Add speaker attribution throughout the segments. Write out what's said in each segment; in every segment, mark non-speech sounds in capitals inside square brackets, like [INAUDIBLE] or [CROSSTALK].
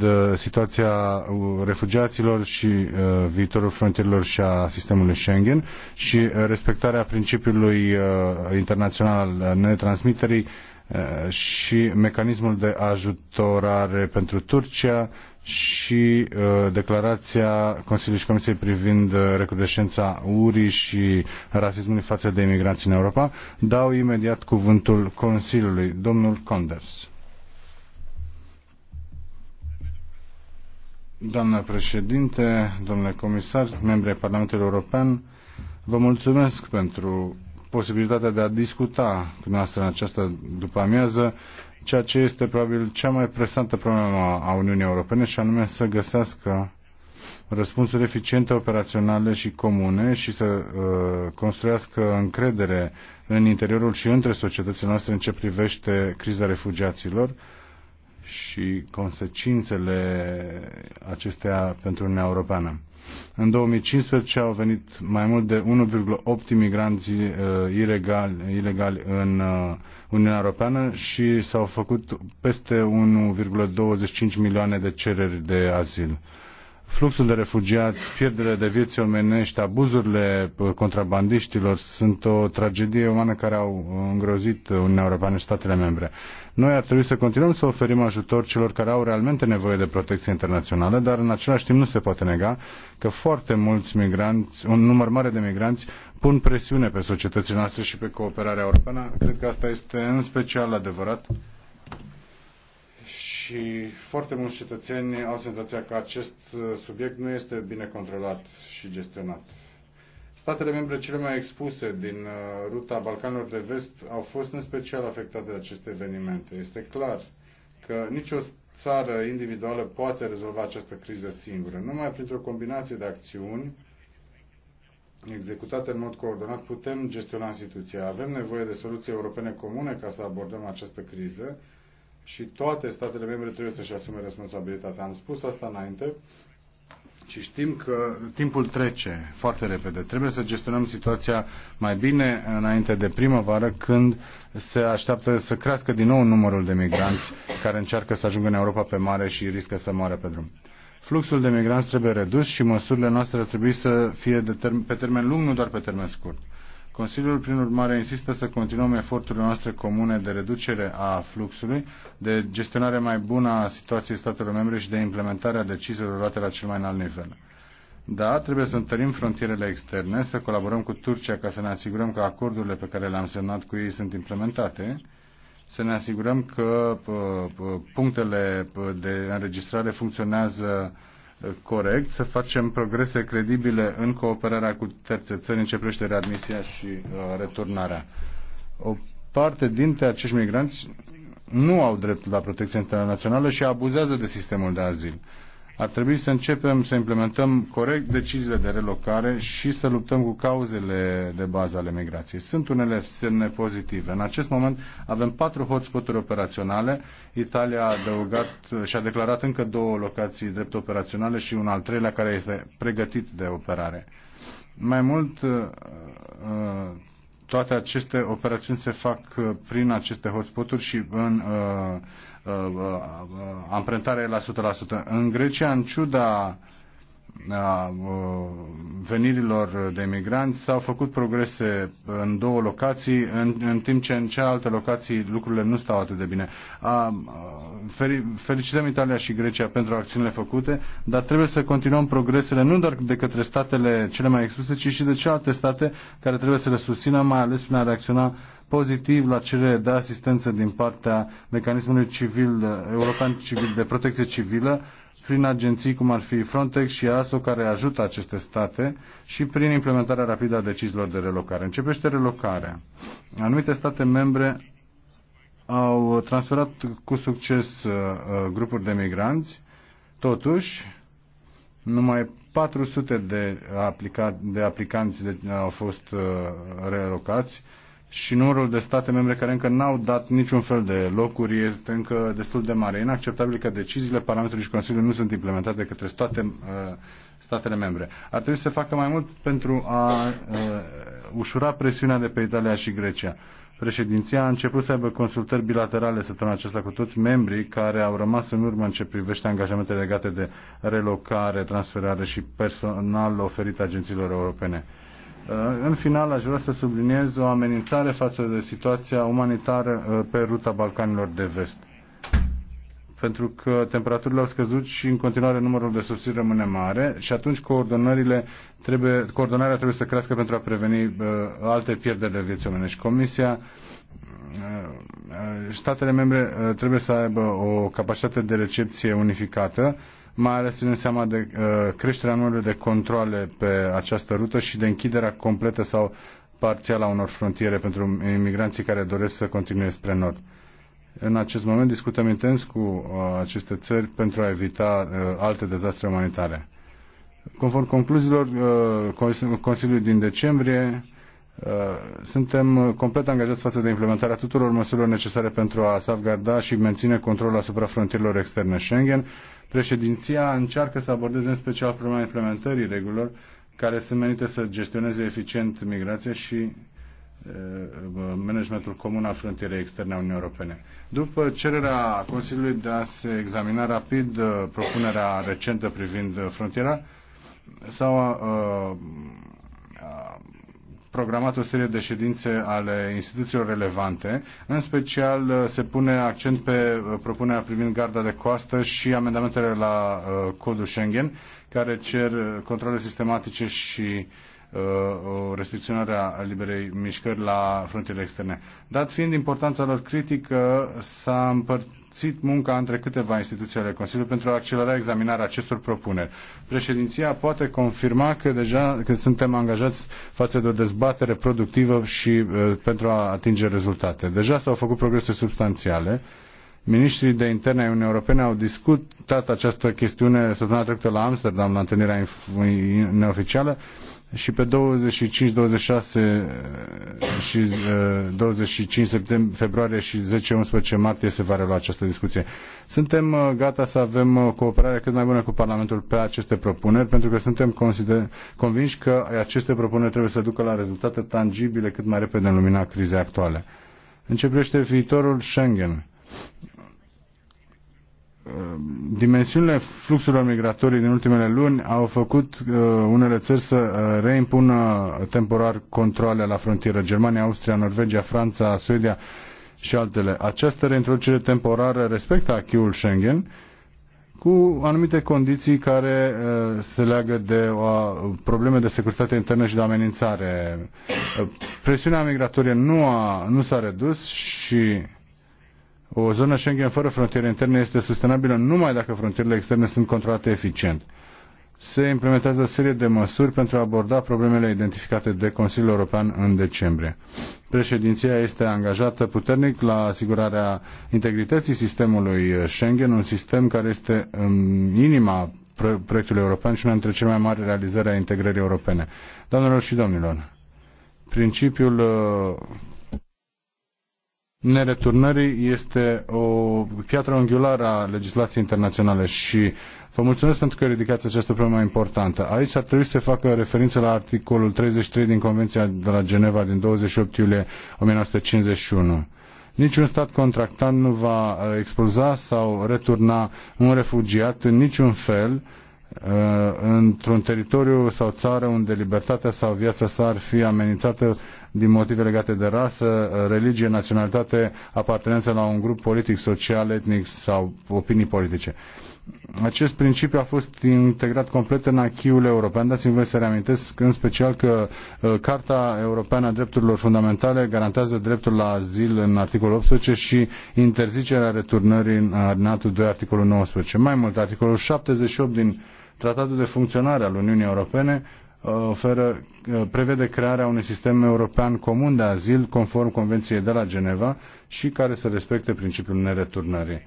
Speaker 1: privind uh, situația uh, refugiaților și uh, viitorul frontierilor și a sistemului Schengen și respectarea principiului internațional al netransmiterii și mecanismul de ajutorare pentru Turcia și declarația Consiliului și Comisiei privind recrudescența urii și rasismului față de imigranți în Europa. Dau imediat cuvântul Consiliului, domnul Conders. Doamnă președinte, domnule comisar, membrii Parlamentului European, vă mulțumesc pentru posibilitatea de a discuta cu noastră în această după amiază ceea ce este probabil cea mai presantă problemă a Uniunii Europene și anume să găsească răspunsuri eficiente, operaționale și comune și să uh, construiască încredere în interiorul și între societățile noastre în ce privește criza refugiaților și consecințele acestea pentru Uniunea Europeană. În 2015 au venit mai mult de 1,8 imigranți uh, ilegali, ilegali în uh, Uniunea Europeană și s-au făcut peste 1,25 milioane de cereri de azil. Fluxul de refugiați, pierderile de vieți omenești, abuzurile uh, contrabandiștilor sunt o tragedie umană care au îngrozit Uniunea Europeană și statele membre. Noi ar trebui să continuăm să oferim ajutor celor care au realmente nevoie de protecție internațională, dar în același timp nu se poate nega că foarte mulți migranți, un număr mare de migranți, pun presiune pe societățile noastre și pe cooperarea europeană. Cred că asta este în special adevărat și foarte mulți cetățeni au senzația că acest subiect nu este bine controlat și gestionat. Statele membre cele mai expuse din uh, ruta Balcanilor de Vest au fost în special afectate de aceste evenimente. Este clar că nicio țară individuală poate rezolva această criză singură. Numai printr-o combinație de acțiuni executate în mod coordonat putem gestiona situația. Avem nevoie de soluții europene comune ca să abordăm această criză și toate statele membre trebuie să-și asume responsabilitatea. Am spus asta înainte și știm că timpul trece foarte repede. Trebuie să gestionăm situația mai bine înainte de primăvară, când se așteaptă să crească din nou numărul de migranți care încearcă să ajungă în Europa pe mare și riscă să moară pe drum. Fluxul de migranți trebuie redus și măsurile noastre ar trebui să fie de term- pe termen lung, nu doar pe termen scurt. Consiliul, prin urmare, insistă să continuăm eforturile noastre comune de reducere a fluxului, de gestionare mai bună a situației statelor membre și de implementarea deciziilor luate la cel mai înalt nivel. Da, trebuie să întărim frontierele externe, să colaborăm cu Turcia ca să ne asigurăm că acordurile pe care le-am semnat cu ei sunt implementate, să ne asigurăm că punctele de înregistrare funcționează corect, să facem progrese credibile în cooperarea cu terțe țări începește readmisia și uh, returnarea. O parte dintre acești migranți nu au dreptul la protecție internațională și abuzează de sistemul de azil. Ar trebui să începem să implementăm corect deciziile de relocare și să luptăm cu cauzele de bază ale migrației. Sunt unele semne pozitive. În acest moment avem patru hotspoturi operaționale. Italia a adăugat și a declarat încă două locații drept operaționale și un al treilea care este pregătit de operare. Mai mult, uh, uh, toate aceste operațiuni se fac uh, prin aceste hotspoturi și în uh, Uh, uh, uh, amprentare la 100%. În Grecia, în ciuda a venirilor de migranți s-au făcut progrese în două locații, în, în timp ce în cealaltă locații lucrurile nu stau atât de bine. A, feri, felicităm Italia și Grecia pentru acțiunile făcute, dar trebuie să continuăm progresele nu doar de către statele cele mai expuse, ci și de celelalte state care trebuie să le susțină, mai ales prin a reacționa pozitiv la cerere de asistență din partea mecanismului civil, european civil de protecție civilă, prin agenții cum ar fi Frontex și ASO care ajută aceste state și prin implementarea rapidă a deciziilor de relocare. Începește relocarea. Anumite state membre au transferat cu succes uh, uh, grupuri de migranți, totuși numai 400 de, aplica- de aplicanți de, au fost uh, relocați și numărul de state membre care încă n-au dat niciun fel de locuri este încă destul de mare. E inacceptabil că deciziile Parlamentului și Consiliului nu sunt implementate către toate uh, statele membre. Ar trebui să facă mai mult pentru a uh, ușura presiunea de pe Italia și Grecia. Președinția a început să aibă consultări bilaterale săptămâna aceasta cu toți membrii care au rămas în urmă în ce privește angajamentele legate de relocare, transferare și personal oferit agențiilor europene. Uh, în final, aș vrea să subliniez o amenințare față de situația umanitară uh, pe ruta Balcanilor de Vest. Pentru că temperaturile au scăzut și în continuare numărul de sosiri rămâne mare și atunci coordonările trebuie, coordonarea trebuie să crească pentru a preveni uh, alte pierderi de vieți omenești. Comisia uh, statele membre trebuie să aibă o capacitate de recepție unificată mai ales în seama de uh, creșterea numărului de controle pe această rută și de închiderea completă sau parțială a unor frontiere pentru imigranții care doresc să continue spre nord. În acest moment discutăm intens cu uh, aceste țări pentru a evita uh, alte dezastre umanitare. Conform concluziilor uh, Consiliului din decembrie, uh, suntem complet angajați față de implementarea tuturor măsurilor necesare pentru a salvgarda și menține controlul asupra frontierilor externe Schengen, Președinția încearcă să abordeze în special problema implementării regulilor care sunt menite să gestioneze eficient migrația și managementul comun al frontierei externe a Uniunii Europene. După cererea Consiliului de a se examina rapid propunerea recentă privind frontiera, s-au uh, programat o serie de ședințe ale instituțiilor relevante. În special uh, se pune accent pe uh, propunerea privind garda de coastă și amendamentele la uh, codul Schengen, care cer controle sistematice și o restricționare a liberei mișcări la frontierele externe. Dat fiind importanța lor critică, s-a împărțit împărțit munca între câteva instituții ale Consiliului pentru a accelera examinarea acestor propuneri. Președinția poate confirma că deja că suntem angajați față de o dezbatere productivă și uh, pentru a atinge rezultate. Deja s-au făcut progrese substanțiale. Ministrii de interne ai Uniunii Europene au discutat această chestiune săptămâna trecută la Amsterdam, la întâlnirea neoficială și pe 25, 26 și 25 eh, eh, septembrie, februarie și 10-11 martie se va relua această discuție. Suntem eh, gata să avem cooperare cât mai bună cu Parlamentul pe aceste propuneri, pentru că suntem consider, convinși că aceste propuneri trebuie să ducă la rezultate tangibile cât mai repede în lumina crizei actuale. Începește viitorul Schengen Ehm, dimensiunile fluxurilor migratorii din ultimele luni au făcut uh, unele țări să uh, reimpună temporar controle la frontieră. Germania, Austria, Norvegia, Franța, Suedia și altele. Această reintroducere temporară respectă acquis Schengen cu anumite condiții care uh, se leagă de uh, probleme de securitate internă și de amenințare. Uh, presiunea migratorie nu, a, nu s-a redus și o zonă Schengen fără frontiere interne este sustenabilă numai dacă frontierele externe sunt controlate eficient. Se implementează o serie de măsuri pentru a aborda problemele identificate de Consiliul European în decembrie. Președinția este angajată puternic la asigurarea integrității sistemului Schengen, un sistem care este în inima proiectului european și una dintre cele mai mari realizări a integrării europene. Doamnelor și domnilor, principiul uh, nereturnării este o piatră angulară a legislației internaționale și vă mulțumesc pentru că ridicați această problemă importantă. Aici ar trebui să se facă referință la articolul 33 din Convenția de la Geneva din 28 iulie 1951. Niciun stat contractant nu va expulza sau returna un refugiat în niciun fel uh, într-un teritoriu sau țară unde libertatea sau viața sa ar fi amenințată din motive legate de rasă, religie, naționalitate, apartenență la un grup politic, social, etnic sau opinii politice. Acest principiu a fost integrat complet în achiul european. Dați-mi voi să reamintesc în special că uh, Carta Europeană a Drepturilor Fundamentale garantează dreptul la azil în articolul 18 și interzicerea returnării în arnatul 2, articolul 19. Mai mult, articolul 78 din Tratatul de Funcționare al Uniunii Europene oferă, uh, prevede crearea unui sistem european comun de azil conform Convenției de la Geneva și care să respecte principiul nereturnării.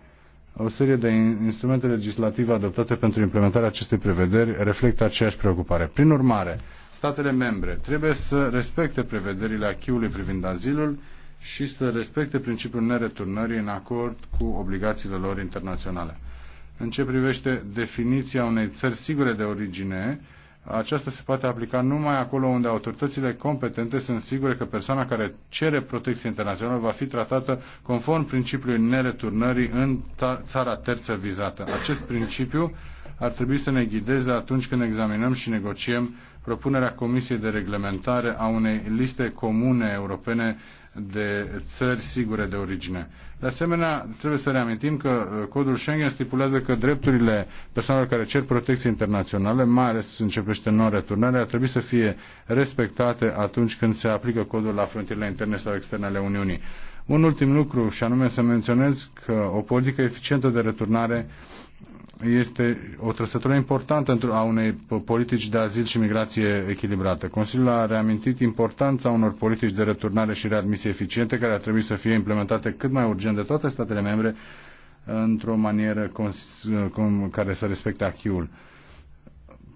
Speaker 1: O serie de instrumente legislative adoptate pentru implementarea acestei prevederi reflectă aceeași preocupare. Prin urmare, statele membre trebuie să respecte prevederile acquis privind azilul și să respecte principiul nereturnării în acord cu obligațiile lor internaționale. În ce privește definiția unei țări sigure de origine, aceasta se poate aplica numai acolo unde autoritățile competente sunt sigure că persoana care cere protecție internațională va fi tratată conform principiului nereturnării în țara terță vizată. Acest principiu ar trebui să ne ghideze atunci când examinăm și negociem propunerea Comisiei de Reglementare a unei liste comune europene de țări sigure de origine. De asemenea, trebuie să reamintim că uh, codul Schengen stipulează că drepturile persoanelor care cer protecție internațională, mai ales în ce privește non-returnarea, ar trebui să fie respectate atunci când se aplică codul la frontierele interne sau externe ale Uniunii. Un ultim lucru, și anume să menționez că o politică eficientă de returnare uh, este o trăsătură importantă a unei politici de azil și migrație echilibrate. Consiliul a reamintit importanța unor politici de returnare și readmisie eficiente care ar trebui să fie implementate cât mai urgent de toate statele membre într-o manieră care să respecte achiul.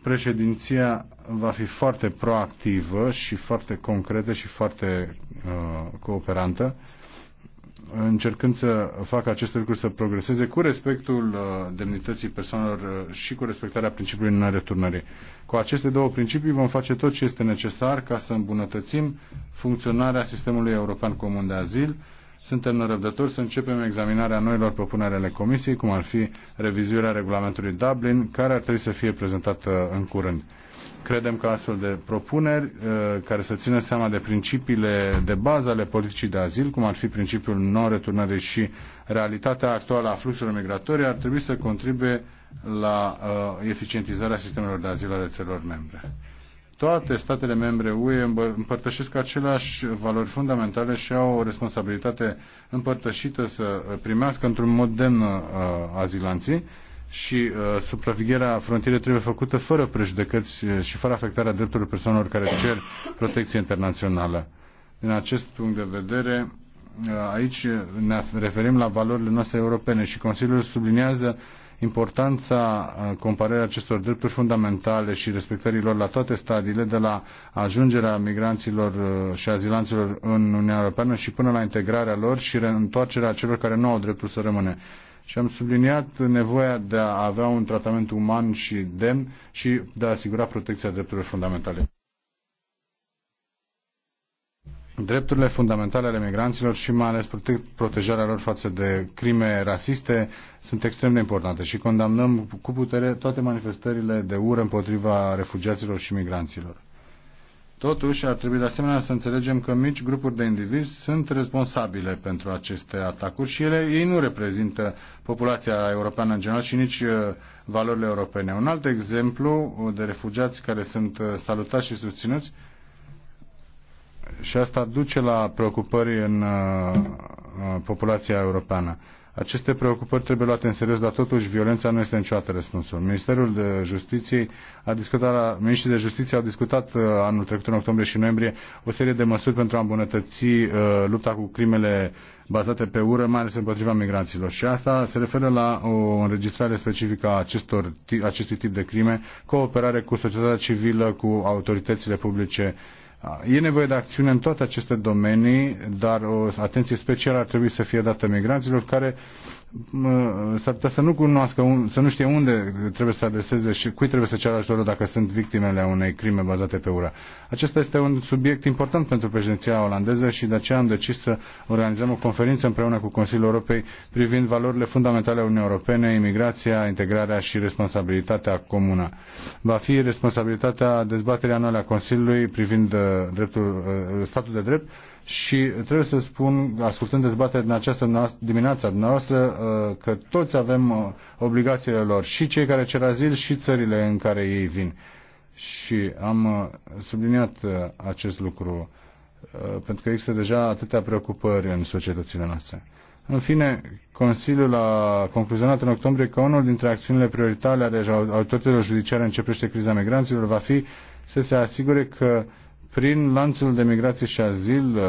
Speaker 1: Președinția va fi foarte proactivă și foarte concretă și foarte uh, cooperantă încercând să facă aceste lucruri să progreseze cu respectul uh, demnității persoanelor uh, și cu respectarea principiului nereturnării. Cu aceste două principii vom face tot ce este necesar ca să îmbunătățim funcționarea sistemului european comun de azil. Suntem nerăbdători să începem examinarea noilor propuneri ale Comisiei, cum ar fi revizuirea regulamentului Dublin, care ar trebui să fie prezentată uh, în curând. Credem că astfel de propuneri uh, care să țină seama de principiile de bază ale politicii de azil, cum ar fi principiul non-returnării și realitatea actuală a fluxurilor migratorii, ar trebui să contribuie la uh, eficientizarea sistemelor de azil ale țărilor membre. Toate statele membre UE împărtășesc aceleași valori fundamentale și au o responsabilitate împărtășită să primească într-un mod demn uh, azilanții și uh, supravegherea frontierei trebuie făcută fără prejudecăți uh, și fără afectarea drepturilor persoanelor care cer protecție internațională. Din acest punct de vedere, uh, aici ne referim la valorile noastre europene și Consiliul subliniază importanța uh, comparării acestor drepturi fundamentale și respectării lor la toate stadiile, de la ajungerea migranților uh, și azilanților în Uniunea Europeană și până la integrarea lor și reîntoarcerea celor care nu au dreptul să rămâne și am subliniat nevoia de a avea un tratament uman și demn și de a asigura protecția drepturilor fundamentale. Drepturile fundamentale ale migranților și mai ales protejarea lor față de crime rasiste sunt extrem de importante și condamnăm cu putere toate manifestările de ură împotriva refugiaților și migranților. Totuși, ar trebui de asemenea să înțelegem că mici grupuri de indivizi sunt responsabile pentru aceste atacuri și ele, ei nu reprezintă populația europeană în general și nici uh, valorile europene. Un alt exemplu de refugiați care sunt uh, salutați și susținuți și asta duce la preocupări în uh, populația europeană. Aceste preocupări trebuie luate în serios, dar totuși violența nu este niciodată răspunsul. Ministerul de Justiție a discutat, Ministerul de justiție au discutat uh, anul trecut, în octombrie și noiembrie, o serie de măsuri pentru a îmbunătăți uh, lupta cu crimele bazate pe ură, mai ales împotriva migranților. Și asta se referă la o înregistrare specifică a acestor, acestui tip de crime, cooperare cu societatea civilă, cu autoritățile publice E nevoie de acțiune în toate aceste domenii, dar o atenție specială ar trebui să fie dată migranților care s-ar putea să nu cunoască, un, să nu știe unde trebuie să adreseze și cui trebuie să ceară ajutorul dacă sunt victimele unei crime bazate pe ură. Acesta este un subiect important pentru președinția olandeză și de aceea am decis să organizăm o conferință împreună cu Consiliul Europei privind valorile fundamentale ale Uniunii Europene, imigrația, integrarea și responsabilitatea comună. Va fi responsabilitatea dezbaterii anuale a Consiliului privind uh, dreptul, uh, statul de drept și trebuie să spun, ascultând dezbaterea din această dimineață noastră, uh, că toți avem uh, obligațiile lor, și cei care cer azil, și țările în care ei vin. Și am uh, subliniat acest lucru, pentru că există deja atâtea preocupări în societățile noastre. În fine, Consiliul a concluzionat în octombrie că unul dintre acțiunile prioritare ale autorităților judiciare în ce privește criza migranților va fi să se asigure că prin lanțul de migrație și azil, uh,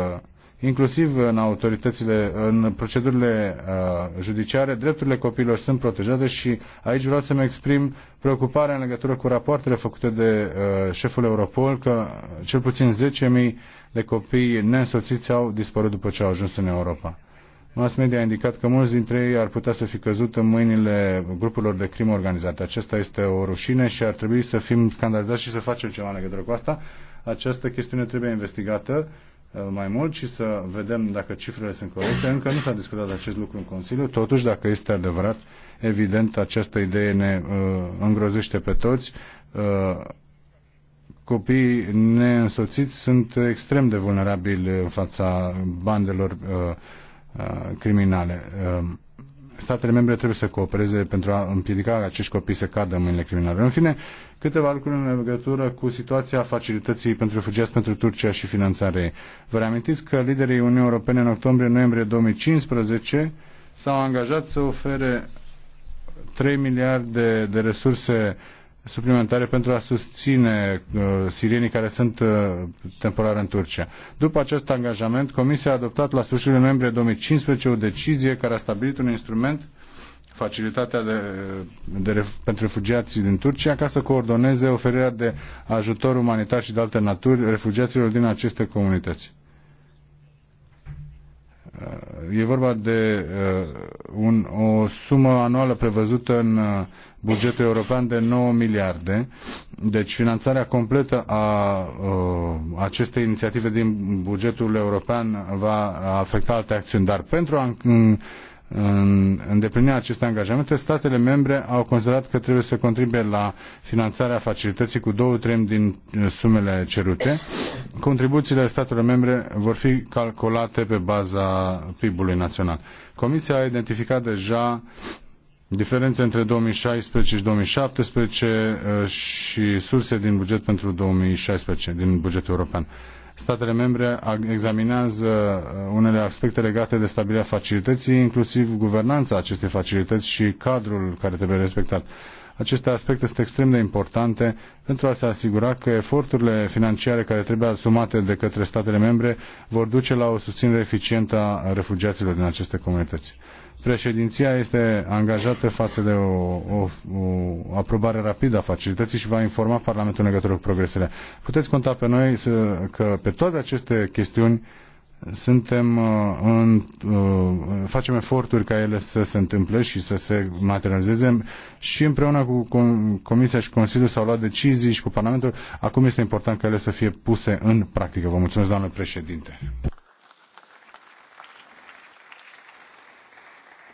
Speaker 1: inclusiv în autoritățile, în procedurile uh, judiciare, drepturile copiilor sunt protejate și aici vreau să-mi exprim preocuparea în legătură cu rapoartele făcute de uh, șeful Europol că cel puțin 10.000 de copii neînsoțiți au dispărut după ce au ajuns în Europa. Mass media a indicat că mulți dintre ei ar putea să fi căzut în mâinile grupurilor de crimă organizată. Acesta este o rușine și ar trebui să fim scandalizați și să facem ceva în legătură cu asta această chestiune trebuie investigată uh, mai mult și să vedem dacă cifrele sunt corecte. Încă nu s-a discutat acest lucru în Consiliu, totuși dacă este adevărat, evident această idee ne uh, îngrozește pe toți. Uh, copiii neînsoțiți sunt extrem de vulnerabili în fața bandelor uh, uh, criminale. Uh, statele membre trebuie să coopereze pentru a împiedica acești copii să cadă în mâinile criminale. În fine, câteva lucruri în legătură cu situația facilității pentru refugiați pentru Turcia și finanțare. Vă reamintiți că liderii Uniunii Europene în octombrie-noiembrie 2015 s-au angajat să ofere 3 miliarde de resurse suplimentare pentru a susține uh, sirienii care sunt uh, temporar în Turcia. După acest angajament, Comisia a adoptat la sfârșitul noiembrie 2015 o decizie care a stabilit un instrument facilitatea de, de, pentru refugiații din Turcia ca să coordoneze oferirea de ajutor umanitar și de alte naturi refugiaților din aceste comunități. Uh, e vorba de uh, un, o sumă anuală prevăzută în uh, bugetul european de 9 miliarde, deci finanțarea completă a, uh, acestei inițiative din bugetul european va afecta alte acțiuni, dar pentru a în îndeplinirea acestui angajamente, statele membre au considerat că trebuie să contribuie la finanțarea facilității cu două treimi din uh, sumele cerute. Contribuțiile statelor membre vor fi calculate pe baza PIB-ului național. Comisia a identificat deja diferențe între 2016 și 2017 uh, și surse din buget pentru 2016, din bugetul european statele membre examinează uh, unele aspecte legate de stabilirea facilității, inclusiv guvernanța acestei facilități și cadrul care trebuie respectat. Aceste aspecte sunt extrem de importante pentru a se asigura că eforturile financiare care trebuie asumate de către statele membre vor duce la o susținere eficientă a refugiaților din aceste comunități. Președinția este angajată față de o, o, o aprobare rapidă a facilității și va informa Parlamentul în legătură cu progresele. Puteți conta pe noi să, că pe toate aceste chestiuni suntem uh, în, uh, facem eforturi ca ele să se întâmple și să se materializeze și împreună cu Comisia și Consiliul s-au luat decizii și cu Parlamentul. Acum este important ca ele să fie puse în practică. Vă mulțumesc, doamnă președinte.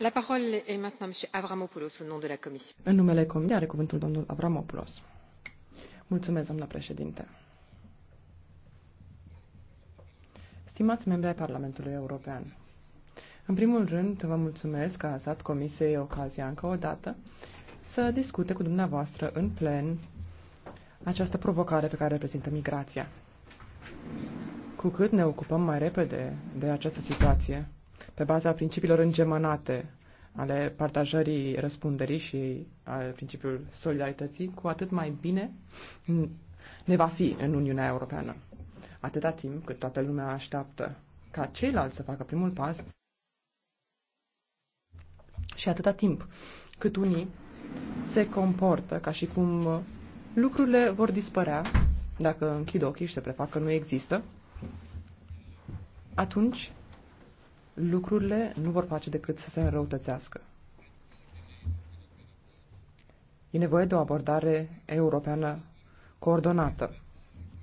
Speaker 2: La parole est maintenant M. Avramopoulos, au nom de la
Speaker 3: În numele Comisiei are cuvântul domnul Avramopoulos. Mulțumesc, doamna președinte. Stimați membri ai Parlamentului European, în primul rând vă mulțumesc că ați dat Comisiei ocazia încă o dată să discute cu dumneavoastră în plen această provocare pe care reprezintă migrația. Cu cât ne ocupăm mai repede de această situație, pe baza principiilor îngemănate ale partajării răspunderii și al principiului solidarității, cu atât mai bine ne va fi în Uniunea Europeană. Atâta timp cât toată lumea așteaptă ca ceilalți să facă primul pas și atâta timp cât unii se comportă ca și cum lucrurile vor dispărea dacă închid ochii și se prefac că nu există, atunci lucrurile nu vor face decât să se înrăutățească. E nevoie de o abordare europeană coordonată,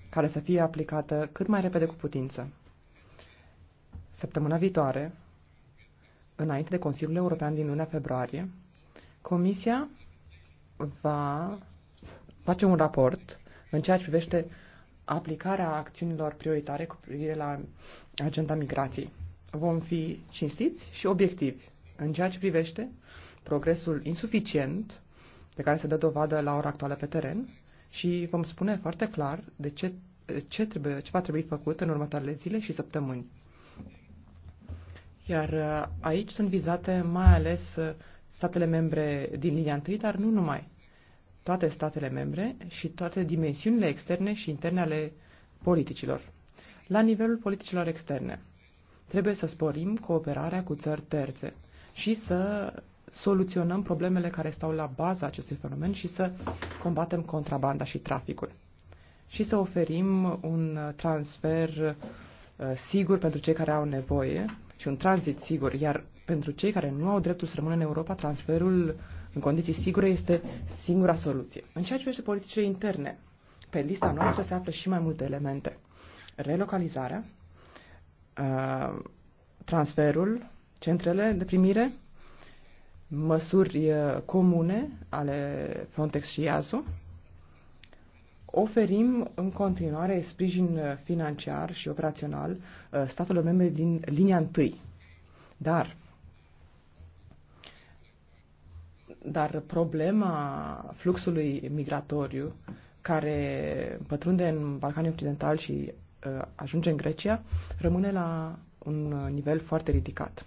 Speaker 3: care să fie aplicată cât mai repede cu putință. Săptămâna viitoare, înainte de Consiliul European din luna februarie, Comisia va face un raport în ceea ce privește aplicarea acțiunilor prioritare cu privire la agenda migrației vom fi cinstiți și obiectivi în ceea ce privește progresul insuficient de care se dă dovadă la ora actuală pe teren și vom spune foarte clar de ce, ce, trebuie, ce va trebui făcut în următoarele zile și săptămâni. Iar uh, aici sunt vizate mai ales uh, statele membre din linia întâi, dar nu numai. Toate statele membre și toate dimensiunile externe și interne ale politicilor. La nivelul politicilor externe, Trebuie să sporim cooperarea cu țări terțe și să soluționăm problemele care stau la baza acestui fenomen și să combatem contrabanda și traficul. Și să oferim un transfer uh, sigur pentru cei care au nevoie și un tranzit sigur, iar pentru cei care nu au dreptul să rămână în Europa, transferul în condiții sigure este singura soluție. În ceea ce privește politicile interne, pe lista noastră se află și mai multe elemente. Relocalizarea, Uh, transferul, centrele de primire, măsuri uh, comune ale Frontex și IASO. Oferim în continuare sprijin financiar și operațional uh, statelor membre din linia întâi. Dar dar problema fluxului migratoriu care pătrunde în Balcanii Occidental și Uh, ajunge în Grecia rămâne la un nivel foarte ridicat.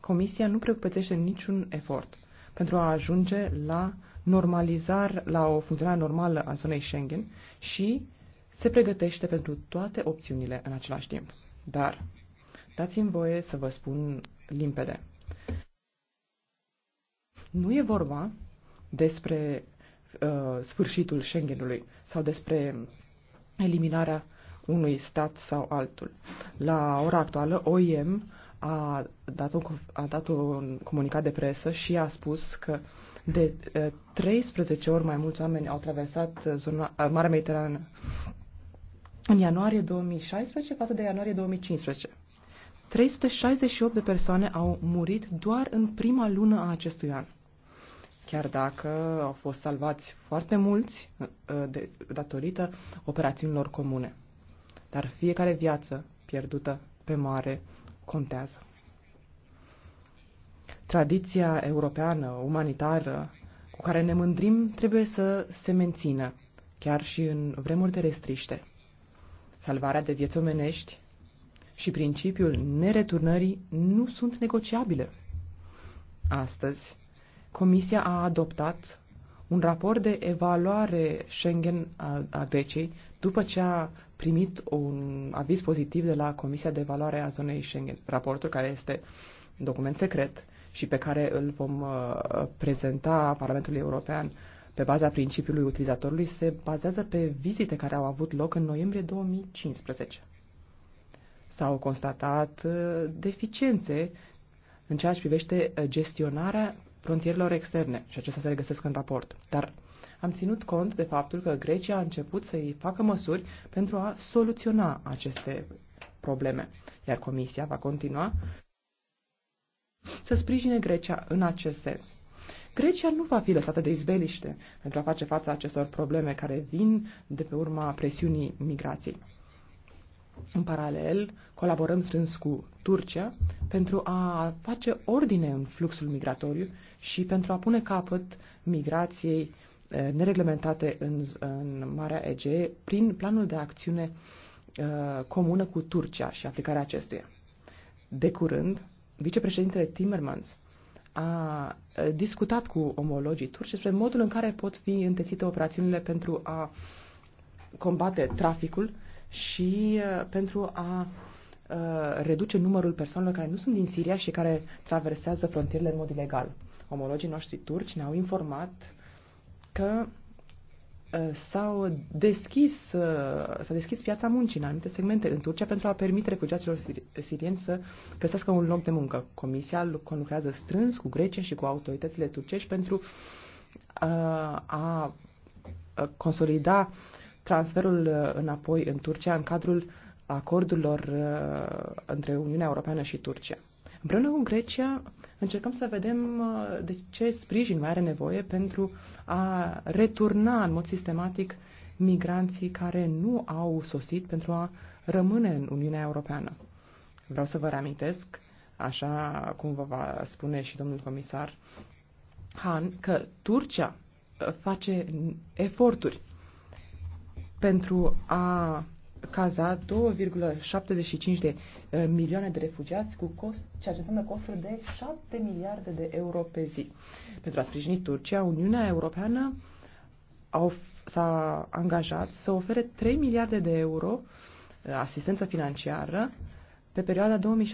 Speaker 3: Comisia nu preocupețește niciun efort pentru a ajunge la normalizar, la o funcționare normală a zonei Schengen și se pregătește pentru toate opțiunile în același timp. Dar dați-mi voie să vă spun limpede. Nu e vorba despre uh, sfârșitul Schengenului sau despre eliminarea unui stat sau altul. La ora actuală, OIM a dat, un, a dat un comunicat de presă și a spus că de 13 ori mai mulți oameni au traversat zona, Marea Mediterană în ianuarie 2016 față de ianuarie 2015. 368 de persoane au murit doar în prima lună a acestui an. Chiar dacă au fost salvați foarte mulți de, datorită operațiunilor comune dar fiecare viață pierdută pe mare contează. Tradiția europeană, umanitară, cu care ne mândrim, trebuie să se mențină, chiar și în vremuri de restriște. Salvarea de vieți omenești și principiul nereturnării nu sunt negociabile. Astăzi, Comisia a adoptat un raport de evaluare Schengen a, a Greciei după ce a primit un aviz pozitiv de la Comisia de Evaluare a Zonei Schengen, raportul care este un document secret și pe care îl vom uh, prezenta Parlamentului European pe baza principiului utilizatorului, se bazează pe vizite care au avut loc în noiembrie 2015. S-au constatat uh, deficiențe în ceea ce privește gestionarea frontierelor externe și acestea se regăsesc în raport. Dar am ținut cont de faptul că Grecia a început să-i facă măsuri pentru a soluționa aceste probleme, iar Comisia va continua să sprijine Grecia în acest sens. Grecia nu va fi lăsată de izbeliște pentru a face față acestor probleme care vin de pe urma presiunii migrației. În paralel, colaborăm strâns cu Turcia pentru a face ordine în fluxul migratoriu și pentru a pune capăt migrației Eh, nereglementate în, în Marea Egee prin planul de acțiune eh, comună cu Turcia și aplicarea acestuia. De curând, vicepreședintele Timmermans a eh, discutat cu omologii turci despre modul în care pot fi întețite operațiunile pentru a combate traficul și pentru a reduce numărul persoanelor care nu sunt din Siria și care traversează frontierele în mod ilegal. Omologii noștri turci ne-au informat că ă, s-au deschis, ă, s-a deschis piața muncii în anumite segmente în Turcia pentru a permite refugiaților sirieni să găsească un loc de muncă. Comisia conlucrează strâns cu Grecia și cu autoritățile turcești pentru ă, a consolida transferul înapoi în Turcia în cadrul acordurilor între Uniunea Europeană și Turcia. Împreună cu Grecia încercăm să vedem uh, de ce sprijin mai are nevoie pentru a returna în mod sistematic migranții care nu au sosit pentru a rămâne în Uniunea Europeană. Vreau să vă reamintesc, așa cum vă va spune și domnul comisar Han, că Turcia uh, face eforturi pentru a caza 2,75 de eh, milioane de refugiați, cu cost, ceea ce înseamnă costuri de 7 miliarde de euro pe zi. Pentru a sprijini Turcia, Uniunea Europeană s-a angajat să ofere 3 miliarde de euro eh, asistență financiară pe perioada 2016-2017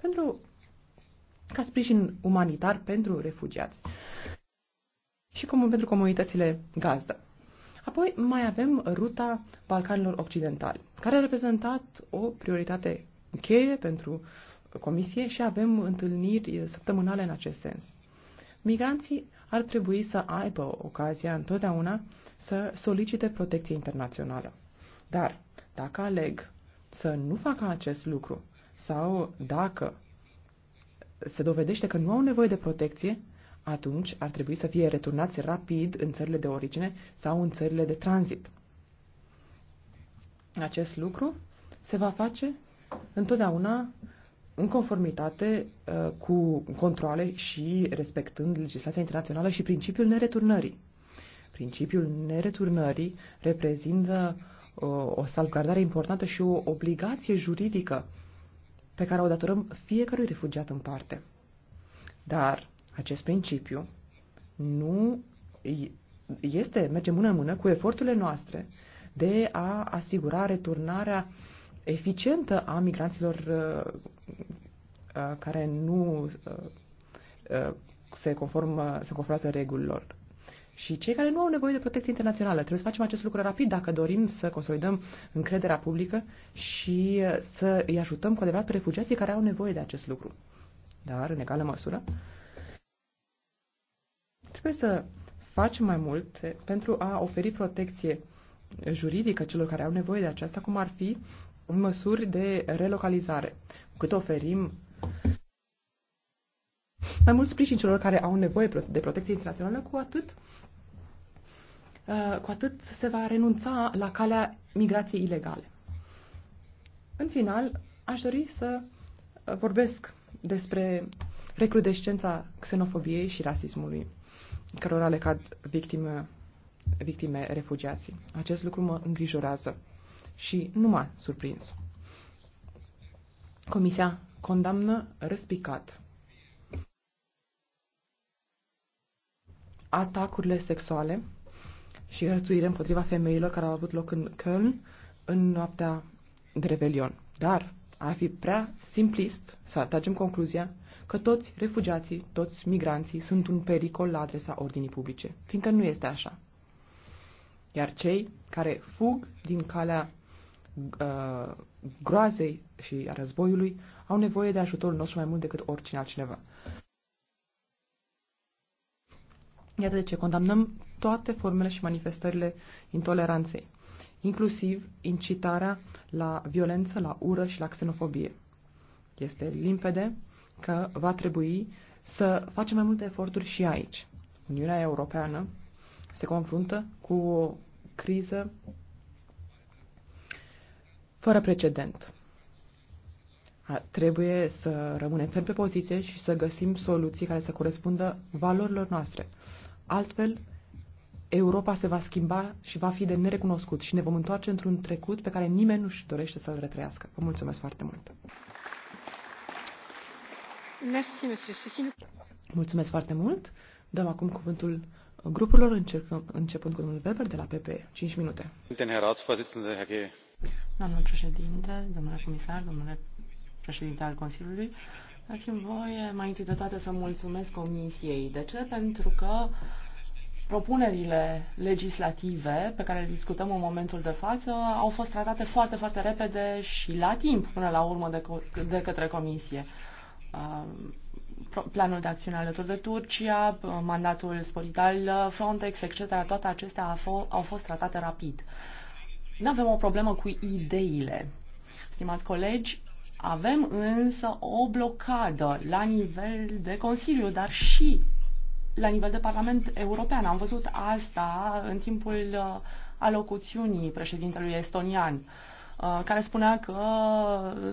Speaker 3: pentru ca sprijin umanitar pentru refugiați și cum pentru comunitățile gazdă. Apoi mai avem ruta Balcanilor Occidentali, care a reprezentat o prioritate cheie pentru Comisie și avem întâlniri săptămânale în acest sens. Migranții ar trebui să aibă ocazia întotdeauna să solicite protecție internațională. Dar dacă aleg să nu facă acest lucru sau dacă se dovedește că nu au nevoie de protecție, atunci ar trebui să fie returnați rapid în țările de origine sau în țările de tranzit. Acest lucru se va face întotdeauna în conformitate uh, cu controle și respectând legislația internațională și principiul nereturnării. Principiul nereturnării reprezintă uh, o salvgardare importantă și o obligație juridică pe care o datorăm fiecărui refugiat în parte. Dar acest principiu nu este, merge mână în mână cu eforturile noastre de a asigura returnarea eficientă a migranților uh, uh, care nu uh, se conformă, se conformează regulilor. Și cei care nu au nevoie de protecție internațională. Trebuie să facem acest lucru rapid dacă dorim să consolidăm încrederea publică și să îi ajutăm cu adevărat pe refugiații care au nevoie de acest lucru. Dar, în egală măsură, uh, Trebuie să faci mai mult pentru a oferi protecție juridică celor care au nevoie de aceasta, cum ar fi măsuri de relocalizare. Cât oferim mai mult sprijin celor care au nevoie de protecție internațională, cu atât uh, cu atât se va renunța la calea migrației ilegale. În final, aș dori să vorbesc despre recrudescența xenofobiei și rasismului cărora le cad victime, victime refugiații. Acest lucru mă îngrijorează și nu m-a surprins. Comisia condamnă răspicat atacurile sexuale și hărțuire împotriva femeilor care au avut loc în Köln în noaptea de Revelion. Dar ar fi prea simplist să atragem concluzia că toți refugiații, toți migranții sunt un pericol la adresa ordinii publice, fiindcă nu este așa. Iar cei care fug din calea uh, groazei și a războiului au nevoie de ajutorul nostru mai mult decât oricine altcineva. Iată de ce condamnăm toate formele și manifestările intoleranței, inclusiv incitarea la violență, la ură și la xenofobie. Este limpede că va trebui să facem mai multe eforturi și aici. Uniunea Europeană se confruntă cu o criză fără precedent. A, trebuie să rămânem ferm pe poziție și să găsim soluții care să corespundă valorilor noastre. Altfel, Europa se va schimba și va fi de nerecunoscut și ne vom întoarce într-un trecut pe care nimeni nu-și dorește să-l retrăiască. Vă mulțumesc foarte mult! Mulțumesc foarte mult. Dăm acum cuvântul grupurilor, începând cu domnul Weber de la PP. 5 minute. Doamnă președinte, domnule comisar, domnule
Speaker 4: președinte al Consiliului, dați-mi voie mai întâi de toate să mulțumesc Comisiei. De ce? Pentru că propunerile legislative pe care le discutăm în momentul de față au fost tratate foarte, foarte repede și la timp până la urmă de, de către Comisie. Um, planul de acțiune alături de Turcia, mandatul sporit al uh, Frontex, etc. Toate acestea au, fost, au fost tratate rapid. Nu avem o problemă cu ideile. Stimați colegi, avem însă o blocadă la nivel de Consiliu, dar și la nivel de Parlament European. Am văzut asta în timpul uh, alocuțiunii președintelui estonian. Uh, Uh, care spunea că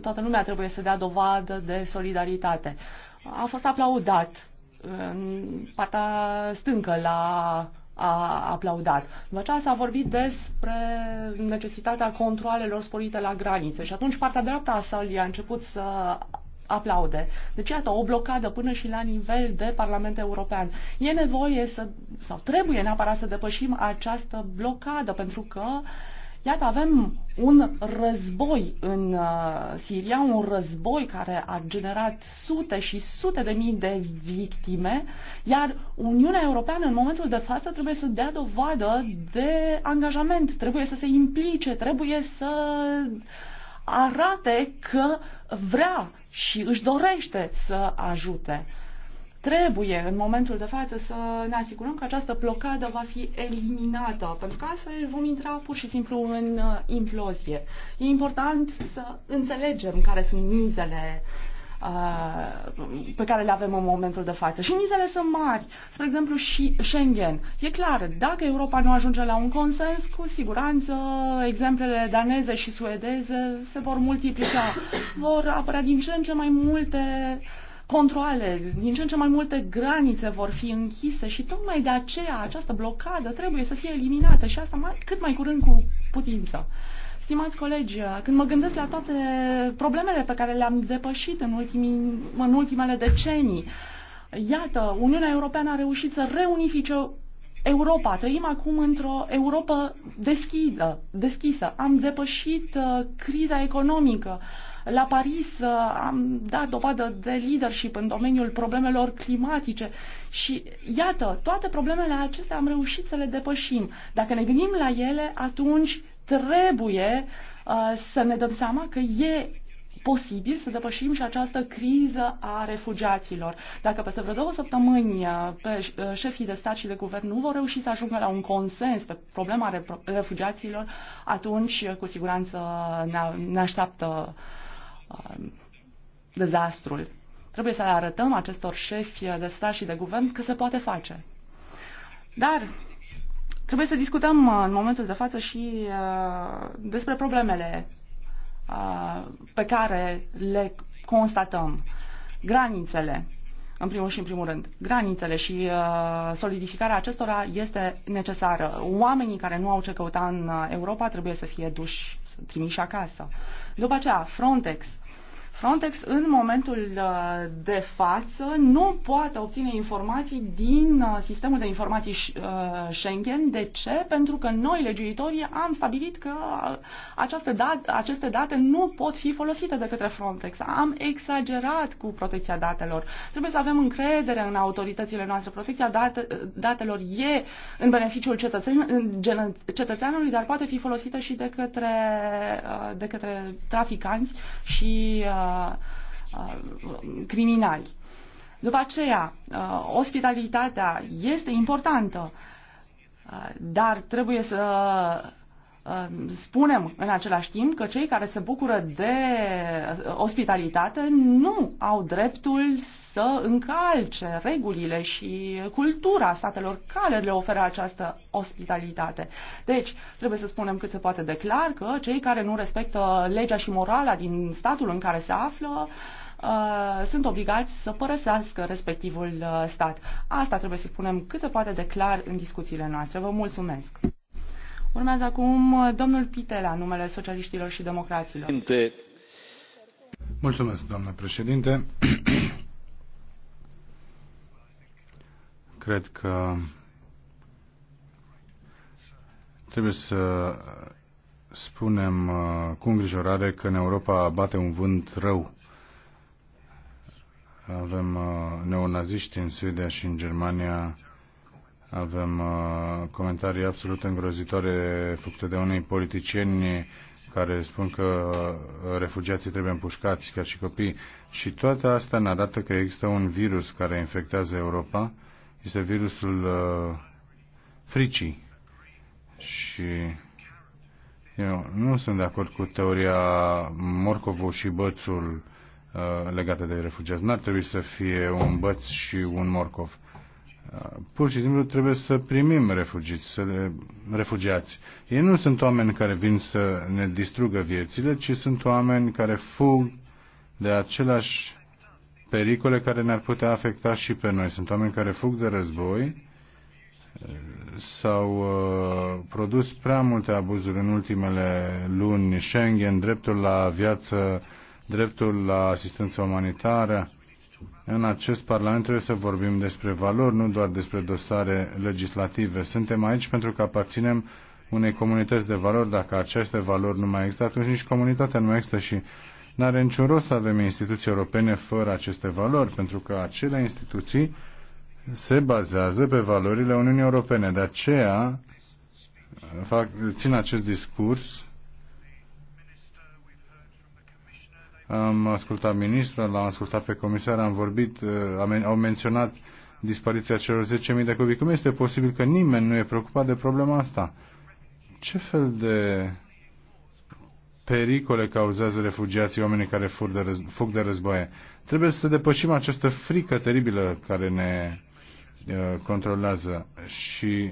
Speaker 4: toată lumea trebuie să dea dovadă de solidaritate. A fost aplaudat uh, în partea stâncă la a aplaudat. După aceea s-a vorbit despre necesitatea controalelor sporite la granițe și atunci partea dreaptă a salii a început să aplaude. Deci, iată, o blocadă până și la nivel de Parlament European. E nevoie să, sau trebuie neapărat să depășim această blocadă, pentru că uh, Iată, avem un război în uh, Siria, un război care a generat sute și sute de mii de victime, iar Uniunea Europeană în momentul de față trebuie să dea dovadă de angajament, trebuie să se implice, trebuie să arate că vrea și își dorește să ajute. Trebuie, în momentul de față, să ne asigurăm că această blocadă va fi eliminată, pentru că altfel vom intra pur și simplu în uh, implozie. E important să înțelegem care sunt mizele uh, pe care le avem în momentul de față. Și mizele sunt mari. Spre exemplu, și Schengen. E clar, dacă Europa nu ajunge la un consens, cu siguranță exemplele daneze și suedeze se vor multiplica. Vor apărea din ce în ce mai multe uh, controle, din ce în ce mai multe granițe vor fi închise și tocmai de aceea această blocadă trebuie să fie eliminată și asta mai, cât mai curând cu putință. Stimați colegi, când mă gândesc la toate problemele pe care le-am depășit în, ultimii, în ultimele decenii, iată, Uniunea Europeană a reușit să reunifice Europa. Trăim acum într-o Europa deschidă, deschisă. Am depășit uh, criza economică. Uh, la Paris uh, am dat dovadă de leadership în domeniul problemelor climatice și iată, toate problemele acestea am reușit să le depășim. Dacă ne gândim la ele, atunci trebuie uh, să ne dăm seama că e posibil să depășim și această criză a refugiaților. Dacă peste vreo două săptămâni uh, pe șefii de stat și de guvern nu vor reuși să ajungă la un consens pe problema refugiaților, atunci cu siguranță ne așteaptă uh, Um, dezastrul. Trebuie să le arătăm acestor șefi de stat și de guvern că se poate face. Dar trebuie să discutăm uh, în momentul de față și uh, despre problemele uh, pe care le constatăm. Granițele, în primul și în primul rând, granițele și solidificarea acestora este necesară. Oamenii care nu au ce căuta în Europa trebuie să fie duși, trimiși acasă. După aceea, Frontex, Frontex în momentul uh, de față nu poate obține informații din uh, sistemul de informații uh, Schengen. De ce? Pentru că noi, legiuitorii, am stabilit că aceste date, aceste date nu pot fi folosite de către Frontex. Am exagerat cu protecția datelor. Trebuie să avem încredere în autoritățile noastre. Protecția date, datelor e în beneficiul cetățen, cetățeanului, dar poate fi folosită și de către, de către traficanți și Uh, criminali. După aceea, uh, ospitalitatea este importantă, uh, dar trebuie să Um, spunem în același timp că cei care se bucură de uh, ospitalitate nu au dreptul să încalce regulile și cultura statelor care le oferă această ospitalitate. Deci, trebuie să spunem cât se poate de clar că cei care nu respectă legea și morala din statul în care se află uh, sunt obligați să părăsească respectivul uh, stat. Asta trebuie să spunem cât se poate de clar în discuțiile noastre. Vă mulțumesc! Urmează acum uh, domnul Pitela, numele socialiștilor și democraților.
Speaker 1: Mulțumesc, doamnă președinte. [CLEARS THROAT] Cred că trebuie să spunem uh, cu îngrijorare că în Europa bate un vânt rău. Avem uh, neonaziști în Suedia și în Germania avem uh, comentarii absolut îngrozitoare făcute de unei politicieni care spun că uh, refugiații trebuie împușcați, ca și copii. Și toate astea ne arată că există un virus care infectează Europa. Este virusul uh, fricii. Și eu nu sunt de acord cu teoria Morcovul și bățul uh, legate de refugiați. N-ar trebui să fie un băț și un morcov pur și simplu trebuie să primim refugiți, să le, refugiați. Ei nu sunt oameni care vin să ne distrugă viețile, ci sunt oameni care fug de aceleași pericole care ne-ar putea afecta și pe noi. Sunt oameni care fug de război, s-au uh, produs prea multe abuzuri în ultimele luni, Schengen, dreptul la viață, dreptul la asistență umanitară, în acest Parlament trebuie să vorbim despre valori, nu doar despre dosare legislative. Suntem aici pentru că aparținem unei comunități de valori. Dacă aceste valori nu mai există, atunci nici comunitatea nu mai există și nu are niciun rost să avem instituții europene fără aceste valori, pentru că acele instituții se bazează pe valorile Uniunii Europene. De aceea fac, țin acest discurs am ascultat ministrul, l-am ascultat pe comisar, am vorbit, uh, au menționat dispariția celor 10.000 de copii. Cum este posibil că nimeni nu e preocupat de problema asta? Ce fel de pericole cauzează refugiații, oamenii care fug de, răz- fug de războaie? Trebuie să depășim această frică teribilă care ne uh, controlează și uh,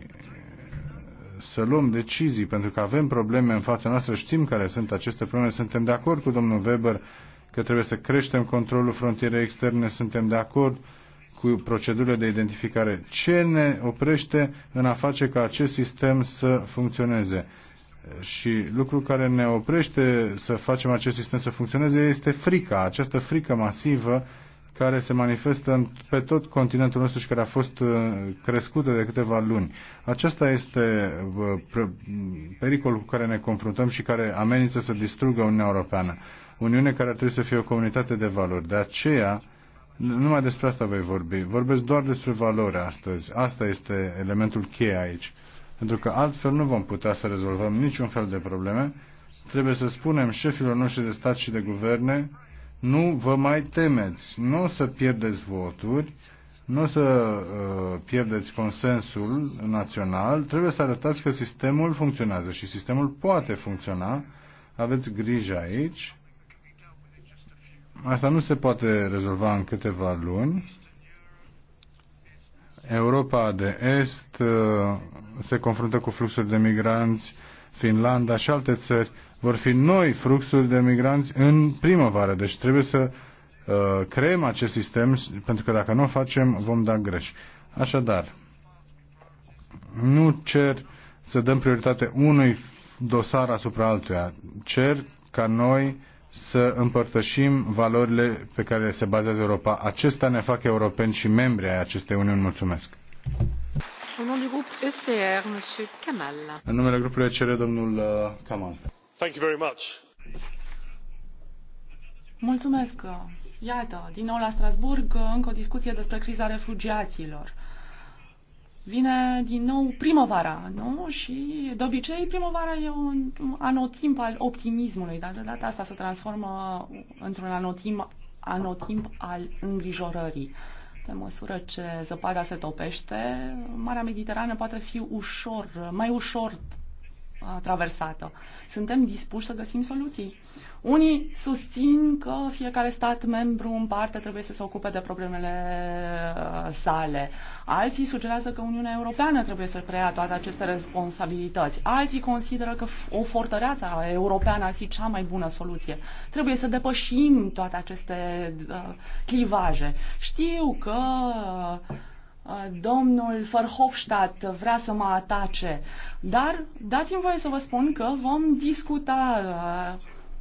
Speaker 1: să luăm decizii, pentru că avem probleme în fața noastră, știm care sunt aceste probleme, suntem de acord cu domnul Weber că trebuie să creștem controlul frontierei externe, suntem de acord cu procedurile de identificare. Ce ne oprește în a face ca acest sistem să funcționeze? Și lucrul care ne oprește să facem acest sistem să funcționeze este frica, această frică masivă care se manifestă pe tot continentul nostru și care a fost uh, crescută de câteva luni. Aceasta este uh, pericolul cu care ne confruntăm și care amenință să distrugă Uniunea Europeană. Uniune care ar trebui să fie o comunitate de valori. De aceea, numai despre asta voi vorbi. Vorbesc doar despre valori astăzi. Asta este elementul cheie aici. Pentru că altfel nu vom putea să rezolvăm niciun fel de probleme. Trebuie să spunem șefilor noștri de stat și de guverne, nu vă mai temeți, nu o să pierdeți voturi, nu o să uh, pierdeți consensul național, trebuie să arătați că sistemul funcționează și sistemul poate funcționa. Aveți grijă aici Asta nu se poate rezolva în câteva luni. Europa de Est uh, se confruntă cu fluxuri de migranți, Finlanda și alte țări vor fi noi fluxuri de migranți în primăvară. Deci trebuie să uh, creăm acest sistem, pentru că dacă nu o facem, vom da greș. Așadar, nu cer să dăm prioritate unui dosar asupra altuia. Cer ca noi să împărtășim valorile pe care se bazează Europa. Acesta ne fac europeni și membri ai acestei Uniuni. Mulțumesc! În numele grupului ECR, domnul uh, Kamal. Thank you very much.
Speaker 4: Mulțumesc! Iată, din nou la Strasburg, încă o discuție despre criza refugiaților vine din nou primăvara, nu? Și de obicei primăvara e un anotimp al optimismului, dar de data asta se transformă într-un anotimp, anotimp al îngrijorării. Pe măsură ce zăpada se topește, Marea Mediterană poate fi ușor, mai ușor uh, traversată. Suntem dispuși să găsim soluții. Unii susțin că fiecare stat membru în parte trebuie să se ocupe de problemele uh, sale. Alții sugerează că Uniunea Europeană trebuie să preia toate aceste responsabilități. Alții consideră că o fortăreață europeană ar fi cea mai bună soluție. Trebuie să depășim toate aceste uh, clivaje. Știu că uh, domnul Verhofstadt vrea să mă atace, dar dați-mi voie să vă spun că vom discuta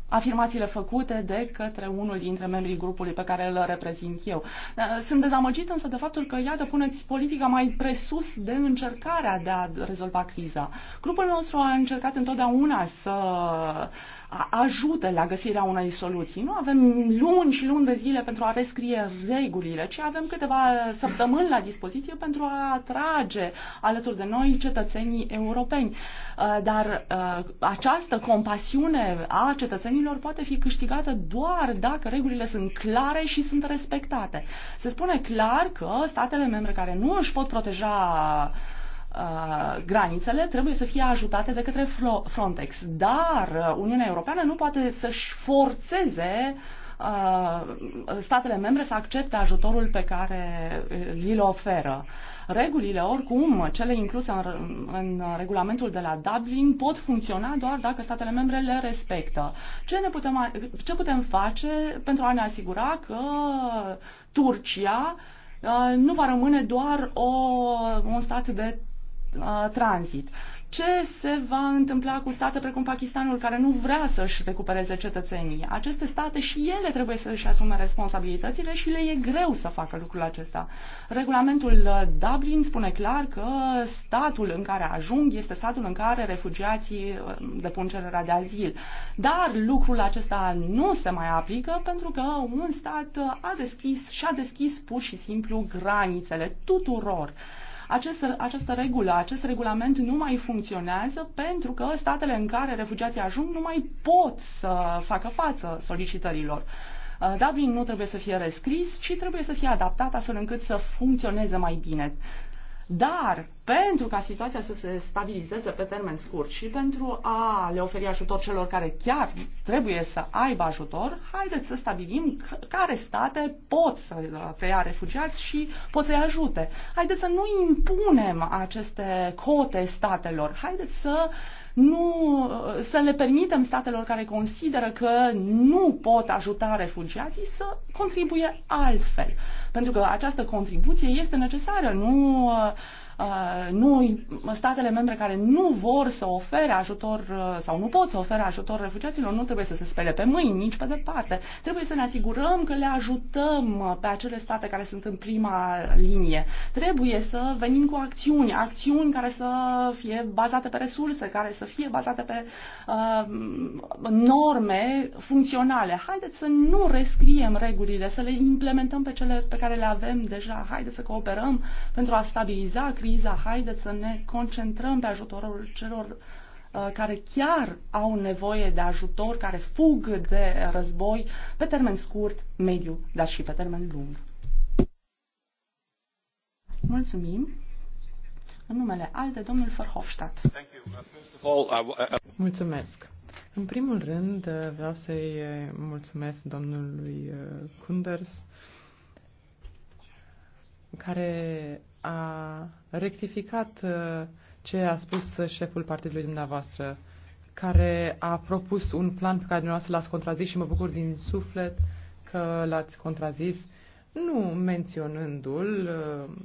Speaker 4: afirmațiile făcute de către unul dintre membrii grupului pe care îl reprezint eu. Da, sunt dezamăgit însă de faptul că, iată, puneți politica mai presus de încercarea de a rezolva criza. Grupul nostru a încercat întotdeauna să ajută la găsirea unei soluții. Nu avem luni și luni de zile pentru a rescrie regulile, ci avem câteva săptămâni la dispoziție pentru a atrage alături de noi cetățenii europeni. Dar această compasiune a cetățenilor poate fi câștigată doar dacă regulile sunt clare și sunt respectate. Se spune clar că statele membre care nu își pot proteja Uh, granițele trebuie să fie ajutate de către Frontex. Dar uh, Uniunea Europeană nu poate să-și forțeze uh, statele membre să accepte ajutorul pe care li-l oferă. Regulile, oricum, cele incluse în, în regulamentul de la Dublin, pot funcționa doar dacă statele membre le respectă. Ce, ne putem, ce putem face pentru a ne asigura că Turcia nu va rămâne doar o, un stat de Uh, tranzit. Ce se va întâmpla cu state precum Pakistanul, care nu vrea să-și recupereze cetățenii? Aceste state și ele trebuie să-și asume responsabilitățile și le e greu să facă lucrul acesta. Regulamentul uh, Dublin spune clar că statul în care ajung este statul în care refugiații uh, depun cererea de azil. Dar lucrul acesta nu se mai aplică pentru că un stat a deschis și-a deschis pur și simplu granițele tuturor. Acest, această regulă, acest regulament nu mai funcționează pentru că statele în care refugiații ajung nu mai pot să facă față solicitărilor. Uh, Dublin nu trebuie să fie rescris, ci trebuie să fie adaptat astfel încât să funcționeze mai bine. Dar pentru ca situația să se stabilizeze pe termen scurt și pentru a le oferi ajutor celor care chiar trebuie să aibă ajutor, haideți să stabilim care state pot să uh, preia refugiați și pot să-i ajute. Haideți să nu impunem aceste cote statelor. Haideți să uh, nu să le permitem statelor care consideră că nu pot ajuta refugiații să contribuie altfel. Pentru că această contribuție este necesară, nu uh, Uh, nu, statele membre care nu vor să ofere ajutor uh, sau nu pot să ofere ajutor refugiaților nu trebuie să se spele pe mâini, nici pe departe. Trebuie să ne asigurăm că le ajutăm uh, pe acele state care sunt în prima linie. Trebuie să venim cu acțiuni, acțiuni care să fie bazate pe resurse, care să fie bazate pe uh, norme funcționale. Haideți să nu rescriem regulile, să le implementăm pe cele pe care le avem deja. Haideți să cooperăm pentru a stabiliza criza, haideți să ne concentrăm pe ajutorul celor uh, care chiar au nevoie de ajutor, care fug de război pe termen scurt, mediu, dar și pe termen lung. Mulțumim. În numele ALDE, domnul Verhofstadt.
Speaker 5: Uh,
Speaker 3: mulțumesc. În primul rând, uh, vreau să-i mulțumesc domnului Kunders, care a rectificat uh, ce a spus șeful partidului dumneavoastră, care a propus un plan pe care dumneavoastră l-ați contrazis și mă bucur din suflet că l-ați contrazis, nu menționându-l, uh,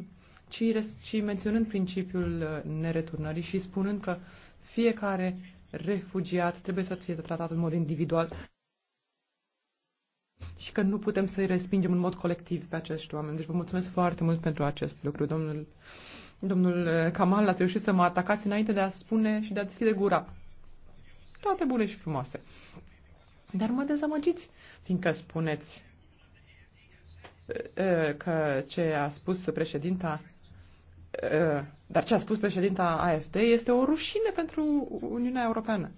Speaker 3: ci, ci menționând principiul uh, nereturnării și spunând că fiecare refugiat trebuie să fie tratat în mod individual și că nu putem să-i respingem în mod colectiv pe acești oameni. Deci vă mulțumesc foarte mult pentru acest lucru, domnul, domnul eh, Kamal. Ați reușit să mă atacați înainte de a spune și de a deschide gura. Toate bune și frumoase. Dar mă dezamăgiți, fiindcă spuneți eh, eh, că ce a spus președinta dar ce a spus președinta AFD este o rușine pentru Uniunea Europeană.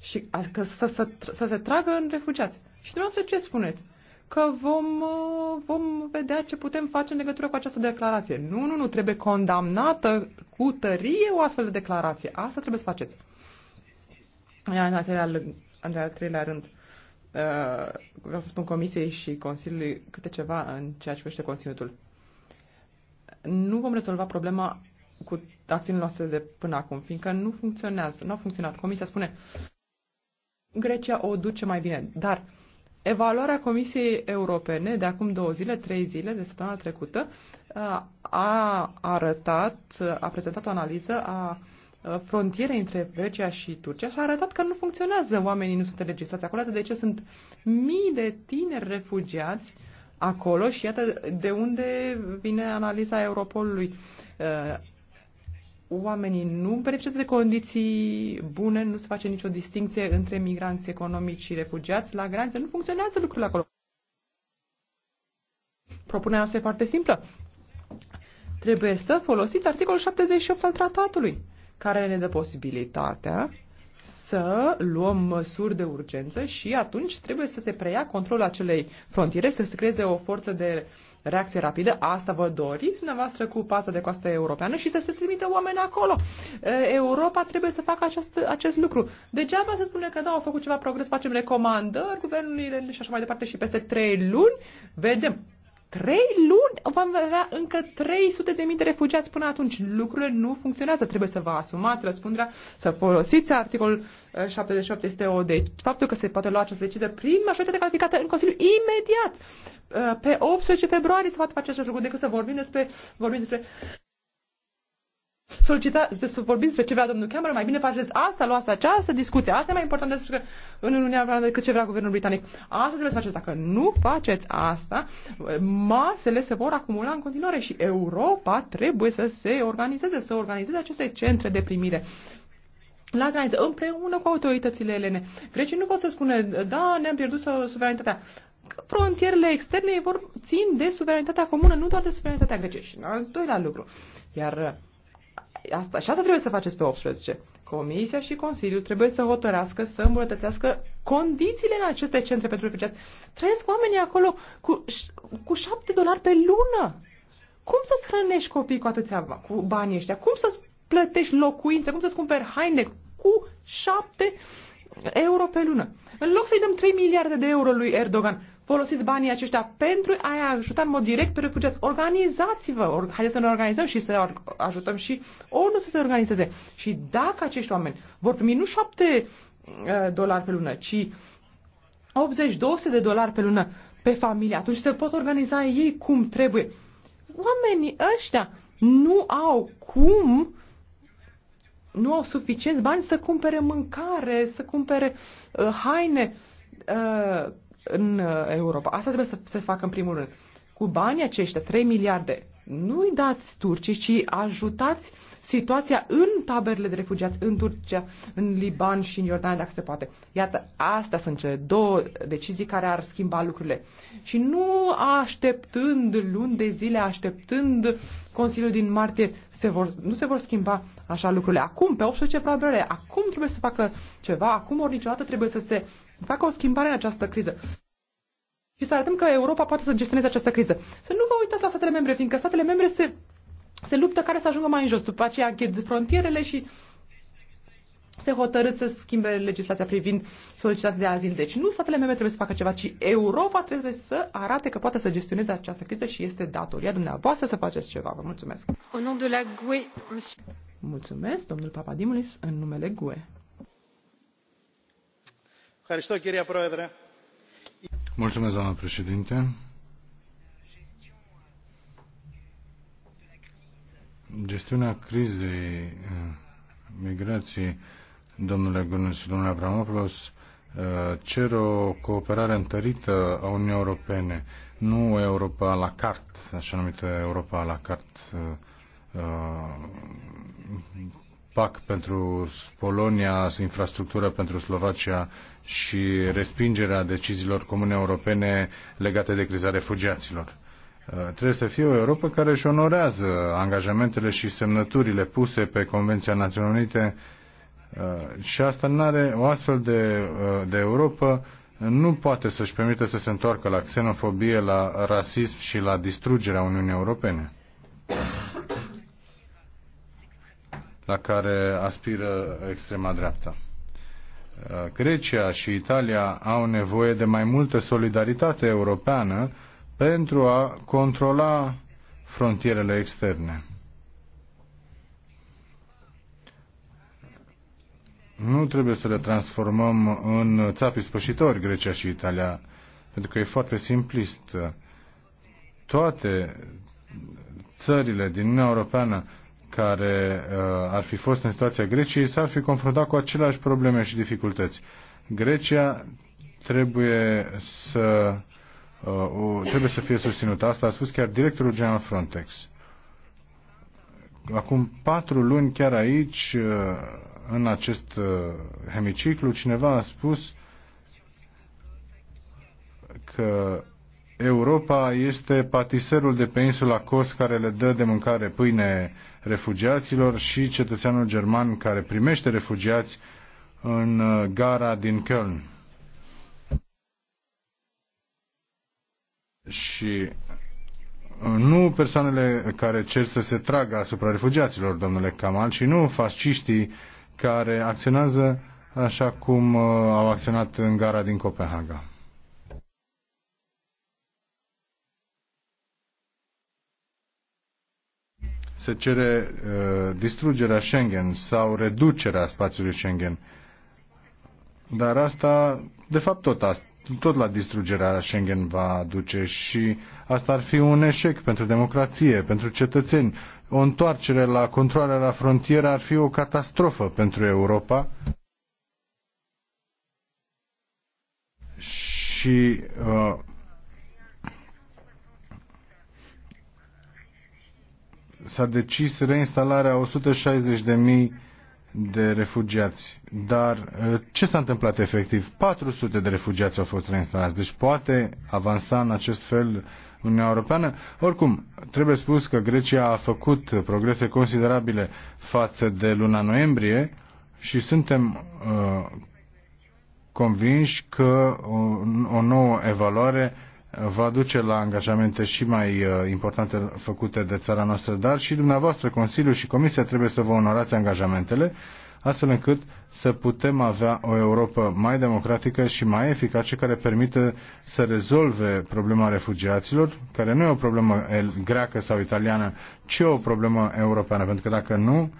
Speaker 3: Și că să, să, să se tragă în refugiați. Și dumneavoastră ce spuneți? Că vom, uh, vom vedea ce putem face în legătură cu această declarație. Nu, nu, nu, trebuie condamnată cu tărie o astfel de declarație. Asta trebuie să faceți. Ia, în al treilea, în al treilea rând, uh, vreau să spun Comisiei și Consiliului câte ceva în ceea ce privește conținutul. Nu vom rezolva problema cu acțiunile noastre de până acum, fiindcă nu funcționează, nu a funcționat. Comisia spune, Grecia o duce mai bine, dar Evaluarea Comisiei Europene de acum două zile, trei zile, de săptămâna trecută, a arătat, a prezentat o analiză a frontierei între Grecia și Turcia și a arătat că nu funcționează, oamenii nu sunt înregistrați acolo, de ce sunt mii de tineri refugiați acolo și iată de unde vine analiza Europolului oamenii nu beneficiază de condiții bune, nu se face nicio distinție între migranți economici și refugiați la graniță, nu funcționează lucrurile acolo. Propunerea noastră e foarte simplă. Trebuie să folosiți articolul 78 al tratatului, care ne dă posibilitatea să luăm măsuri de urgență și atunci trebuie să se preia controlul acelei frontiere, să se creeze o forță de reacție rapidă, asta vă doriți dumneavoastră cu pasă de coastă europeană și să se trimită oameni acolo. Europa trebuie să facă acest, acest lucru. Degeaba se spune că da, au făcut ceva progres, facem recomandări guvernului și așa mai departe și peste trei luni vedem trei luni vom avea încă 300.000 de mii de refugiați până atunci. Lucrurile nu funcționează. Trebuie să vă asumați răspunderea, să folosiți articolul 78 eh, este o de faptul că se poate lua această decizie prin majoritate calificată în Consiliu imediat. Eh, pe 18 februarie se poate face acest lucru decât să vorbim despre, vorbim despre solicita, să vorbim despre ce vrea domnul Cameron, mai bine faceți asta, luați această discuție. Asta e mai important despre că în Uniunea Europeană decât ce vrea guvernul britanic. Asta trebuie să faceți. Dacă nu faceți asta, masele se vor acumula în continuare și Europa trebuie să se organizeze, să organizeze aceste centre de primire la graniță, împreună cu autoritățile elene. Grecii nu pot să spună, da, ne-am pierdut suveranitatea frontierele externe vor țin de suveranitatea comună, nu doar de suveranitatea grecești. Al doilea lucru. Iar Asta, și asta trebuie să faceți pe 18. Comisia și Consiliul trebuie să hotărească, să îmbunătățească condițiile în aceste centre pentru refugiați. Trăiesc oamenii acolo cu, cu 7 dolari pe lună. Cum să-ți hrănești copiii cu atâția cu banii ăștia? Cum să-ți plătești locuințe? Cum să-ți cumperi haine cu 7 euro pe lună? În loc să-i dăm 3 miliarde de euro lui Erdogan, folosiți banii aceștia pentru a ajuta în mod direct pe refugiați. Organizați-vă, haideți să ne organizăm și să ajutăm și ONU să se organizeze. Și dacă acești oameni vor primi nu 7 uh, dolari pe lună, ci 80-200 de dolari pe lună pe familie, atunci se pot organiza ei cum trebuie. Oamenii ăștia nu au cum nu au suficienți bani să cumpere mâncare, să cumpere uh, haine, uh, în uh, Europa. Asta trebuie să se facă în primul rând. Cu banii aceștia, 3 miliarde, nu-i dați turcii, ci ajutați situația în taberele de refugiați în Turcia, în Liban și în Iordania, dacă se poate. Iată, astea sunt cele două decizii care ar schimba lucrurile. Și nu așteptând luni de zile, așteptând Consiliul din martie, se vor, nu se vor schimba așa lucrurile. Acum, pe 18 februarie, acum trebuie să facă ceva, acum ori niciodată trebuie să se facă o schimbare în această criză. Și să arătăm că Europa poate să gestioneze această criză. Să nu vă uitați la statele membre, fiindcă statele membre se, se luptă care să ajungă mai în jos. După aceea închid frontierele și se hotărât să schimbe legislația privind solicitația de azil. Deci nu statele membre trebuie să facă ceva, ci Europa trebuie să arate că poate să gestioneze această criză și este datoria dumneavoastră să faceți ceva. Vă mulțumesc. Mulțumesc, domnul Papadimulis, în numele GUE.
Speaker 1: Mulțumesc, doamnă președinte. Gestiunea crizei eh, migrației, domnule Gunes și domnule avramopoulos eh, cer o cooperare întărită a Uniunii Europene, nu Europa la carte, așa numită Europa la carte, eh, PAC pentru Polonia, infrastructură pentru Slovacia și respingerea deciziilor comune europene legate de criza refugiaților. Uh, trebuie să fie o Europa care își onorează angajamentele și semnăturile puse pe Convenția Națiunilor Unite uh, și asta nu are o astfel de, uh, de Europa nu poate să-și permită să se întoarcă la xenofobie, la rasism și la distrugerea Uniunii Europene la care aspiră extrema dreaptă. Uh, Grecia și Italia au nevoie de mai multă solidaritate europeană pentru a controla frontierele externe. Nu trebuie să le transformăm în țapi spășitori Grecia și Italia, pentru că e foarte simplist. Toate țările din Uniunea Europeană care uh, ar fi fost în situația Greciei s-ar fi confruntat cu aceleași probleme și dificultăți. Grecia trebuie să, uh, trebuie să fie susținută. Asta a spus chiar directorul general Frontex. Acum patru luni chiar aici, uh, în acest hemiciclu, cineva a spus că Europa este patiserul de pe insula Kos care le dă de mâncare pâine refugiaților și cetățeanul german care primește refugiați în uh, gara din Köln. Și uh, nu persoanele care cer să se tragă asupra refugiaților, domnule Kamal, și nu fasciștii care acționează așa cum uh, au acționat în gara din Copenhaga. se cere uh, distrugerea Schengen sau reducerea spațiului Schengen. Dar asta, de fapt, tot asta tot la distrugerea Schengen va duce și asta ar fi un eșec pentru democrație, pentru cetățeni. O întoarcere la controlarea la frontieră ar fi o catastrofă pentru Europa. Și uh, s-a decis reinstalarea 160.000 de de refugiați. Dar uh, ce s-a întâmplat efectiv? 400 de refugiați au fost reinstalați. Deci poate avansa în acest fel Uniunea Europeană? Oricum, trebuie spus că Grecia a făcut progrese considerabile față de luna noiembrie și suntem uh, convinși că o, o nouă evaluare uh, va duce la angajamente și mai uh, importante făcute de țara noastră, dar și dumneavoastră, Consiliul și Comisia trebuie să vă onorați angajamentele, astfel încât să putem avea o Europa mai democratică și mai eficace care permite să rezolve problema refugiaților, care nu e o problemă greacă sau italiană, ci o problemă europeană, pentru că dacă nu,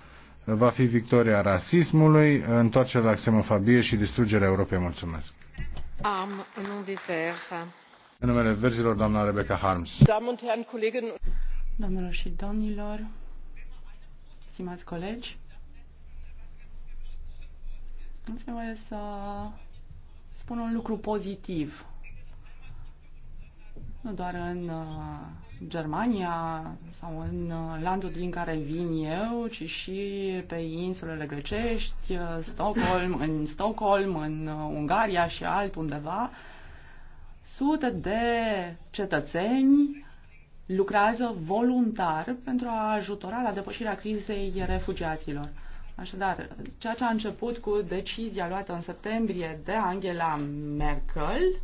Speaker 1: va fi victoria rasismului, întoarcerea la xenofobie și distrugerea Europei. Mulțumesc! Am, în numele verzilor, doamna Rebecca Harms.
Speaker 4: Doamnelor și domnilor, stimați colegi, îmi trebuie să spun un lucru pozitiv. Nu doar în uh, Germania sau în uh, landul din care vin eu, ci și pe insulele grecești, uh, Stockholm, în Stockholm, în Ungaria și altundeva, Sute de cetățeni lucrează voluntar pentru a ajutora la depășirea crizei refugiaților. Așadar, ceea ce a început cu decizia luată în septembrie de Angela Merkel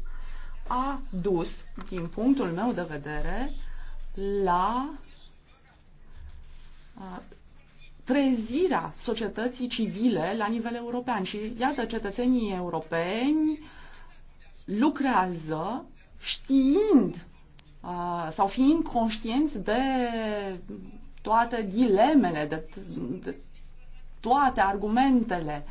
Speaker 4: a dus, din punctul meu de vedere, la trezirea societății civile la nivel european. Și iată, cetățenii europeni uh, lucrează știind sau fiind conștienți de toate dilemele, de, de toate argumentele.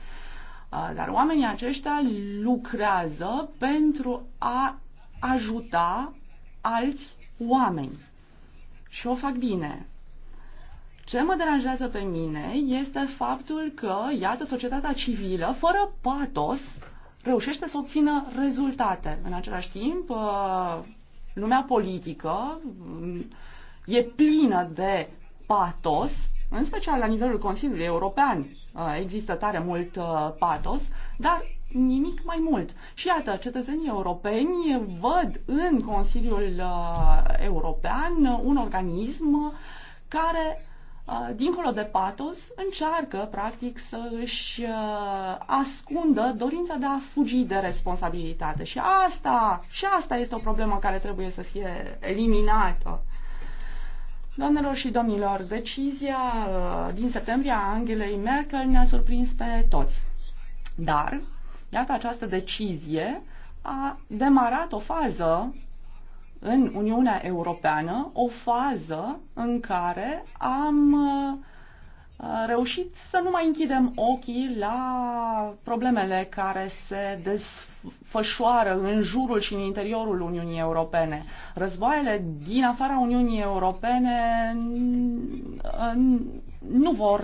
Speaker 4: Dar oamenii aceștia lucrează pentru a ajuta alți oameni. Și o fac bine. Ce mă deranjează pe mine este faptul că, iată, societatea civilă, fără patos, reușește să obțină rezultate. În același timp, uh, lumea politică mm, e plină de patos, în special la nivelul Consiliului European uh, există tare mult uh, patos, dar nimic mai mult. Și iată, cetățenii europeni văd în Consiliul European un organism care Uh, dincolo de patos, încearcă, practic, să își uh, ascundă dorința de a fugi de responsabilitate. Și asta, și asta este o problemă care trebuie să fie eliminată. Doamnelor și domnilor, decizia uh, din septembrie a Angelei Merkel ne-a surprins pe toți. Dar, iată, această decizie a demarat o fază în Uniunea Europeană o fază în care am uh, uh, reușit să nu mai închidem ochii la problemele care se desfășoară în jurul și în interiorul Uniunii Europene. Războaiele din afara Uniunii Europene uh, nu vor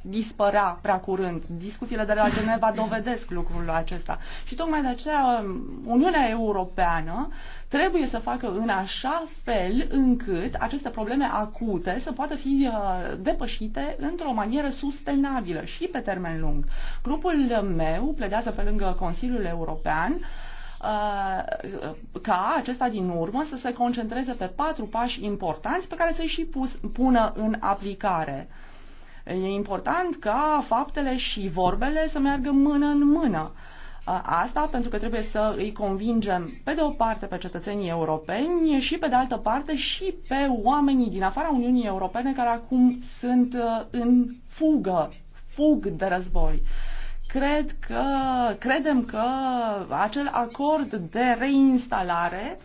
Speaker 4: dispărea prea curând. Discuțiile de la Geneva dovedesc lucrul acesta. Și tocmai de aceea Uniunea Europeană trebuie să facă în așa fel încât aceste probleme acute să poată fi uh, depășite într-o manieră sustenabilă și pe termen lung. Grupul meu pledează pe lângă Consiliul European uh, ca acesta din urmă să se concentreze pe patru pași importanți pe care să-i și pus, pună în aplicare. E important ca faptele și vorbele să meargă mână în mână. Asta pentru că trebuie să îi convingem pe de o parte pe cetățenii europeni și pe de altă parte și pe oamenii din afara Uniunii Europene care acum sunt uh, în fugă, fug de război cred că, credem că acel acord de reinstalare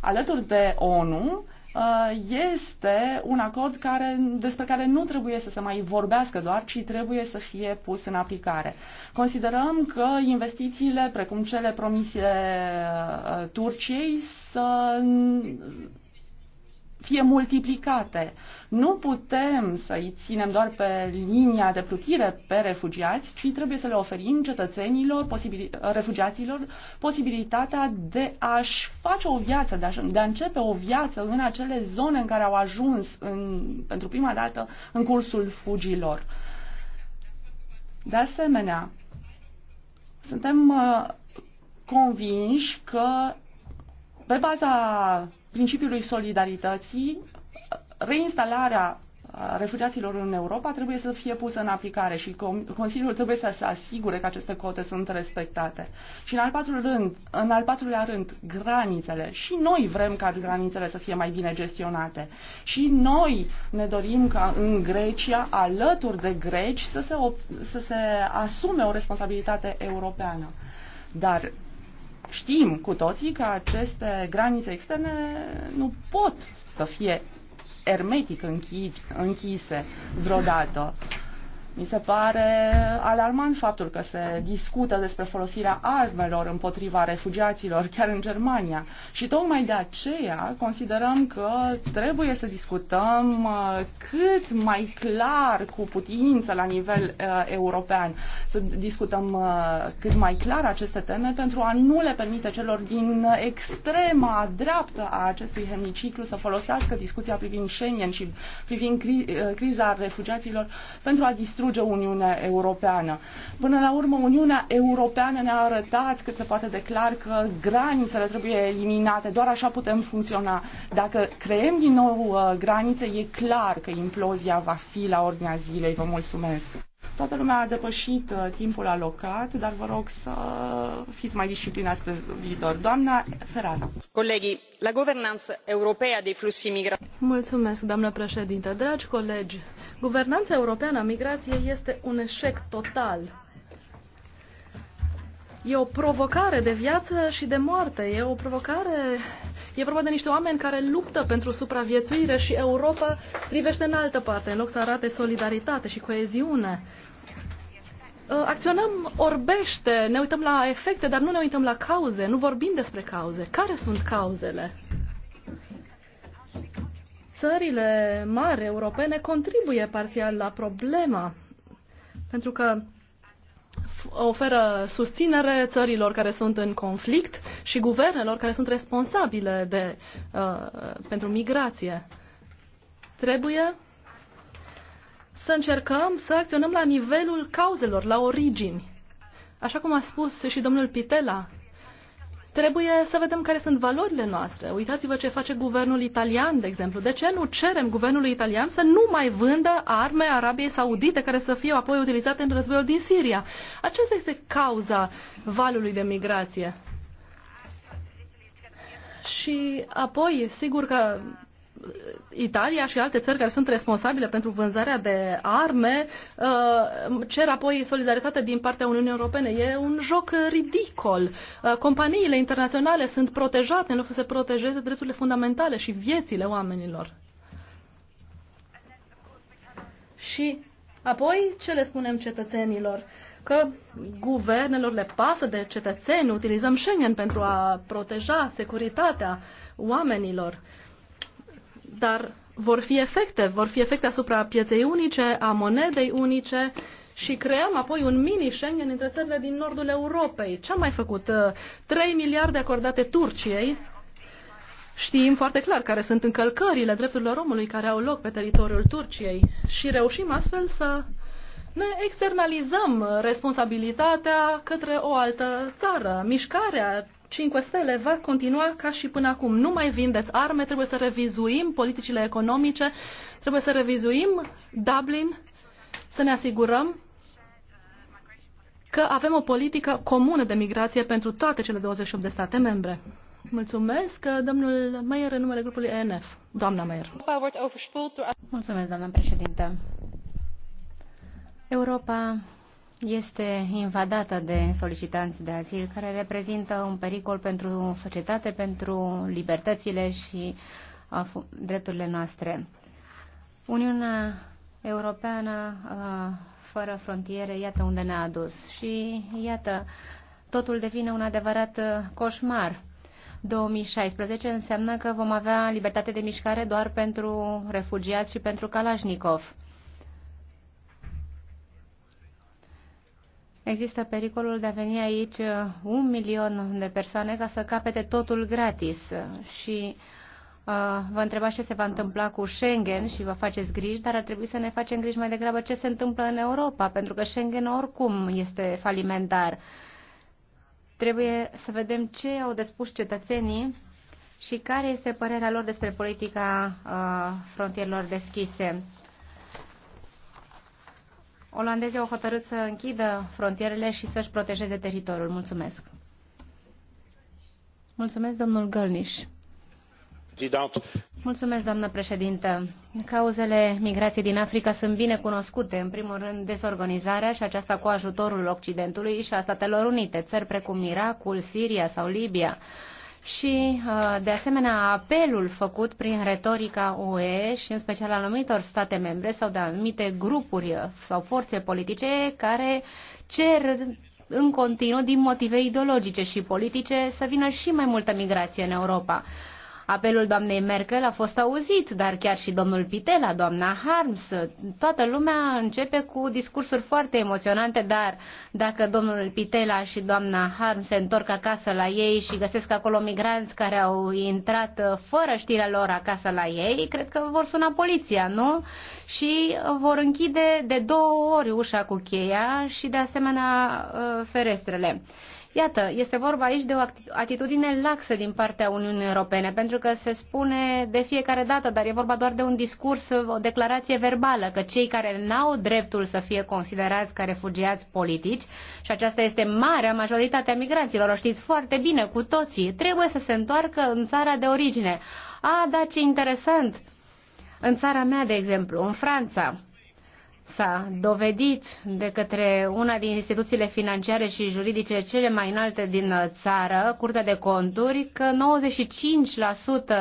Speaker 4: alături de ONU Uh, este un acord care, despre care nu trebuie să se mai vorbească doar, ci trebuie să fie pus în aplicare. Considerăm că investițiile, precum cele promise uh, Turciei, să fie multiplicate. Nu putem să îi ținem doar pe linia de plutire pe refugiați, ci trebuie să le oferim cetățenilor, posibil, refugiaților, posibilitatea de a-și face o viață, de a, de a începe o viață în acele zone în care au ajuns în, pentru prima dată în cursul fugilor. De asemenea, suntem uh, convinși că pe baza principiului solidarității, reinstalarea uh, refugiaților în Europa trebuie să fie pusă în aplicare și Consiliul trebuie să se asigure că aceste cote sunt respectate. Și în al, patrulea rând, în al patrulea rând, granițele. Și noi vrem ca granițele să fie mai bine gestionate. Și noi ne dorim ca în Grecia, alături de greci, să se, să se asume o responsabilitate europeană. Dar știm cu toții că aceste granițe externe nu pot să fie ermetic închise vreodată. Mi se pare alarmant faptul că se discută despre folosirea armelor împotriva refugiaților, chiar în Germania. Și tocmai de aceea considerăm că trebuie să discutăm uh, cât mai clar cu putință la nivel uh, european, să discutăm uh, cât mai clar aceste teme pentru a nu le permite celor din extrema dreaptă a acestui hemiciclu să folosească discuția privind Schengen și privind cri- uh, criza refugiaților pentru a distruge distruge Uniunea Europeană. Până la urmă, Uniunea Europeană ne-a arătat cât se poate declar că granițele trebuie eliminate, doar așa putem funcționa. Dacă creăm din nou uh, granițe, e clar că implozia va fi la ordinea zilei. Vă mulțumesc! Toată lumea a depășit uh, timpul alocat, dar vă rog să fiți mai disciplinați pe viitor. Doamna Ferrara. Colegii, la guvernanță europeană de flusii migratori.
Speaker 6: Mulțumesc, doamnă președinte. Dragi colegi, guvernanța europeană a migrației este un eșec total. E o provocare de viață și de moarte. E o provocare E vorba de niște oameni care luptă pentru supraviețuire și Europa privește în altă parte, în loc să arate solidaritate și coeziune. Uh, acționăm orbește, ne uităm la efecte, dar nu ne uităm la cauze, nu vorbim despre cauze. Care sunt cauzele? Țările mari europene contribuie parțial la problema, pentru că oferă susținere țărilor care sunt în conflict și guvernelor care sunt responsabile de, uh, pentru migrație. Trebuie să încercăm să acționăm la nivelul cauzelor, la origini. Așa cum a spus și domnul Pitela, trebuie să vedem care sunt valorile noastre. Uitați-vă ce face guvernul italian, de exemplu. De ce nu cerem guvernului italian să nu mai vândă arme Arabiei Saudite care să fie apoi utilizate în războiul din Siria? Aceasta este cauza valului de migrație. Și apoi, sigur că Italia și alte țări care sunt responsabile pentru vânzarea de arme uh, cer apoi solidaritate din partea Uniunii Europene. E un joc ridicol. Uh, companiile internaționale sunt protejate în loc să se protejeze drepturile fundamentale și viețile oamenilor. Și apoi ce le spunem cetățenilor? Că guvernelor le pasă de cetățeni, utilizăm Schengen pentru a proteja securitatea oamenilor. Uh, dar vor fi efecte, vor fi efecte asupra pieței unice, a monedei unice și creăm apoi un mini Schengen între țările din nordul Europei. Ce am mai făcut? 3 miliarde acordate Turciei. Știm foarte clar care sunt încălcările drepturilor omului care au loc pe teritoriul Turciei și reușim astfel să ne externalizăm responsabilitatea către o altă țară. Mișcarea 5 Stele va continua ca și până acum. Nu mai vindeți arme, trebuie să revizuim politicile economice, trebuie să revizuim Dublin, să ne asigurăm că avem o politică comună de migrație pentru toate cele 28 de state membre. Mulțumesc, domnul Meier, în numele grupului ENF. Doamna Meier. Mulțumesc, doamna președintă.
Speaker 7: Europa este invadată de solicitanți de azil care reprezintă un pericol pentru societate, pentru libertățile și drepturile noastre. Uniunea Europeană fără frontiere, iată unde ne-a adus. Și iată, totul devine un adevărat coșmar. 2016 înseamnă că vom avea libertate de mișcare doar pentru refugiați și pentru Kalashnikov. Există pericolul de a veni aici uh, un milion de persoane ca să capete totul gratis și uh, vă întrebați ce se va întâmpla cu Schengen și vă faceți griji, dar ar trebui să ne facem griji mai degrabă ce se întâmplă în Europa, pentru că Schengen oricum este falimentar. Trebuie să vedem ce au de spus cetățenii și care este părerea lor despre politica uh, frontierilor deschise olandezii au hotărât să închidă frontierele și să-și protejeze teritoriul. Mulțumesc. Mulțumesc, domnul Gălniș. Mulțumesc, doamnă președintă. Cauzele migrației din Africa sunt bine cunoscute, în primul rând dezorganizarea și aceasta cu ajutorul Occidentului și a Statelor Unite, țări precum Irakul, Siria sau Libia și, uh, de asemenea, apelul făcut prin retorica UE și în special al anumitor state membre sau de anumite grupuri sau forțe politice care cer în continuu, din motive ideologice și politice, să vină și mai multă migrație în Europa. Apelul doamnei Merkel a fost auzit, dar chiar și domnul Pitela, doamna Harms, toată lumea începe cu discursuri foarte emoționante, dar dacă domnul Pitela și doamna Harms se întorc acasă la ei și găsesc acolo migranți care au intrat uh, fără știrea lor acasă la ei, cred că vor suna poliția, nu? Și vor închide de două ori ușa cu cheia și de asemenea uh, ferestrele. Iată, este vorba aici de o atitudine laxă din partea Uniunii Europene, pentru că se spune de fiecare dată, dar e vorba doar de un discurs, o declarație verbală, că cei care n-au dreptul să fie considerați ca refugiați politici, și aceasta este marea majoritate a migranților, o știți foarte bine cu toții, trebuie să se întoarcă în țara de origine. A, da, ce interesant! În țara mea, de exemplu, în Franța, S-a dovedit de către una din instituțiile financiare și juridice cele mai înalte din țară, Curtea de Conturi, că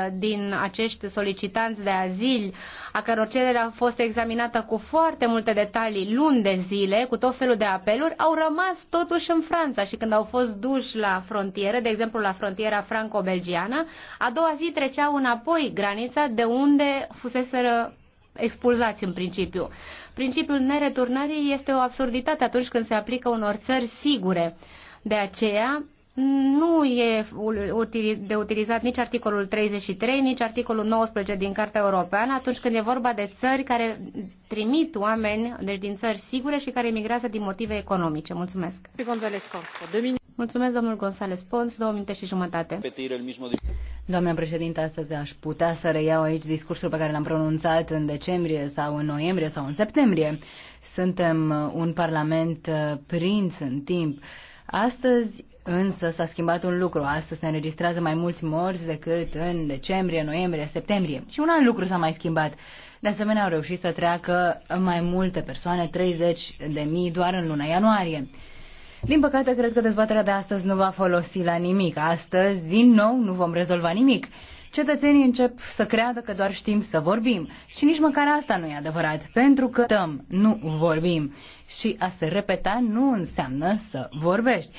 Speaker 7: 95% din acești solicitanți de azil, a căror cerere a fost examinată cu foarte multe detalii luni de zile, cu tot felul de apeluri, au rămas totuși în Franța și când au fost duși la frontieră, de exemplu la frontiera franco-belgiană, a doua zi treceau înapoi granița de unde fuseseră expulzați în principiu. Principiul nereturnării este o absurditate atunci când se aplică unor țări sigure. De aceea nu e de utilizat nici articolul 33, nici articolul 19 din Cartea Europeană atunci când e vorba de țări care trimit oameni, deci din țări sigure și care emigrează din motive economice. Mulțumesc. Mulțumesc, domnul González Pons, două minute și jumătate.
Speaker 8: Doamna președinte, astăzi aș putea să reiau aici discursul pe care l-am pronunțat în decembrie sau în noiembrie sau în septembrie. Suntem un parlament prins în timp. Astăzi Însă s-a schimbat un lucru. Astăzi se înregistrează mai mulți morți decât în decembrie, noiembrie, septembrie. Și un alt lucru s-a mai schimbat. De asemenea, au reușit să treacă mai multe persoane, 30 de mii doar în luna ianuarie. Din păcate, cred că dezbaterea de astăzi nu va folosi la nimic. Astăzi, din nou, nu vom rezolva nimic. Cetățenii încep să creadă că doar știm să vorbim. Și nici măcar asta nu e adevărat, pentru că tăm, nu vorbim. Și a se repeta nu înseamnă să vorbești.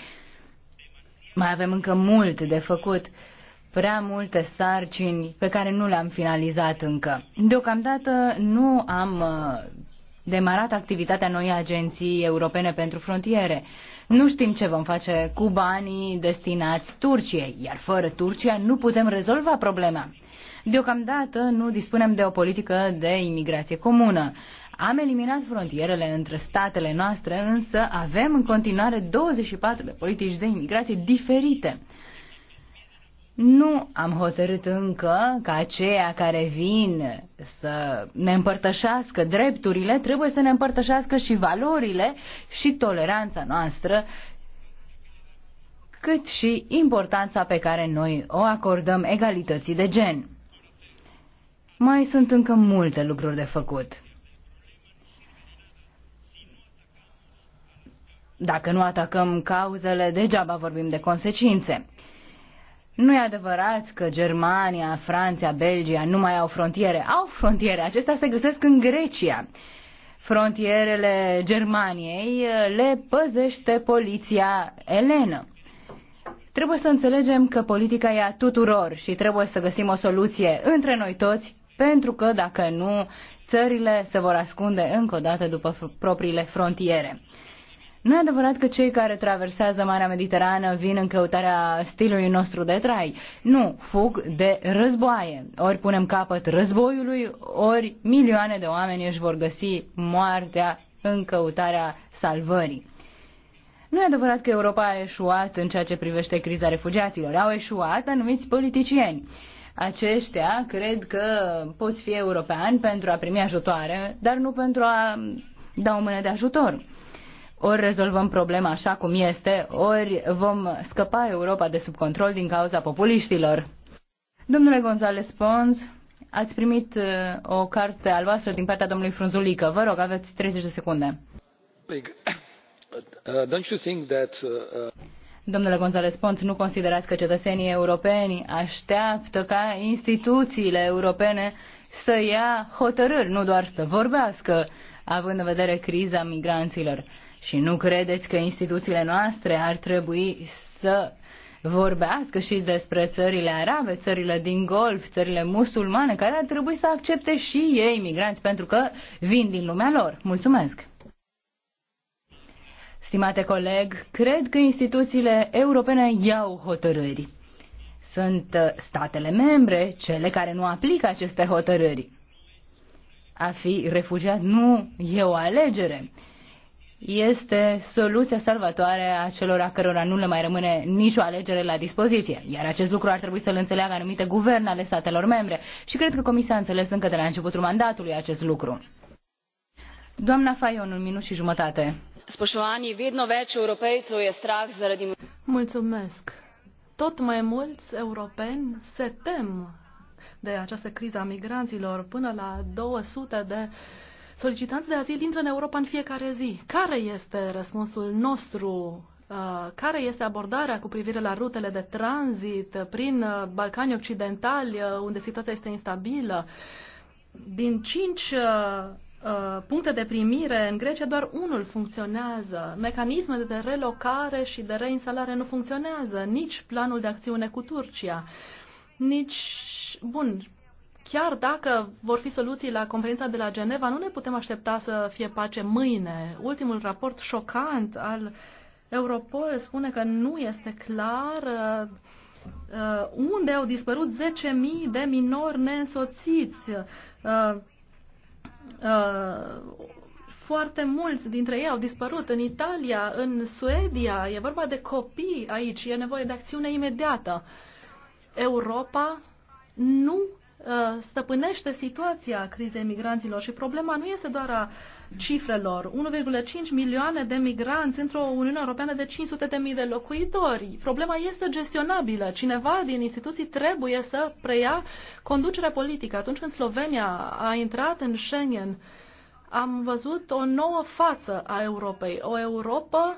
Speaker 8: Mai avem încă mult de făcut, prea multe sarcini pe care nu le-am finalizat încă. Deocamdată nu am uh, demarat activitatea noii agenții europene pentru frontiere. Nu știm ce vom face cu banii destinați Turciei, iar fără Turcia nu putem rezolva problema. Deocamdată nu dispunem de o politică de imigrație comună. Am eliminat frontierele între statele noastre, însă avem în continuare 24 de politici de imigrație diferite. Nu am hotărât încă că aceia care vin să ne împărtășească drepturile trebuie să ne împărtășească și valorile și toleranța noastră, cât și importanța pe care noi o acordăm egalității de gen. Mai sunt încă multe lucruri de făcut. Dacă nu atacăm cauzele, degeaba vorbim de consecințe. Nu e adevărat că Germania, Franța, Belgia nu mai au frontiere. Au frontiere, acestea se găsesc în Grecia. Frontierele Germaniei uh, le păzește poliția elenă. Trebuie să înțelegem că politica e a tuturor și trebuie să găsim o soluție între noi toți, pentru că dacă nu, țările se vor ascunde încă o dată după propriile frontiere. Nu e adevărat că cei care traversează Marea Mediterană vin în căutarea stilului nostru de trai. Nu, fug de războaie. Ori punem capăt războiului, ori milioane de oameni își vor găsi moartea în căutarea salvării. Nu e adevărat că Europa a eșuat în ceea ce privește criza refugiaților. Au eșuat anumiți politicieni. Aceștia cred că poți fi european pentru a primi ajutoare, dar nu pentru a da o mână de ajutor ori rezolvăm problema așa cum este, ori vom scăpa Europa de sub control din cauza populiștilor. Domnule González Pons, ați primit uh, o carte voastră din partea domnului Frunzulică. Vă rog, aveți 30 de secunde.
Speaker 5: Uh, uh, don't you think that, uh...
Speaker 8: Domnule González Pons, nu considerați că cetățenii europeni așteaptă ca instituțiile europene să ia hotărâri, nu doar să vorbească, având în vedere criza migranților. Și nu credeți că instituțiile noastre ar trebui să vorbească și despre țările arabe, țările din Golf, țările musulmane, care ar trebui să accepte și ei migranți, pentru că vin din lumea lor. Mulțumesc! Stimate coleg, cred că instituțiile europene iau hotărâri. Sunt uh, statele membre cele care nu aplică aceste hotărâri. A fi refugiat nu e o alegere este soluția salvatoare a celor a cărora nu le mai rămâne nicio alegere la dispoziție. Iar acest lucru ar trebui să-l înțeleagă anumite guverne ale statelor membre și cred că Comisia a înțeles încă de la începutul mandatului acest lucru. Doamna
Speaker 6: Fajon, un minut și jumătate. Spășoanii, vedno več europeițul e strach zărădim... Mulțumesc. Tot mai mulți europeni se tem de această criză a migranților până la 200 de solicitanți de azil intră în Europa în fiecare zi. Care este răspunsul nostru? Uh, care este abordarea cu privire la rutele de tranzit prin uh, Balcanii Occidentali, uh, unde situația este instabilă? Din cinci puncte de primire în Grecia, doar unul funcționează. Mecanismele de relocare și de reinstalare nu funcționează, nici planul de acțiune cu Turcia. Nici, bun, chiar dacă vor fi soluții la conferința de la Geneva, nu ne putem aștepta să fie pace mâine. Ultimul raport șocant al Europol spune că nu este clar uh, uh, unde au dispărut 10.000 de minori neînsoțiți. Uh, foarte mulți dintre ei au dispărut în Italia, în Suedia. E vorba de copii aici. E nevoie de acțiune imediată. Europa nu Uh, stăpânește situația crizei migranților și problema nu este doar a cifrelor. 1,5 milioane de migranți într-o Uniune Europeană de 500 de mii de locuitori. Problema este gestionabilă. Cineva din instituții trebuie să preia conducerea politică. Atunci când Slovenia a intrat în Schengen, am văzut o nouă față a Europei. O Europa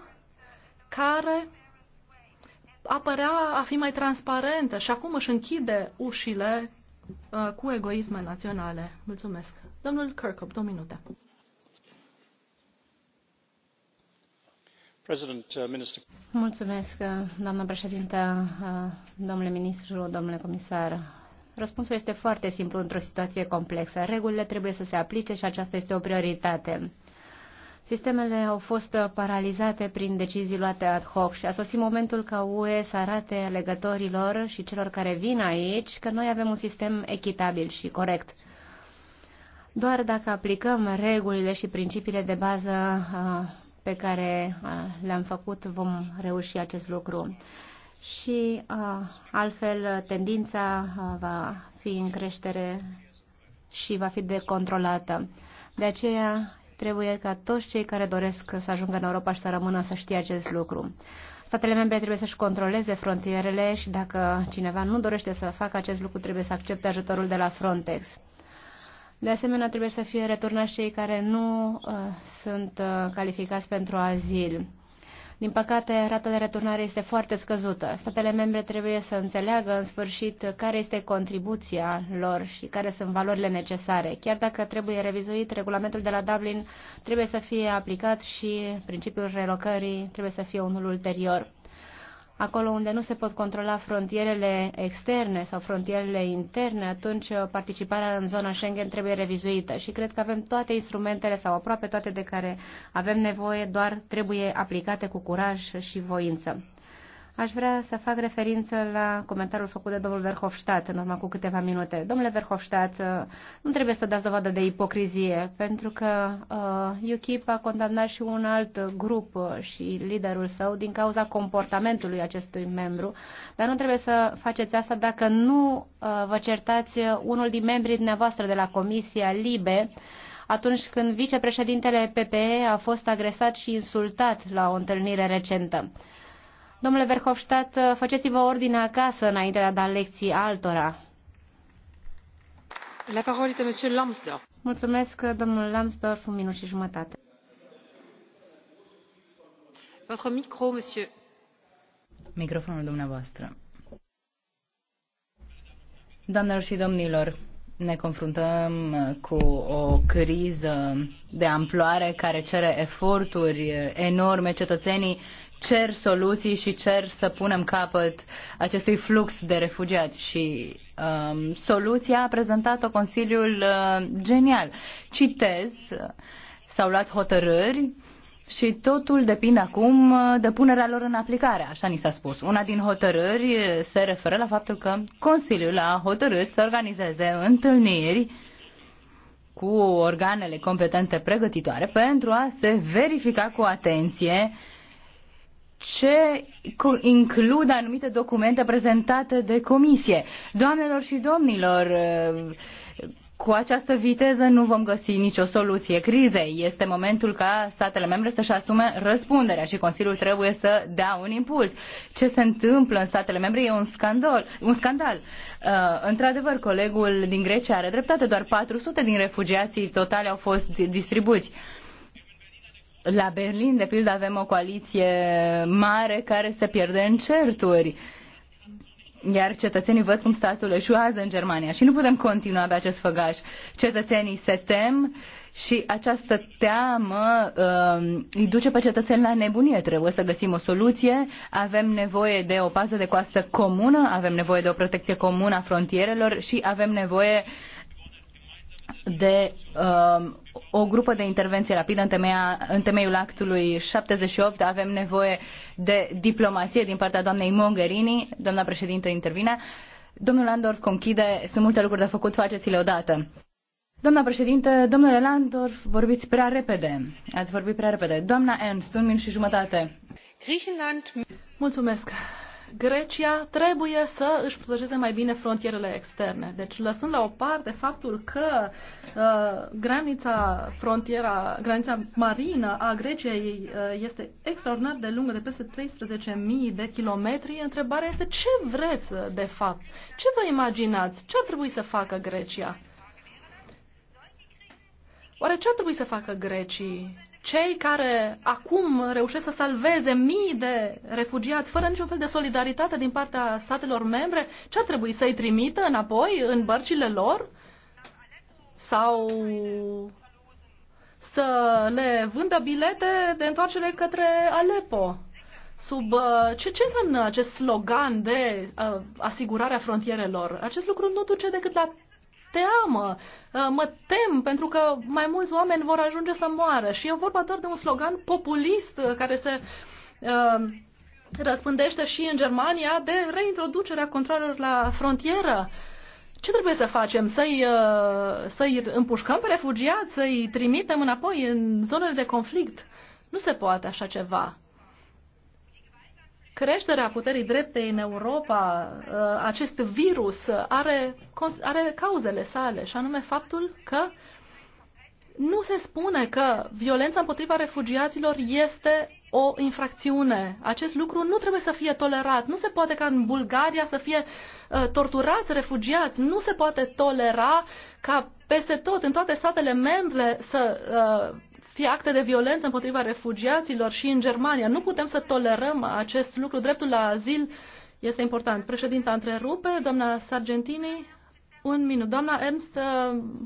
Speaker 6: care apărea a fi mai transparentă și acum își închide ușile Uh, cu egoisme naționale. Mulțumesc. Domnul Kirkhope, două minute.
Speaker 5: Uh,
Speaker 6: Mulțumesc, uh,
Speaker 7: doamnă președintă, domnule ministru, domnule comisar. Răspunsul este foarte simplu într-o situație complexă. Regulile trebuie să se aplice și aceasta este o prioritate. Sistemele au fost paralizate prin decizii luate ad hoc și a sosit momentul ca UE să arate alegătorilor și celor care vin aici că noi avem un sistem echitabil și corect. Doar dacă aplicăm regulile și principiile de bază pe care le-am făcut, vom reuși acest lucru. Și altfel, tendința va fi în creștere și va fi decontrolată. De aceea Trebuie ca toți cei care doresc să ajungă în Europa și să rămână să știe acest lucru. Statele membre trebuie să-și controleze frontierele și dacă cineva nu dorește să facă acest lucru, trebuie să accepte ajutorul de la Frontex. De asemenea, trebuie să fie returnați cei care nu uh, sunt uh, calificați pentru azil. Din păcate, rata de returnare este foarte scăzută. Statele membre trebuie să înțeleagă în sfârșit care este contribuția lor și care sunt valorile necesare. Chiar dacă trebuie revizuit, regulamentul de la Dublin trebuie să fie aplicat și principiul relocării trebuie să fie unul ulterior acolo unde nu se pot controla frontierele externe sau frontierele interne, atunci uh, participarea în zona Schengen trebuie revizuită și cred că avem toate instrumentele sau aproape toate de care avem nevoie, doar trebuie aplicate cu curaj și voință. Aș vrea să fac referință la comentariul făcut de domnul Verhofstadt în urmă cu câteva minute. Domnule Verhofstadt, nu trebuie să dați dovadă de ipocrizie, pentru că uh, UKIP a condamnat și un alt grup și liderul său din cauza comportamentului acestui membru, dar nu trebuie să faceți asta dacă nu uh, vă certați unul din membrii dumneavoastră de la Comisia Libe, atunci când vicepreședintele PPE a fost agresat și insultat la o întâlnire recentă. Domnule Verhofstadt, faceți-vă ordine acasă înainte de a da lecții altora.
Speaker 2: La parole de monsieur Lambsdorff.
Speaker 7: Mulțumesc, domnul Lambsdorff, un minut și jumătate.
Speaker 2: Votre micro, monsieur.
Speaker 8: Microfonul dumneavoastră. Doamnelor și domnilor, ne confruntăm cu o criză de amploare care cere eforturi enorme. Cetățenii cer soluții și cer să punem capăt acestui flux de refugiați și um, soluția a prezentat-o Consiliul uh, genial. Citez, uh, s-au luat hotărâri și totul depinde acum uh, de punerea lor în aplicare, așa ni s-a spus. Una din hotărâri uh, se referă la faptul că Consiliul a hotărât să organizeze întâlniri cu organele competente pregătitoare pentru a se verifica cu atenție uh, ce includ anumite documente prezentate de comisie. Doamnelor și domnilor, cu această viteză nu vom găsi nicio soluție crizei. Este momentul ca statele membre să-și asume răspunderea și Consiliul trebuie să dea un impuls. Ce se întâmplă în statele membre e un scandal. Un scandal. Uh, într-adevăr, colegul din Grecia are dreptate, doar 400 din refugiații totale au fost distribuiți. Uh, la Berlin, de pildă, avem o coaliție mare care se pierde în certuri. Iar cetățenii văd cum statul eșuează în Germania și nu putem continua pe acest făgaș. Cetățenii se tem și această teamă uh, îi duce pe cetățeni la nebunie. Trebuie să găsim o soluție. Avem nevoie de o pază de coastă comună, avem nevoie de o protecție comună a frontierelor și avem nevoie de uh, o grupă de intervenție rapidă în, temeia, în temeiul actului 78. Avem nevoie de diplomație din partea doamnei Mogherini. Doamna președintă intervine. Domnul Landorf conchide, sunt multe lucruri de făcut, faceți-le odată. Doamna președintă, domnule Landorf, vorbiți prea repede.
Speaker 6: Ați vorbit prea repede. Doamna Ernst, un minut și jumătate. Mulțumesc. Grecia trebuie să își protejeze mai bine frontierele externe. Deci, lăsând la o parte faptul că uh, granița, frontiera, granița marină a Greciei uh, este extraordinar de lungă, de peste 13.000 de kilometri, întrebarea este ce vreți uh, de fapt? Ce vă imaginați? Ce ar trebui să facă Grecia? Oare ce ar trebui să facă grecii? cei care acum reușesc să salveze mii de refugiați fără niciun fel de solidaritate din partea statelor membre, ce ar trebui să-i trimită înapoi în bărcile lor? Sau să le vândă bilete de întoarcere către Aleppo? Sub uh, ce, ce înseamnă acest slogan de uh, asigurarea frontierelor? Acest lucru nu duce decât la teamă, ă, mă tem pentru că mai mulți oameni vor ajunge să moară. Și e vorba doar de un slogan populist ă, care se ă, răspândește și în Germania de reintroducerea controlelor la frontieră. Ce trebuie să facem? Să-i, să-i împușcăm pe refugiați? Să-i trimitem înapoi în zonele de conflict? Nu se poate așa ceva creșterea puterii dreptei în Europa, uh, acest virus, are, are cauzele sale, și anume faptul că nu se spune că violența împotriva refugiaților este o infracțiune. Acest lucru nu trebuie să fie tolerat. Nu se poate ca în Bulgaria să fie uh, torturați refugiați. Nu se poate tolera ca peste tot, în toate statele membre, să uh, fie acte de violență împotriva refugiaților și în Germania. Nu putem să tolerăm acest lucru. Dreptul la azil este important. Președinta întrerupe, doamna Sargentini, un minut. Doamna Ernst,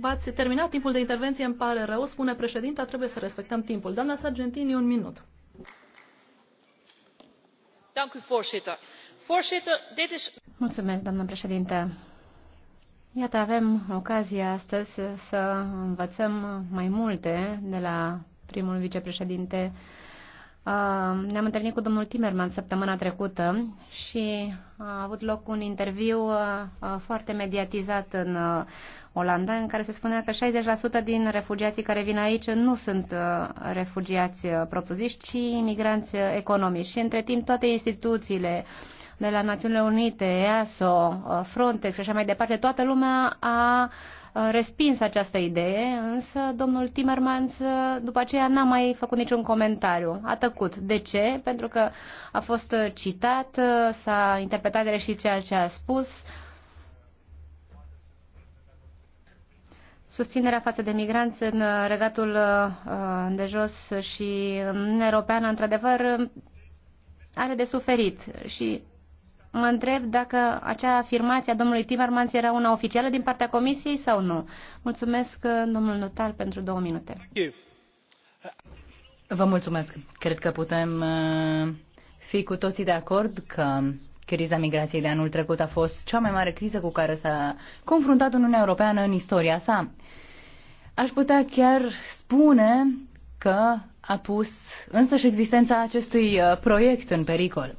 Speaker 6: v-ați terminat timpul de intervenție, îmi pare rău, spune președinta, trebuie să respectăm timpul. Doamna Sargentini, un minut.
Speaker 7: Mulțumesc, doamnă președinte. Iată, avem ocazia astăzi să învățăm mai multe de la primul vicepreședinte. Ne-am întâlnit cu domnul Timerman săptămâna trecută și a avut loc un interviu foarte mediatizat în Olanda, în care se spunea că 60% din refugiații care vin aici nu sunt refugiați propriu-ziși, ci imigranți economici. Și între timp toate instituțiile, de la Națiunile Unite, EASO, uh, Frontex și așa mai departe, toată lumea a uh, respins această idee, însă domnul Timmermans uh, după aceea n-a mai făcut niciun comentariu. A tăcut. De ce? Pentru că a fost citat, s-a interpretat greșit ceea ce a spus. Susținerea față de migranți în regatul de jos și în Europeană, într-adevăr, are de suferit și mă întreb dacă acea afirmație a domnului Timmermans era una oficială din partea Comisiei sau nu. Mulțumesc, uh, domnul notar, pentru două minute.
Speaker 8: Vă mulțumesc. Cred că putem uh, fi cu toții de acord că criza migrației de anul trecut a fost cea mai mare criză cu care s-a confruntat Uniunea Europeană în istoria sa. Aș putea chiar spune că a pus însăși existența acestui uh, proiect în pericol.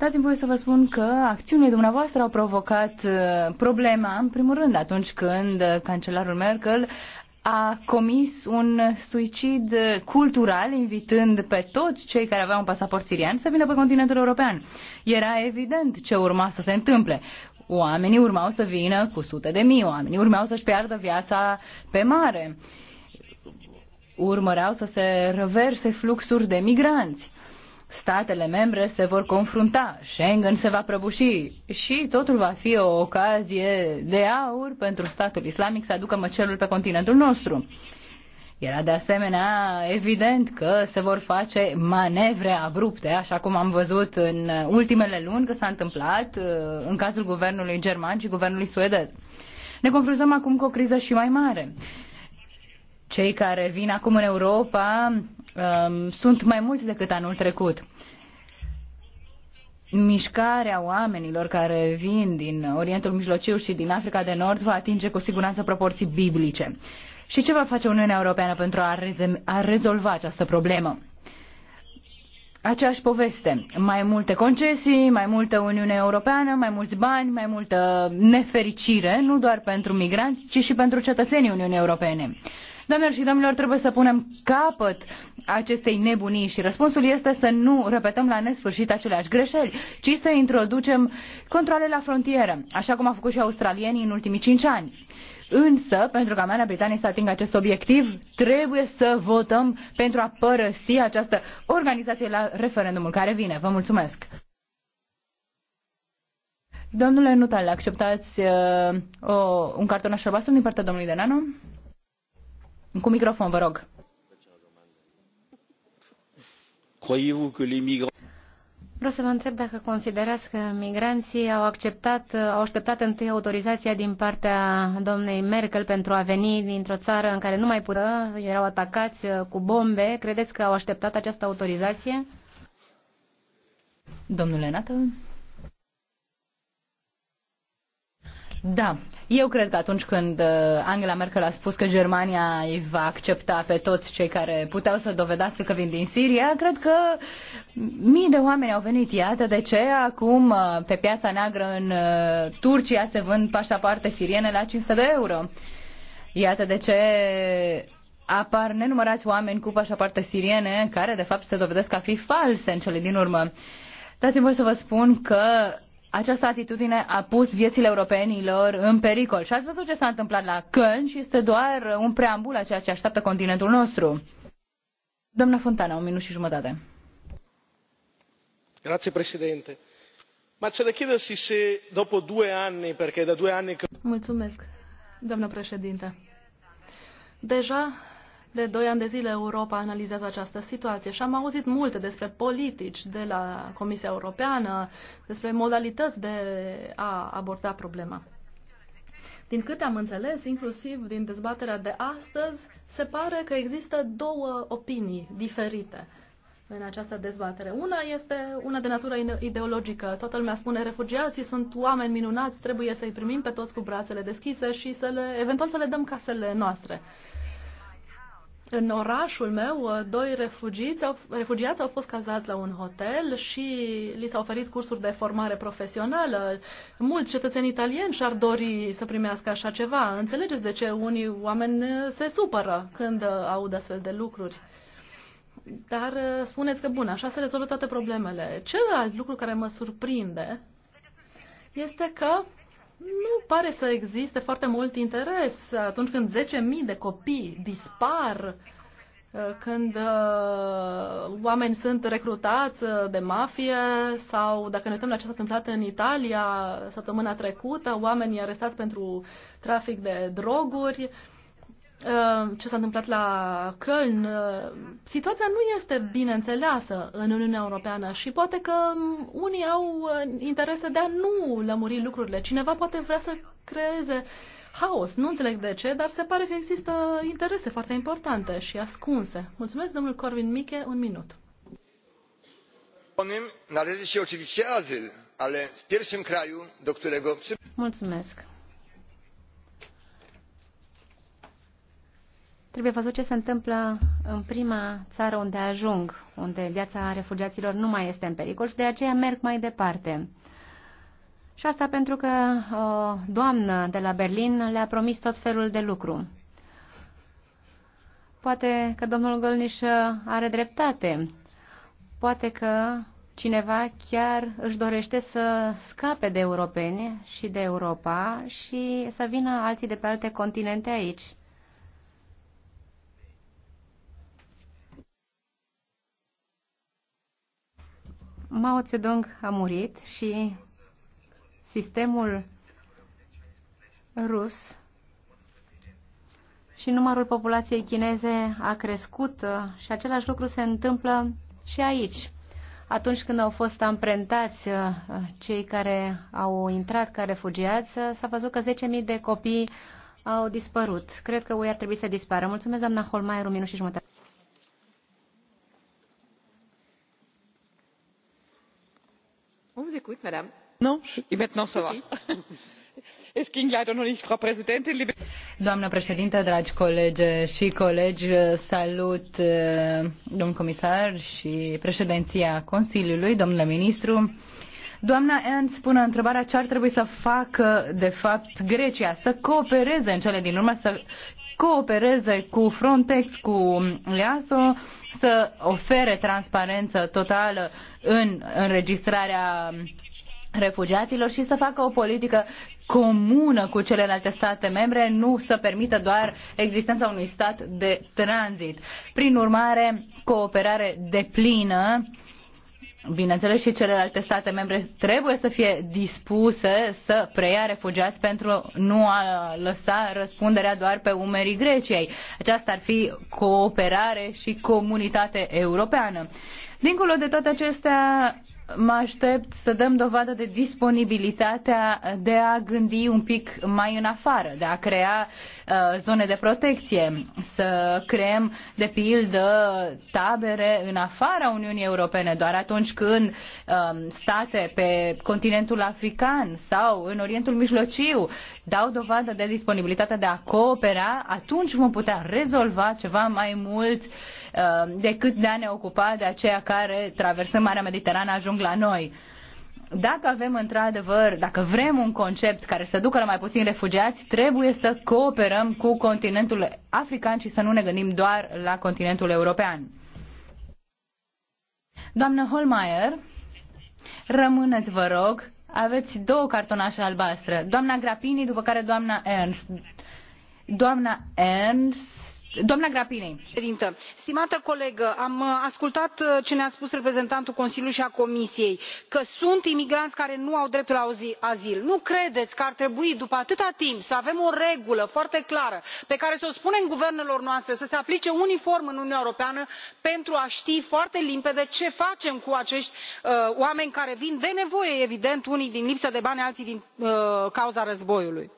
Speaker 8: Dați-mi voie să vă spun că acțiunile dumneavoastră au provocat uh, problema, în primul rând, atunci când cancelarul Merkel a comis un suicid cultural, invitând pe toți cei care aveau un pasaport sirian să vină pe continentul european. Era evident ce urma să se întâmple. Oamenii urmau să vină cu sute de mii, oamenii urmau să-și piardă viața pe mare. Urmăreau să se reverse fluxuri de migranți statele membre se vor confrunta, Schengen se va prăbuși și totul va fi o ocazie de aur pentru statul islamic să aducă măcelul pe continentul nostru. Era de asemenea evident că se vor face manevre abrupte, așa cum am văzut în ultimele luni că s-a întâmplat uh, în cazul guvernului german și guvernului suedez. Ne confruntăm acum cu o criză și mai mare. Cei care vin acum în Europa um, sunt mai mulți decât anul trecut. Mișcarea oamenilor care vin din Orientul Mijlociu și din Africa de Nord va atinge cu siguranță proporții biblice. Și ce va face Uniunea Europeană pentru a, a rezolva această problemă? aceeași poveste. Mai multe concesii, mai multă Uniune Europeană, mai mulți bani, mai multă nefericire, nu doar pentru migranți, ci și pentru cetățenii Uniunii Europene. Doamnelor și domnilor, trebuie să punem capăt acestei nebunii și răspunsul este să nu repetăm la nesfârșit aceleași greșeli, ci să introducem controle la frontieră, așa cum au făcut și australienii în ultimii cinci ani. Însă, pentru ca Marea Britanie să atingă acest obiectiv, trebuie să votăm pentru a părăsi această organizație la referendumul care vine. Vă mulțumesc! Domnule Nutal, acceptați uh, o, un cartonaș albastru din partea domnului Denano? Cu microfon, vă rog.
Speaker 7: Vreau să vă întreb dacă considerați că migranții au acceptat, au așteptat întâi autorizația din partea domnei Merkel pentru a veni dintr-o țară în care nu mai putea, erau atacați cu bombe. Credeți că au așteptat această autorizație?
Speaker 8: Domnule Nată,
Speaker 7: Da, eu cred
Speaker 8: că atunci când uh, Angela Merkel a spus că Germania îi va accepta pe toți cei care puteau să dovedească că vin din Siria, cred că mii de oameni au venit. Iată de ce acum uh, pe piața neagră în uh, Turcia se vând pașapoarte siriene la 500 de euro. Iată de ce apar nenumărați oameni cu pașapoarte siriene care de fapt se dovedesc a fi false în cele din urmă. Dați-mi voi să vă spun că această atitudine a pus viețile europenilor în pericol. Și ați văzut ce s-a întâmplat la Köln și este doar un preambul a ceea ce așteaptă continentul nostru. Doamna Fontana, un minut și jumătate.
Speaker 9: Grazie, președinte. Ma c'è da chiedersi se dopo due anni, perché da due anni...
Speaker 6: Mulțumesc, doamnă președinte. Deja de doi ani de zile Europa analizează această situație și am auzit multe despre politici de la Comisia Europeană, despre modalități de a aborda problema. Din câte am înțeles, inclusiv din dezbaterea de astăzi, se pare că există două opinii diferite în această dezbatere. Una este una de natură ideologică. Toată lumea spune refugiații sunt oameni minunați, trebuie să-i primim pe toți cu brațele deschise și să le, eventual să le dăm casele noastre în orașul meu, uh, doi refugiați au, refugiați au fost cazați la un hotel și li s-au oferit cursuri de formare profesională. Mulți cetățeni italieni și-ar dori să primească așa ceva. Înțelegeți de ce unii oameni uh, se supără când uh, aud astfel de lucruri. Dar spuneți că, bun, așa se rezolvă toate problemele. Celălalt lucru care mă surprinde este că nu pare să existe foarte mult interes atunci când 10.000 de copii dispar, uh, când uh, oameni sunt recrutați uh, de mafie sau dacă ne uităm la ce s-a întâmplat în Italia săptămâna trecută, oamenii arestați pentru trafic de droguri. Uh, Uh, ce s-a întâmplat la Köln, uh, situația nu este bine înțeleasă în Uniunea Europeană și poate că um, unii au uh, interese de a nu lămuri lucrurile. Cineva poate vrea să creeze haos. Nu înțeleg de ce, dar se pare că există interese foarte importante și ascunse. Mulțumesc, domnul Corvin Miche, un minut. Mulțumesc.
Speaker 7: Trebuie văzut ce se întâmplă în prima țară unde ajung, unde viața refugiaților nu mai este în pericol și de aceea merg mai departe. Și asta pentru că o doamnă de la Berlin le-a promis tot felul de lucru. Poate că domnul Golniș are dreptate. Poate că cineva chiar își dorește să scape de europeni și de Europa și să vină alții de pe alte continente aici. Mao Zedong a murit și sistemul rus și numărul populației chineze a crescut și același lucru se întâmplă și aici. Atunci când au fost amprentați uh, cei care au intrat ca refugiați, uh, s-a văzut că 10.000 de copii au dispărut. Cred că ei ar trebui să dispară. Mulțumesc, doamna Holmaier, un minut și jumătate.
Speaker 4: [LAUGHS]
Speaker 8: doamnă președintă dragi colege și colegi salut eh, domnul comisar și președinția consiliului domnule ministru. doamna ernst pune întrebarea ce ar trebui să facă de fapt grecia să coopereze în cele din urmă să coopereze cu Frontex, cu EASO, să ofere transparență totală în înregistrarea refugiaților și să facă o politică comună cu celelalte state membre, nu să permită doar existența unui stat de tranzit. Prin urmare, cooperare deplină Bineînțeles și celelalte state membre trebuie să fie dispuse să preia refugiați pentru nu a lăsa răspunderea doar pe umerii Greciei. Aceasta ar fi cooperare și comunitate europeană. Dincolo de toate acestea, mă aștept să dăm dovadă de disponibilitatea de a gândi un pic mai în afară, de a crea uh, zone de protecție, să creăm, de pildă, tabere în afara Uniunii Europene, doar atunci când um, state pe continentul african sau în Orientul Mijlociu dau dovadă de disponibilitatea de a coopera, atunci vom putea rezolva ceva mai mult uh, Uh, decât de a ne ocupa de aceia care, traversând Marea Mediterană, ajung la noi dacă avem într-adevăr, dacă vrem un concept care să ducă la mai puțini refugiați, trebuie să cooperăm cu continentul african și să nu ne gândim doar la continentul european. Doamnă Holmeier, rămâneți, vă rog, aveți două cartonașe albastre, doamna Grapini, după care doamna Ernst. Doamna Ernst, doamnă președintă stimată colegă am uh, ascultat uh, ce ne a spus reprezentantul consiliului și al comisiei că sunt
Speaker 10: imigranți care nu au dreptul la azil. nu credeți că ar trebui după atâta timp să avem o regulă foarte clară pe care să o spunem guvernelor noastre să se aplice uniform în uniunea europeană pentru a ști foarte limpede ce facem cu acești uh, oameni care vin de nevoie evident unii din lipsă de bani alții din cauza războiului?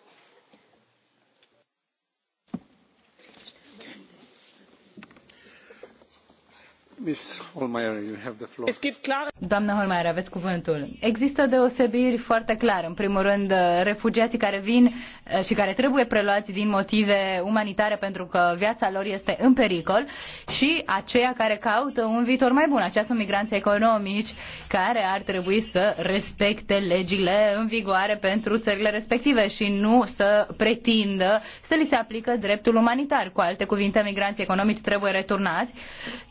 Speaker 8: Doamnă Holmeier, aveți cuvântul. Există deosebiri foarte clare. În primul rând, refugiații care vin eh, și care trebuie preluați din motive umanitare pentru că viața lor este în pericol și aceia care caută un viitor mai bun. Aceia sunt migranți economici care ar trebui să respecte legile în vigoare pentru țările respective și nu să pretindă să li se aplică dreptul umanitar. Cu alte cuvinte, migranții economici trebuie returnați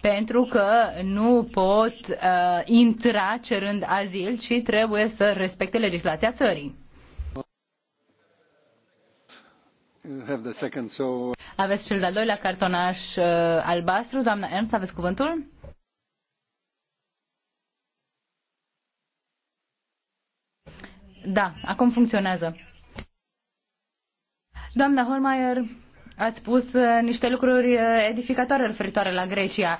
Speaker 8: pentru că că nu pot uh, intra cerând azil, ci trebuie să respecte legislația țării.
Speaker 5: Second, so...
Speaker 8: Aveți cel de-al doilea cartonaș uh, albastru. Doamna Ernst, aveți cuvântul? Da, acum funcționează. Doamna Holmeier, Ați spus uh, niște lucruri uh, edificatoare referitoare la Grecia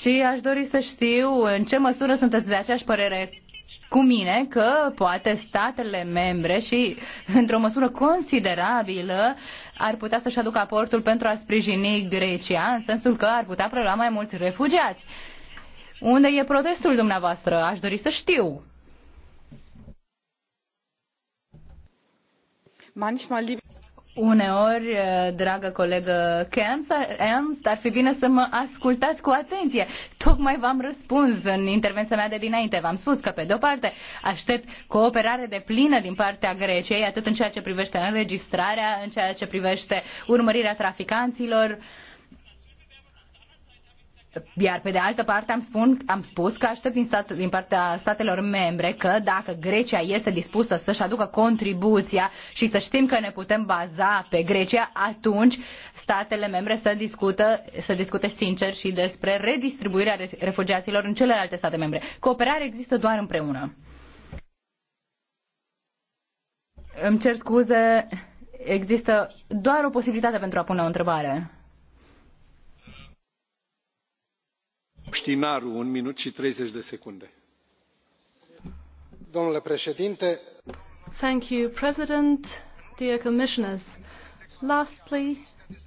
Speaker 8: și aș dori să știu în ce măsură sunteți de aceeași părere cu mine că poate statele membre și într-o măsură considerabilă ar putea să-și aducă aportul pentru a sprijini Grecia, în sensul că ar putea prelua mai mulți refugiați. Unde e protestul dumneavoastră? Aș dori să știu. Manchmal Uneori, eh, dragă colegă Ernst, ar fi bine să mă ascultați cu atenție. Tocmai v-am răspuns în intervenția mea de dinainte. V-am spus că, pe de-o parte, aștept cooperare de plină din partea Greciei, atât în ceea ce privește înregistrarea, în ceea ce privește urmărirea traficanților, uh, iar pe de altă parte am, spun, am spus că aștept din, stat, din partea statelor membre că dacă Grecia este dispusă să-și aducă contribuția și să știm că ne putem baza pe Grecia, atunci statele membre să, discută, să discute sincer și despre redistribuirea refugiaților în celelalte state membre. Cooperare există doar împreună. Îmi cer scuze, există doar o posibilitate pentru a pune o întrebare.
Speaker 9: Domnule președinte.
Speaker 6: Thank you, President.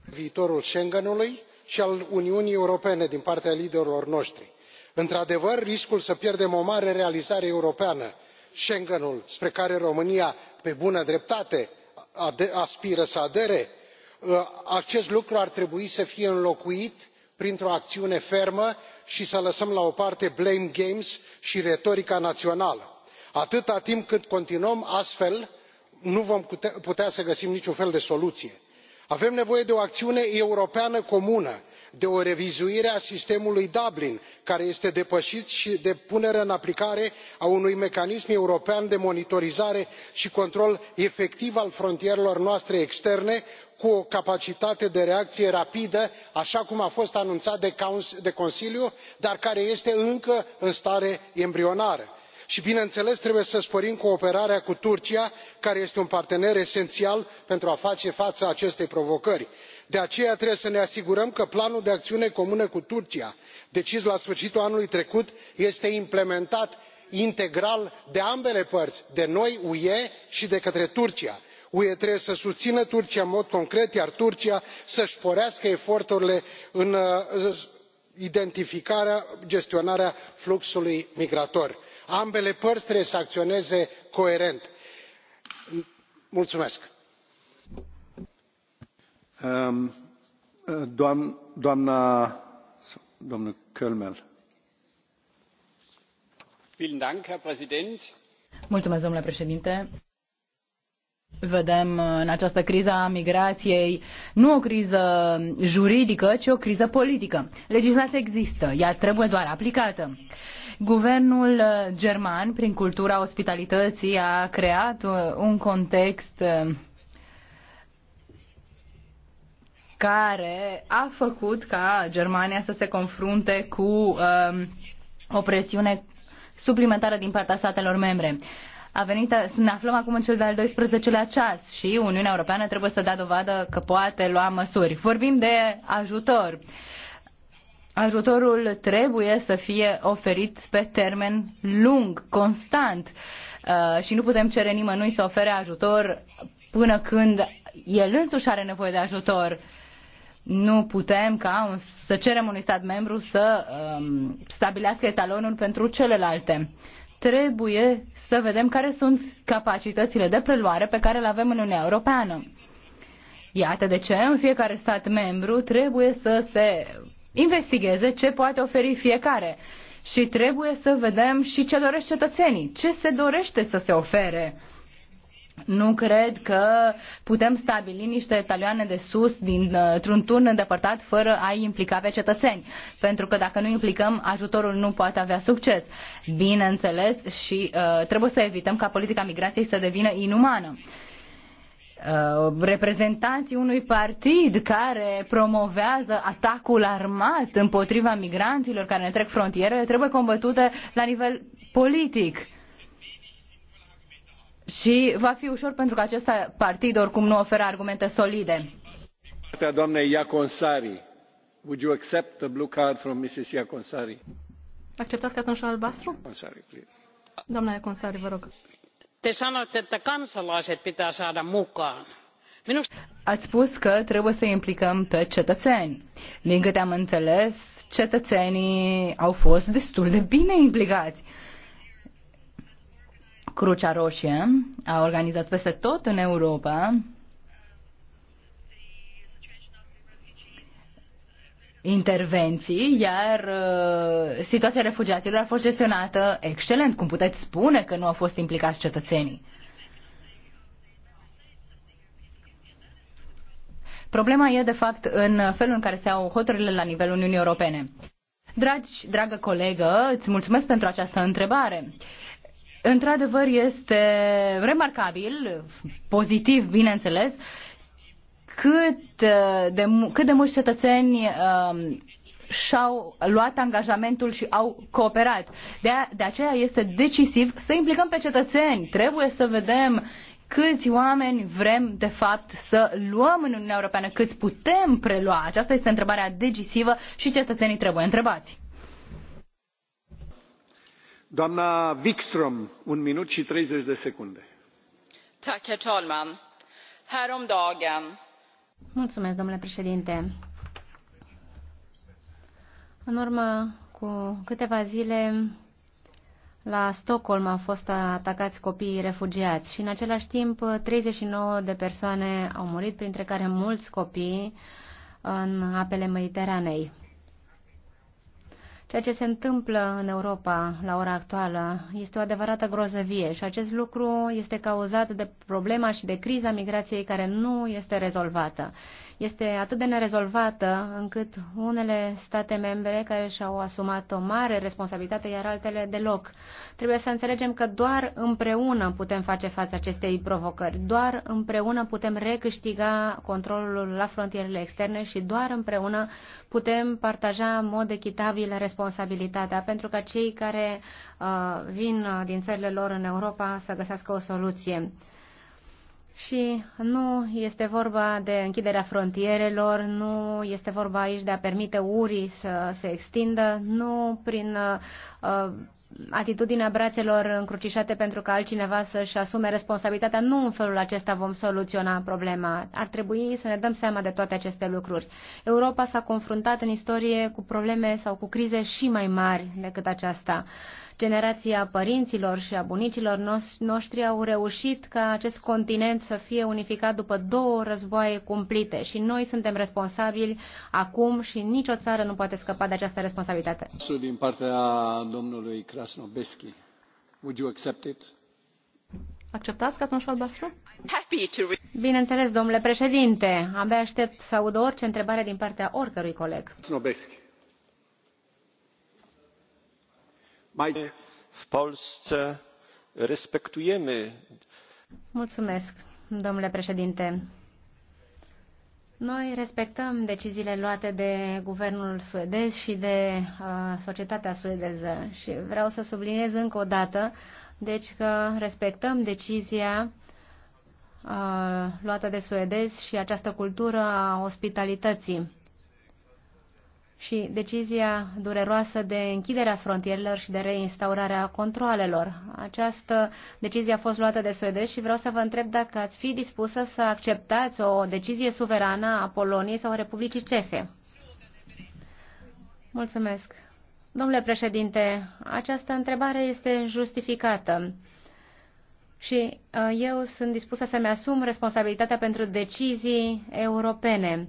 Speaker 9: Viitorul Schengenului și al Uniunii Europene din partea liderilor noștri. Într-adevăr, riscul să pierdem o mare realizare europeană, Schengenul, spre care România, pe bună dreptate, aspiră să adere ă, acest lucru ar trebui să fie înlocuit printr o acțiune fermă și să lăsăm la o parte blame games și retorica națională. atâta timp cât continuăm astfel nu vom putea să găsim niciun fel de soluție. avem nevoie de o acțiune europeană comună de o revizuire a sistemului dublin care este depășit și de punerea în aplicare a unui mecanism european de monitorizare și control efectiv al frontierelor noastre externe cu o capacitate de reacție rapidă așa cum a fost anunțat de consiliu dar care este încă în stare embrionară. și bineînțeles trebuie să sporim cooperarea cu turcia care este un partener esențial pentru a face față acestei provocări de aceea trebuie să ne asigurăm că planul de acțiune comună cu turcia decis la sfârșitul anului trecut este implementat integral de ambele părți de noi ue și de către turcia. ue trebuie să susțină turcia în mod concret iar turcia să și sporească eforturile în uh, identificarea gestionarea fluxului migrator. ambele părți trebuie să acționeze coerent. mulțumesc. Um, uh, domnule
Speaker 8: președinte vedem uh, în această criză a migrației nu o criză juridică, ci o criză politică. Legislația există, ea trebuie doar aplicată. Guvernul uh, german, prin cultura ospitalității, a creat un context care a făcut ca Germania să se confrunte cu um, o presiune suplimentară din partea statelor membre. A venit, ne aflăm acum în cel de-al 12-lea ceas și Uniunea Europeană trebuie să dea dovadă că poate lua măsuri. Vorbim de ajutor. Ajutorul trebuie să fie oferit pe termen lung, constant uh, și nu putem cere nimănui să ofere ajutor până când el însuși are nevoie de ajutor. Nu putem ca un, să cerem unui stat membru să um, stabilească etalonul pentru celelalte. Trebuie să vedem care sunt capacitățile de preluare pe care le avem în Uniunea Europeană. Iată de ce în fiecare stat membru trebuie să se investigheze ce poate oferi fiecare și trebuie să vedem și ce doresc cetățenii, ce se dorește să se ofere nu cred că putem stabili niște talioane de sus dintr-un uh, turn îndepărtat fără a-i implica pe cetățeni. Pentru că dacă nu implicăm, ajutorul nu poate avea succes. Bineînțeles și uh, trebuie să evităm ca politica migrației să devină inumană. Uh, reprezentanții unui partid care promovează atacul armat împotriva migranților care ne trec frontierele trebuie combătute la nivel politic și va fi ușor pentru că acest partid oricum nu oferă argumente solide.
Speaker 5: Doamnei Iaconsari, would you accept the blue card from Mrs. Iaconsari?
Speaker 6: Acceptați cartonul albastru?
Speaker 5: Consari, please.
Speaker 6: Doamna Iaconsari, vă rog.
Speaker 11: Te kansalaiset pitää saada mukaan.
Speaker 6: Ați
Speaker 8: spus că trebuie să implicăm pe cetățeni. Din câte am înțeles, cetățenii au fost destul de bine implicați. Crucea Roșie a organizat peste tot în Europa intervenții, iar uh, situația refugiaților a fost gestionată excelent. Cum puteți spune că nu au fost implicați cetățenii? Problema e, de fapt, în felul în care se au hotările la nivelul Uniunii Europene. Dragi, dragă colegă, îți mulțumesc pentru această întrebare. Uh, într-adevăr este remarcabil, pozitiv, bineînțeles, cât uh, de, cât de mulți cetățeni um, și-au luat angajamentul și au cooperat. De, a, de aceea este decisiv să implicăm pe cetățeni. Trebuie să vedem câți oameni vrem, de fapt, să luăm în Uniunea Europeană, câți putem prelua. Aceasta este întrebarea decisivă și cetățenii trebuie întrebați
Speaker 5: domnule
Speaker 7: președinte în urmă cu câteva zile la Stockholm au fost atacați copii refugiați și în același timp nouă de persoane au murit, printre care mulți copii în apele Mediteranei. Ceea ce se întâmplă în Europa la ora actuală este o adevărată grozăvie și acest lucru este cauzat de problema și de criza migrației care nu este rezolvată este atât de nerezolvată încât unele state membre care și-au asumat o mare responsabilitate, iar altele deloc. Trebuie să înțelegem că doar împreună putem face față acestei provocări, doar împreună putem recâștiga controlul la frontierele externe și doar împreună putem partaja în mod echitabil responsabilitatea pentru ca cei care uh, vin din țările lor în Europa să găsească o soluție. Și nu este vorba de închiderea frontierelor, nu este vorba aici de a permite urii să se extindă, nu prin uh, atitudinea brațelor încrucișate pentru ca altcineva să-și asume responsabilitatea. Nu în felul acesta vom soluționa problema. Ar trebui să ne dăm seama de toate aceste lucruri. Europa s-a confruntat în istorie cu probleme sau cu crize și mai mari decât aceasta generația părinților și a bunicilor noștri au reușit ca acest continent să fie unificat după două războaie cumplite și noi suntem responsabili acum și nicio țară nu poate scăpa de această responsabilitate.
Speaker 5: Din partea domnului Krasnobeschi, would you accept it?
Speaker 7: Acceptați că atunci albastru? Bineînțeles, domnule președinte. Abia aștept să aud orice întrebare din partea oricărui coleg. Snobeschi. domnule președinte noi respectăm deciziile luate de guvernul suedez și de uh, societatea suedeză și vreau să subliniez încă o dată deci că respectăm decizia uh, luată de suedezi și această cultură a ospitalității și decizia dureroasă de închiderea frontierelor și de reinstaurarea controalelor. Această decizie a fost luată de suedezi și vreau să vă întreb dacă ați fi dispusă să acceptați o decizie suverană a Poloniei sau a Republicii Cehe. Mulțumesc. Domnule președinte, această întrebare este justificată și uh, eu sunt dispusă să-mi asum responsabilitatea pentru decizii europene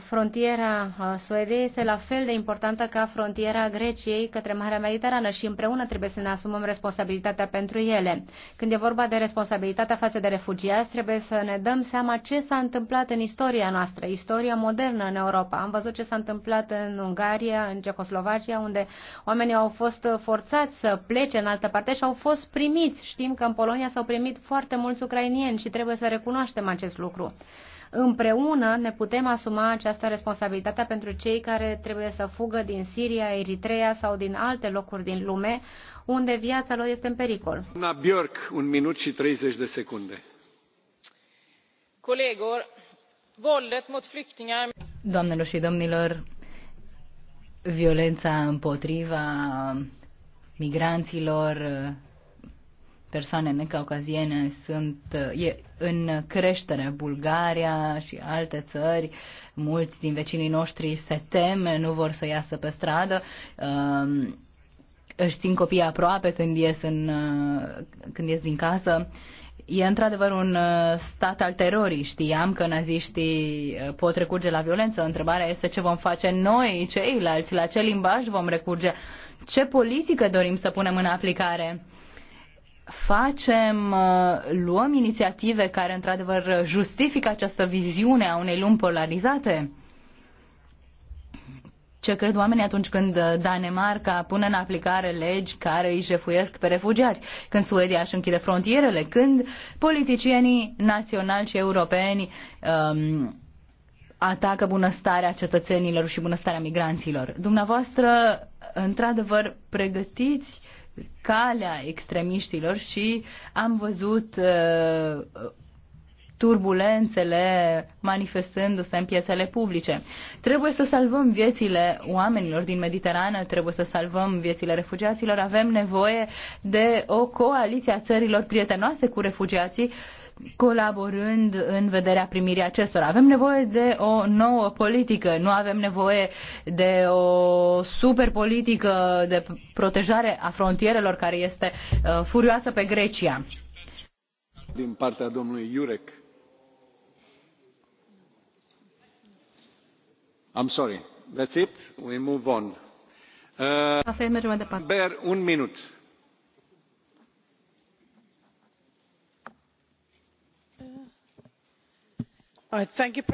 Speaker 7: frontiera Suediei este la fel de importantă ca frontiera Greciei către Marea Mediterană și împreună trebuie să ne asumăm responsabilitatea pentru ele. Când e vorba de responsabilitatea față de refugiați, trebuie să ne dăm seama ce s-a întâmplat în istoria noastră, istoria modernă în Europa. Am văzut ce s-a întâmplat în Ungaria, în Cehoslovacia, unde oamenii au fost forțați să plece în altă parte și au fost primiți. Știm că în Polonia s-au primit foarte mulți ucrainieni și trebuie să recunoaștem acest lucru împreună ne putem asuma această responsabilitate pentru cei care trebuie să fugă din Siria, Eritrea sau din alte locuri din lume unde viața lor este în pericol.
Speaker 5: Doamna Bjork, un minut și 30 de secunde.
Speaker 10: Colegor, våldet mot flyktingar...
Speaker 8: Doamnelor și domnilor, violența împotriva migranților, persoane necaucaziene sunt, e în creștere. Bulgaria și alte țări, mulți din vecinii noștri se teme, nu vor să iasă pe stradă. Um, își țin copiii aproape când ies, în, uh, când ies din casă e într-adevăr un uh, stat al terorii. Știam că naziștii uh, pot recurge la violență. Întrebarea este ce vom face noi, ceilalți, la ce limbaj vom recurge, ce politică dorim să punem în aplicare facem, uh, luăm inițiative care într-adevăr justifică această viziune a unei lumi polarizate? Ce cred oamenii atunci când uh, Danemarca pune în aplicare legi care îi jefuiesc pe refugiați, când Suedia își închide frontierele, când politicienii naționali și europeni um, atacă bunăstarea cetățenilor și bunăstarea migranților. Dumneavoastră, într-adevăr, pregătiți uh, calea extremiștilor și am văzut uh, turbulențele manifestându-se în piețele publice. Trebuie să salvăm viețile oamenilor din Mediterană, trebuie să salvăm viețile refugiaților, avem nevoie de o coaliție a țărilor prietenoase cu refugiații uh, colaborând în vederea primirii acestora. Avem nevoie de o nouă politică, nu avem nevoie de o super politică de protejare a frontierelor care este uh, furioasă pe Grecia.
Speaker 5: Din partea domnului Iurec. I'm sorry. That's it. We move on. Uh, Asta e mergem mai departe. Ber, un minut
Speaker 6: domnule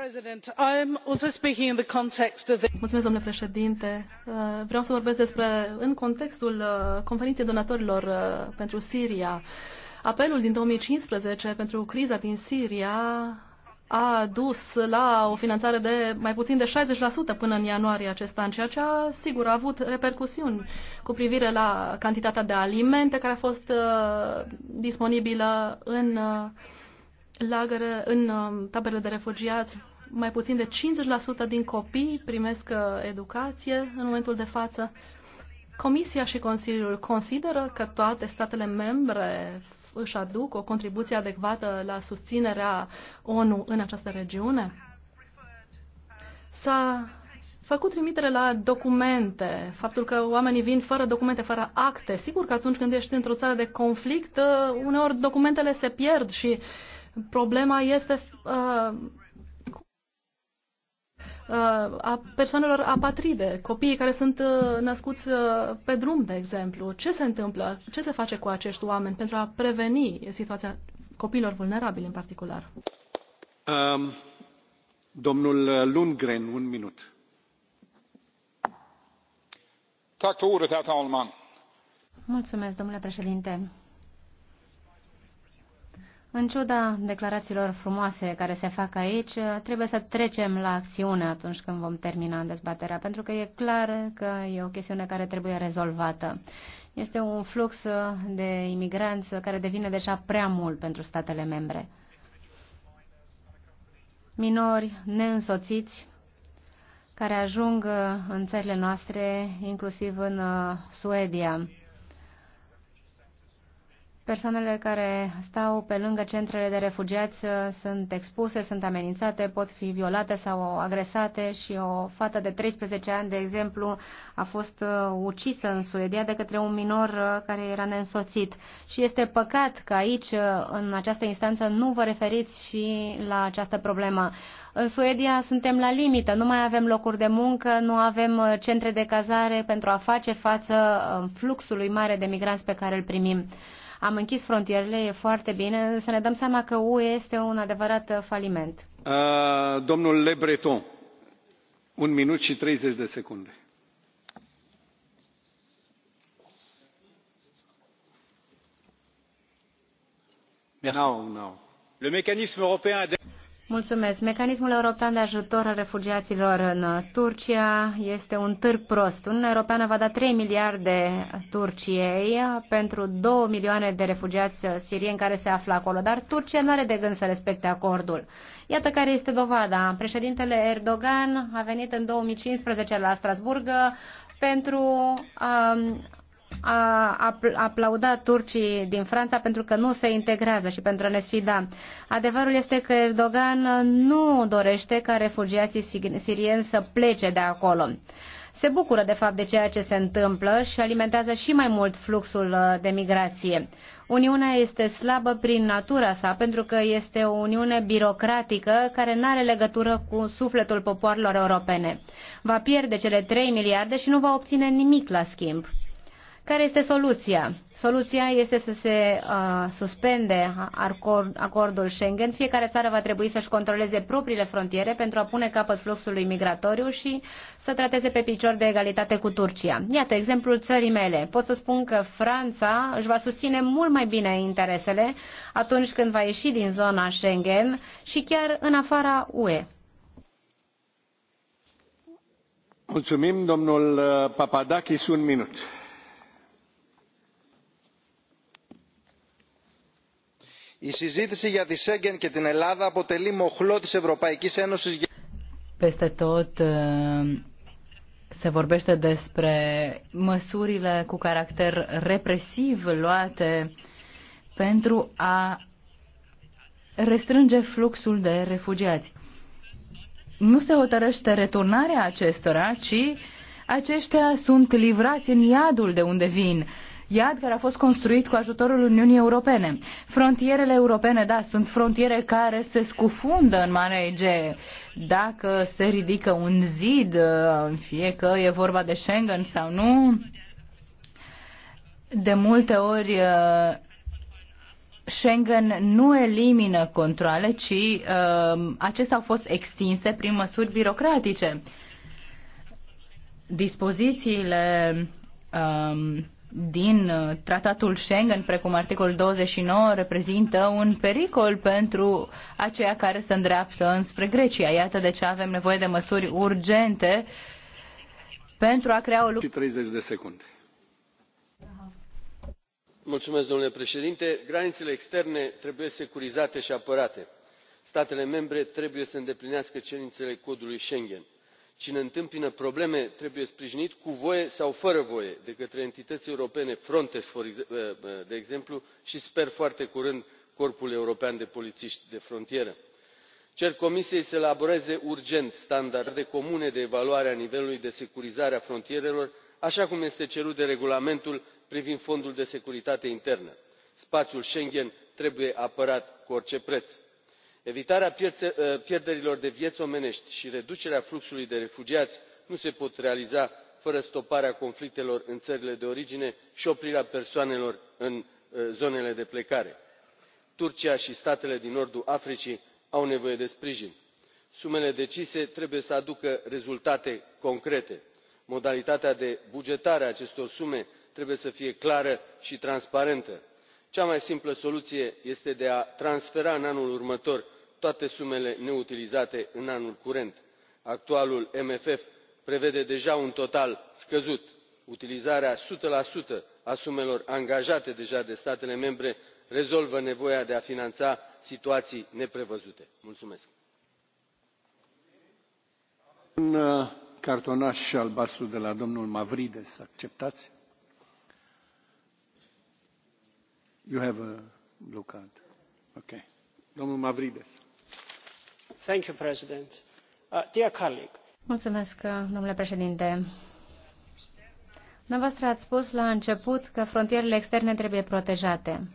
Speaker 6: președinte uh, vreau să vorbesc despre în contextul uh, conferinței donatorilor uh, pentru siria. apelul din două mii cincisprezece pentru criza din siria a dus la o finanțare de mai puțin de 60% până în ianuarie acest an, ceea ce a, sigur a avut repercusiuni cu privire la cantitatea de alimente care a fost uh, disponibilă în uh, lagăre, în um, taberele de refugiați, mai puțin de 50% din copii primesc uh, educație în momentul de față. Comisia și Consiliul consideră că toate statele membre își aduc o contribuție adecvată la susținerea ONU în această regiune? S-a făcut trimitere la documente, faptul că oamenii vin fără documente, fără acte. Sigur că atunci când ești într-o țară de conflict, uh, uneori documentele se pierd și uh, Problema este uh, uh, a persoanelor apatride, copiii care sunt uh, născuți uh, pe drum, de exemplu. Ce se întâmplă? Ce se face cu acești oameni pentru a preveni situația copiilor vulnerabili în particular?
Speaker 5: Um, domnul Lundgren, un minut.
Speaker 7: Mulțumesc, domnule președinte în ciuda declarațiilor frumoase care se fac aici, trebuie să trecem la acțiune atunci când vom termina dezbaterea, pentru că e clar că e o chestiune care trebuie rezolvată. Este un flux de imigranți care devine deja prea mult pentru statele membre. Minori neînsoțiți care ajung în țările noastre, inclusiv în uh, Suedia Persoanele care stau pe lângă centrele de refugiați uh, sunt expuse, sunt amenințate, pot fi violate sau agresate și o fată de 13 ani, de exemplu, a fost uh, ucisă în Suedia de către un minor uh, care era neînsoțit. Și este păcat că aici, în această instanță, nu vă referiți și la această problemă. În Suedia suntem la limită, nu mai avem locuri de muncă, nu avem centre de cazare pentru a face față fluxului mare de migranți pe care îl primim am închis frontierele, e foarte bine, să ne dăm seama că UE este un adevărat uh, faliment.
Speaker 5: Uh, domnul Le Breton, un minut și 30 de secunde. Merci. Now, now. Le mécanisme européen
Speaker 7: Mulțumesc. Mecanismul european de ajutor al refugiaților în Turcia este un târg prost. Uniunea Europeană va da 3 miliarde Turciei pentru 2 milioane de refugiați sirieni care se află acolo, dar Turcia nu are de gând să respecte acordul. Iată care este dovada. Președintele Erdogan a venit în 2015 la Strasburg pentru um, a aplauda turcii din Franța pentru că nu se integrează și pentru a ne sfida. Adevărul este că Erdogan nu dorește ca refugiații sirieni să plece de acolo. Se bucură de fapt de ceea ce se întâmplă și alimentează și mai mult fluxul uh, de migrație. Uniunea este slabă prin natura sa, pentru că este o uniune birocratică care nu are legătură cu sufletul popoarelor europene. Va pierde cele 3 miliarde și nu va obține nimic la schimb. Care este soluția? Soluția este să se uh, suspende acord, acordul Schengen. Fiecare țară va trebui să-și controleze propriile frontiere pentru a pune capăt fluxului migratoriu și să trateze pe picior de egalitate cu Turcia. Iată, exemplul țării mele. Pot să spun că Franța își va susține mult mai bine interesele atunci când va ieși din zona Schengen și chiar în afara UE.
Speaker 5: Mulțumim, domnul uh, Papadakis, un minut
Speaker 12: Η συζήτηση για τη Σέγγεν και την Ελλάδα αποτελεί μοχλό της Ευρωπαϊκής Ένωσης. για...
Speaker 8: Peste tot uh, se vorbește despre măsurile cu caracter represiv luate pentru a restrânge fluxul de refugiați. Nu se hotărăște returnarea acestora, ci aceștia sunt livrați în iadul de unde vin iad care a fost construit cu ajutorul Uniunii Europene. Frontierele europene, da, sunt frontiere care se scufundă în Marea Egee. Dacă se ridică un zid, uh, fie că e vorba de Schengen sau nu, de multe ori uh, Schengen nu elimină controle, ci uh, acestea au fost extinse prin măsuri birocratice. Dispozițiile um, din uh, tratatul Schengen, precum articolul 29, reprezintă un pericol pentru aceia care se îndreaptă înspre Grecia. Iată de ce avem nevoie de măsuri urgente
Speaker 5: pentru a crea o lume. 30 de secunde.
Speaker 13: Mulțumesc, domnule președinte. Granițele externe trebuie securizate și apărate. Statele membre trebuie să îndeplinească cerințele codului Schengen cine întâmpină probleme trebuie sprijinit cu voie sau fără voie de către entități europene frontex uh, uh, de exemplu și sper foarte curând corpul european de polițiști de frontieră. cer comisiei să elaboreze urgent standarde comune de evaluare a nivelului de securizare a frontierelor așa cum este cerut de regulamentul privind fondul de securitate internă. spațiul schengen trebuie apărat cu orice preț evitarea ă, pierderilor de vieți omenești și reducerea fluxului de refugiați nu se pot realiza fără stoparea conflictelor în țările de origine și oprirea persoanelor în ă, zonele de plecare. turcia și statele din nordul africii au nevoie de sprijin. sumele decise trebuie să aducă rezultate concrete. modalitatea de bugetare a acestor sume trebuie să fie clară și transparentă cea mai simplă soluție este de a transfera în anul următor toate sumele neutilizate în anul curent actualul cfm prevede deja un total scăzut utilizarea o sută a sumelor angajate deja de statele membre rezolvă nevoia de a finanța situații neprevăzute. mulțumesc.
Speaker 5: Uh, cartonaș albastru de la domnul mavrides acceptați?
Speaker 7: Mulțumesc, domnule președinte dumneavoastră ați spus la început că frontierele externe trebuie protejate.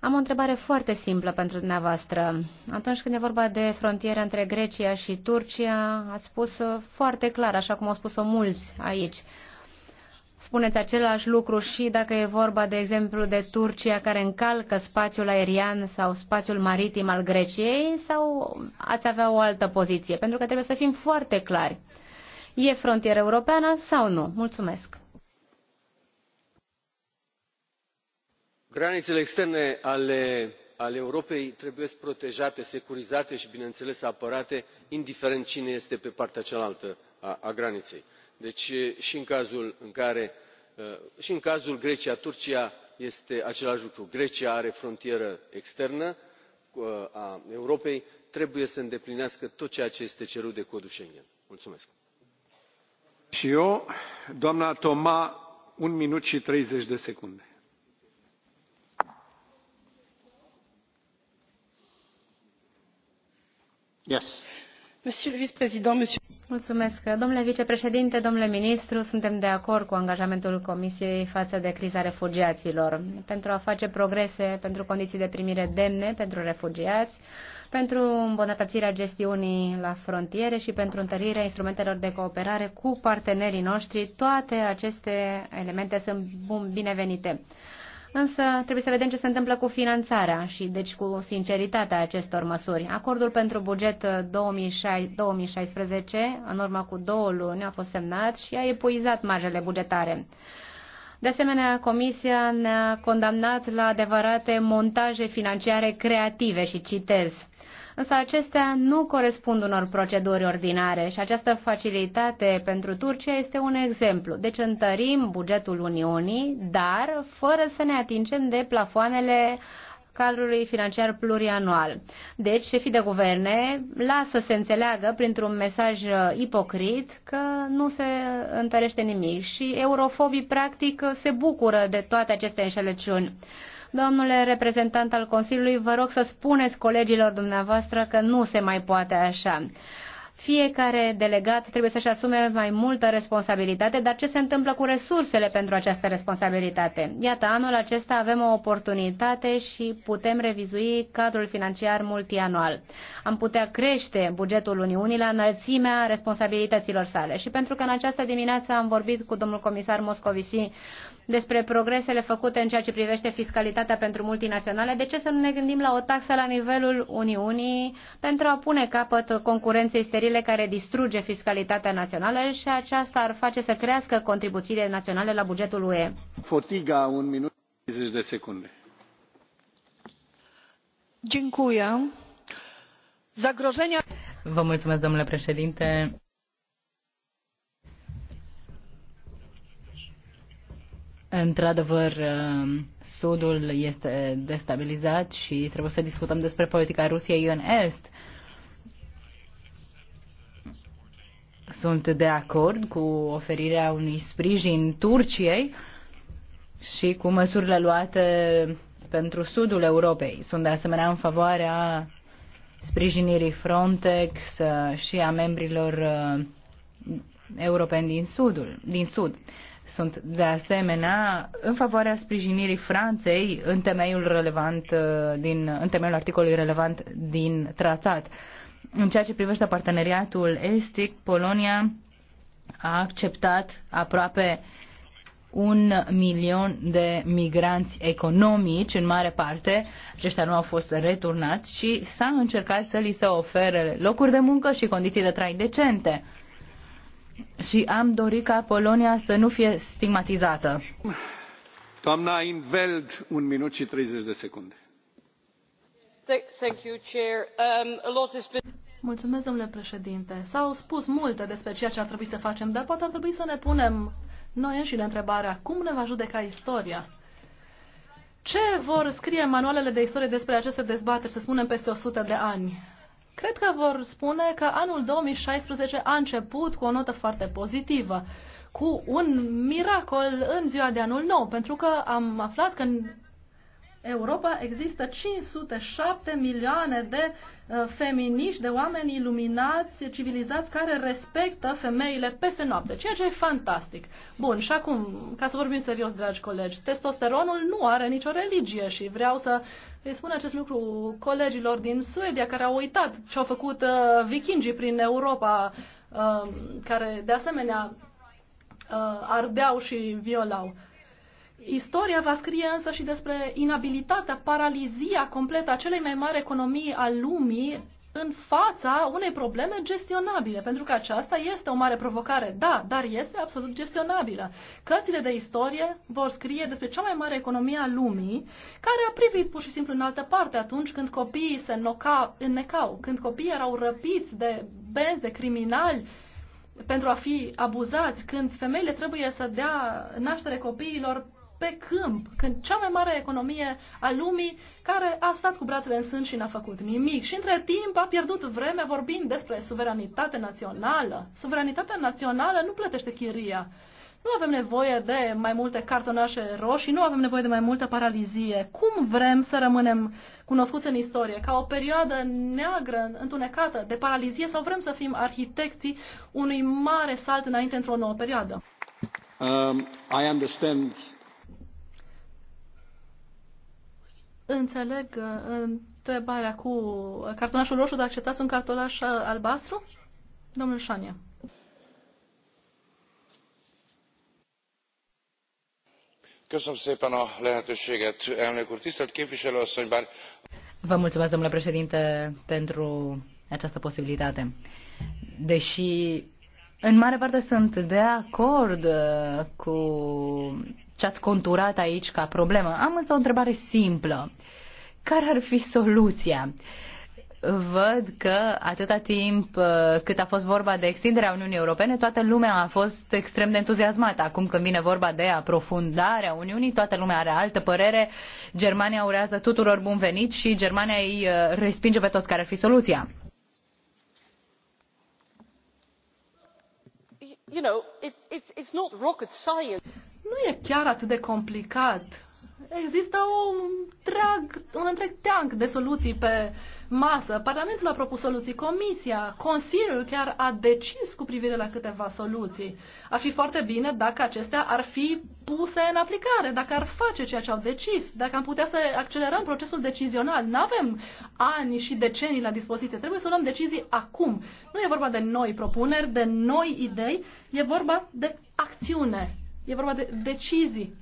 Speaker 7: Am o întrebare foarte simplă pentru dumneavoastră. Atunci când e vorba de frontiera între Grecia și Turcia, ați spus foarte clar, așa cum au spus-o mulți aici spuneți același lucru și dacă e vorba, de exemplu, de Turcia care încalcă spațiul aerian sau spațiul maritim al Greciei sau ați avea o altă poziție? Pentru că trebuie să fim foarte clari. E frontieră europeană sau nu? Mulțumesc.
Speaker 13: Granițele externe ale, ale Europei trebuie protejate, securizate și, bineînțeles, apărate, indiferent cine este pe partea cealaltă a, a graniței deci și în cazul grecia turcia este același lucru grecia are frontieră externă a europei trebuie să îndeplinească tot ceea ce este cerut de codul schengen. mulțumesc.
Speaker 5: și eu un minut și de secunde.
Speaker 7: Domnule vicepreședinte, domnule ministru, suntem de acord cu angajamentul Comisiei față de criza refugiaților pentru a face progrese pentru condiții de primire demne pentru refugiați, pentru îmbunătățirea gestiunii la frontiere și pentru întărirea instrumentelor de cooperare cu partenerii noștri. Toate aceste elemente sunt binevenite însă trebuie să vedem ce se întâmplă cu finanțarea și deci cu sinceritatea acestor măsuri. Acordul pentru buget 2016, uh, în urmă cu două luni, a fost semnat și a epuizat marjele bugetare. De asemenea, Comisia ne-a condamnat la adevărate montaje financiare creative și citez însă acestea nu corespund unor proceduri ordinare și această facilitate pentru Turcia este un exemplu. Deci întărim bugetul Uniunii, dar fără să ne atingem de plafoanele cadrului financiar plurianual. Deci, șefii de guverne lasă să se înțeleagă printr-un mesaj ipocrit că nu se întărește nimic și eurofobii practic se bucură de toate aceste înșelăciuni. Domnule reprezentant al Consiliului, vă rog să spuneți colegilor dumneavoastră că nu se mai poate așa fiecare delegat trebuie să-și asume mai multă responsabilitate, dar ce se întâmplă cu resursele pentru această responsabilitate? Iată, anul acesta avem o oportunitate și putem revizui cadrul financiar multianual. Am putea crește bugetul Uniunii la înălțimea responsabilităților sale. Și pentru că în această dimineață am vorbit cu domnul comisar Moscovici despre progresele făcute în ceea ce privește fiscalitatea pentru multinaționale, de ce să nu ne gândim la o taxă la nivelul Uniunii pentru a pune capăt concurenței sterile care distruge fiscalitatea națională și aceasta ar face să crească contribuțiile naționale la bugetul UE?
Speaker 5: Fotiga, un minut 30 de secunde.
Speaker 8: Vă mulțumesc, domnule președinte Într-adevăr, uh, Sudul este destabilizat și trebuie să discutăm despre politica Rusiei în Est. Sunt de acord cu oferirea unui sprijin Turciei și cu măsurile luate pentru sudul Europei. Sunt de asemenea în favoarea sprijinirii Frontex uh, și a membrilor uh, europeni din, sudul, din sud. Sunt de asemenea în favoarea sprijinirii Franței în temeiul relevant uh, din, în temeiul articolului relevant din tratat. În ceea ce privește parteneriatul estic, Polonia a acceptat aproape un milion de migranți economici, în mare parte, aceștia nu au fost returnați și s-a încercat să li se ofere locuri de muncă și condiții de trai decente și am dorit ca Polonia să nu fie stigmatizată.
Speaker 5: Doamna Inveld, un minut și 30 de secunde.
Speaker 2: Um,
Speaker 6: Mulțumesc, domnule președinte. S-au spus multe despre ceea ce ar trebui să facem, dar poate ar trebui să ne punem noi înșine întrebarea cum ne va judeca istoria. Ce vor scrie manualele de istorie despre aceste dezbateri, să spunem, peste 100 de ani? cred că vor spune că anul 2016 a început cu o notă foarte pozitivă, cu un miracol în ziua de anul nou, pentru că am aflat că în Europa există 507 milioane de uh, feminiști, de oameni iluminați, civilizați, care respectă femeile peste noapte, ceea ce e fantastic. Bun, și acum, ca să vorbim serios, dragi colegi, testosteronul nu are nicio religie și vreau să îi spun acest lucru colegilor din Suedia care au uitat ce au făcut uh, vikingii prin Europa, uh, care de asemenea uh, ardeau și violau. Istoria va scrie însă și despre inabilitatea, paralizia completă a celei mai mari economii a lumii în fața unei probleme gestionabile, pentru că aceasta este o mare provocare, da, dar este absolut gestionabilă. Cărțile de istorie vor scrie despre cea mai mare economie a lumii, care a privit pur și simplu în altă parte atunci când copiii se înnoca, înnecau, când copiii erau răpiți de benzi, de criminali, pentru a fi abuzați, când femeile trebuie să dea naștere copiilor pe câmp, când cea mai mare economie a lumii, care a stat cu brațele în sân și n-a făcut nimic. Și între timp a pierdut vreme vorbind despre suveranitate națională. Suveranitatea națională nu plătește chiria. Nu avem nevoie de mai multe cartonașe roșii, nu avem nevoie de mai multă paralizie. Cum vrem să rămânem cunoscuți în istorie? Ca o perioadă neagră, întunecată, de paralizie sau vrem să fim arhitecții unui mare salt înainte într-o nouă perioadă?
Speaker 5: Um, I understand
Speaker 6: Înțeleg uh, întrebarea cu cartonașul roșu, dar acceptați un cartonaș uh, albastru? Domnul Șania.
Speaker 8: Vă mulțumesc, domnule președinte, pentru această posibilitate. Deși, în mare parte, sunt de acord uh, cu ce ați conturat aici ca problemă. Am însă o întrebare simplă. Care ar fi soluția? văd că atâta timp uh, cât a fost vorba de extinderea Uniunii Europene, toată lumea a fost extrem de entuziasmată. Acum când vine vorba de aprofundarea Uniunii, toată lumea are altă părere. Germania urează tuturor bun venit și Germania îi uh, respinge pe toți care ar fi soluția.
Speaker 4: You know, it's,
Speaker 6: it's not rocket science nu e chiar atât de complicat. Există o întreag, un întreg teanc de soluții pe masă. Parlamentul a propus soluții, Comisia, Consiliul chiar a decis cu privire la câteva soluții. Ar fi foarte bine dacă acestea ar fi puse în aplicare, dacă ar face ceea ce au decis, dacă am putea să accelerăm procesul decizional. Nu avem ani și decenii la dispoziție, trebuie să luăm decizii acum. Nu e vorba de noi propuneri, de noi idei, e vorba de acțiune E vorba de decizii.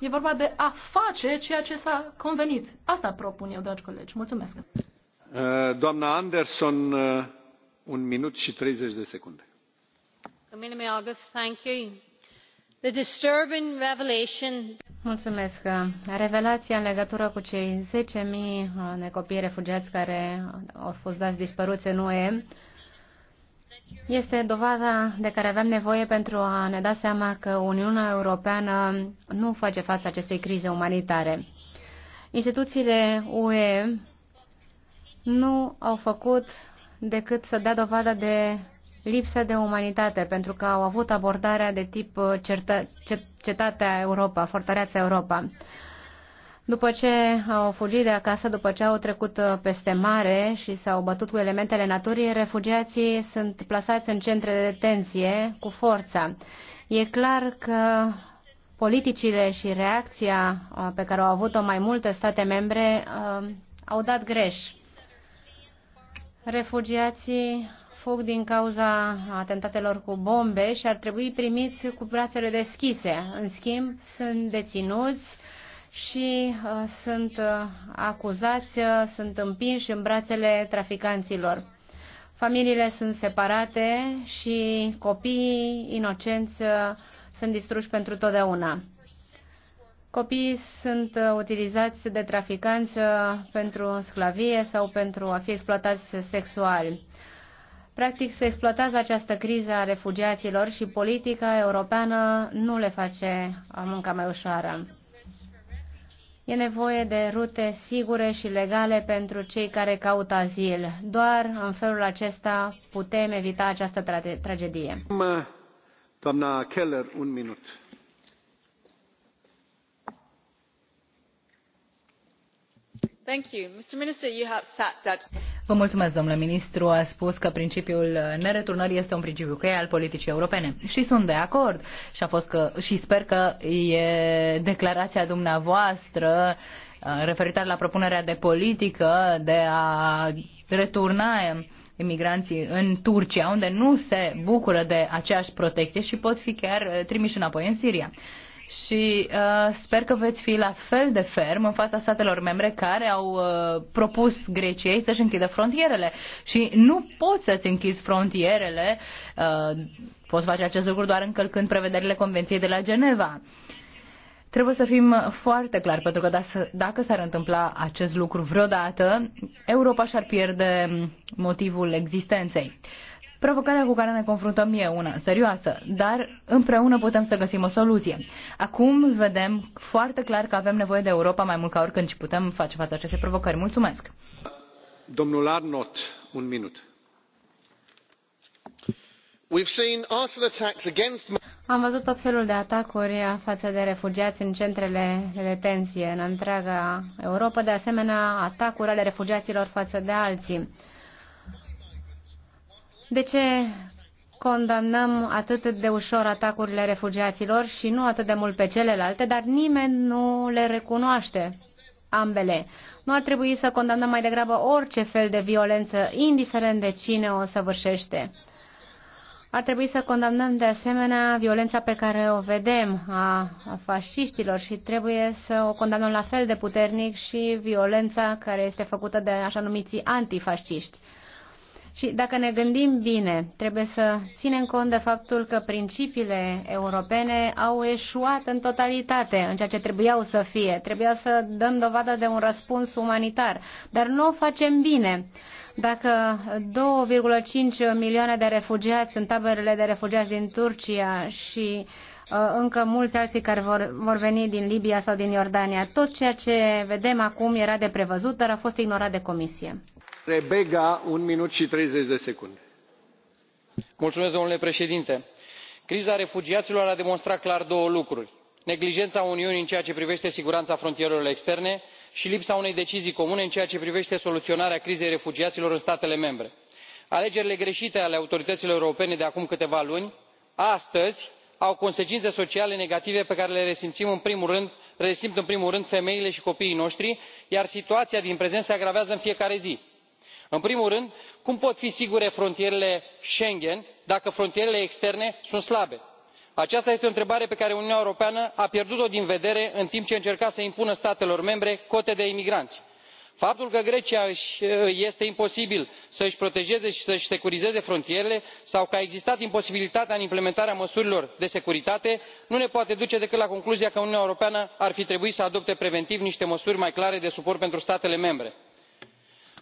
Speaker 6: E vorba de a face ceea ce s-a convenit. Asta propun eu, dragi colegi. Mulțumesc.
Speaker 5: Uh, doamna Anderson, uh, un minut și 30 de secunde.
Speaker 7: Mulțumesc. Revelația în legătură cu cei 10.000 uh, de copii refugiați care au fost dați dispăruți în UE este dovada de care avem nevoie pentru a ne da seama că Uniunea Europeană nu face față acestei crize umanitare. Instituțiile UE nu au făcut decât să dea dovada de lipsă de umanitate, pentru că au avut abordarea de tip certă, cetatea Europa, fortăreața Europa. După ce au fugit de acasă, după ce au trecut uh, peste mare și s-au bătut cu elementele naturii, refugiații sunt plasați în centre de detenție cu forța. E clar că politicile și reacția uh, pe care au avut-o mai multe state membre uh, au dat greș. Refugiații fug din cauza atentatelor cu bombe și ar trebui primiți cu brațele deschise. În schimb, sunt deținuți și uh, sunt uh, acuzați, uh, sunt împinși în brațele traficanților. Familiile sunt separate și copiii inocenți uh, sunt distruși pentru totdeauna. Copiii sunt uh, utilizați de traficanți uh, pentru sclavie sau pentru a fi exploatați sexual. Practic se exploatează această criză a refugiaților și politica europeană nu le face uh, munca mai ușoară. E nevoie de rute sigure și legale pentru cei care caută azil. Doar în felul acesta putem evita această tra- tragedie.
Speaker 5: Doamna Keller, un minut.
Speaker 14: Thank you. Mr. Minister, you have sat that...
Speaker 8: Vă mulțumesc, domnule ministru. A spus că principiul nereturnării este un principiu cheie al politicii europene. Și sunt de acord. Și, a fost că, și sper că e declarația dumneavoastră uh, referitoare la propunerea de politică de a returna imigranții în Turcia, unde nu se bucură de aceeași protecție și pot fi chiar trimiși înapoi în Siria și uh, sper că veți fi la fel de ferm în fața statelor membre care au uh, propus Greciei să-și închidă frontierele. Și nu poți să-ți închizi frontierele, uh, poți face acest lucru doar încălcând prevederile Convenției de la Geneva. Trebuie să fim foarte clari, pentru că dacă s-ar întâmpla acest lucru vreodată, Europa și-ar pierde motivul existenței. Uh, Provocarea cu care ne confruntăm e una serioasă, dar împreună putem să găsim o soluție. Acum vedem foarte clar că avem nevoie de Europa mai mult ca oricând și putem face față acestei provocări. Mulțumesc!
Speaker 5: Domnul Arnott, un minut.
Speaker 9: We've seen arson attacks against...
Speaker 7: Am văzut tot felul de atacuri față de refugiați în centrele de detenție în întreaga Europa, de asemenea atacuri ale refugiaților față de alții. De ce condamnăm atât de ușor atacurile refugiaților și nu atât de mult pe celelalte, dar nimeni nu le recunoaște ambele. Nu ar trebui să condamnăm mai degrabă orice fel de violență, indiferent de cine o săvârșește. Ar trebui să condamnăm de asemenea violența pe care o vedem a fasciștilor și trebuie să o condamnăm la fel de puternic și violența care este făcută de așa numiții antifasciști. Și dacă ne gândim bine, trebuie să ținem cont de faptul că principiile europene au eșuat în totalitate în ceea ce trebuiau să fie. Trebuia să dăm dovadă de un răspuns umanitar, dar nu o facem bine. Dacă 2,5 milioane de refugiați în taberele de refugiați din Turcia și uh, încă mulți alții care vor, vor veni din Libia sau din Iordania. Tot ceea ce vedem acum era de prevăzut, dar a fost ignorat de comisie
Speaker 12: un minut și de secunde. Mulțumesc, domnule președinte criza refugiaților a demonstrat clar două lucruri neglijența uniunii în ceea ce privește siguranța frontierelor externe și lipsa unei decizii comune în ceea ce privește soluționarea crizei refugiaților în statele membre. alegerile greșite ale autorităților europene de acum câteva luni astăzi au consecințe sociale negative pe care le în primul rând resimt în primul rând femeile și copiii noștri iar situația din prezent se agravează în fiecare zi în primul rând cum pot fi sigure frontierele schengen dacă frontierele externe sunt slabe? aceasta este o întrebare pe care uniunea europeană a pierdut o din vedere în timp ce încerca să impună statelor membre cote de imigranți. faptul că greciei este imposibil să își protejeze și să își securizeze frontierele sau că a existat imposibilitatea în implementarea măsurilor de securitate nu ne poate duce decât la concluzia că uniunea europeană ar fi trebuit să adopte preventiv niște măsuri mai clare de suport pentru statele membre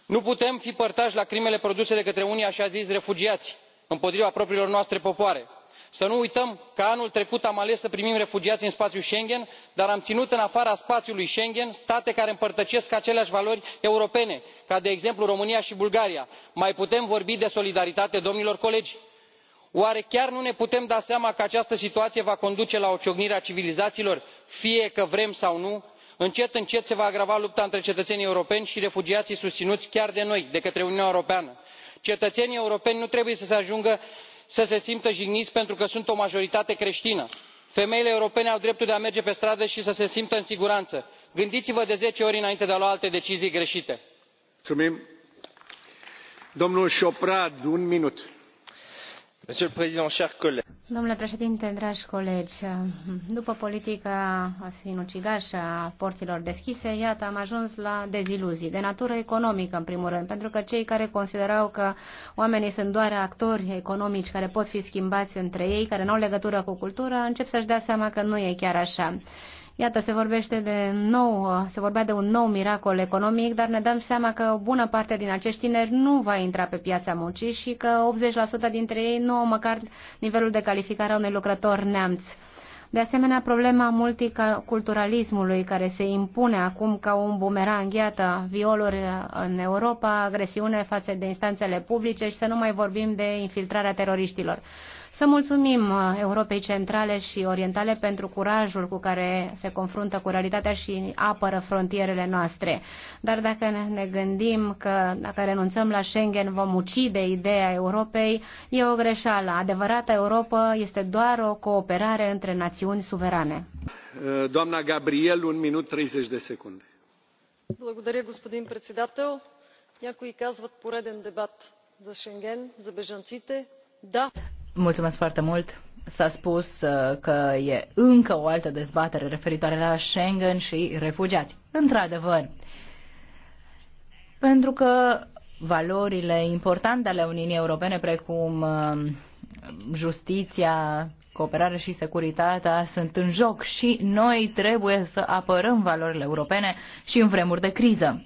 Speaker 12: nu putem fi părtași la crimele produse de către unii așa ziși refugiați împotriva propriilor noastre popoare. să nu uităm că anul trecut am ales să primim refugiați în spațiul schengen dar am ținut în afara spațiului schengen state care împărtășesc aceleași valori europene ca de exemplu românia și bulgaria. mai putem vorbi de solidaritate domnilor colegi? oare chiar nu ne putem da seama că această situație va conduce la o ciocnire a civilizațiilor fie că vrem sau nu? încet încet se va agrava lupta între cetățenii europeni și refugiații susținuți chiar de noi de către uniunea europeană. cetățenii europeni nu trebuie să ajungă să se simtă jigniți pentru că sunt o majoritate creștină. femeile europene au dreptul de a merge pe stradă și să se simtă în siguranță. gândiți vă de zece ori înainte de a lua alte decizii greșite. domnul
Speaker 7: Domnule președinte, dragi colegi, după politica sinucigașă a porților deschise, iată, am ajuns la deziluzii, de natură economică, în primul rând, pentru că cei care considerau că oamenii sunt doar actori economici care pot fi schimbați între ei, care nu au legătură cu cultura, încep să-și dea seama că nu e chiar așa. Iată, se vorbește de nou, se vorbea de un nou miracol economic, dar ne dăm seama că o bună parte din acești tineri nu va intra pe piața muncii și că 80% dintre ei nu au măcar nivelul de calificare a unui lucrător neamț. De asemenea, problema multiculturalismului care se impune acum ca un bumerang, iată, violuri în Europa, agresiune față de instanțele publice și să nu mai vorbim de infiltrarea teroriștilor. Să mulțumim uh, Europei Centrale și Orientale pentru curajul cu care se confruntă cu realitatea și apără frontierele noastre. Dar dacă ne gândim că dacă renunțăm la Schengen vom ucide ideea Europei, e o greșeală. Adevărata Europa este doar o cooperare între națiuni suverane.
Speaker 5: Uh, doamna Gabriel, un minut 30 de secunde.
Speaker 6: Благодаря, господин председател. Някои казват пореден дебат за Шенген, за бежанците. Да,
Speaker 8: Mulțumesc foarte mult. S-a spus uh, că e încă o altă dezbatere referitoare la Schengen și refugiați. Într-adevăr, pentru că valorile importante ale Uniunii Europene, precum uh, justiția, cooperarea și securitatea, sunt în joc și noi trebuie să apărăm valorile europene și în vremuri de criză.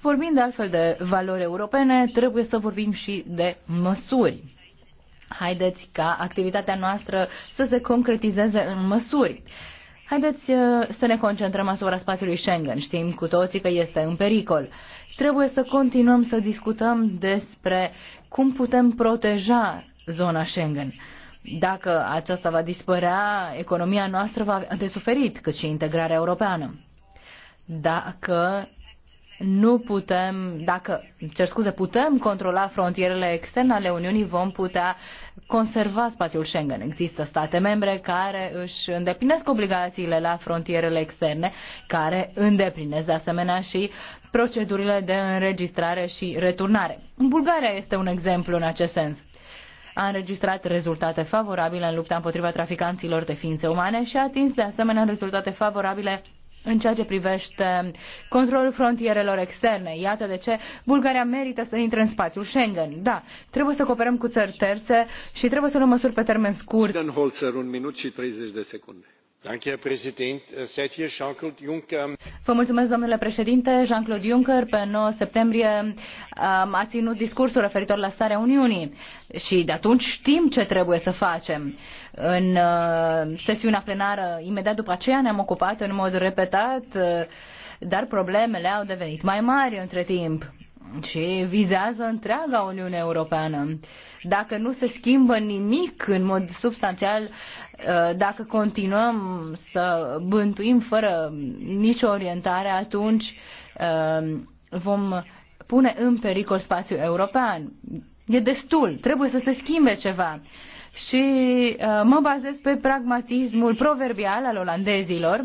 Speaker 8: Vorbind de altfel de valori europene, trebuie să vorbim și de măsuri. Haideți ca activitatea noastră să se concretizeze în măsuri. Haideți uh, să ne concentrăm asupra spațiului Schengen. Știm cu toții că este în pericol. Trebuie să continuăm să discutăm despre cum putem proteja zona Schengen. Dacă aceasta va dispărea, economia noastră va de suferit, cât și integrarea europeană. Dacă nu putem, dacă, cer scuze, putem controla frontierele externe ale Uniunii, vom putea conserva spațiul Schengen. Există state membre care își îndeplinesc obligațiile la frontierele externe, care îndeplinesc de asemenea și procedurile de înregistrare și returnare. Bulgaria este un exemplu în acest sens a înregistrat rezultate favorabile în lupta împotriva traficanților de ființe umane și a atins de asemenea rezultate favorabile în ceea ce privește controlul frontierelor externe. Iată de ce Bulgaria merită să intre în spațiul Schengen. Da, trebuie să cooperăm cu țări terțe și trebuie să luăm măsuri pe termen
Speaker 5: scurt. Holzer, un minut și 30 de secunde.
Speaker 8: Vă mulțumesc, domnule președinte. Jean-Claude Juncker, pe 9 septembrie, a ținut discursul referitor la starea Uniunii și de atunci știm ce trebuie să facem. În uh, sesiunea plenară, imediat după aceea, ne-am ocupat în mod repetat, uh, dar problemele au devenit mai mari între timp și vizează întreaga Uniune Europeană. Dacă nu se schimbă nimic în mod substanțial, uh, dacă continuăm să bântuim fără nicio orientare, atunci vom pune în pericol spațiul european. E destul, trebuie să se schimbe ceva și uh, mă bazez pe pragmatismul proverbial al olandezilor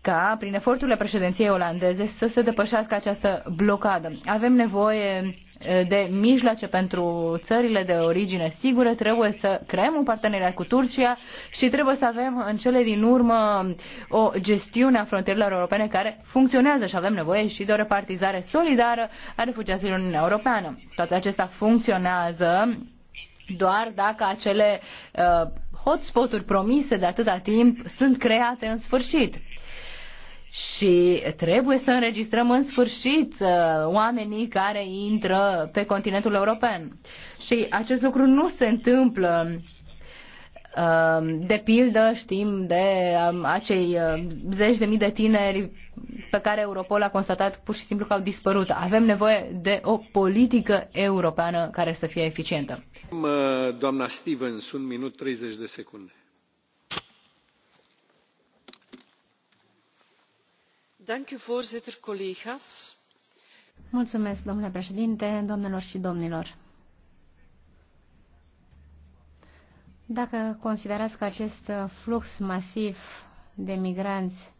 Speaker 8: ca, prin eforturile președinției olandeze, să se depășească această blocadă. Avem nevoie uh, de mijloace pentru țările de origine sigură, trebuie să creăm un parteneriat cu Turcia și trebuie să avem în cele din urmă o gestiune a frontierelor europene care funcționează și avem nevoie și de o repartizare solidară a refugiaților în Uniunea Europeană. Toate acestea funcționează doar dacă acele uh, hotspot-uri promise de atâta timp sunt create în sfârșit. Și trebuie să înregistrăm în sfârșit uh, oamenii care intră pe continentul european. Și acest lucru nu se întâmplă Um, de pildă știm de um, acei um, zeci de mii de tineri pe care Europol a constatat pur și simplu că au dispărut. Avem nevoie de o politică europeană care să fie eficientă.
Speaker 5: Uh, doamna Stevens, un minut 30 de secunde.
Speaker 7: Mulțumesc, domnule președinte, domnilor și domnilor Dacă considerați că acest flux masiv de migranți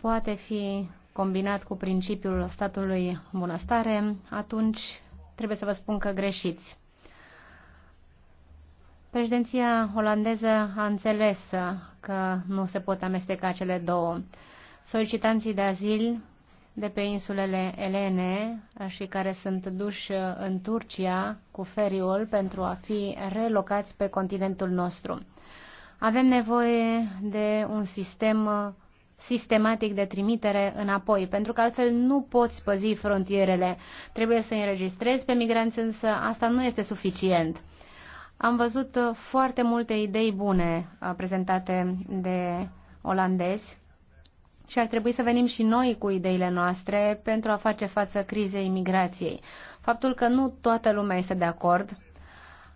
Speaker 7: poate fi combinat cu principiul statului bunăstare, atunci trebuie să vă spun că greșiți. Președinția olandeză a înțeles că nu se pot amesteca cele două. Solicitanții de azil de pe insulele Elene și care sunt duși în Turcia cu feriul pentru a fi relocați pe continentul nostru. Avem nevoie de un sistem sistematic de trimitere înapoi, pentru că altfel nu poți păzi frontierele. Trebuie să înregistrezi pe migranți, însă asta nu este suficient. Am văzut foarte multe idei bune prezentate de olandezi și ar trebui să venim și noi cu ideile noastre pentru a face față crizei imigrației. Faptul că nu toată lumea este de acord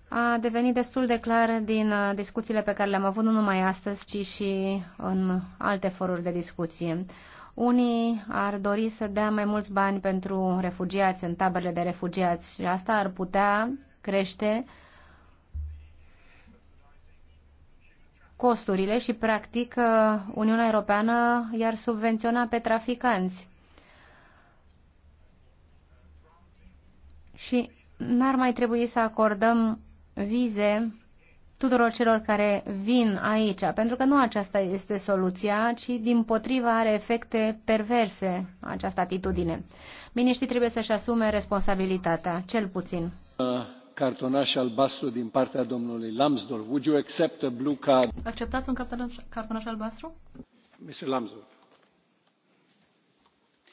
Speaker 7: a devenit destul de clar din uh, discuțiile pe care le-am avut nu numai astăzi, ci și în alte foruri de discuție. Unii ar dori să dea mai mulți bani pentru refugiați în taberele de refugiați și asta ar putea crește uh, costurile și, practic, uh, Uniunea Europeană i-ar subvenționa pe traficanți. Și n-ar mai trebui să acordăm vize tuturor celor care vin aici, pentru că nu aceasta este soluția, ci din potriva are efecte perverse această atitudine. Miniștrii trebuie să-și asume responsabilitatea, cel puțin.
Speaker 5: Uh cartonaș albastru din partea domnului Lambsdorff. Would you accept a blue card?
Speaker 6: Acceptați un cartonaș, albastru?
Speaker 5: Mr. Lambsdorff.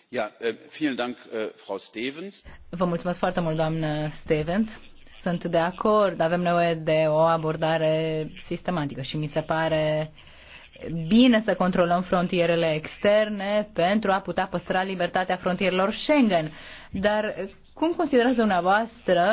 Speaker 13: Ja, äh, vielen Dank, äh, Frau Stevens.
Speaker 8: Vă mulțumesc foarte mult, doamnă Stevens. Sunt de acord, avem nevoie de o abordare sistematică și mi se pare bine să controlăm frontierele externe pentru a putea păstra libertatea frontierelor Schengen. Dar cum considerați dumneavoastră,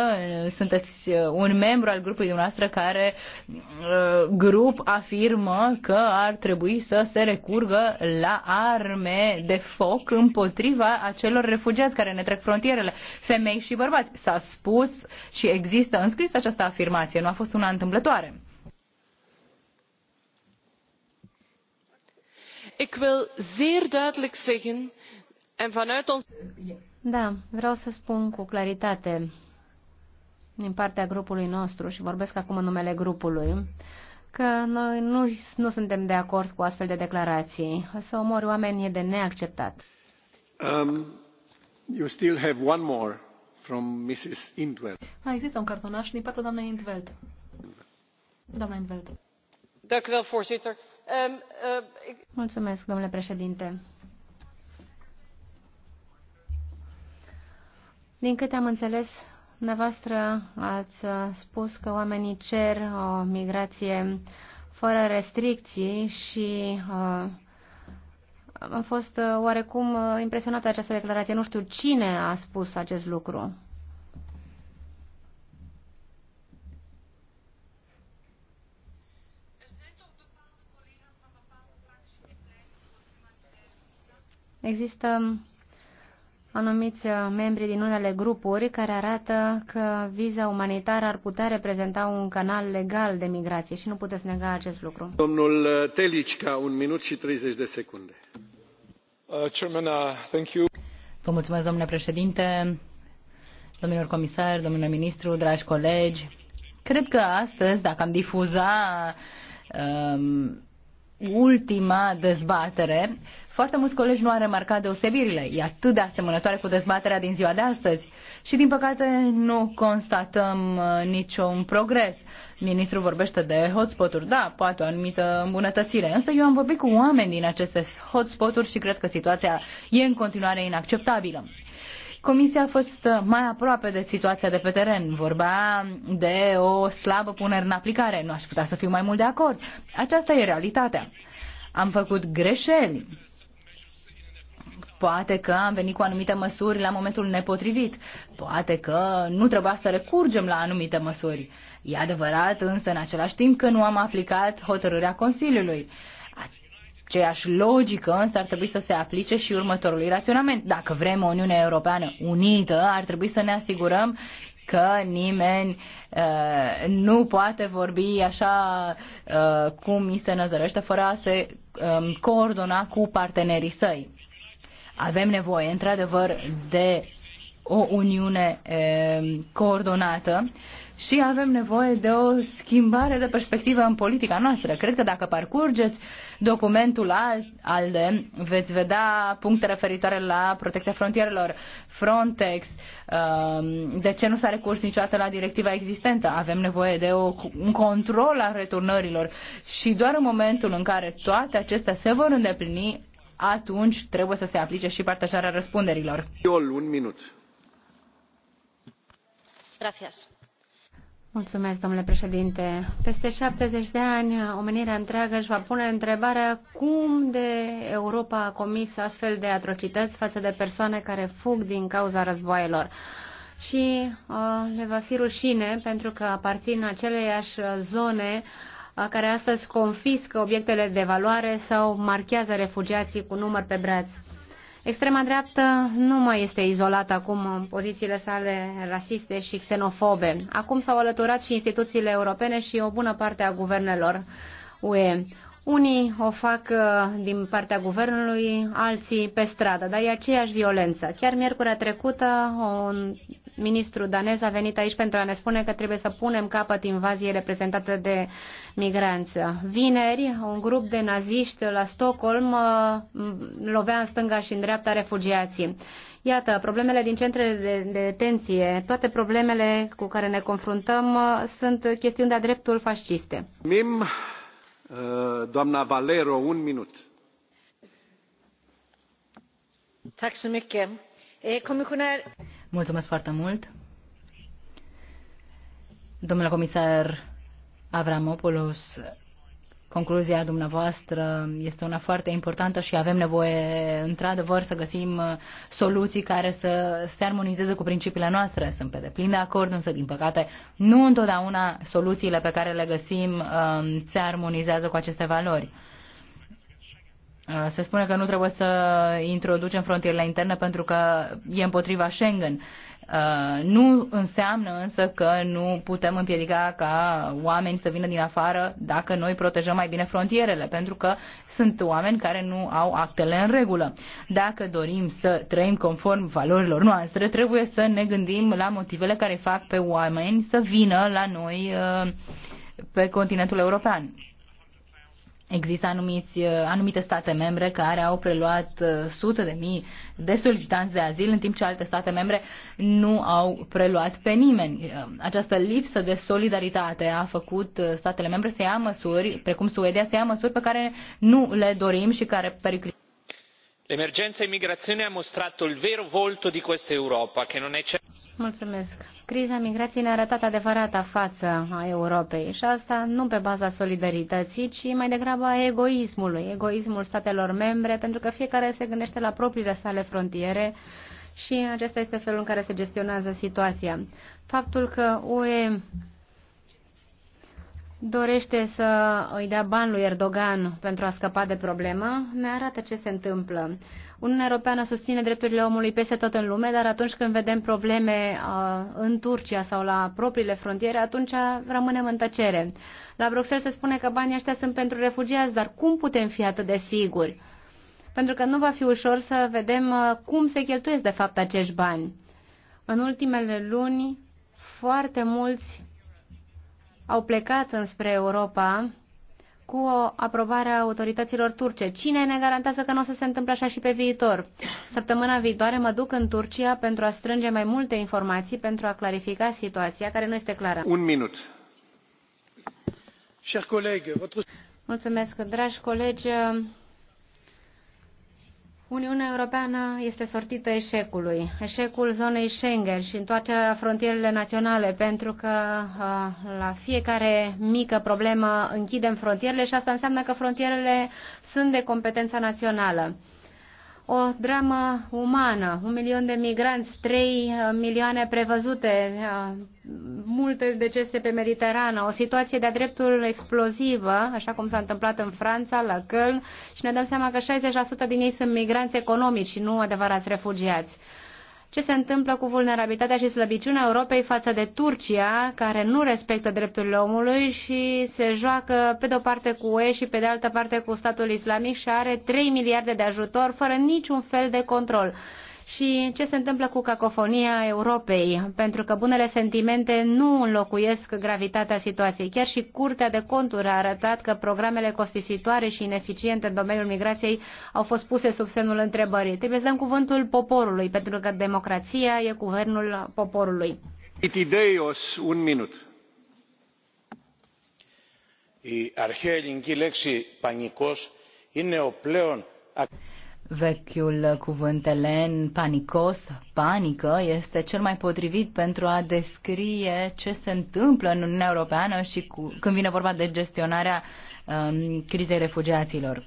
Speaker 8: sunteți uh, un membru al grupului dumneavoastră care uh, grup afirmă că ar trebui să se recurgă la arme de foc împotriva acelor refugiați care ne trec frontierele, femei și bărbați. S-a spus și există înscris această afirmație, nu a fost una întâmplătoare.
Speaker 2: Ik wil zeer duidelijk zeggen
Speaker 6: en vanuit ons. Yeah.
Speaker 7: Da, vreau să spun cu claritate din partea grupului nostru și vorbesc acum în numele grupului că noi nu, nu suntem de acord cu astfel de declarații. Să omori oameni e de neacceptat.
Speaker 5: Um, you still have one more from Mrs. Intveld.
Speaker 6: A, există un cartonaș din partea doamnei Intveld. Doamna Intveld. Um,
Speaker 2: uh,
Speaker 6: Mulțumesc, domnule președinte
Speaker 7: Din câte am înțeles, dumneavoastră ați uh, spus că oamenii cer o migrație fără restricții și uh, am fost uh, oarecum uh, impresionată de această declarație. Nu știu cine a spus acest lucru. Există anumiți uh, membri din unele grupuri care arată că viza umanitară ar putea reprezenta un canal legal de migrație și nu puteți nega acest lucru.
Speaker 5: Domnul uh, Telicca, un minut și 30 de secunde. Uh, chairman, uh, thank you.
Speaker 8: Vă mulțumesc, domnule președinte, domnilor comisari, domnule ministru, dragi colegi. Cred că astăzi, dacă am difuza um, ultima dezbatere. Foarte mulți colegi nu au remarcat deosebirile. E atât de asemănătoare cu dezbaterea din ziua de astăzi. Și, din păcate, nu constatăm uh, niciun progres. Ministrul vorbește de hotspot-uri. Da, poate o anumită îmbunătățire. Însă eu am vorbit cu oameni din aceste hotspot-uri și cred că situația e în continuare inacceptabilă. Comisia a fost uh, mai aproape de situația de pe teren. Vorbea de o slabă punere în aplicare. Nu aș putea să fiu mai mult de acord. Aceasta e realitatea. Am făcut greșeli. Poate că am venit cu anumite măsuri la momentul nepotrivit. Poate că nu trebuia să recurgem la anumite măsuri. E adevărat însă în același timp că nu am aplicat hotărârea Consiliului. Uh, aceeași logică, însă ar trebui să se aplice și următorului raționament. Dacă vrem o Uniune Europeană unită, ar trebui să ne asigurăm că nimeni uh, nu poate vorbi așa uh, cum îi se năzărește fără a se um, coordona cu partenerii săi. Avem nevoie, într-adevăr, de o uniune uh, coordonată uh, și avem nevoie de o schimbare de perspectivă în politica noastră. Cred că dacă parcurgeți documentul al, ALDE, veți vedea puncte referitoare la protecția frontierelor, Frontex, um, de ce nu s-a recurs niciodată la directiva existentă. Avem nevoie de o, un control al returnărilor și doar în momentul în care toate acestea se vor îndeplini, atunci trebuie să se aplice și partajarea răspunderilor.
Speaker 5: Iol, un minut.
Speaker 7: Gracias Mulțumesc, domnule președinte. Peste 70 de ani, omenirea întreagă își va pune întrebarea cum de Europa a comis astfel de atrocități față de persoane care fug din cauza războaielor. Și uh, le va fi rușine pentru că aparțin aceleiași zone uh, care astăzi confiscă obiectele de valoare sau marchează refugiații cu număr pe braț. Extrema dreaptă nu mai este izolată acum în pozițiile sale rasiste și xenofobe. Acum s-au alăturat și instituțiile europene și o bună parte a guvernelor UE. Unii o fac uh, din partea guvernului, alții pe stradă, dar e aceeași violență. Chiar miercurea trecută, un ministru danez a venit aici pentru a ne spune că trebuie să punem capăt invaziei reprezentate de migranți. Vineri, un grup de naziști la Stockholm uh, lovea în stânga și în dreapta refugiații. Iată, problemele din centrele de detenție, toate problemele cu care ne confruntăm uh, sunt chestiuni de-a dreptul fasciste.
Speaker 5: Mim, uh, doamna Valero, un minut.
Speaker 10: Mulțumesc. Comisionar. Eh,
Speaker 8: Mulțumesc foarte mult. Domnule comisar Avramopoulos, concluzia dumneavoastră este una foarte importantă și avem nevoie, într-adevăr, să găsim soluții care să se armonizeze cu principiile noastre. Sunt pe deplin de acord, însă, din păcate, nu întotdeauna soluțiile pe care le găsim um, se armonizează cu aceste valori. Uh, se spune că nu trebuie să introducem frontierele interne pentru că e împotriva Schengen. Uh, nu înseamnă însă că nu putem împiedica ca oameni să vină din afară dacă noi protejăm mai bine frontierele, pentru că sunt oameni care nu au actele în regulă. Dacă dorim să trăim conform valorilor noastre, trebuie să ne gândim la motivele care fac pe oameni să vină la noi uh, pe continentul european Există anumiți, uh, anumite state membre care au preluat uh, sute de mii de solicitanți de azil, în timp ce alte state membre nu au preluat pe nimeni. Uh, această lipsă de solidaritate a făcut statele membre să ia măsuri, precum Suedia, să ia măsuri pe care nu le dorim și care periclitează.
Speaker 12: L'emergenza immigrazione ha mostrato il vero volto di questa Europa, che non è certo.
Speaker 7: Mulțumesc criza migrației ne-a arătat adevărata față a Europei și asta nu pe baza solidarității, ci mai degrabă a egoismului, egoismul statelor membre, pentru că fiecare se gândește la propriile sale frontiere și acesta este felul în care se gestionează situația. Faptul că UE dorește să îi dea bani lui Erdogan pentru a scăpa de problemă, ne arată ce se întâmplă. Uniunea Europeană susține drepturile omului peste tot în lume, dar atunci când vedem probleme uh, în Turcia sau la propriile frontiere, atunci rămânem în tăcere. La Bruxelles se spune că banii ăștia sunt pentru refugiați, dar cum putem fi atât de siguri? Pentru că nu va fi ușor să vedem uh, cum se cheltuiesc de fapt acești bani. În ultimele luni, foarte mulți au plecat înspre Europa cu aprobarea autorităților turce. Cine ne garantează că nu o să se întâmple așa și pe viitor? Săptămâna viitoare mă duc în Turcia pentru a strânge mai multe informații, pentru a clarifica situația care nu este clară. Un minut. Mulțumesc, dragi colegi. Uniunea Europeană este sortită eșecului, eșecul zonei Schengen și întoarcerea la frontierele naționale, pentru că uh, la fiecare mică problemă închidem frontierele și asta înseamnă că frontierele sunt de competența națională o dramă umană, un milion de migranți, trei uh, milioane prevăzute, uh, multe decese pe Mediterană, o situație de-a dreptul explozivă, așa cum s-a întâmplat în Franța, la Köln, și ne dăm seama că 60% din ei sunt migranți economici și nu adevărați refugiați ce se întâmplă cu vulnerabilitatea și slăbiciunea Europei față de Turcia, care nu respectă drepturile omului și se joacă pe de o parte cu UE și pe de altă parte cu statul islamic și are 3 miliarde de ajutor fără niciun fel de control și ce se întâmplă cu cacofonia Europei, pentru că bunele sentimente nu înlocuiesc gravitatea situației. Chiar și Curtea de Conturi a arătat că programele costisitoare și ineficiente în domeniul migrației au fost puse sub semnul întrebării. Trebuie să dăm cuvântul poporului, pentru că democrația e guvernul poporului.
Speaker 5: Itideos, un minut. Η αρχαία ελληνική λέξη πανικός είναι ο πλέον
Speaker 8: Vechiul cuvânt elen, panicos, panică, este cel mai potrivit pentru a descrie ce se întâmplă în Uniunea Europeană și cu, când vine vorba de gestionarea um, crizei refugiaților.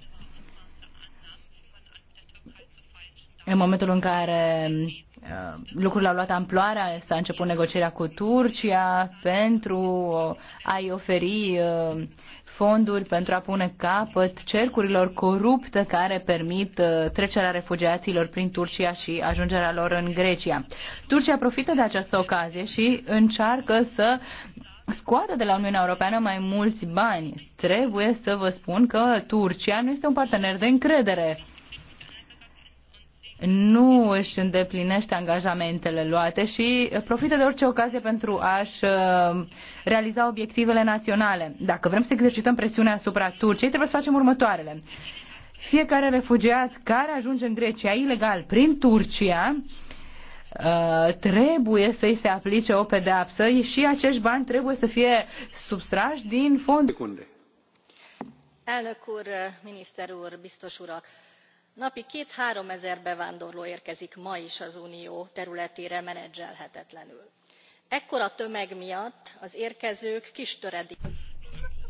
Speaker 8: În momentul în care uh, lucrurile au luat amploarea, s-a început negocierea cu Turcia pentru a-i oferi uh, fonduri pentru a pune capăt cercurilor corupte care permit uh, trecerea refugiaților prin Turcia și ajungerea lor în Grecia. Turcia profită de această ocazie și încearcă să scoată de la Uniunea Europeană mai mulți bani. Trebuie să vă spun că Turcia nu este un partener de încredere nu își îndeplinește angajamentele luate și profită de orice ocazie pentru a-și uh, realiza obiectivele naționale. Dacă vrem să exercităm presiunea asupra Turciei, trebuie să facem următoarele. Fiecare refugiat care ajunge în Grecia ilegal prin Turcia uh, trebuie să-i se aplice o pedeapsă și acești bani trebuie să fie substrași din fond.
Speaker 10: Elnök úr, miniszter úr, biztos urak! napi two three ezer bevándorló érkezik ma is az unió területére menedzselhetetlenül. ekkora tömeg miatt az érkezők kis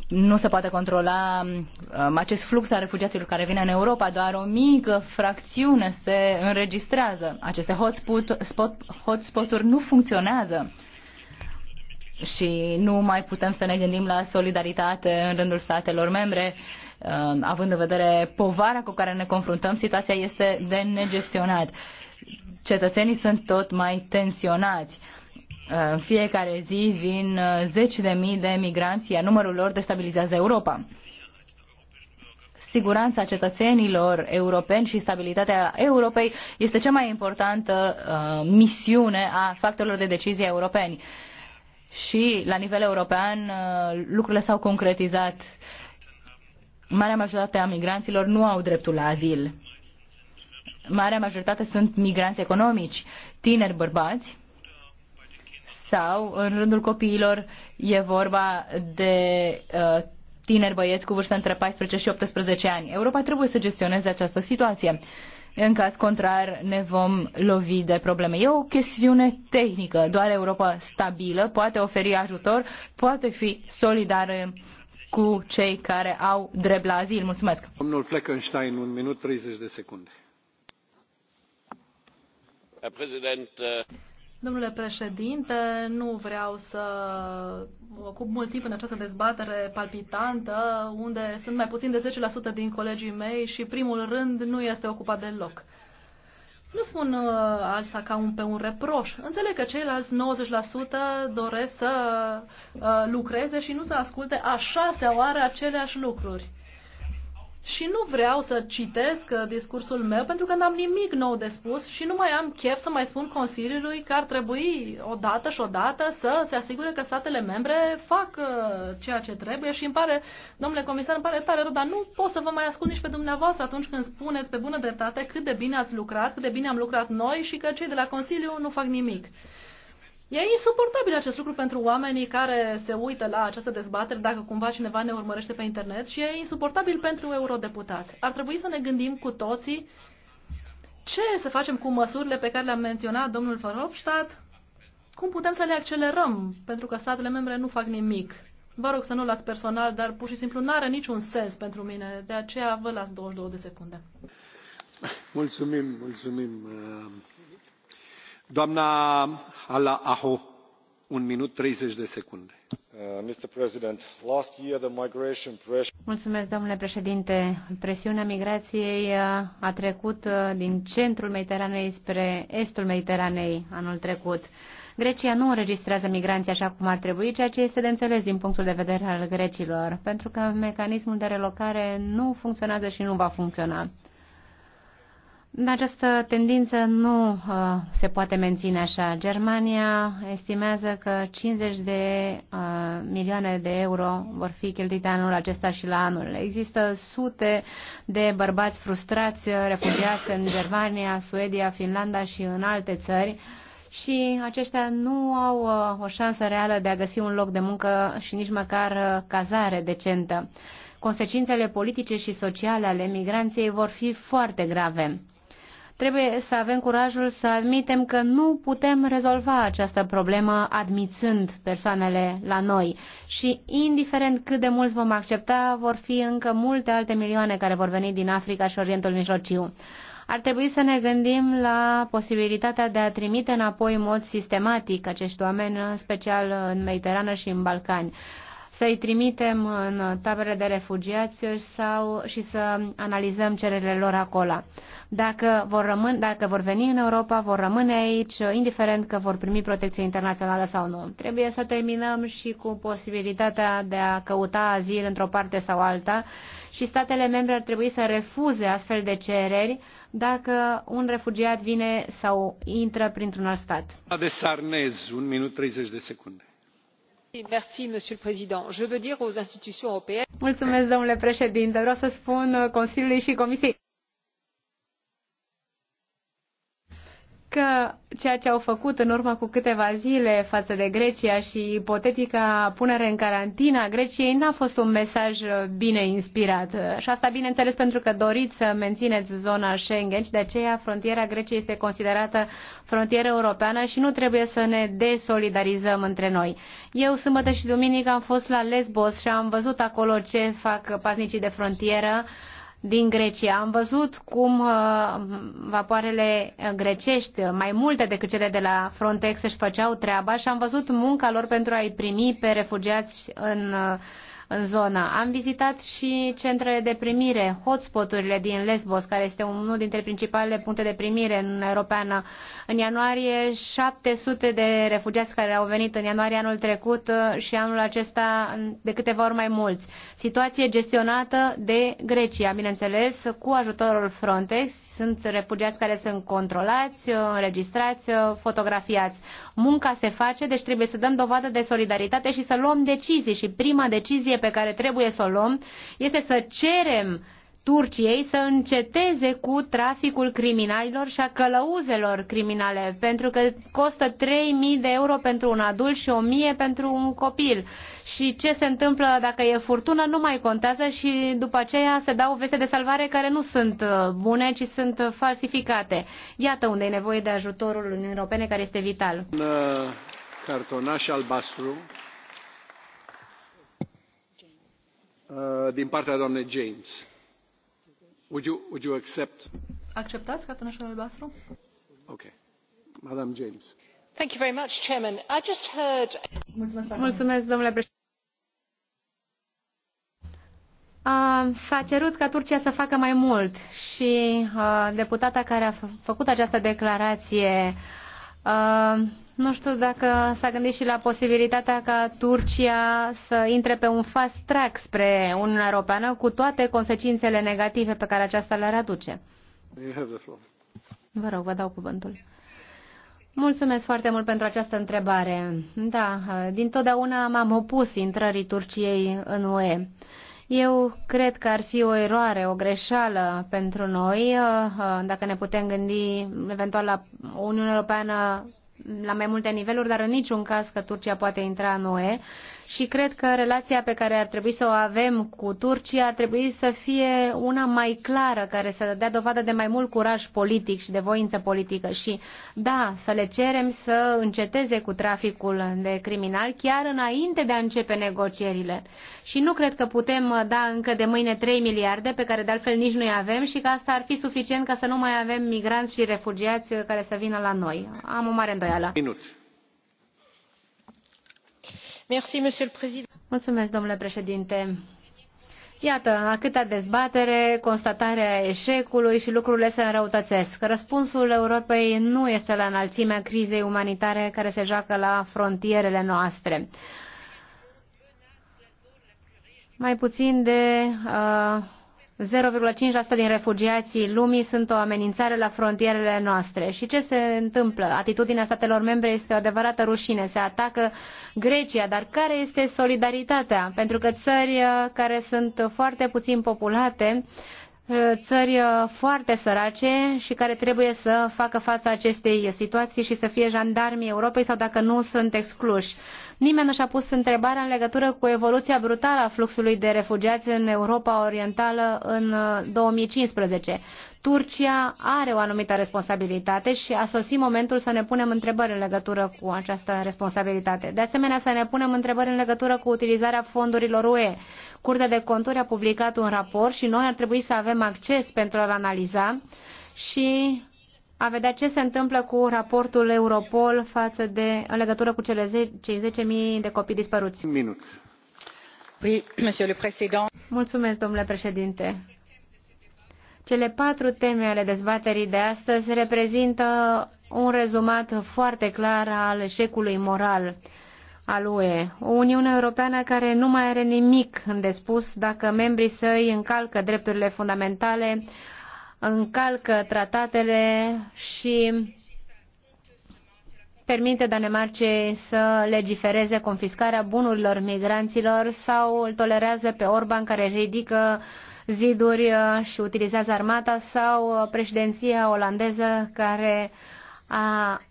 Speaker 8: nu se poate controla um, um, acest flux al refugiaților care vine în Europa, doar o mică fracțiune se înregistrează. Aceste hotspot-uri nu funcționează și nu mai putem să ne gândim la solidaritate în rândul statelor membre. Uh, Um, având în vedere povara cu care ne confruntăm, situația este de negestionat. Cetățenii sunt tot mai tensionați. Uh, în fiecare zi vin uh, zeci de mii de migranți, iar numărul lor destabilizează Europa siguranța cetățenilor europeni și stabilitatea Europei este cea mai importantă uh, misiune a factorilor de decizie europeni. Și la nivel european uh, lucrurile s-au concretizat marea majoritate a migranților nu au dreptul la azil. Marea majoritate sunt migranți economici, tineri bărbați sau, în rândul copiilor, e vorba de uh, tineri băieți cu vârstă între 14 și 18 ani. Europa trebuie să gestioneze această situație. În caz contrar, ne vom lovi de probleme. E o chestiune tehnică. Doar Europa stabilă poate oferi ajutor, poate fi solidară cu cei care au drept la azil. Mulțumesc.
Speaker 5: Domnul Fleckenstein, un minut 30 de secunde. Äh,
Speaker 6: Domnule președinte, nu vreau să ocup mult timp în această dezbatere palpitantă, unde sunt mai puțin de 10% din colegii mei și primul rând nu este ocupat deloc. Nu spun uh, asta ca un, pe un reproș. Înțeleg că ceilalți 90% doresc să uh, lucreze și nu să asculte a șasea oară aceleași lucruri și nu vreau să citesc uh, discursul meu pentru că n-am nimic nou de spus și nu mai am chef să mai spun Consiliului că ar trebui odată și odată să se asigure că statele membre fac uh, ceea ce trebuie și îmi pare, domnule comisar, îmi pare tare rău, dar nu pot să vă mai ascund nici pe dumneavoastră atunci când spuneți pe bună dreptate cât de bine ați lucrat, cât de bine am lucrat noi și că cei de la Consiliu nu fac nimic. E insuportabil acest lucru pentru oamenii care se uită la această dezbatere, dacă cumva cineva ne urmărește pe internet, și e insuportabil pentru eurodeputați. Ar trebui să ne gândim cu toții ce să facem cu măsurile pe care le-a menționat domnul Verhofstadt, cum putem să le accelerăm, pentru că statele membre nu fac nimic. Vă rog să nu luați personal, dar pur și simplu nu are niciun sens pentru mine, de aceea vă las 22 de secunde.
Speaker 5: Mulțumim, mulțumim. Uh, doamna Uh,
Speaker 7: domnule președinte presiunea migrației uh, a trecut uh, din centrul mediteranei spre estul mediteranei anul trecut. Grecia nu înregistrează migranți așa cum ar trebui, ceea ce este de înțeles din punctul de vedere al grecilor, pentru că mecanismul de relocare nu funcționează și nu va funcționa. Această tendință nu uh, se poate menține așa. Germania estimează că 50 de uh, milioane de euro vor fi cheltuite anul acesta și la anul. Există sute de bărbați frustrați, refugiați în Germania, Suedia, Finlanda și în alte țări și aceștia nu au uh, o șansă reală de a găsi un loc de muncă și nici măcar uh, cazare decentă. Consecințele politice și sociale ale migranției vor fi foarte grave. Trebuie să avem curajul să admitem că nu putem rezolva această problemă admițând persoanele la noi și indiferent cât de mulți vom accepta, vor fi încă multe alte milioane care vor veni din Africa și Orientul Mijlociu ar trebui să ne gândim la posibilitatea de a trimite înapoi în mod sistematic acești oameni, în special în Mediterană și în Balcani să-i trimitem în tabere de refugiați sau, și să analizăm cererile lor acolo. Dacă vor, rămân, dacă vor veni în Europa, vor rămâne aici, indiferent că vor primi protecție internațională sau nu. Trebuie să terminăm și cu posibilitatea de a căuta azil într-o parte sau alta și statele membre ar trebui să refuze astfel de cereri dacă un refugiat vine sau intră printr-un alt stat.
Speaker 5: Adesarnez, un minut 30 de secunde
Speaker 7: domnule președinte vreau să spun uh, consiliului și comisiei că nu sunt de acord cu că ceea ce au făcut în urmă cu câteva zile față de Grecia și ipotetica punere în carantină, a Greciei n-a fost un mesaj bine inspirat. Și asta, bineînțeles, pentru că doriți să mențineți zona Schengen și de aceea frontiera Greciei este considerată frontieră europeană și nu trebuie să ne desolidarizăm între noi. Eu, sâmbătă și duminică, am fost la Lesbos și am văzut acolo ce fac paznicii de frontieră din Grecia. Am văzut cum uh, vapoarele grecești, mai multe decât cele de la Frontex, își făceau treaba și am văzut munca lor pentru a-i primi pe refugiați în uh, zona. Am vizitat și centrele de primire, hotspoturile din Lesbos, care este unul dintre principalele puncte de primire în Europeană. În ianuarie, 700 de refugiați care au venit în ianuarie anul trecut uh, și anul acesta de câteva ori mai mulți. Situație gestionată de Grecia, bineînțeles, cu ajutorul Frontex. Sunt refugiați care sunt controlați, uh, înregistrați, uh, fotografiați munca se face, deci trebuie să dăm dovadă de solidaritate și să luăm decizii. Și prima decizie pe care trebuie să o luăm este să cerem Turciei să înceteze cu traficul criminalilor și a călăuzelor criminale, pentru că costă 3.000 de euro pentru un adult și 1.000 pentru un copil. Și ce se întâmplă dacă e furtună nu mai contează și după aceea se dau veste de salvare care nu sunt uh, bune, ci sunt uh, falsificate. Iată unde e nevoie de ajutorul Uniunii Europene care este vital.
Speaker 5: Un uh, cartonaș albastru din partea doamnei James Would you, would you accept?
Speaker 6: Acceptați cartonașul albastru?
Speaker 5: Ok. Madam James.
Speaker 6: Thank you very much, Chairman. I just heard... Mulțumesc, Mulțumesc
Speaker 7: domnule președinte. S-a cerut ca Turcia să facă mai mult și uh, deputata care a făcut această declarație uh, nu știu dacă s-a gândit și la posibilitatea ca Turcia să intre pe un fast track spre Uniunea Europeană cu toate consecințele negative pe care aceasta le aduce. Vă rog, vă dau cuvântul. Mulțumesc foarte mult pentru această întrebare. Da, din totdeauna m-am opus intrării Turciei în UE. Eu cred că ar fi o eroare, o greșeală pentru noi, uh, uh, dacă ne putem gândi eventual la Uniunea Europeană la mai multe niveluri, dar în niciun caz că Turcia poate intra în UE și cred că relația pe care ar trebui să o avem cu Turcia ar trebui să fie una mai clară, care să dea dovadă de mai mult curaj politic și de voință politică și, da, să le cerem să înceteze cu traficul de criminali chiar înainte de a începe negocierile. Și nu cred că putem da încă de mâine 3 miliarde, pe care de altfel nici nu-i avem și că asta ar fi suficient ca să nu mai avem migranți și refugiați care să vină la noi. Am o mare îndoială. Minut. Mulțumesc, domnule președinte. Iată, a câta dezbatere, constatarea eșecului și lucrurile se înrăutățesc. Răspunsul Europei nu este la înălțimea crizei umanitare care se joacă la frontierele noastre. Mai puțin de uh, 0,5% din refugiații lumii sunt o amenințare la frontierele noastre. Și ce se întâmplă? Atitudinea statelor membre este o adevărată rușine. Se atacă Grecia, dar care este solidaritatea? Pentru că țări uh, care sunt foarte puțin populate Uh, țări uh, foarte sărace și care trebuie să facă față acestei situații și să fie jandarmii Europei sau dacă nu sunt excluși. Nimeni nu și-a pus întrebarea în legătură cu evoluția brutală a fluxului de refugiați în Europa Orientală în 2015. Uh, Turcia are o anumită responsabilitate și a sosit momentul să ne punem întrebări în legătură cu această responsabilitate. De asemenea, să ne punem întrebări în legătură cu utilizarea fondurilor UE Curtea de Conturi a publicat un raport și noi ar trebui să avem acces pentru a-l analiza și a vedea ce se întâmplă cu raportul Europol față de, în legătură cu cele 50.000 de copii dispăruți. Minut. Oui, monsieur le président. Mulțumesc, domnule președinte. Cele patru teme ale dezbaterii de astăzi reprezintă un rezumat foarte clar al eșecului moral al UE, o Uniune Europeană care nu mai are nimic de spus dacă membrii săi încalcă drepturile fundamentale, încalcă tratatele și permite Danemarcei să legifereze confiscarea bunurilor migranților sau îl tolerează pe Orban care ridică ziduri și utilizează armata sau președinția olandeză care a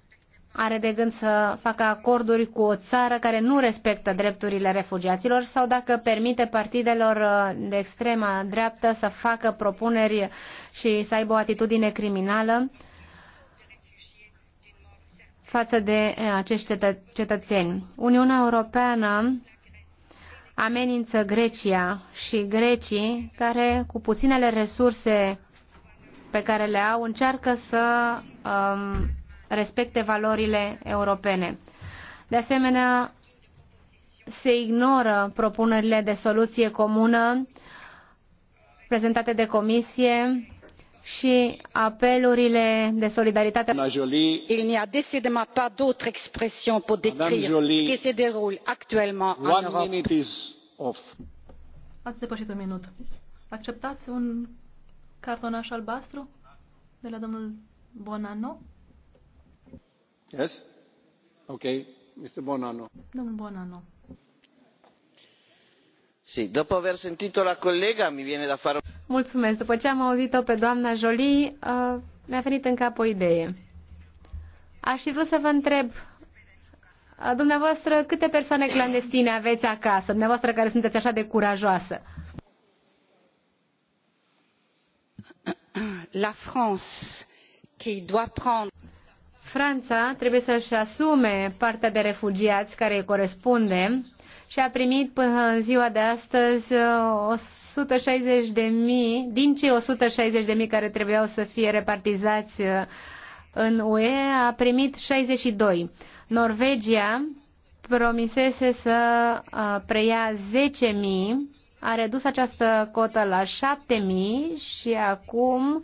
Speaker 7: are de gând să facă acorduri cu o țară care nu respectă drepturile refugiaților sau dacă permite partidelor uh, de extrema dreaptă să facă propuneri și să aibă o atitudine criminală față de uh, acești cetă cetățeni. Uniunea Europeană amenință Grecia și grecii care cu puținele resurse pe care le au încearcă să um, respecte valorile europene. De asemenea, se ignoră propunerile de soluție comună prezentate de comisie și apelurile de solidaritate. Il n'y a décidément pas d'autre expression pour
Speaker 5: décrire ce qui se
Speaker 7: déroule
Speaker 2: actuellement
Speaker 10: en Europe.
Speaker 6: Ați depășit un minut. Acceptați un cartonaș albastru de la domnul Bonanno?
Speaker 12: Yes? Okay. Mr. Bonanno.
Speaker 6: Domnul Bonanno.
Speaker 12: la mi viene da fare...
Speaker 7: Mulțumesc. După ce am auzit-o pe doamna Joly, uh, mi-a venit în cap o idee. Aș fi vrut să vă întreb, uh, dumneavoastră, câte persoane clandestine aveți acasă, dumneavoastră care sunteți așa de curajoasă? La France, qui doit prendre... Franța trebuie să-și asume partea de refugiați care îi corespunde și a primit până în ziua de astăzi 160.000 uh, din cei 160.000 care trebuiau să fie repartizați uh, în UE, a primit 62. Norvegia promisese să uh, preia 10.000, a redus această cotă la 7.000 și acum uh,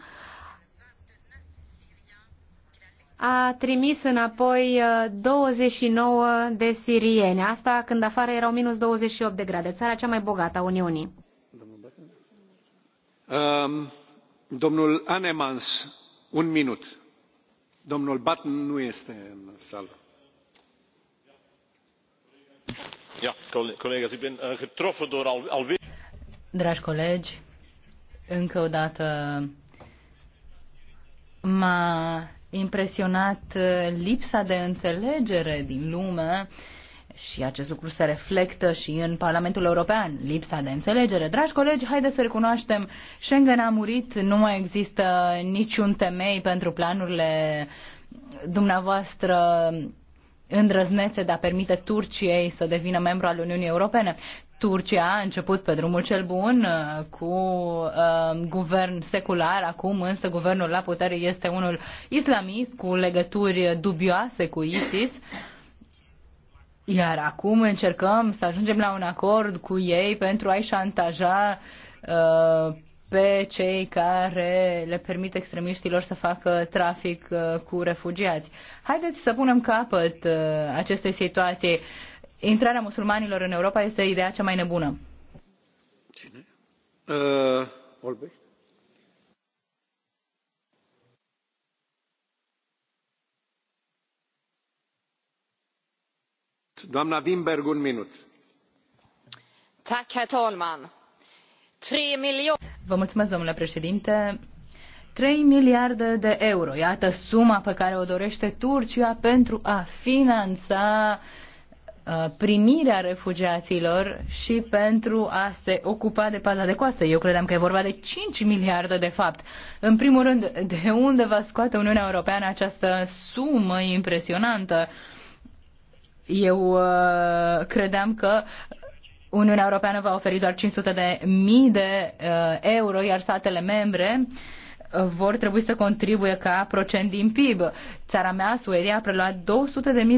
Speaker 7: a trimis înapoi 29 uh, de sirieni. Asta când afară erau minus 28 de grade, țara cea mai bogată a Uniunii.
Speaker 5: Um, domnul Anemans, un minut. Domnul Batten nu este în sală. Ja, colega, ik ben uh, getroffen door al,
Speaker 8: Dragi colegi, încă o dată m-a impresionat uh, lipsa de înțelegere din lume și acest lucru se reflectă și în Parlamentul European, lipsa de înțelegere. Dragi colegi, haideți să recunoaștem, Schengen a murit, nu mai există niciun temei pentru planurile dumneavoastră îndrăznețe de a permite Turciei să devină membru al Uniunii Europene. Turcia a început pe drumul cel bun uh, cu uh, guvern secular, acum însă guvernul la putere este unul islamist cu legături dubioase cu ISIS. Iar acum încercăm să ajungem la un acord cu ei pentru a-i șantaja uh, pe cei care le permit extremiștilor să facă trafic uh, cu refugiați. Haideți să punem capăt uh, acestei situații intrarea musulmanilor în Europa este ideea cea mai nebună.
Speaker 5: Cine? Uh,
Speaker 8: mulțumesc domnule președinte trei miliarde de euro iată suma pe care o dorește turcia pentru a finanța Uh, primirea refugiaților și pentru a se ocupa de paza de coastă. Eu credeam că e vorba de 5 miliarde de fapt. În primul rând, de unde va scoate Uniunea Europeană această sumă impresionantă? Eu uh, credeam că Uniunea Europeană va oferi doar 500 de mii de uh, euro, iar statele membre uh, vor trebui să contribuie ca procent din PIB. Țara mea, Suedia, a preluat 200.000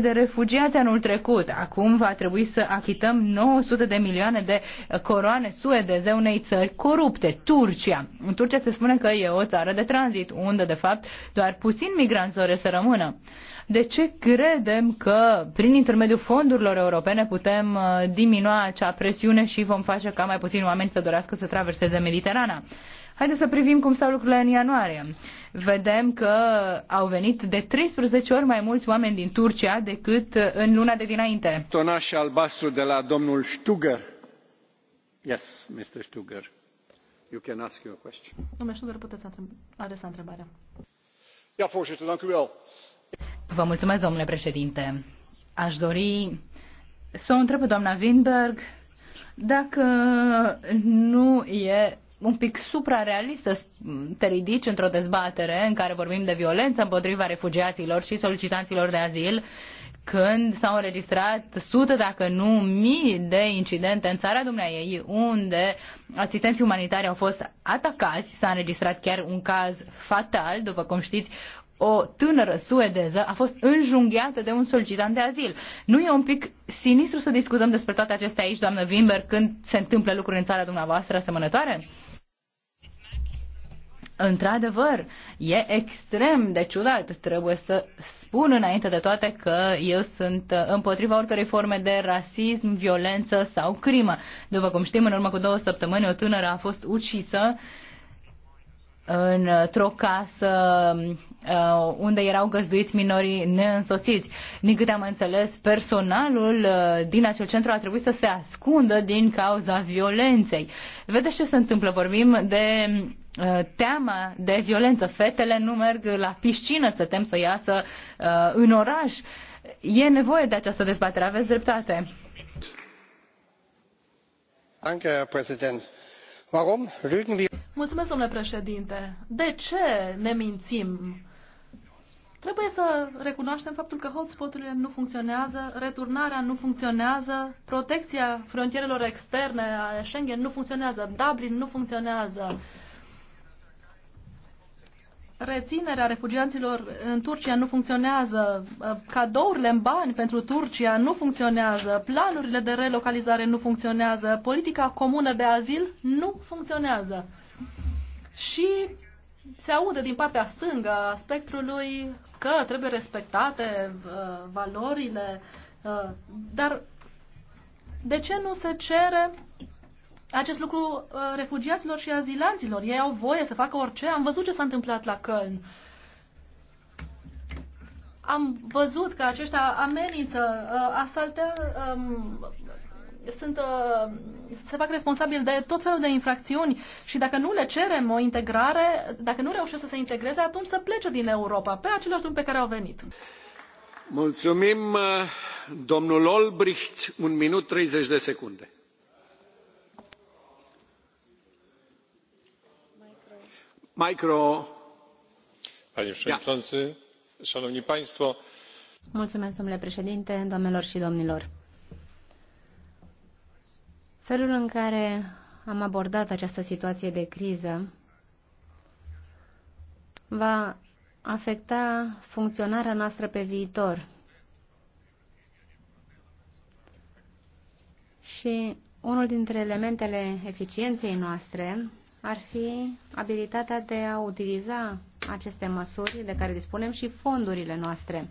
Speaker 8: de refugiați anul trecut. Acum va trebui să achităm 900 de milioane de coroane suedeze unei țări corupte, Turcia. În Turcia se spune că e o țară de tranzit, unde, de fapt, doar puțin migranți ore să rămână. De ce credem că prin intermediul fondurilor europene putem uh, diminua acea presiune și vom face ca mai puțini oameni să dorească să traverseze Mediterana? Haideți să privim cum stau lucrurile în ianuarie. Vedem că au venit de 13 ori mai mulți oameni din Turcia decât în luna de dinainte.
Speaker 5: Tonaș albastru de la domnul Stuger. Yes, Mr. Stuger. You can ask your question.
Speaker 6: Domnule Stuger, puteți adresa întrebarea.
Speaker 5: Ja, voorzitter, dank u wel.
Speaker 8: Vă mulțumesc, domnule președinte. Aș dori să o întreb pe doamna Winberg dacă nu e un pic suprarealist să te ridici într-o dezbatere în care vorbim de violență împotriva refugiaților și solicitanților de azil, când s-au înregistrat sute, dacă nu mii de incidente în țara dumneai, unde asistenții umanitari au fost atacați, s-a înregistrat chiar un caz fatal, după cum știți, o tânără suedeză a fost înjunghiată de un solicitant de azil. Nu e un pic sinistru să discutăm despre toate acestea aici, doamnă Wimber, când se întâmplă lucruri în țara dumneavoastră asemănătoare? Într-adevăr, e extrem de ciudat. Trebuie să spun înainte de toate că eu sunt uh, împotriva oricărei forme de rasism, violență sau crimă. După cum știm, în urmă cu două săptămâni, o tânără a fost ucisă într-o casă uh, unde erau găzduiți minorii neînsoțiți. Din câte am înțeles, personalul uh, din acel centru a trebuit să se ascundă din cauza violenței. Vedeți ce se întâmplă? Vorbim de Uh, teamă de violență. Fetele nu merg la piscină, se tem să iasă uh, în oraș. E nevoie de această dezbatere, aveți dreptate.
Speaker 6: Mulțumesc, domnule președinte. De ce ne mințim? Trebuie să recunoaștem faptul că hotspoturile nu funcționează, returnarea nu funcționează, protecția frontierelor externe a Schengen nu funcționează, Dublin nu funcționează reținerea refugianților în Turcia nu funcționează, cadourile în bani pentru Turcia nu funcționează, planurile de relocalizare nu funcționează, politica comună de azil nu funcționează. Și se aude din partea stângă a spectrului că trebuie respectate uh, valorile, uh, dar de ce nu se cere acest lucru uh, refugiaților și azilanților. Ei au voie să facă orice. Am văzut ce s-a întâmplat la Köln. Am văzut că aceștia amenință, uh, asaltă, um, sunt, uh, se fac responsabili de tot felul de infracțiuni și dacă nu le cerem o integrare, dacă nu reușesc să se integreze, atunci să plece din Europa, pe același drum pe care au
Speaker 5: venit. Mulțumim, domnul Olbricht, un minut 30 de secunde
Speaker 7: domnule președinte domnilor și domnilor felul în care am abordat această situație de criză va afecta funcționarea noastră pe viitor și unul dintre elementele eficienței noastre ar fi abilitatea de a utiliza aceste măsuri de care dispunem și fondurile noastre.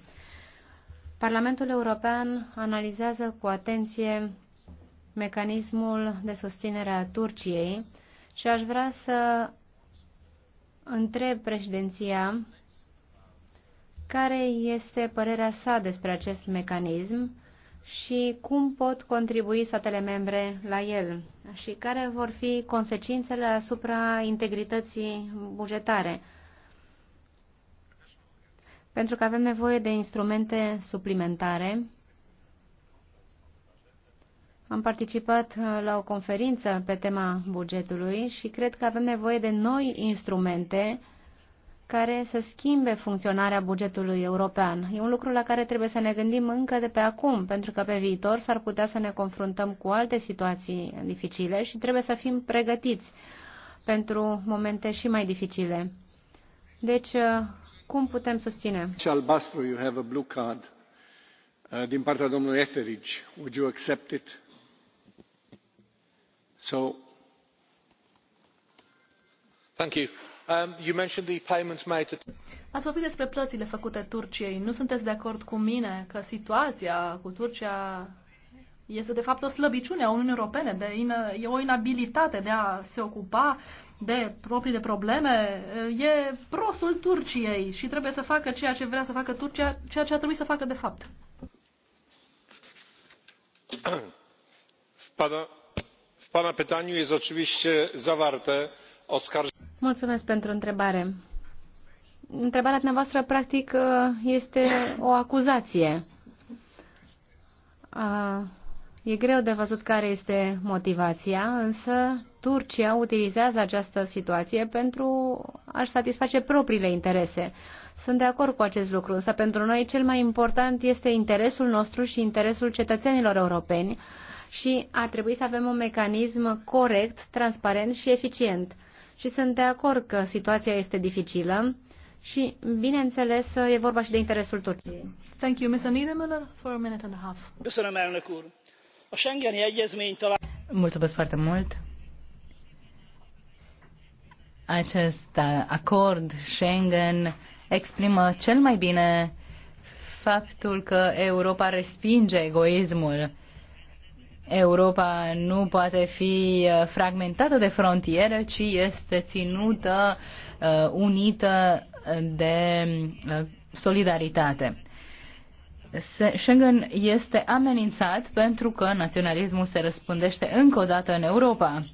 Speaker 7: Parlamentul European analizează cu atenție mecanismul de susținere a Turciei și aș vrea să întreb președinția care este părerea sa despre acest mecanism și cum pot contribui statele membre la el și care vor fi consecințele asupra integrității bugetare. Pentru că avem nevoie de instrumente suplimentare. Am participat uh, la o conferință pe tema bugetului și cred că avem nevoie de noi instrumente care să schimbe funcționarea bugetului european. E un lucru la care trebuie să ne gândim încă de pe acum, pentru că pe viitor s-ar putea să ne confruntăm cu alte situații dificile și trebuie să fim pregătiți pentru momente și mai dificile. Deci, uh, cum putem susține?
Speaker 5: Ce albastru, you have a blue card uh, din partea domnului Etheridge. Would you accept it? So. Thank you. Um,
Speaker 6: Ați vorbit despre plățile făcute Turciei. Nu sunteți de acord cu mine că situația cu Turcia este de fapt o slăbiciune a Uniunii Europene, de in, e o inabilitate de a se ocupa de propriile probleme, e prostul Turciei și trebuie să facă ceea ce vrea să facă Turcia, ceea ce a trebuit să facă de fapt.
Speaker 5: Pana, pana pytaniu jest oczywiście zawarte oskarżenie
Speaker 7: Mulțumesc pentru întrebare. Întrebarea dumneavoastră, practic, uh, este o acuzație. E greu de văzut care este motivația, însă Turcia utilizează această situație pentru a-și satisface propriile interese. Sunt de acord cu acest lucru, însă pentru noi cel mai important este interesul nostru și interesul cetățenilor europeni și a trebui să avem un mecanism corect, transparent și eficient. Și sunt de acord că situația este dificilă și, bineînțeles, e vorba și de interesul Turciei.
Speaker 6: Thank you, Mr. Niedermüller, for a minute and a half.
Speaker 8: Mulțumesc foarte mult acest uh, acord Schengen exprimă cel mai bine faptul că Europa respinge egoismul. Europa nu poate fi uh, fragmentată de frontieră, ci este ținută, uh, unită de uh, solidaritate. Schengen este amenințat pentru că naționalismul se răspândește încă o dată în Europa.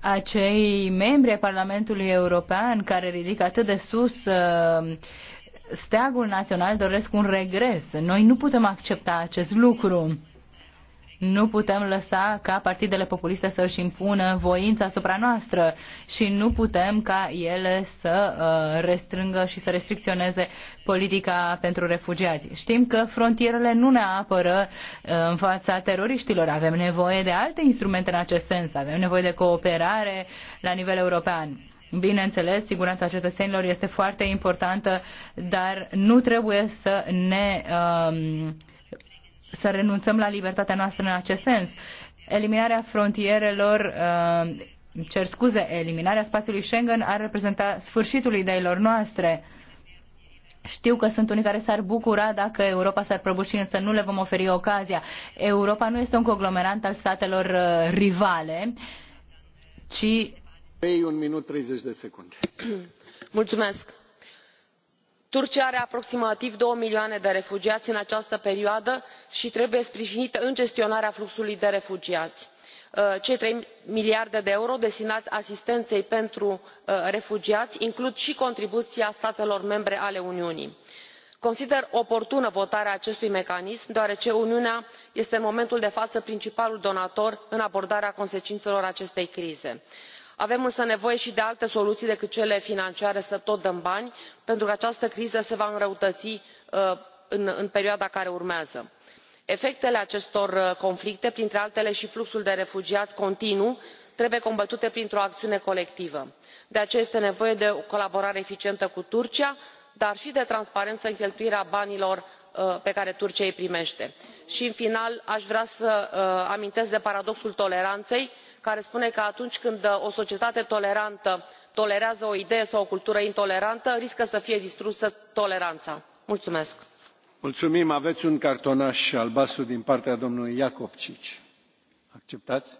Speaker 8: Acei membri ai Parlamentului European care ridică atât de sus steagul național doresc un regres. Noi nu putem accepta acest lucru nu putem lăsa ca partidele populiste să își impună voința asupra noastră și nu putem ca ele să uh, restrângă și să restricționeze politica pentru refugiați. Știm că frontierele nu ne apără uh, în fața teroriștilor. Avem nevoie de alte instrumente în acest sens. Avem nevoie de cooperare la nivel european. Bineînțeles, siguranța cetățenilor este foarte importantă, dar nu trebuie să ne Uh, să renunțăm la libertatea noastră în acest sens. Eliminarea frontierelor, uh, cer scuze, eliminarea spațiului Schengen ar reprezenta sfârșitul ideilor noastre. Știu că sunt unii care s-ar bucura dacă Europa s-ar prăbuși, însă nu le vom oferi ocazia. Europa nu este un conglomerant al statelor uh, rivale, ci...
Speaker 5: Ei, un minut 30 de secunde.
Speaker 11: Mulțumesc turcia are aproximativ două milioane de refugiați în această perioadă și trebuie sprijinită în gestionarea fluxului de refugiați. Uh, cei trei miliarde de euro destinați asistenței pentru uh, refugiați includ și contribuția statelor membre ale uniunii. consider oportună votarea acestui mecanism deoarece uniunea este în momentul de față principalul donator în abordarea consecințelor acestei crize avem însă nevoie și de alte soluții decât cele financiare să tot dăm bani pentru că această criză se va înrăutăți uh, în perioada care urmează. efectele acestor uh, conflicte printre altele și fluxul de refugiați continuu trebuie combătute printr o acțiune colectivă de aceea este nevoie de o colaborare eficientă cu turcia dar și de transparență în cheltuirea banilor uh, pe care turcia îi primește. și în final aș vrea să amintesc de paradoxul toleranței care spune că atunci când o societate tolerantă tolerează o idee sau o cultură intolerantă riscă să fie distrusă toleranța.
Speaker 5: mulțumesc. mulțumim aveți un cartonaș albastru din partea domnului jakovi. acceptați?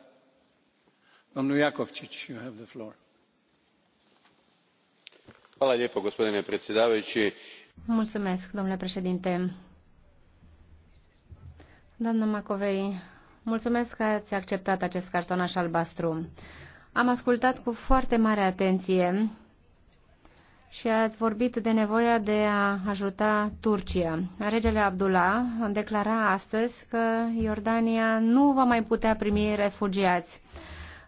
Speaker 5: Domnul
Speaker 7: domnule președinte doamnă macovei Mulțumesc că ați acceptat acest cartonaș albastru. Am ascultat cu foarte mare atenție și ați vorbit de nevoia de a ajuta Turcia. Regele Abdullah declara astăzi că Iordania nu va mai putea primi refugiați.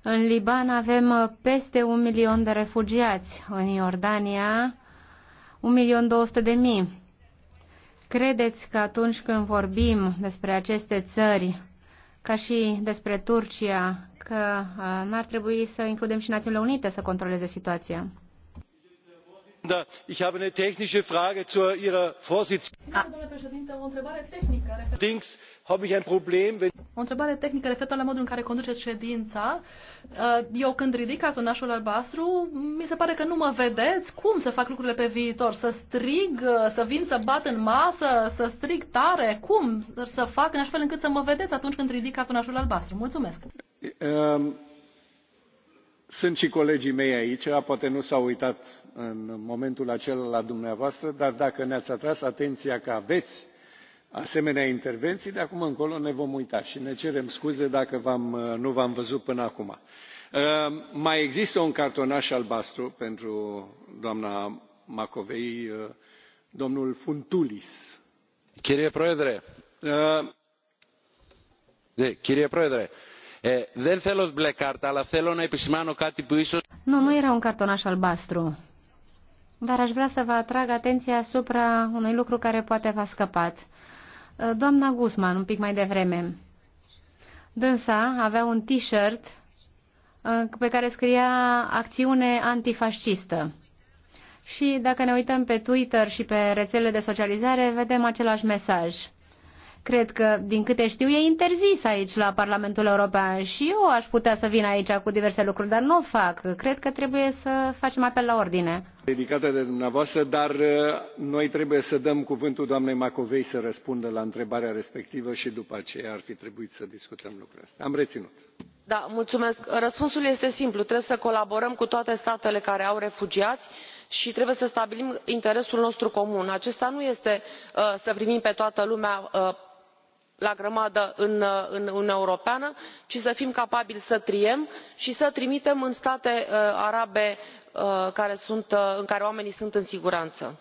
Speaker 7: În Liban avem peste un milion de refugiați, în Iordania un milion două de mii. Credeți că atunci când vorbim despre aceste țări, ca și despre Turcia, că uh, n-ar trebui să includem și Națiunile Unite să controleze situația.
Speaker 5: Da, ich habe eine da, problem
Speaker 6: o întrebare tehnică referitoare la modul în care conduceți ședința. Uh, eu când ridic cartonașul albastru, mi se pare că nu mă vedeți. Cum să fac lucrurile pe viitor? Să strig, uh, să vin să bat în masă, să strig tare? Cum să fac în așa fel încât să mă vedeți atunci când ridic cartonașul albastru? Mulțumesc.
Speaker 5: Um, sunt și colegii mei aici poate nu s au uitat în momentul acela la dumneavoastră dar dacă ne ați atras atenția că aveți asemenea intervenții de acum încolo ne vom uita și ne cerem scuze dacă uh, nu v am văzut până acum. Uh, mai există un cartonaș albastru pentru doamna macovei uh, domnul funtulis. chirie proedre
Speaker 7: nu, nu era un cartonaș albastru, dar aș vrea să vă atrag atenția asupra unui lucru care poate v-a scăpat. Ă, doamna Guzman, un pic mai devreme, dânsa avea un t-shirt ă, pe care scria acțiune antifascistă. Și dacă ne uităm pe Twitter și pe rețelele de socializare, vedem același mesaj. Cred că, din câte știu, e interzis aici la Parlamentul European și eu aș putea să vin aici cu diverse lucruri, dar nu o fac. Cred că trebuie să facem apel la ordine.
Speaker 5: Dedicată de dumneavoastră, dar uh, noi trebuie să dăm cuvântul doamnei Macovei să răspundă la întrebarea respectivă și după aceea ar fi trebuit să discutăm lucrurile astea. Am reținut.
Speaker 11: Da, mulțumesc. Răspunsul este simplu. Trebuie să colaborăm cu toate statele care au refugiați și trebuie să stabilim interesul nostru comun. acesta nu este uh, să primim pe toată lumea uh, la grămadă în uniunea europeană ci să fim capabili să triem și să trimitem în state uh, arabe uh, uh, în care oamenii sunt în siguranță.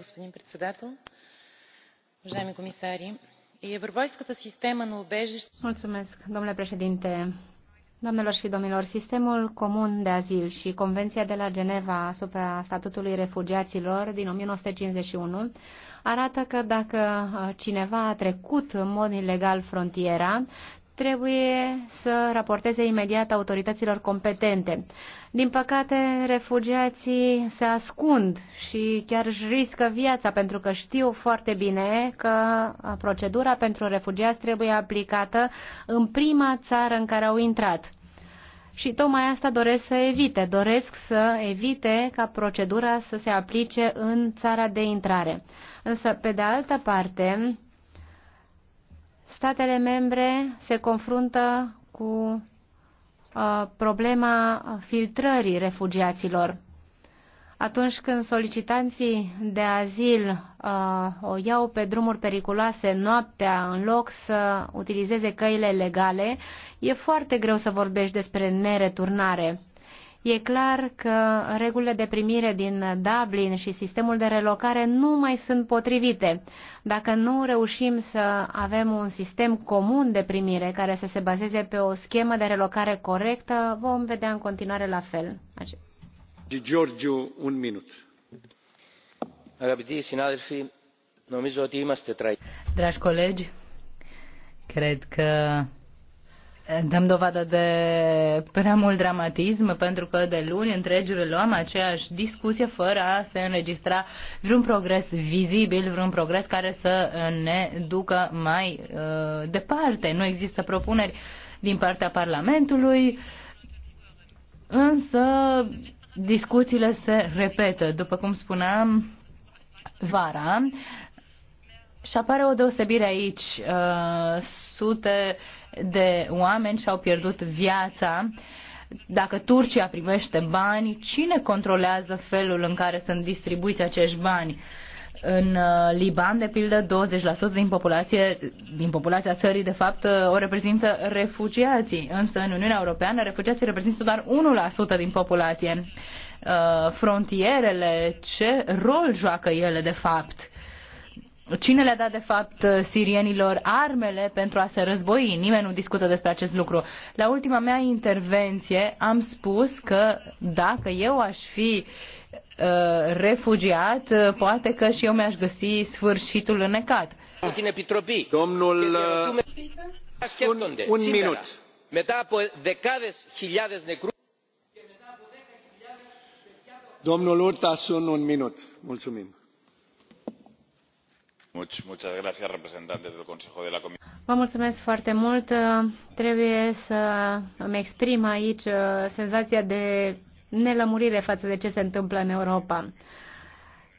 Speaker 11: господин председател
Speaker 7: Doamnelor și domnilor, sistemul comun de azil și Convenția de la Geneva asupra statutului refugiaților din 1951 arată că dacă uh, cineva a trecut în mod ilegal frontiera, trebuie să raporteze imediat autorităților competente. Din păcate, refugiații se ascund și chiar își riscă viața pentru că știu foarte bine că procedura pentru refugiați trebuie aplicată în prima țară în care au intrat. Și tocmai asta doresc să evite. Doresc să evite ca procedura să se aplice în țara de intrare. Însă, pe de altă parte, statele membre se confruntă cu uh, problema filtrării refugiaților. Atunci când solicitanții de azil uh, o iau pe drumuri periculoase noaptea în loc să utilizeze căile legale, e foarte greu să vorbești despre nereturnare. E clar că regulile de primire din Dublin și sistemul de relocare nu mai sunt potrivite. Dacă nu reușim să avem un sistem comun de primire care să se bazeze pe o schemă de relocare corectă, vom vedea în continuare la fel.
Speaker 12: Giorgio, un minut.
Speaker 7: Dragi colegi,
Speaker 8: cred că dăm dovadă de prea mult dramatism pentru că de luni întregi luăm aceeași discuție fără a se înregistra vreun progres vizibil, vreun progres care să ne ducă mai uh, departe. Nu există propuneri din partea Parlamentului, însă discuțiile se repetă. După cum spuneam, vara și apare o deosebire aici. Uh, sute de oameni și-au pierdut viața. Dacă Turcia primește bani, cine controlează felul în care sunt distribuiți acești bani? În uh, Liban, de pildă, 20% din populație, din populația țării, de fapt, uh, o reprezintă refugiații. Însă, în Uniunea Europeană, refugiații reprezintă doar 1% din populație. Frontierele, ce rol joacă ele, de fapt? Cine le-a dat, de fapt, uh, sirienilor armele pentru a se război? Nimeni nu discută despre acest lucru. La ultima mea intervenție am spus că dacă eu aș fi uh, refugiat, uh, poate că și eu mi-aș găsi sfârșitul înecat.
Speaker 12: Domnul... Uh, un, un minut. Da
Speaker 5: Domnul Urtasun, un minut. Mulțumim
Speaker 7: Vă mulțumesc foarte mult. Trebuie să îmi exprim aici uh, senzația de nelămurire față de ce se întâmplă în Europa.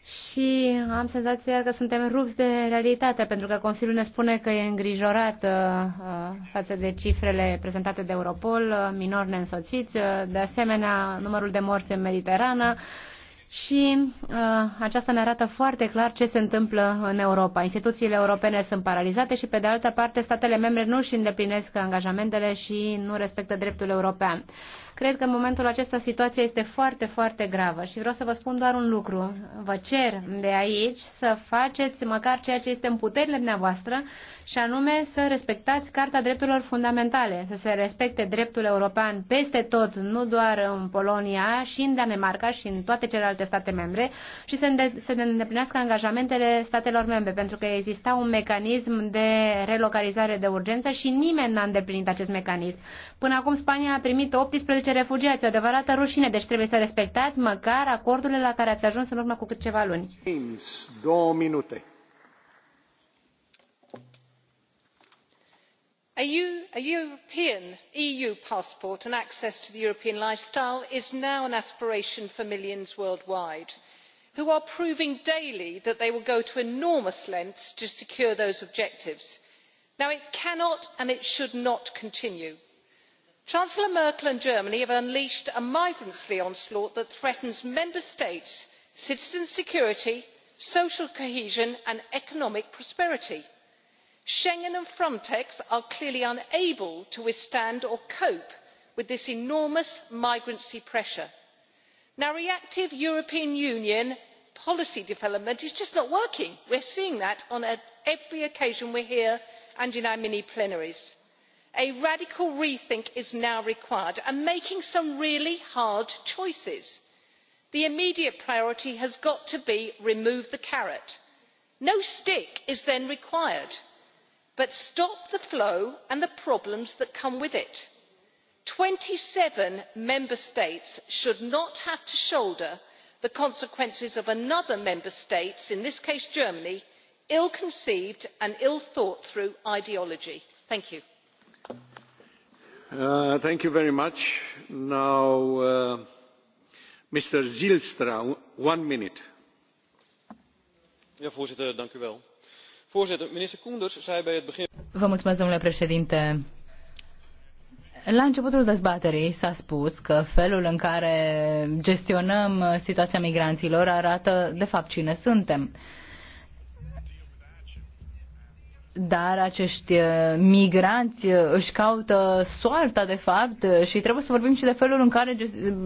Speaker 7: Și am senzația că suntem rupți de realitate, pentru că Consiliul ne spune că e îngrijorat uh, uh, față de cifrele prezentate de Europol, minori neînsoțiți, de asemenea numărul de morți în Mediterană și uh, aceasta ne arată foarte clar ce se întâmplă în Europa. Instituțiile europene sunt paralizate și, pe de altă parte, statele membre nu își îndeplinesc angajamentele și nu respectă dreptul european. Cred că în momentul acesta situația este foarte, foarte gravă și vreau să vă spun doar un lucru. Vă cer de aici să faceți măcar ceea ce este în puterile dumneavoastră și anume să respectați Carta Drepturilor Fundamentale, să se respecte dreptul european peste tot, nu doar în Polonia, și în Danemarca și în toate celelalte state membre și să se îndeplinească angajamentele statelor membre, pentru că exista un mecanism de relocalizare de urgență și nimeni n-a îndeplinit acest mecanism. Până acum Spania a primit 18 refugiați, o adevărată rușine, deci trebuie să respectați măcar acordurile la care ați ajuns în urmă cu câteva luni.
Speaker 5: Două minute.
Speaker 2: a european eu passport and access to the european lifestyle is now an aspiration for millions worldwide who are proving daily that they will go to enormous lengths to secure those objectives. it cannot and it should not continue. chancellor merkel and germany have unleashed a migrants onslaught that threatens member states' citizens' security social cohesion and economic prosperity schengen and frontex are clearly unable to withstand or cope with this enormous migrancy pressure. reactive european union policy development is just not working. we are seeing that on every occasion we are here and in our mini plenaries. a radical rethink is now required and making some really hard choices. the immediate priority has got to be to remove the carrot. no stick is then required but stop the flow and the problems that come with it. twenty seven member states should not have to shoulder the consequences of another member state's in this case Germany, ill conceived and ill thought through ideology.
Speaker 5: voorzitter Vă mulțumesc,
Speaker 8: domnule președinte. La începutul dezbaterii s-a spus că felul în care gestionăm situația migranților arată, de fapt, cine suntem dar acești uh, migranți uh, își caută soarta, de fapt, uh, și trebuie să vorbim și de felul în care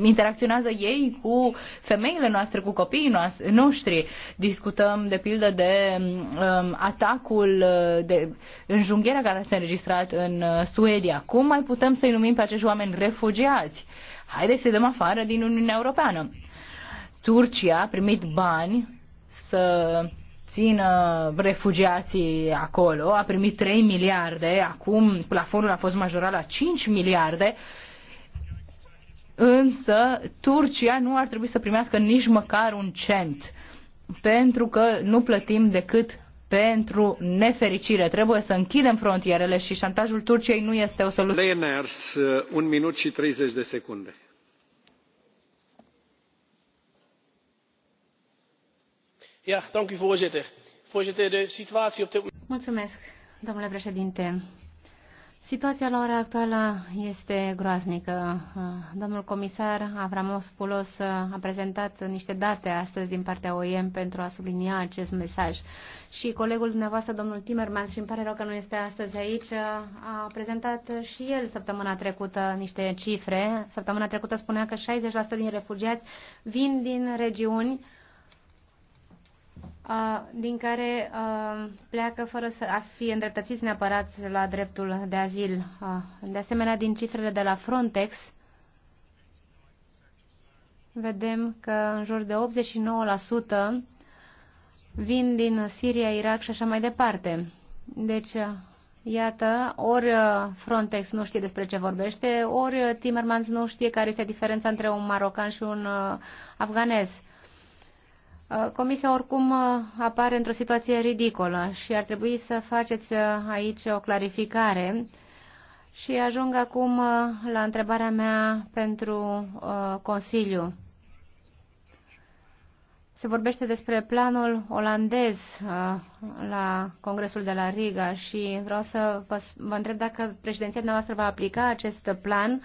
Speaker 8: interacționează ei cu femeile noastre, cu copiii noștri. Discutăm, de pildă, de um, atacul, de înjunghierea care s-a înregistrat în Suedia. Cum mai putem să-i numim pe acești oameni refugiați? Haideți să-i dăm afară din Uniunea Europeană. Turcia a primit bani să țină refugiații acolo, a primit 3 miliarde, acum plafonul a fost majorat la 5 miliarde, însă Turcia nu ar trebui să primească nici măcar un cent, pentru că nu plătim decât pentru nefericire. Trebuie să închidem frontierele și șantajul Turciei nu este o soluție.
Speaker 5: Leoners, un minut și 30 de secunde.
Speaker 7: Mulțumesc, domnule președinte situația la ora actuală este groaznică. Domnul comisar Avramopoulos a prezentat niște date astăzi din partea OIM pentru a sublinia acest mesaj. Și colegul dumneavoastră, domnul Timmermans, și îmi pare rău că nu este astăzi aici, a prezentat și el săptămâna trecută niște cifre. Săptămâna trecută spunea că 60% din refugiați vin din regiuni din care pleacă fără să fi îndreptățiți neapărat la dreptul de azil. De asemenea, din cifrele de la Frontex, vedem că în jur de 89% vin din Siria, Irak și așa mai departe. Deci, iată, ori Frontex nu știe despre ce vorbește, ori Timmermans nu știe care este diferența între un marocan și un afganez. Uh, comisia oricum uh, apare într-o situație ridicolă și ar trebui să faceți uh, aici o clarificare și ajung acum la întrebarea mea pentru Consiliu. Se vorbește despre planul olandez la Congresul de la Riga și vreau să vă, vă întreb dacă președinția noastră va aplica acest plan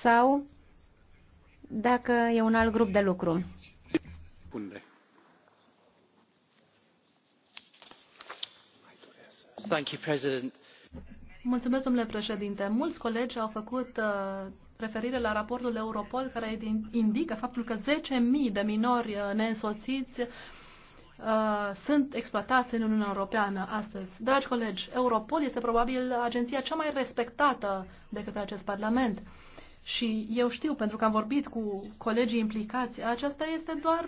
Speaker 7: sau dacă e un alt grup de lucru.
Speaker 12: Unde?
Speaker 6: Mulțumesc, domnule președinte. Mulți colegi au făcut uh, referire la raportul Europol care indică faptul că 10.000 de minori uh, neînsoțiți uh, sunt exploatați în Uniunea Europeană astăzi. Dragi colegi, Europol este probabil agenția cea mai respectată de către acest Parlament. Și eu știu, pentru că am vorbit cu colegii implicați, aceasta este doar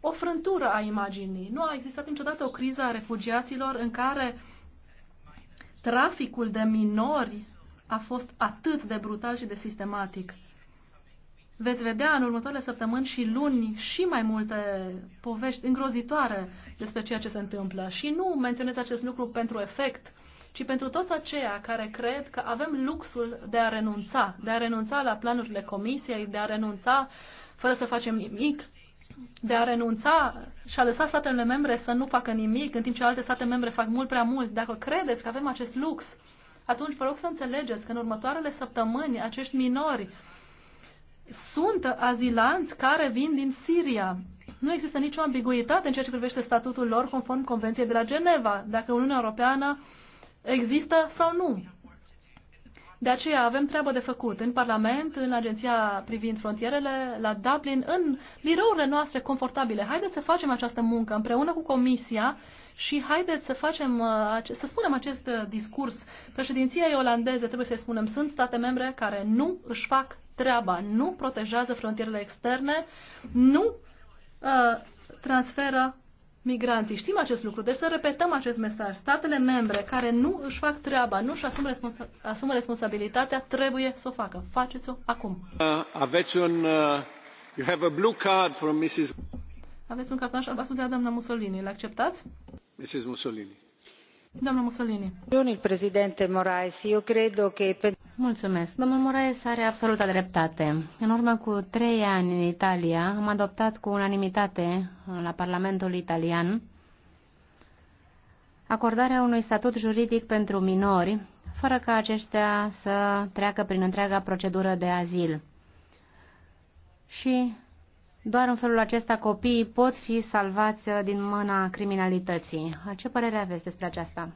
Speaker 6: o frântură a imaginii. Nu a existat niciodată o criză a refugiaților în care traficul de minori a fost atât de brutal și de sistematic. Veți vedea în următoarele săptămâni și luni și mai multe povești îngrozitoare despre ceea ce se întâmplă. Și nu menționez acest lucru pentru efect, ci pentru toți aceia care cred că avem luxul de a renunța, de a renunța la planurile comisiei, de a renunța fără să facem nimic de a renunța și a lăsa statele membre să nu facă nimic, în timp ce alte state membre fac mult prea mult, dacă credeți că avem acest lux, atunci vă rog să înțelegeți că în următoarele săptămâni acești minori sunt azilanți care vin din Siria. Nu există nicio ambiguitate în ceea ce privește statutul lor conform Convenției de la Geneva, dacă Uniunea Europeană există sau nu. De aceea avem treabă de făcut în Parlament, în Agenția privind frontierele, la Dublin, în birourile noastre confortabile. Haideți să facem această muncă împreună cu Comisia și haideți să facem, uh, să spunem acest uh, discurs. Președinția olandeze, trebuie să-i spunem, sunt state membre care nu își fac treaba, nu protejează frontierele externe, nu uh, transferă migranții. Știm acest lucru, deci să repetăm acest mesaj. Statele membre care nu își fac treaba, nu își asumă, responsa- asumă responsabilitatea, trebuie să o facă. Faceți-o acum.
Speaker 5: Uh, aveți un... Uh, you have a blue card from Mrs.
Speaker 6: Aveți un cartonaș albastru de la doamna Mussolini. Îl acceptați
Speaker 5: Mrs. Mussolini.
Speaker 6: Doamna Mussolini. Domnul președinte
Speaker 7: Moraes, eu cred că... Mulțumesc. Domnul Moraes are absolută dreptate. În urmă cu trei ani în Italia am adoptat cu unanimitate la Parlamentul italian acordarea unui statut juridic pentru minori, fără ca aceștia să treacă prin întreaga procedură de azil. Și doar în felul acesta copiii pot fi salvați din mâna criminalității. Ce părere aveți despre aceasta?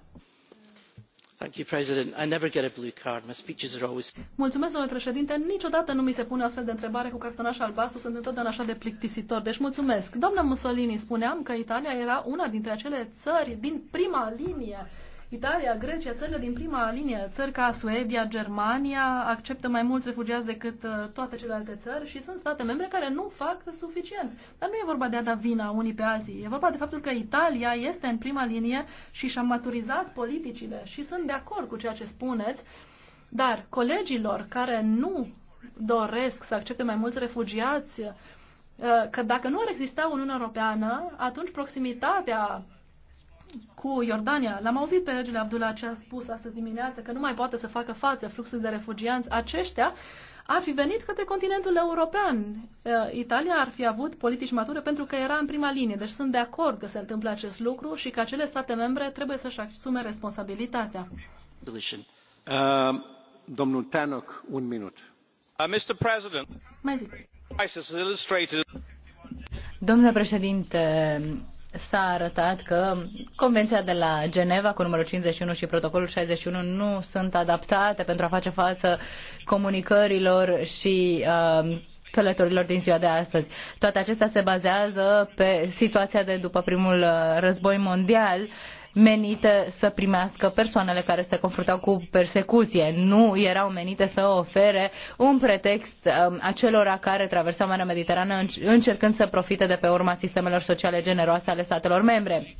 Speaker 6: Mulțumesc, domnule președinte. Niciodată nu mi se pune o astfel de întrebare cu cartonaș albastru. Sunt întotdeauna așa de plictisitor. Deci mulțumesc. doamnă Mussolini, spuneam că Italia era una dintre acele țări din prima linie Italia, Grecia, țările din prima linie, țări ca Suedia, Germania, acceptă mai mulți refugiați decât uh, toate celelalte țări și sunt state membre care nu fac suficient. Dar nu e vorba de a da vina unii pe alții. E vorba de faptul că Italia este în prima linie și și-a maturizat politicile și sunt de acord cu ceea ce spuneți, dar colegilor care nu doresc să accepte mai mulți refugiați, uh, că dacă nu ar exista Uniunea Europeană, atunci proximitatea cu Iordania. L-am auzit pe regele Abdullah ce a spus astăzi dimineață că nu mai poate să facă față fluxului de refugianți. Aceștia ar fi venit către continentul european. Italia ar fi avut politici mature pentru că era în prima linie. Deci sunt de acord că se întâmplă acest lucru și că acele state membre trebuie să-și asume responsabilitatea.
Speaker 5: Uh, domnul Tannock, un minut. Uh, Mr. President, Mai zic.
Speaker 8: Domnule președinte, s-a arătat că Convenția de la Geneva cu numărul 51 și protocolul 61 nu sunt adaptate pentru a face față comunicărilor și uh, călătorilor din ziua de astăzi. Toate acestea se bazează pe situația de după primul uh, război mondial menite să primească persoanele care se confruntau cu persecuție, nu erau menite să ofere un pretext um, acelora care traversau Marea Mediterană încercând să profite de pe urma sistemelor sociale generoase ale statelor membre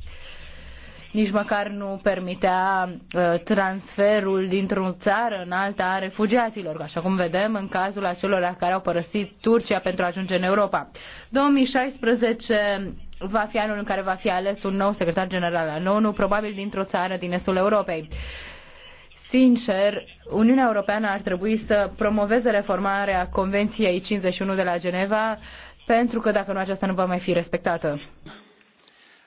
Speaker 8: nici măcar nu permitea uh, transferul dintr-o țară în alta a refugiaților, așa cum vedem în cazul acelora care au părăsit Turcia pentru a ajunge în Europa. 2016 va fi anul în care va fi ales un nou secretar general al ONU, probabil dintr-o țară din estul Europei. Sincer, Uniunea Europeană ar trebui să promoveze reformarea Convenției 51 de la Geneva, pentru că dacă nu aceasta nu va mai fi respectată.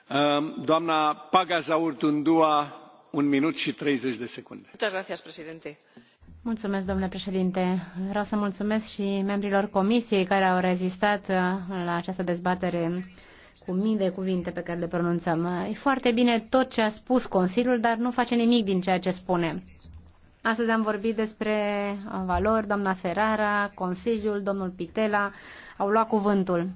Speaker 5: Um, doamna Paga Zaurtundua, un minut și 30 de secunde. Mulțumesc,
Speaker 2: președinte.
Speaker 7: Mulțumesc, domnule președinte. Vreau să mulțumesc și membrilor comisiei care au rezistat la această dezbatere cu mii de cuvinte pe care le pronunțăm. E foarte bine tot ce a spus Consiliul, dar nu face nimic din ceea ce spune. Astăzi am vorbit despre uh, valori, doamna Ferrara, Consiliul, domnul Pitela, au luat cuvântul.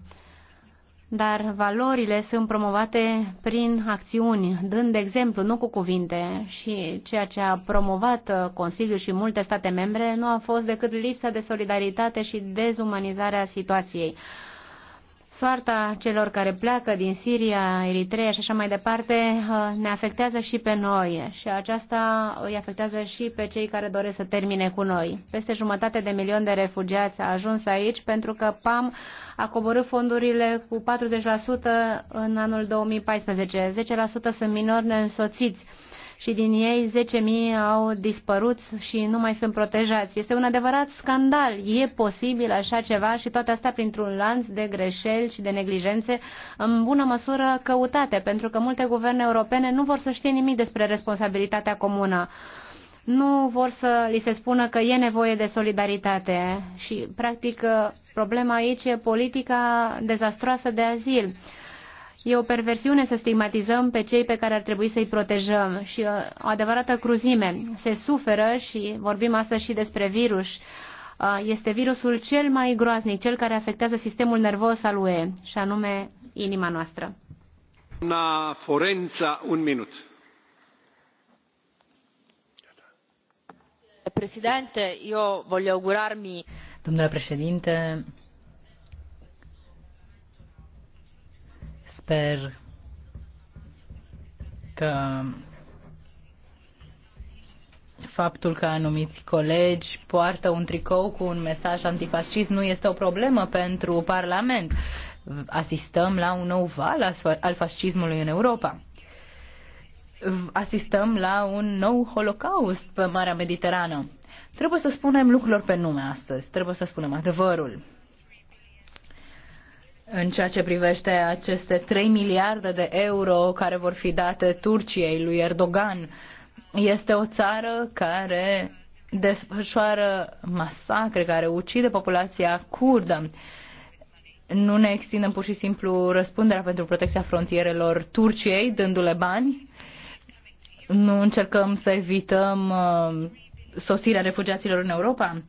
Speaker 7: Dar valorile sunt promovate prin acțiuni, dând de exemplu, nu cu cuvinte. Și ceea ce a promovat uh, Consiliul și multe state membre nu a fost decât lipsa de solidaritate și dezumanizarea situației. Soarta celor care pleacă din Siria, Eritrea și așa mai departe uh, ne afectează și pe noi și aceasta îi afectează și pe cei care doresc să termine cu noi. Peste jumătate de milion de refugiați a ajuns aici pentru că PAM a coborât fondurile cu 40% în anul 2014. 10% sunt minori neînsoțiți și din ei 10.000 au dispărut și nu mai sunt protejați. Este un adevărat scandal. E posibil așa ceva și toate astea printr-un lanț de greșeli și de neglijențe în bună măsură căutate, pentru că multe guverne europene nu vor să știe nimic despre responsabilitatea comună nu vor să li se spună că e nevoie de solidaritate și, practic, problema aici e politica dezastroasă de azil. E o perversiune să stigmatizăm pe cei pe care ar trebui să-i protejăm și uh, o adevărată cruzime. Se suferă și vorbim astăzi și despre virus. Uh, este virusul cel mai groaznic, cel care afectează sistemul nervos al UE, și anume inima noastră.
Speaker 5: Una Forența, un minut.
Speaker 8: Președinte, eu voglio augurarmi... Domnule președinte, Sper că faptul că anumiți colegi poartă un tricou cu un mesaj antifascist nu este o problemă pentru Parlament. Asistăm la un nou val al fascismului în Europa. Asistăm la un nou holocaust pe Marea Mediterană. Trebuie să spunem lucrurilor pe nume astăzi, trebuie să spunem adevărul în ceea ce privește aceste 3 miliarde de euro care vor fi date Turciei lui Erdogan. Este o țară care desfășoară masacre, care ucide populația kurdă. Nu ne extindem pur și simplu răspunderea pentru protecția frontierelor Turciei, dându-le bani. Nu încercăm să evităm uh, sosirea refugiaților în Europa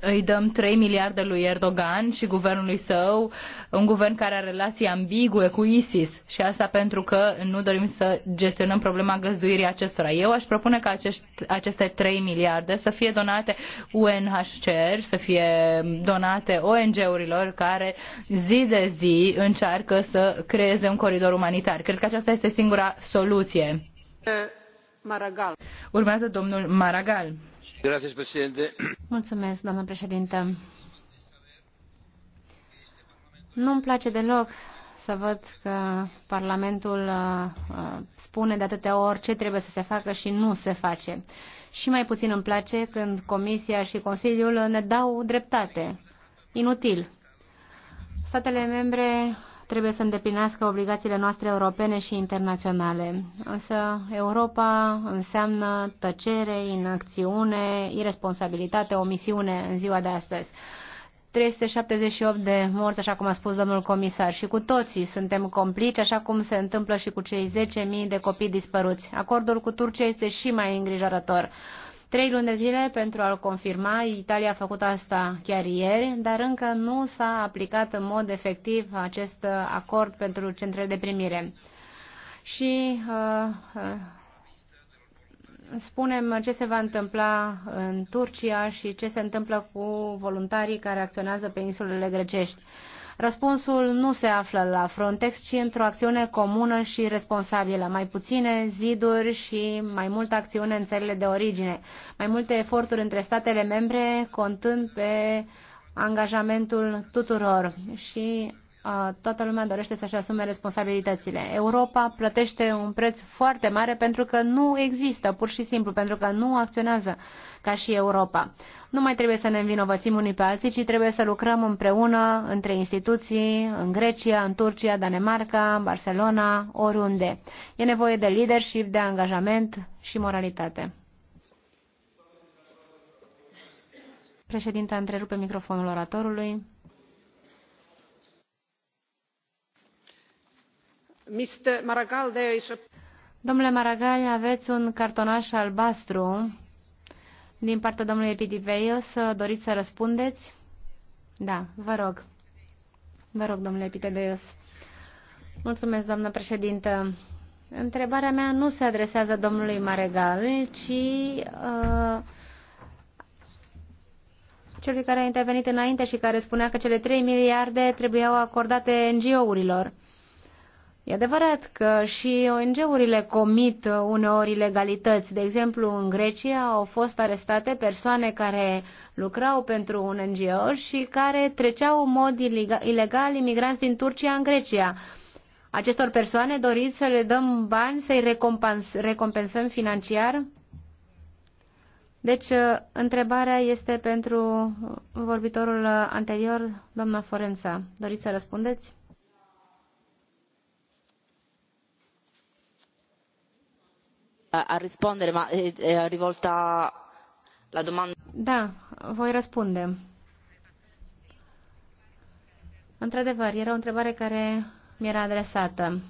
Speaker 8: îi dăm 3 miliarde lui Erdogan și guvernului său, un guvern care are relații ambigue cu ISIS și asta pentru că nu dorim să gestionăm problema găzduirii acestora. Eu aș propune ca acești, aceste 3 miliarde să fie donate UNHCR, să fie donate ONG-urilor care zi de zi încearcă să creeze un coridor umanitar. Cred că aceasta este singura soluție.
Speaker 11: Maragall. Urmează
Speaker 7: domnul Maragall președinte. Mulțumesc, doamnă președintă. Nu-mi place deloc să văd că Parlamentul uh, uh, spune de atâtea ori ce trebuie să se facă și nu se face. Și mai puțin îmi place când Comisia și Consiliul ne dau dreptate. Inutil. Statele membre trebuie să îndeplinească obligațiile noastre europene și internaționale. Însă Europa înseamnă tăcere, inacțiune, irresponsabilitate, omisiune în ziua de astăzi. 378 de morți, așa cum a spus domnul comisar, și cu toții suntem complici, așa cum se întâmplă și cu cei 10.000 de copii dispăruți. Acordul cu Turcia este și mai îngrijorător trei luni de zile pentru a-l confirma. Italia a făcut asta chiar ieri, dar încă nu s-a aplicat în mod efectiv acest acord pentru centrele de primire. Și uh, uh, spunem ce se va întâmpla în Turcia și ce se întâmplă cu voluntarii care acționează pe insulele grecești. Uh, Răspunsul nu se află la Frontex, ci într-o acțiune comună și responsabilă. Mai puține ziduri și mai multă acțiune în țările de origine. Mai multe eforturi între statele membre contând pe angajamentul tuturor și uh, toată lumea dorește să-și asume responsabilitățile. Europa plătește un preț foarte mare pentru că nu există, pur și simplu, pentru că nu acționează ca și Europa. Nu mai trebuie să ne învinovățim unii pe alții, ci trebuie să lucrăm împreună între instituții, în Grecia, în Turcia, Danemarca, Barcelona, oriunde. E nevoie de leadership, de angajament și moralitate. Președinta întrerupe microfonul oratorului. Domnule Maragall, aveți un cartonaș albastru din partea domnului Epidiveios. Să doriți să răspundeți? Da, vă rog. Vă rog, domnule Epidiveios. Mulțumesc, doamnă președintă. Întrebarea mea nu se adresează domnului Maregal, ci uh, celui care a intervenit înainte și care spunea că cele 3 miliarde trebuiau acordate NGO-urilor. Uh, E adevărat că și ONG-urile comit uneori ilegalități. De exemplu, în Grecia au fost arestate persoane care lucrau pentru un NGO și care treceau în mod ilegal imigranți din Turcia în Grecia. Acestor persoane doriți să le dăm bani, să-i recompensăm financiar? Deci, întrebarea este pentru vorbitorul anterior, doamna Forența. Doriți să răspundeți? a rispondere, ma eh, è rivolta la domanda. Da, voi răspunde. Într-adevăr, era o întrebare care mi era adresată.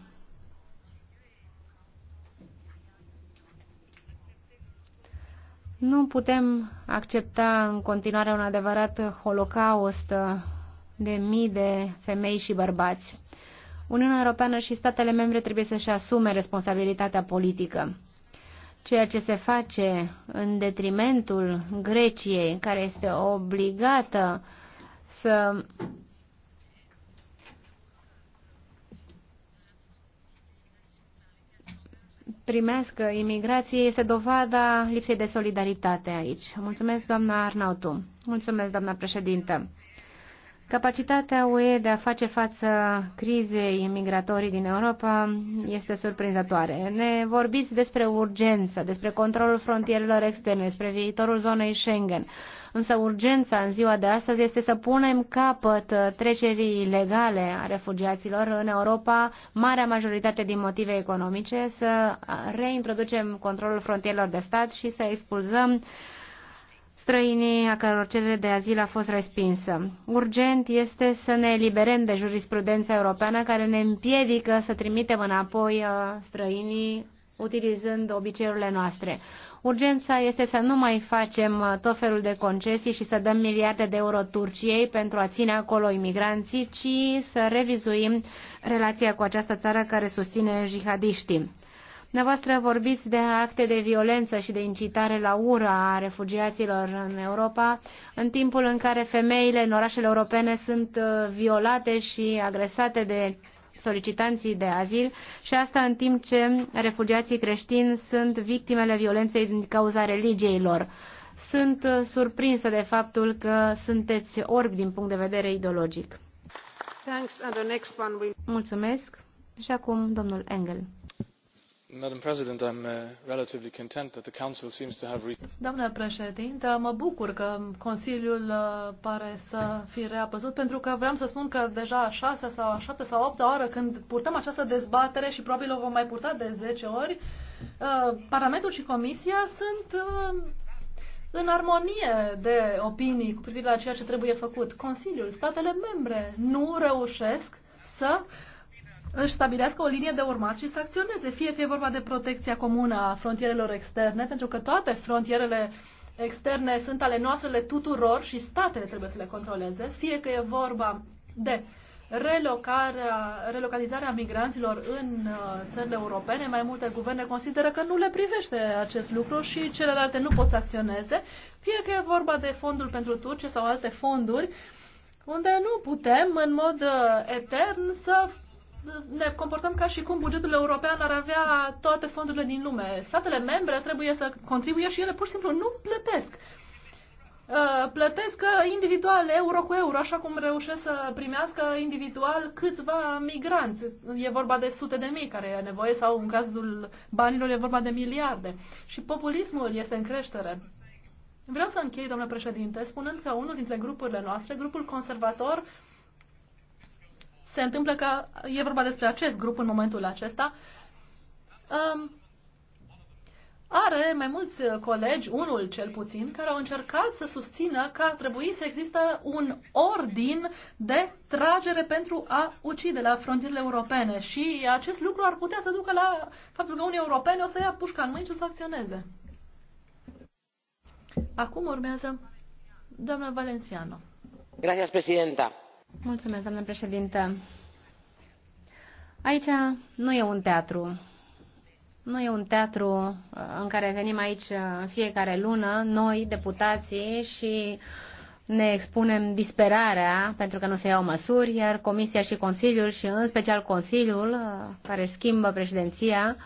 Speaker 7: Nu putem accepta în continuare un adevărat holocaust uh, de mii de femei și bărbați. Uniunea Europeană și statele membre trebuie să-și asume responsabilitatea politică ceea ce se face în detrimentul Greciei, care este obligată să primească imigrație este dovada lipsei de solidaritate aici. Mulțumesc, doamna Arnautu. Mulțumesc, doamna președintă. Capacitatea UE de a face față crizei migratorii din Europa este surprinzătoare. Ne vorbiți despre urgență, despre controlul frontierelor externe, despre viitorul zonei Schengen. Însă urgența în ziua de astăzi este să punem capăt trecerii ilegale a refugiaților în Europa, marea majoritate din motive economice, să reintroducem controlul frontierelor de stat și să expulzăm uh, străinii a căror cerere de azil a fost respinsă. Urgent este să ne eliberăm de jurisprudența europeană care ne împiedică să trimitem înapoi uh, străinii utilizând obiceiurile noastre. Urgența este să nu mai facem uh, tot felul de concesii și să dăm miliarde de euro Turciei pentru a ține acolo imigranții, ci să revizuim relația cu această țară care susține jihadiștii. Dumneavoastră vorbiți de acte de violență și de incitare la ură a refugiaților în Europa, în timpul în care femeile în orașele europene sunt uh, violate și agresate de solicitanții de azil și asta în timp ce refugiații creștini sunt victimele violenței din cauza religiei lor. Sunt uh, surprinsă de faptul că sunteți orbi din punct de vedere ideologic. Mulțumesc. Și acum
Speaker 6: domnul Engel. Doamnă președintă, mă bucur că Consiliul uh, pare să fi reapăzut, pentru că vreau să spun că deja a șasea sau a șapte sau a opta oară când purtăm această dezbatere și probabil o vom mai purta de zece ori, uh, Parlamentul și Comisia sunt uh, în armonie de opinii cu privire la ceea ce trebuie făcut. Consiliul, statele membre nu reușesc să își stabilească o linie de urmat și să acționeze, fie că e vorba de protecția comună a frontierelor externe, pentru că toate frontierele externe sunt ale noastrele tuturor și statele trebuie să le controleze, fie că e vorba de relocarea, relocalizarea migranților în uh, țările europene. Mai multe guverne consideră că nu le privește acest lucru și celelalte nu pot să acționeze, fie că e vorba de fondul pentru Turcia sau alte fonduri, unde nu putem în mod uh, etern să ne comportăm ca și cum bugetul european ar avea toate fondurile din lume. Statele membre trebuie să contribuie și ele pur și simplu nu plătesc. Uh, plătesc uh, individual euro cu euro, așa cum reușesc să primească individual câțiva migranți. E vorba de sute de mii care e nevoie sau în cazul banilor e vorba de miliarde. Și populismul este în creștere. Vreau să închei, domnule președinte, spunând că unul dintre grupurile noastre, grupul conservator, uh, se întâmplă că e vorba despre acest grup în momentul acesta, um, are mai mulți colegi, unul cel puțin, care au încercat să susțină că ar trebui să există un ordin de tragere pentru a ucide la frontierele europene și acest lucru ar putea să ducă la faptul că unii europeni o să ia pușca în mâini și să acționeze. Acum urmează doamna Valenciano.
Speaker 2: Gracias,
Speaker 11: presidenta
Speaker 7: Mulțumesc, doamnă președinte. Aici nu e un teatru. Nu e un teatru uh, în care venim aici uh, fiecare lună, noi, deputații, și ne expunem disperarea pentru că nu se iau măsuri, iar Comisia și Consiliul, și în special Consiliul, uh, care schimbă președinția,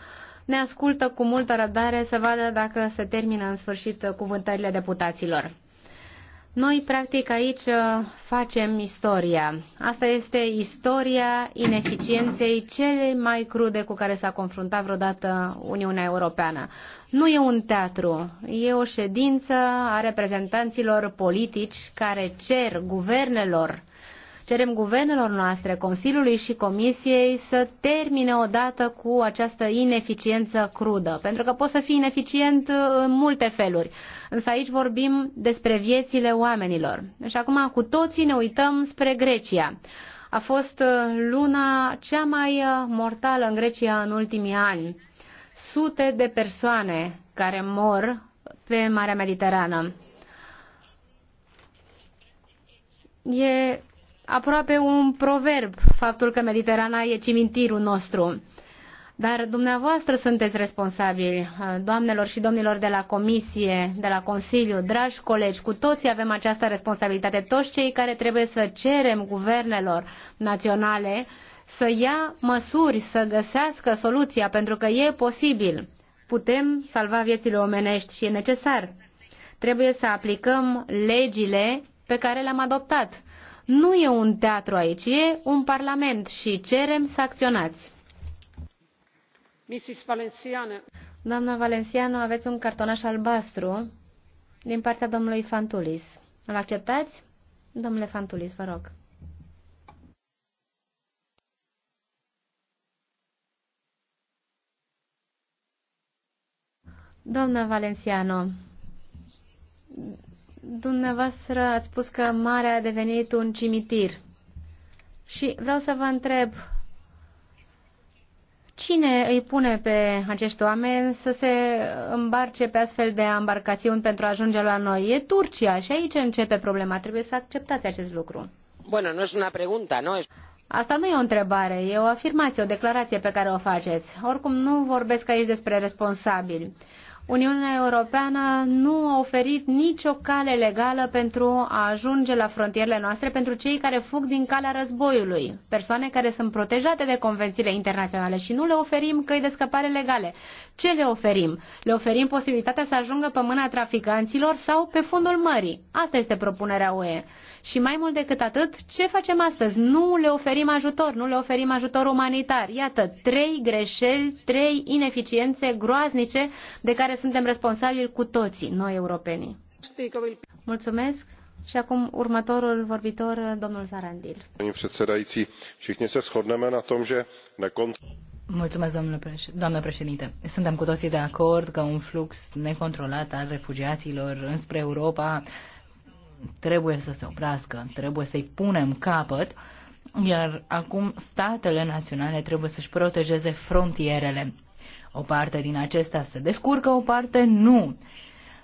Speaker 7: ne ascultă cu multă răbdare să vadă dacă se termină în sfârșit cuvântările deputaților. Noi, practic, aici uh, facem istoria. Asta este istoria ineficienței cele mai crude cu care s-a confruntat vreodată Uniunea Europeană. Nu e un teatru, e o ședință a reprezentanților politici care cer guvernelor cerem guvernelor noastre, Consiliului și Comisiei să termine odată cu această ineficiență crudă. Pentru că poți să fii ineficient uh, în multe feluri. Însă aici vorbim despre viețile oamenilor. Și deci acum cu toții ne uităm spre Grecia. A fost uh, luna cea mai uh, mortală în Grecia în ultimii ani. Sute de persoane care mor pe Marea Mediterană. E aproape un proverb faptul că Mediterana e cimitirul nostru. Dar dumneavoastră sunteți responsabili, uh, doamnelor și domnilor de la Comisie, de la Consiliu, dragi colegi, cu toții avem această responsabilitate, toți cei care trebuie să cerem guvernelor naționale să ia măsuri, să găsească soluția, pentru că e posibil. Putem salva viețile omenești și e necesar. Trebuie să aplicăm legile pe care le-am adoptat. Nu e un teatru aici, e un parlament și cerem să acționați. Doamna Valenciano, aveți un cartonaș albastru din partea domnului Fantulis. Îl acceptați? Domnule Fantulis, vă rog. Doamna Valenciano, dumneavoastră ați spus că marea a devenit un cimitir. Și vreau să vă întreb, Cine îi pune pe acești oameni să se îmbarce pe astfel de embarcațiuni pentru a ajunge la noi? E Turcia și aici începe problema. Trebuie să acceptați acest lucru.
Speaker 11: Bună, nu este una pregunta, nu es...
Speaker 7: Asta nu e o întrebare, e o afirmație, o declarație pe care o faceți. Oricum, nu vorbesc aici despre responsabili. Uniunea Europeană nu a oferit nicio cale legală pentru a ajunge la frontierele noastre pentru cei care fug din calea războiului, persoane care sunt protejate de convențiile internaționale și nu le oferim căi de scăpare legale. Ce le oferim? Le oferim posibilitatea să ajungă pe mâna traficanților sau pe fundul mării. Asta este propunerea UE. Și mai mult decât atât, ce facem astăzi? Nu le oferim ajutor, nu le oferim ajutor umanitar. Iată, trei greșeli, trei ineficiențe groaznice de care suntem responsabili cu toții, noi europenii. Mulțumesc. Și acum următorul vorbitor, domnul Zarandil.
Speaker 2: Mulțumesc,
Speaker 8: doamnă președinte. Suntem cu toții de acord că un flux necontrolat al refugiaților înspre Europa trebuie să se oprească, trebuie să-i punem capăt, iar acum statele naționale trebuie să-și protejeze frontierele. O parte din acestea se descurcă, o parte nu.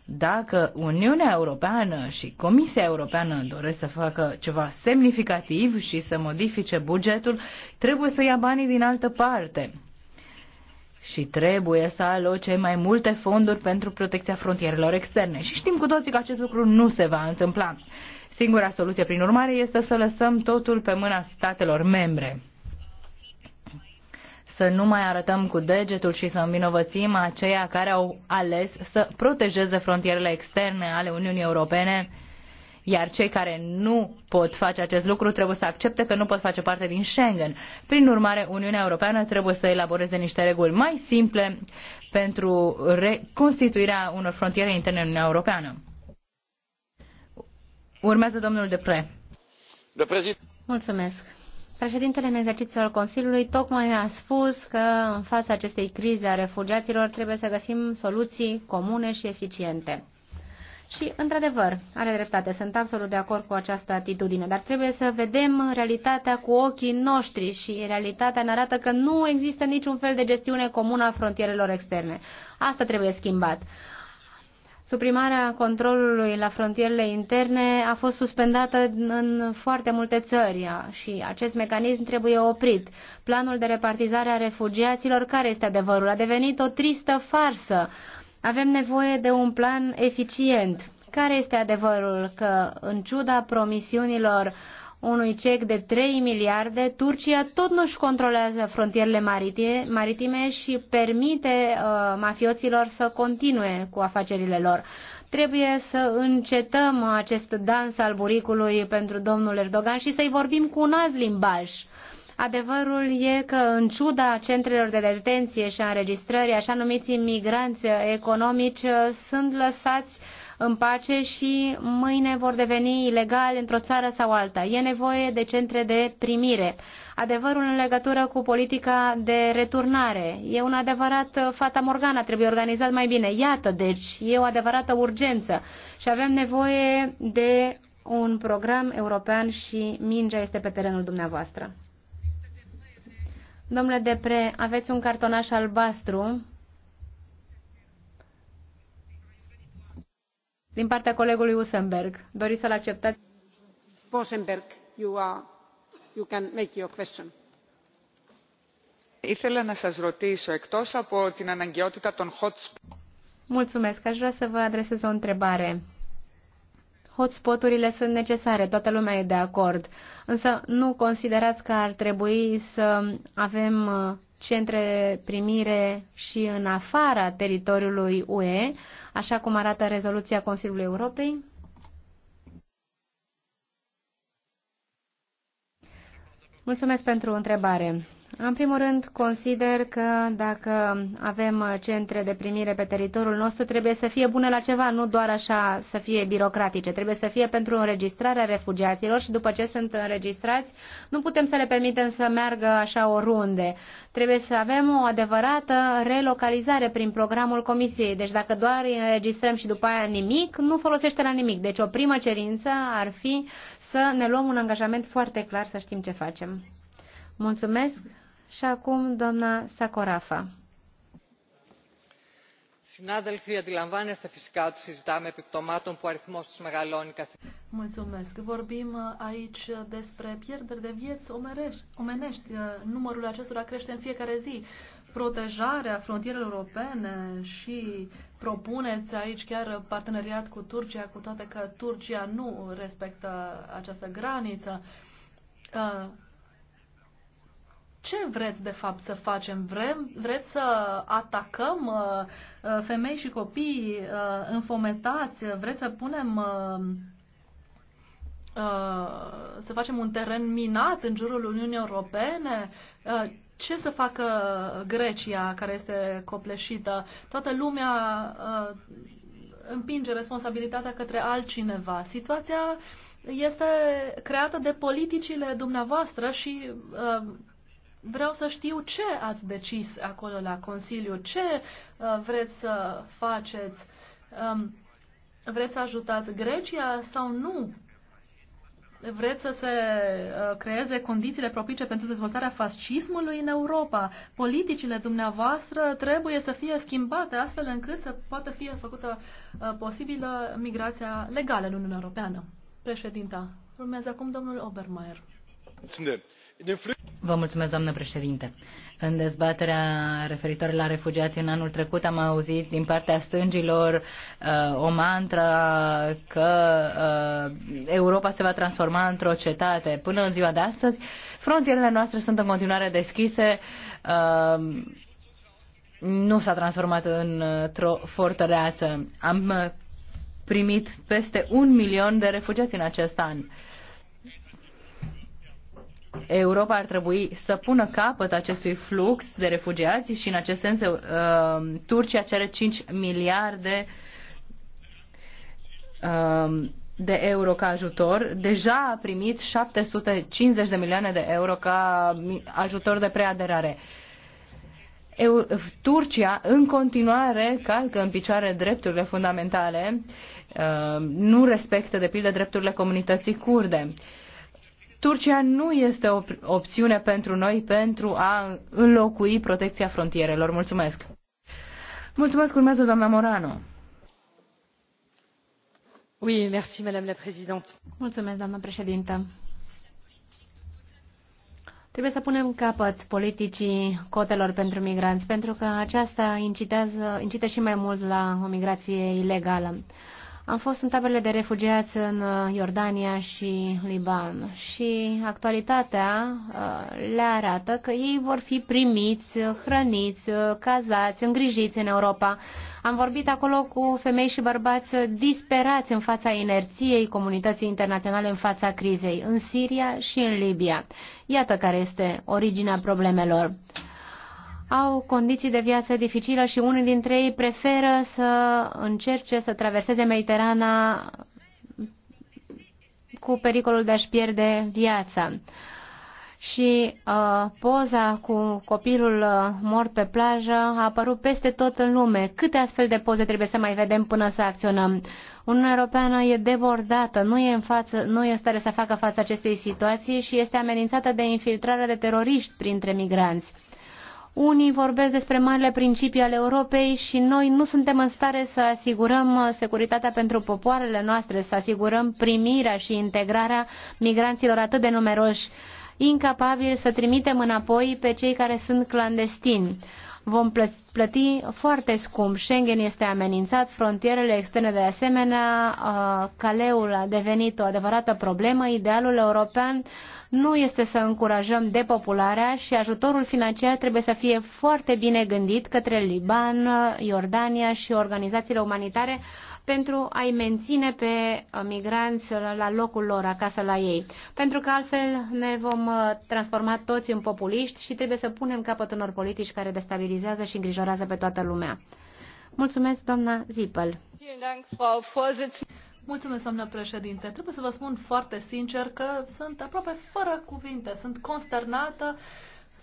Speaker 8: Dacă Uniunea Europeană și Comisia Europeană doresc să facă ceva semnificativ și să modifice bugetul, trebuie să ia banii din altă parte și trebuie să aloce mai multe fonduri pentru protecția frontierelor externe. Și știm cu toții că acest lucru nu se va întâmpla. Singura soluție, prin urmare, este să lăsăm totul pe mâna statelor membre. Să nu mai arătăm cu degetul și să învinovățim aceia care au ales să protejeze frontierele externe ale Uniunii Europene iar cei care nu pot face acest lucru trebuie să accepte că nu pot face parte din Schengen. Prin urmare, Uniunea Europeană trebuie să elaboreze niște reguli mai simple pentru reconstituirea unor frontiere interne în Uniunea Europeană. Urmează domnul Depre.
Speaker 7: Mulțumesc. Președintele în exercițiu al Consiliului tocmai a spus că în fața acestei crize a refugiaților trebuie să găsim soluții comune și eficiente. Și, într-adevăr, are dreptate, sunt absolut de acord cu această atitudine, dar trebuie să vedem realitatea cu ochii noștri și realitatea ne arată că nu există niciun fel de gestiune comună a frontierelor externe. Asta trebuie schimbat. Suprimarea controlului la frontierele interne a fost suspendată în foarte multe țări și acest mecanism trebuie oprit. Planul de repartizare a refugiaților, care este adevărul, a devenit o tristă farsă avem nevoie de un plan eficient. Care este adevărul că, în ciuda promisiunilor unui cec de 3 miliarde, Turcia tot nu-și controlează frontierele maritime și permite uh, mafioților să continue cu afacerile lor. Trebuie să încetăm acest dans al buricului pentru domnul Erdogan și să-i vorbim cu un alt limbaj. Adevărul e că, în ciuda centrelor de detenție și a înregistrării, așa numiți migranți economici uh, sunt lăsați în pace și mâine vor deveni ilegali într-o țară sau alta. E nevoie de centre de primire. Adevărul în legătură cu politica de returnare. E un adevărat uh, fata morgana, trebuie organizat mai bine. Iată, deci, e o adevărată urgență și avem nevoie de un program european și mingea este pe terenul dumneavoastră. Domnule Depre, aveți un cartonaș albastru din partea colegului Usenberg. Doriți să-l acceptați?
Speaker 2: Bosenberg, you,
Speaker 7: are, you can make your question.
Speaker 2: Ήθελα να σας
Speaker 3: ρωτήσω, εκτός από την αναγκαιότητα των hot
Speaker 7: Mulțumesc. Aș vrea să vă adresez o întrebare. Hotspoturile sunt necesare, toată lumea e de acord. Însă nu considerați că ar trebui să avem uh, centre primire și în afara teritoriului UE, așa cum arată rezoluția Consiliului Europei? Mulțumesc pentru întrebare. În primul rând, consider că dacă avem centre de primire pe teritoriul nostru, trebuie să fie bune la ceva, nu doar așa să fie birocratice. Trebuie să fie pentru înregistrarea refugiaților și după ce sunt înregistrați, nu putem să le permitem să meargă așa o runde. Trebuie să avem o adevărată relocalizare prin programul Comisiei. Deci dacă doar îi înregistrăm și după aia nimic, nu folosește la nimic. Deci o primă cerință ar fi să ne luăm un angajament foarte clar, să știm ce facem. Mulțumesc. Și acum doamna Sacorafa.
Speaker 2: Συνάδελφοι, αντιλαμβάνεστε φυσικά ότι συζητάμε επιπτωμάτων που αριθμός τους μεγαλώνει καθημερινά.
Speaker 6: Mulțumesc. Vorbim aici despre pierderi de vieți omenești. Numărul acestora crește în fiecare zi. Protejarea frontierelor europene și propuneți aici chiar parteneriat cu Turcia, cu toate că Turcia nu respectă această graniță ce vreți de fapt să facem? Vrem, vreți să atacăm uh, uh femei și copii uh, înfometați? Vreți să punem uh, uh, să facem un teren minat în jurul Uniunii Europene? Uh, ce să facă Grecia care este copleșită? Toată lumea împinge responsabilitatea către altcineva. Situația este creată de politicile dumneavoastră și Vreau să știu ce ați decis acolo la Consiliu, ce uh, vreți să faceți. Um, vreți să ajutați Grecia sau nu? Vreți să se uh, creeze condițiile propice pentru dezvoltarea fascismului în Europa. Politicile dumneavoastră trebuie să fie schimbate astfel încât să poată fi făcută uh, posibilă migrația legală în Uniunea Europeană. Președinta, urmează acum domnul Obermeier.
Speaker 8: Cine? Vă mulțumesc, doamnă președinte. În dezbaterea referitoare la refugiați în anul trecut am auzit din partea stângilor uh, o mantră că uh, Europa se va transforma într-o cetate. Până în ziua de astăzi, frontierele noastre sunt în continuare deschise. Uh, nu s-a transformat într-o fortăreață. Am uh, primit peste un milion de refugiați în acest an. Uh, Europa ar trebui să pună capăt acestui flux de refugiați și în acest sens uh, Turcia cere 5 miliarde uh, de euro ca ajutor. Deja a primit 750 de milioane de euro ca ajutor de preaderare. Eu, Turcia în continuare calcă în picioare drepturile fundamentale, uh, nu respectă de pildă drepturile comunității curde. Turcia nu este o opțiune pentru noi pentru a înlocui protecția frontierelor. Mulțumesc! Mulțumesc, urmează doamna Morano.
Speaker 7: Oui, merci, madame la présidente. Mulțumesc, doamna președintă. Trebuie să punem capăt politicii cotelor pentru migranți, pentru că aceasta incitează, incită și mai mult la o migrație ilegală. Am fost în taberele de refugiați în uh, Iordania și Liban și actualitatea uh, le arată că ei vor fi primiți, uh, hrăniți, cazați, îngrijiți în Europa. Am vorbit acolo cu femei și bărbați disperați în fața inerției comunității internaționale în fața crizei, în Siria și în Libia. Iată care este originea problemelor au condiții de viață dificilă și unii dintre ei preferă să încerce să traverseze Mediterana cu pericolul de a-și pierde viața. Și uh, poza cu copilul uh, mort pe plajă a apărut peste tot în lume. Câte astfel de poze trebuie să mai vedem până să acționăm? Uniunea Europeană e debordată, nu e, în față, nu e în stare să facă față acestei situații și este amenințată de infiltrarea de teroriști printre migranți. Unii vorbesc despre marile principii ale Europei și noi nu suntem în stare să asigurăm uh, securitatea pentru popoarele noastre, să asigurăm primirea și integrarea migranților atât de numeroși, incapabili să trimitem înapoi pe cei care sunt clandestini vom plăti foarte scump. Schengen este amenințat, frontierele externe de asemenea, uh, caleul a devenit o adevărată problemă, idealul european nu este să încurajăm depopularea și ajutorul financiar trebuie să fie foarte bine gândit către Liban, Iordania și organizațiile umanitare pentru a-i menține pe uh, migranți la locul lor, acasă la ei. Pentru că altfel ne vom uh, transforma toți în populiști și trebuie să punem capăt unor politici care destabilizează și îngrijorează pe toată lumea. Mulțumesc, doamna Zipel.
Speaker 6: Mulțumesc, doamnă președinte. Trebuie să vă spun foarte sincer că sunt aproape fără cuvinte. Sunt consternată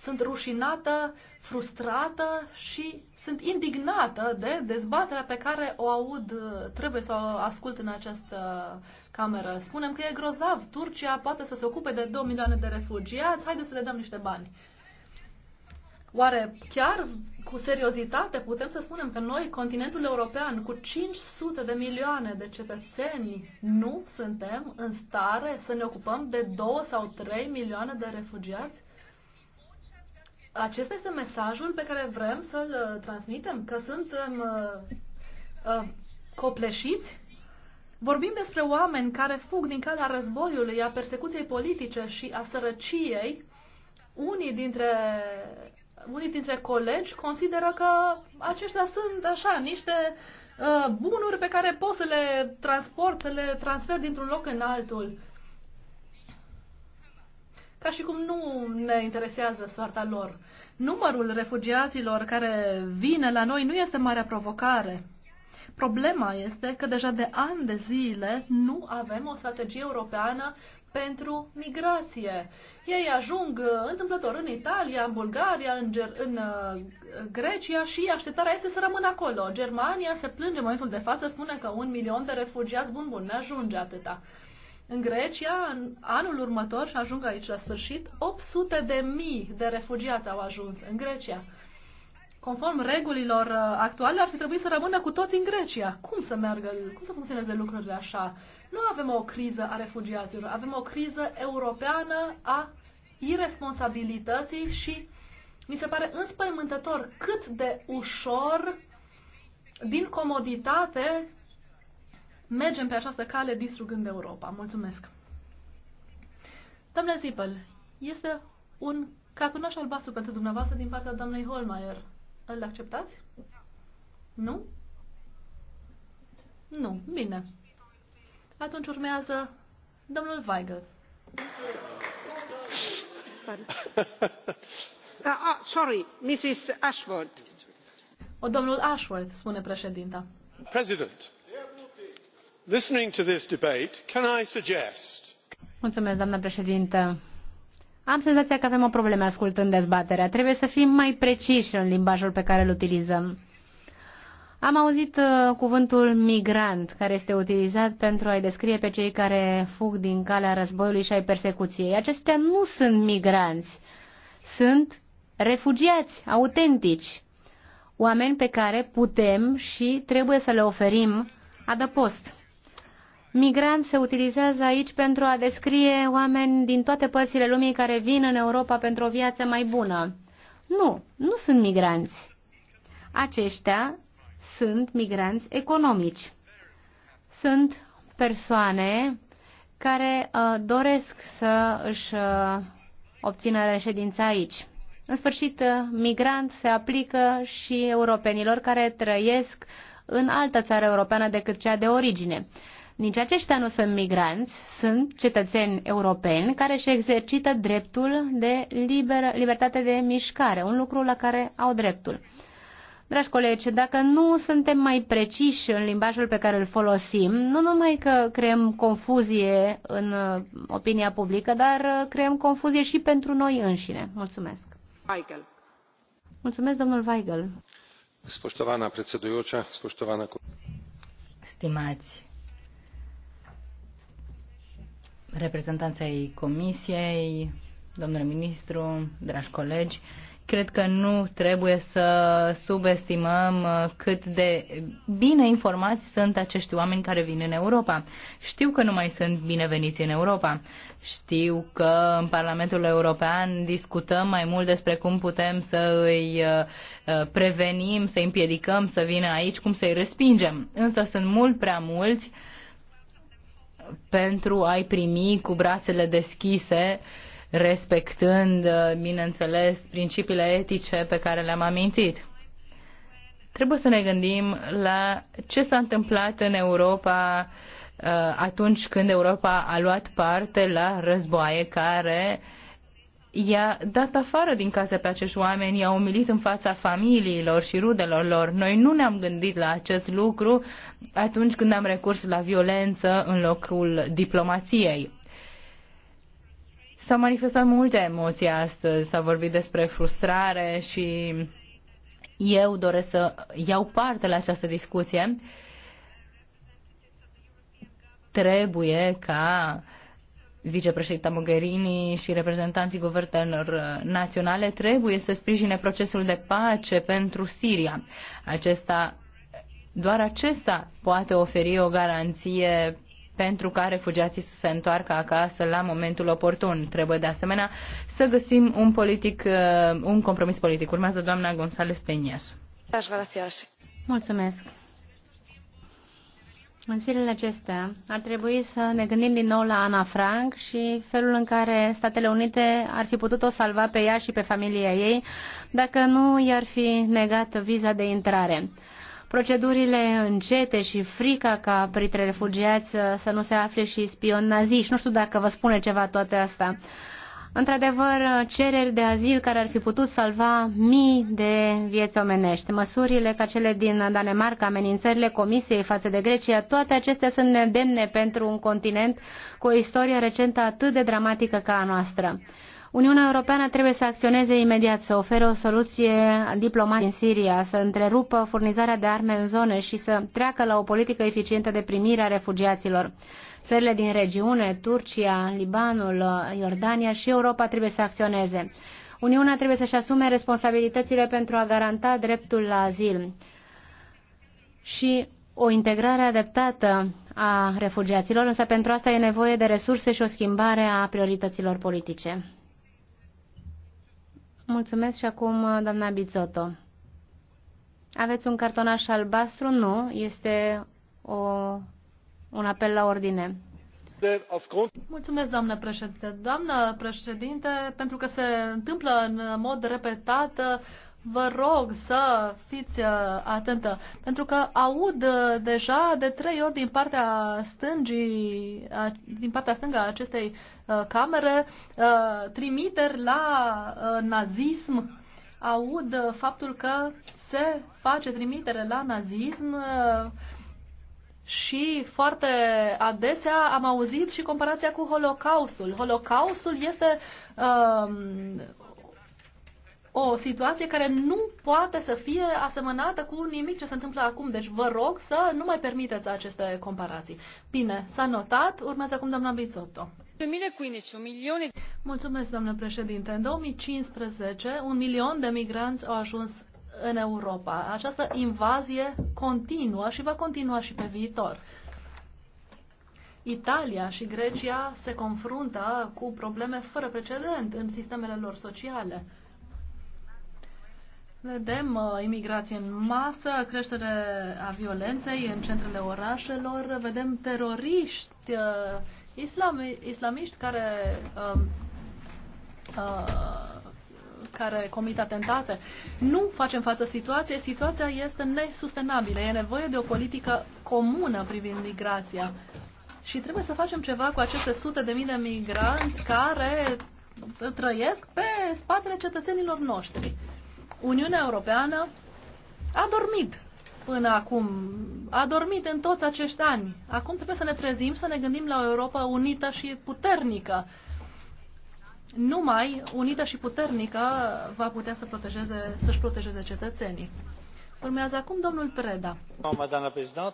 Speaker 6: sunt rușinată, frustrată și sunt indignată de dezbaterea pe care o aud, trebuie să o ascult în această cameră. Spunem că e grozav, Turcia poate să se ocupe de 2 milioane de refugiați, haideți să le dăm niște bani. Oare chiar cu seriozitate putem să spunem că noi, continentul european, cu 500 de milioane de cetățeni, nu suntem în stare să ne ocupăm de 2 sau 3 milioane de refugiați? acesta este mesajul pe care vrem să-l uh, transmitem, că suntem uh, uh, copleșiți. Vorbim despre oameni care fug din calea războiului, a persecuției politice și a sărăciei. Unii dintre, unii dintre colegi consideră că aceștia sunt așa, niște uh, bunuri pe care poți să le transport, să le transfer dintr-un loc în altul ca și cum nu ne interesează soarta lor. Numărul refugiaților care vine la noi nu este marea provocare. Problema este că deja de ani de zile nu avem o strategie europeană pentru migrație. Ei ajung uh, întâmplător în Italia, în Bulgaria, în, Ger- în uh, Grecia și așteptarea este să rămână acolo. Germania se plânge în momentul de față, spune că un milion de refugiați bun bun ne ajunge atâta în Grecia, în anul următor, și ajung aici la sfârșit, 800 de mii de refugiați au ajuns în Grecia. Conform regulilor uh, actuale, ar fi trebuit să rămână cu toți în Grecia. Cum să meargă, cum să funcționeze lucrurile așa? Nu avem o criză a refugiaților, avem o criză europeană a irresponsabilității și mi se pare înspăimântător cât de ușor, din comoditate, mergem pe această cale distrugând Europa. Mulțumesc! Doamna Zipel, este un cartonaș albastru pentru dumneavoastră din partea doamnei Holmeier. Îl acceptați? Nu? Nu. Bine. Atunci urmează domnul Weigel. oh, [LAUGHS] sorry, Mrs. Ashworth. O, domnul Ashworth, spune președinta.
Speaker 5: President listening to this debate can i suggest
Speaker 6: doamnă președintă.
Speaker 7: Am senzația că avem o problemă ascultând dezbaterea. Trebuie să fim mai preciși în limbajul pe care îl utilizăm. Am auzit uh, cuvântul migrant, care este utilizat pentru a-i descrie pe cei care fug din calea războiului și ai persecuției. Acestea nu sunt migranți, sunt refugiați autentici, oameni pe care putem și trebuie să le oferim adăpost. Migrant se utilizează aici pentru a descrie oameni din toate părțile lumii care vin în Europa pentru o viață mai bună. Nu, nu sunt migranți. Aceștia sunt migranți economici. Sunt persoane care uh, doresc să își uh, obțină reședința aici. În sfârșit, uh, migrant se aplică și europenilor care trăiesc în altă țară europeană decât cea de origine. Uh, nici aceștia nu sunt migranți, sunt cetățeni europeni care își exercită dreptul de liber, libertate de mișcare, un lucru la care au dreptul. Dragi colegi, dacă nu suntem mai preciși în limbajul pe care îl folosim, nu numai că creăm confuzie în uh, opinia publică, dar uh, creăm confuzie și pentru noi înșine. Mulțumesc. Michael. Mulțumesc, domnul Weigel.
Speaker 5: Spoștovana predsedujoča, spoștovana...
Speaker 7: Stimați
Speaker 8: reprezentanței Comisiei, domnule ministru, dragi colegi, cred că nu trebuie să subestimăm cât de bine informați sunt acești oameni care vin în Europa. Știu că nu mai sunt bineveniți în Europa. Știu că în Parlamentul European discutăm mai mult despre cum putem să îi uh, prevenim, să îi împiedicăm să vină aici, cum să îi respingem. Însă sunt mult prea mulți uh, pentru a-i primi cu brațele deschise, respectând, uh, bineînțeles, principiile etice pe care le-am amintit. Trebuie să ne gândim la ce s-a întâmplat în Europa uh, atunci când Europa a luat parte la războaie care uh, i-a dat afară din casă pe acești oameni, i-a umilit în fața familiilor și rudelor lor. Noi nu ne-am gândit la acest lucru atunci când am recurs la violență în locul diplomației. S-au manifestat multe emoții astăzi, s-a vorbit despre frustrare și eu doresc să iau parte la această discuție. Trebuie ca uh, vicepreședinta Mogherini și reprezentanții guvernelor uh, naționale trebuie să sprijine procesul de pace pentru Siria. Acesta, doar acesta poate oferi o garanție pentru ca refugiații să se întoarcă acasă la momentul oportun. Trebuie de asemenea să găsim un, politic, uh, un compromis politic. Urmează doamna González
Speaker 6: Peñas.
Speaker 7: Mulțumesc. În zilele acestea ar trebui să ne gândim din nou la Ana Frank și felul în care Statele Unite ar fi putut o salva pe ea și pe familia ei dacă nu i-ar fi negat viza de intrare. Procedurile încete și frica ca printre refugiați să nu se afle și spion naziști. Nu știu dacă vă spune ceva toate astea într-adevăr, cereri de azil care ar fi putut salva mii de vieți omenești. Măsurile ca cele din Danemarca, amenințările Comisiei față de Grecia, toate acestea sunt nedemne pentru un continent cu o istorie recentă atât de dramatică ca a noastră. Uniunea Europeană trebuie să acționeze imediat, să ofere o soluție diplomatică în Siria, să întrerupă furnizarea de arme în zone și să treacă la o politică eficientă de primire a refugiaților țările din regiune, Turcia, Libanul, Iordania și Europa trebuie să acționeze. Uniunea trebuie să-și asume responsabilitățile pentru a garanta dreptul la azil și o integrare adaptată a refugiaților, însă pentru asta e nevoie de resurse și o schimbare a priorităților politice. Mulțumesc și acum, doamna Bizotto. Aveți un cartonaș albastru? Nu, este o
Speaker 6: un apel la ordine. Mulțumesc, doamnă președinte. Doamnă președinte, pentru că se întâmplă în mod repetat, vă rog să fiți uh, atentă, pentru că aud uh, deja de trei ori din partea stângii, din partea stângă a acestei uh, camere, trimiteri la nazism. Aud faptul că se face trimitere la nazism și foarte adesea am auzit și comparația cu Holocaustul. Holocaustul este um, o situație care nu poate să fie asemănată cu nimic ce se întâmplă acum. Deci vă rog să nu mai permiteți aceste comparații. Bine, s-a notat. Urmează acum doamna Bizotto. 2015, un milion... Mulțumesc, doamnă președinte. În 2015, un milion de migranți au ajuns în Europa. Această invazie continuă și va continua și pe viitor. Italia și Grecia se confruntă cu probleme fără precedent în sistemele lor sociale. Vedem uh, imigrație în masă, creștere a violenței în centrele orașelor, vedem teroriști uh, islami, islamiști care um, uh, uh, care comit atentate. Nu facem față situației, situația este nesustenabilă. E nevoie de o politică comună privind migrația. Și trebuie să facem ceva cu aceste sute de mii de migranți care trăiesc pe spatele cetățenilor noștri. Uniunea Europeană a dormit până acum, a dormit în toți acești ani. Acum trebuie să ne trezim, să ne gândim la o Europa unită și puternică numai unită și puternică va putea să protejeze, să-și protejeze cetățenii. Urmează acum domnul Preda.
Speaker 9: Doamna președintă,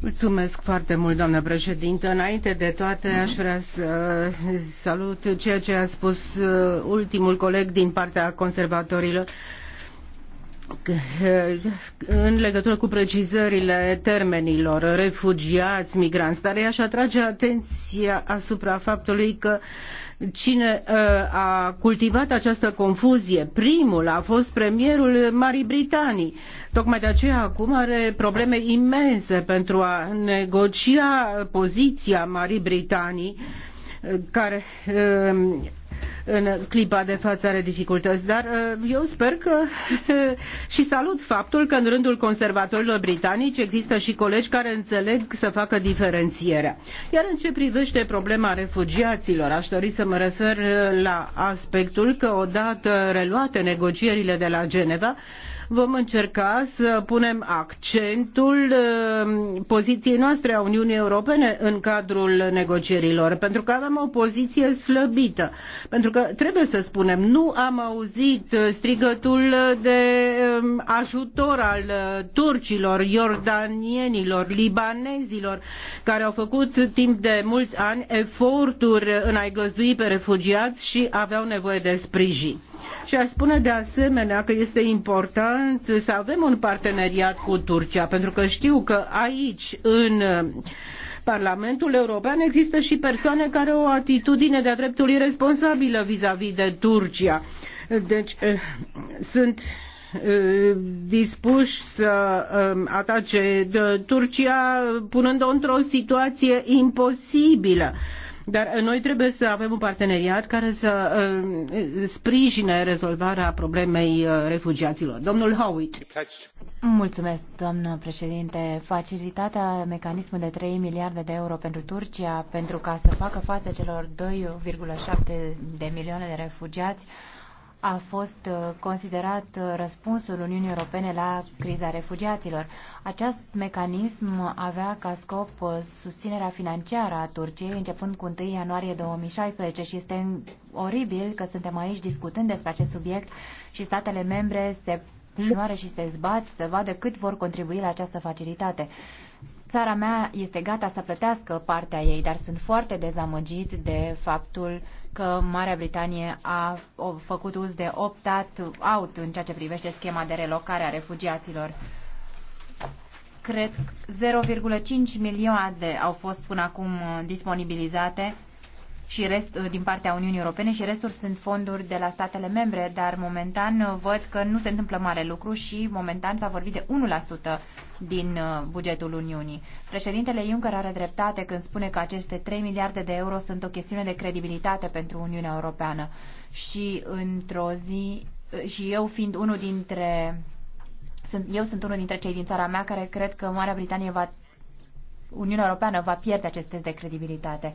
Speaker 10: Mulțumesc foarte mult, doamnă președintă. Înainte de toate, aș mhm. vrea să salut ceea ce a spus uh, ultimul coleg din partea conservatorilor uh, în legătură cu precizările termenilor refugiați, migranți, dar ea aș atrage atenția asupra faptului că uh, Cine uh, a cultivat această confuzie primul a fost premierul Marii Britanii. Tocmai de aceea acum are probleme imense pentru a negocia poziția Marii Britanii uh, care uh, în clipa de față are dificultăți, dar uh, eu sper că [LAUGHS] și salut faptul că în rândul conservatorilor britanici există și colegi care înțeleg să facă diferențierea. Iar în ce privește problema refugiaților, aș dori să mă refer uh, la aspectul că odată reluate negocierile de la Geneva, vom încerca să punem accentul uh, poziției noastre a Uniunii Europene în cadrul negocierilor, pentru că avem o poziție slăbită. Pentru că trebuie să spunem, nu am auzit strigătul de um, ajutor al uh, turcilor, iordanienilor, libanezilor, care au făcut timp de mulți ani eforturi în a-i găzdui pe refugiați și aveau nevoie de sprijin. Și aș spune de asemenea că este important să avem un parteneriat cu Turcia, pentru că știu că aici, în uh, Parlamentul European, există și persoane care au o atitudine de-a dreptul irresponsabilă vis-a-vis de Turcia. Deci, uh, sunt uh, dispuși să um, atace Turcia punând-o într-o situație imposibilă. Dar eh, noi trebuie să avem un parteneriat care să eh, sprijine rezolvarea problemei eh, refugiaților. Domnul Howitt.
Speaker 15: Mulțumesc, doamnă președinte. Facilitatea, mecanismul de 3 miliarde de euro pentru Turcia, pentru ca să facă față celor 2,7 de milioane de refugiați, a fost uh, considerat uh, răspunsul Uniunii Europene la criza refugiaților. Acest mecanism avea ca scop uh, susținerea financiară a Turciei începând cu 1 ianuarie 2016 și este oribil că suntem aici discutând despre acest subiect și statele membre se plânoare și se zbat să vadă cât vor contribui la această facilitate. Țara mea este gata să plătească partea ei, dar sunt foarte dezamăgit de faptul că Marea Britanie a făcut uz de optat out în ceea ce privește schema de relocare a refugiaților. Cred 0,5 milioane au fost până acum uh, disponibilizate și rest uh, din partea Uniunii Europene și restul sunt fonduri de la statele membre, dar momentan uh, văd că nu se întâmplă mare lucru și momentan s-a vorbit de 1% din uh, bugetul Uniunii. Președintele Juncker are dreptate când spune că aceste 3 miliarde de euro sunt o chestiune de credibilitate pentru Uniunea Europeană și într-o zi și eu fiind unul dintre sunt, eu sunt unul dintre cei din țara mea care cred că Marea Britanie va Uniunea Europeană va pierde acest test de credibilitate.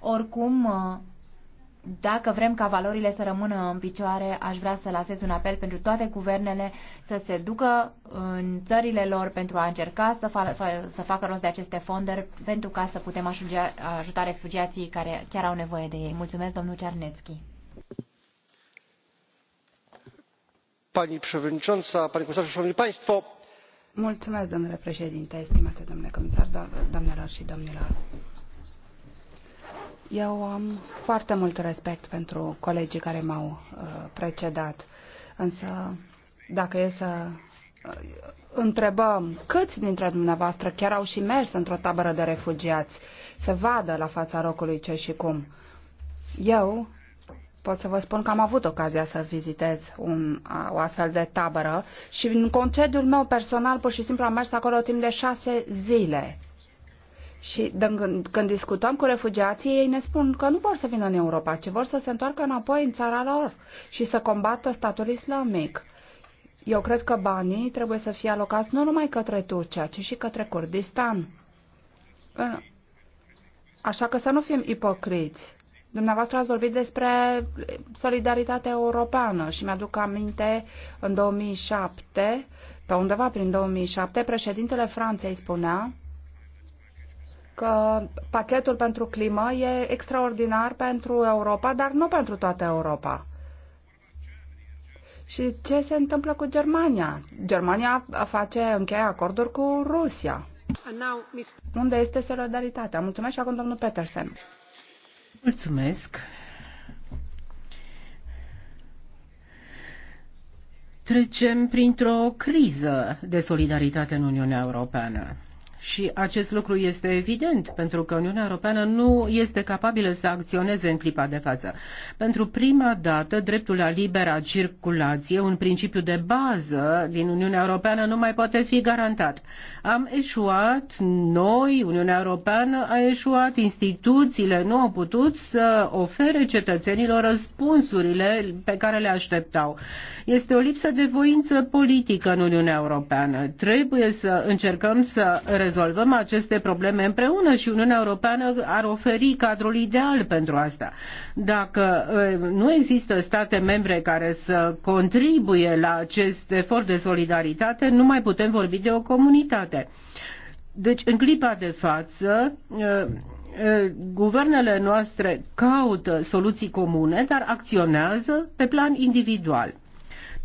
Speaker 15: Oricum, dacă vrem ca valorile să rămână în picioare, aș vrea să lasez un apel pentru toate guvernele să se ducă în țările lor pentru a încerca să, fa- să facă rost de aceste fonduri pentru ca să putem ajungea, ajuta refugiații care chiar au nevoie de ei. Mulțumesc, domnul Cernețchi.
Speaker 9: Pani przewodnicząca, pani komisarz, szanowni państwo.
Speaker 14: Mulțumesc, domnule președinte, estimate domnule comisar, doamnelor și domnilor eu am foarte mult respect pentru colegii care m-au uh, precedat, însă dacă e să uh, întrebăm câți dintre dumneavoastră chiar au și mers într-o tabără de refugiați să vadă la fața locului ce și cum. Eu pot să vă spun că am avut ocazia să vizitez un, o astfel de tabără și în concediul meu personal pur și simplu am mers acolo timp de șase zile. Și când, când discutăm cu refugiații, ei ne spun că nu vor să vină în Europa, ci vor să se întoarcă înapoi în țara lor și să combată statul islamic. Eu cred că banii trebuie să fie alocați nu numai către Turcia, ci și către Kurdistan. Așa că să nu fim ipocriți. Dumneavoastră ați vorbit despre solidaritatea europeană și mi-aduc aminte în 2007, pe undeva prin 2007, președintele Franței spunea că pachetul pentru climă e extraordinar pentru Europa, dar nu pentru toată Europa. Și ce se întâmplă cu Germania? Germania face încheia acorduri cu Rusia. Unde este
Speaker 10: solidaritatea?
Speaker 14: Mulțumesc și acum domnul Petersen.
Speaker 10: Mulțumesc. Trecem printr-o criză de solidaritate în Uniunea Europeană. Și acest lucru este evident, pentru că Uniunea Europeană nu este capabilă să acționeze în clipa de față. Pentru prima dată, dreptul la libera circulație, un principiu de bază din Uniunea Europeană, nu mai poate fi garantat. Am eșuat noi, Uniunea Europeană a eșuat, instituțiile nu au putut să ofere cetățenilor răspunsurile pe care le așteptau. Este o lipsă de voință politică în Uniunea Europeană. Trebuie să încercăm să rezolvăm rezolvăm aceste probleme împreună și Uniunea Europeană ar oferi cadrul ideal pentru asta. Dacă nu există state membre care să contribuie la acest efort de solidaritate, nu mai putem vorbi de o comunitate. Deci, în clipa de față, guvernele noastre caută soluții comune, dar acționează pe plan individual.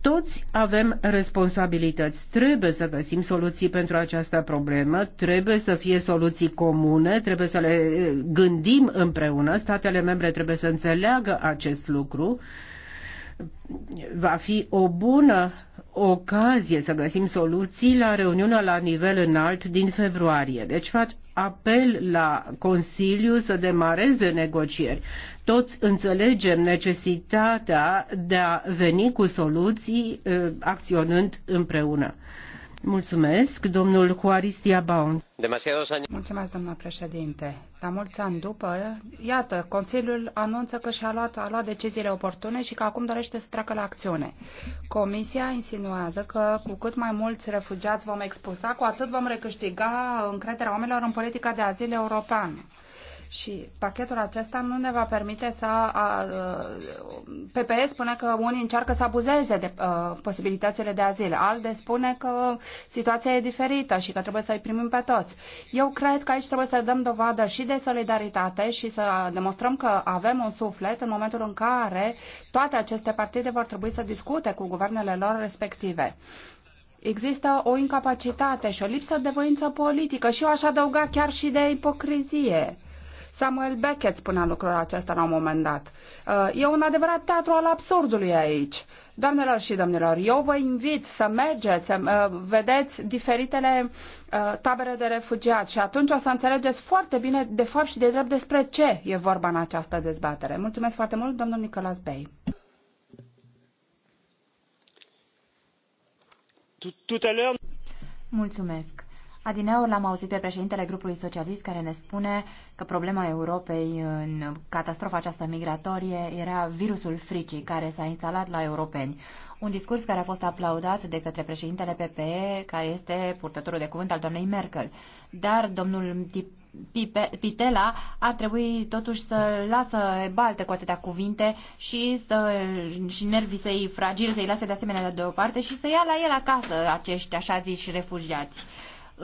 Speaker 10: Toți avem responsabilități. Trebuie să găsim soluții pentru această problemă, trebuie să fie soluții comune, trebuie să le gândim împreună. Statele membre trebuie să înțeleagă acest lucru va fi o bună ocazie să găsim soluții la reuniunea la nivel înalt din februarie. Deci fac apel la Consiliu să demareze negocieri. Toți înțelegem necesitatea de a veni cu soluții eh, acționând împreună. Mulțumesc, domnul Juarez Baun.
Speaker 14: Mulțumesc, domnul președinte. La
Speaker 10: mulți ani după,
Speaker 14: iată, Consiliul anunță că și-a luat, a luat deciziile oportune și că acum dorește să treacă la acțiune. Comisia insinuează că cu cât mai mulți refugiați vom expulsa, cu atât vom recâștiga încrederea oamenilor în politica de azil europeană. Și pachetul acesta nu ne va permite să... A, uh, PPS spune că unii încearcă să abuzeze de a, uh, posibilitățile de azil. ALDE spune că situația e diferită și că trebuie să-i primim pe toți. Eu cred că aici trebuie să dăm dovadă și de solidaritate și să demonstrăm că avem un suflet în momentul în care toate aceste partide vor trebui să discute cu guvernele lor respective. Există o incapacitate și o lipsă de voință politică și eu aș adăuga chiar și de ipocrizie. Samuel Beckett spunea lucrul acesta la un moment dat. Uh, e un adevărat teatru al absurdului aici. Doamnelor și domnilor, eu vă invit să mergeți, să uh, vedeți diferitele uh, tabere de refugiați și atunci o să înțelegeți foarte bine, de fapt și de drept, despre ce e vorba în această dezbatere. Mulțumesc foarte mult, domnul Nicolas Bey.
Speaker 15: Mulțumesc. Adineaur l-am auzit pe președintele grupului socialist care ne spune că problema Europei în catastrofa aceasta migratorie era virusul fricii care s-a instalat la europeni. Un discurs care a fost aplaudat de către președintele PPE, care este purtătorul de cuvânt al doamnei Merkel. Dar domnul Pitela ar trebui totuși să lasă balte cu atâtea cuvinte și, să, și nervii să-i fragili, să-i lase de asemenea de deoparte și să ia la el acasă acești așa ziși refugiați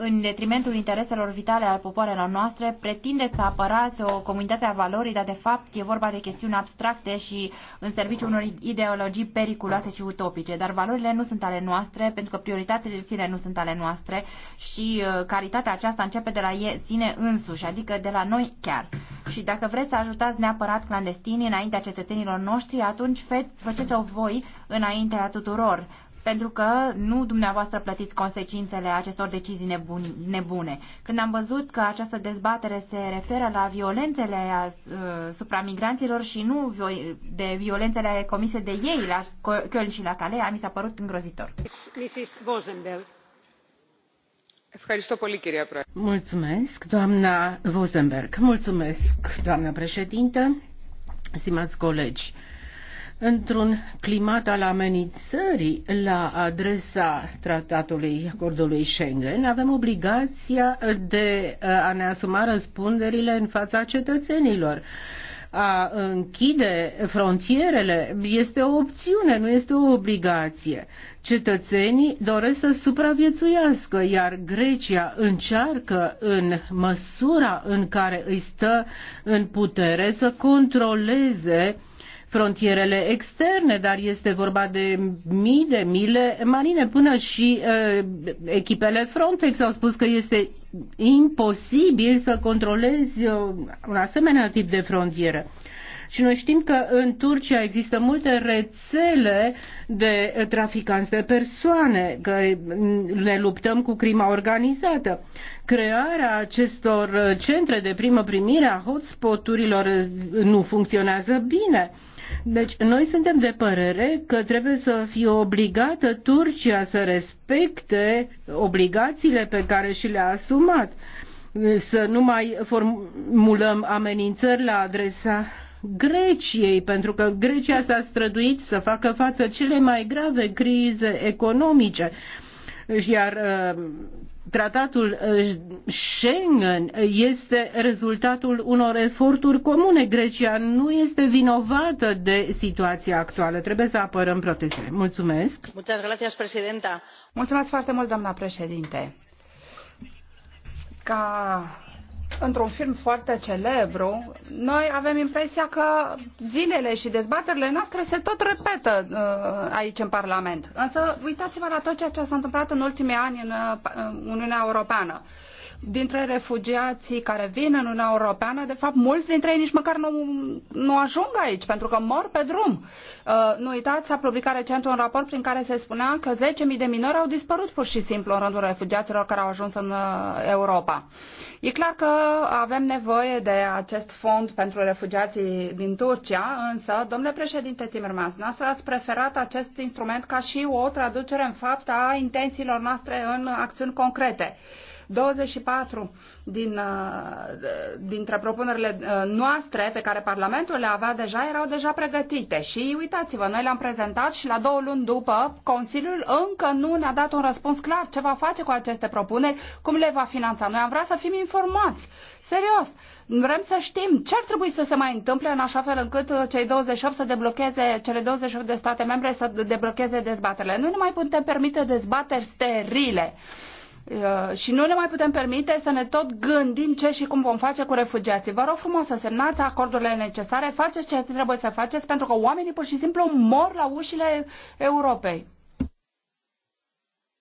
Speaker 15: în detrimentul intereselor vitale al popoarelor noastre, pretindeți să apărați o comunitate a valorii, dar de fapt e vorba de chestiuni abstracte și în serviciu unor ideologii periculoase și utopice. Dar valorile nu sunt ale noastre, pentru că prioritățile nu sunt ale noastre și uh, caritatea aceasta începe de la e, sine însuși, adică de la noi chiar. Și dacă vreți să ajutați neapărat clandestinii înaintea cetățenilor noștri, atunci faceți-o voi înaintea tuturor pentru că nu dumneavoastră plătiți consecințele acestor decizii nebuni, nebune. Când am văzut că această dezbatere se referă la violențele asupra uh, migranților și nu de violențele comise de ei la Köln și la Calea, mi s-a părut îngrozitor.
Speaker 10: Mulțumesc, doamna Vosenberg. Mulțumesc, doamna președintă, stimați colegi într-un climat al amenințării la adresa tratatului acordului Schengen, avem obligația de uh, a ne asuma răspunderile în fața cetățenilor. A închide frontierele este o opțiune, nu este o obligație. Cetățenii doresc să supraviețuiască, iar Grecia încearcă în măsura în care îi stă în putere să controleze frontierele externe, dar este vorba de mii de mile marine. Până și uh, echipele Frontex au spus că este imposibil să controlezi uh, un asemenea tip de frontieră. Și noi știm că în Turcia există multe rețele de traficanți de persoane, că mm, ne luptăm cu crima organizată. Crearea acestor centre de primă primire a hotspoturilor nu funcționează bine deci noi suntem de părere că trebuie să fie obligată Turcia să respecte obligațiile pe care și le-a asumat, să nu mai formulăm amenințări la adresa Greciei, pentru că Grecia s-a străduit să facă față cele mai grave crize economice iar uh, tratatul eh, Schengen este rezultatul unor eforturi comune. Grecia nu este vinovată de situația actuală. Trebuie să apărăm protestele. Mulțumesc.
Speaker 8: Mulțumesc foarte
Speaker 14: mult, doamna președinte. Ca într-un film foarte celebru, noi avem impresia că zilele și dezbaterile noastre se tot repetă uh, aici în Parlament. Însă uitați-vă la tot ceea ce s-a întâmplat în ultimii ani în uh, Uniunea Europeană. Uh, dintre refugiații care vin în Uniunea Europeană, de fapt, mulți dintre ei nici măcar nu, nu ajung aici, pentru că mor pe drum. Uh, nu uitați, s-a publicat recent un raport prin care se spunea că 10.000 de minori au dispărut pur și simplu în rândul refugiaților care au ajuns în uh, Europa. E clar că avem nevoie de acest fond pentru refugiații din Turcia, însă, domnule președinte Timmermans, noastră ați preferat acest instrument ca și o traducere în fapt a intențiilor noastre în acțiuni concrete. 24 din, uh, dintre propunerile uh, noastre pe care Parlamentul le avea deja erau deja pregătite și uitați-vă, noi le-am prezentat și la două luni după Consiliul încă nu ne-a dat un răspuns clar ce va face cu aceste propuneri, cum le va finanța. Noi am vrea să fim informați, serios. Vrem să știm ce ar trebui să se mai întâmple în așa fel încât uh, cei 28 să deblocheze, cele 28 de state membre să deblocheze dezbaterile. Nu ne mai putem permite dezbateri sterile. Uh, și nu ne mai putem permite să ne tot gândim ce și cum vom face cu refugiații. Vă rog frumos să semnați acordurile necesare, faceți ce trebuie să faceți, pentru că oamenii pur și simplu mor la ușile Europei.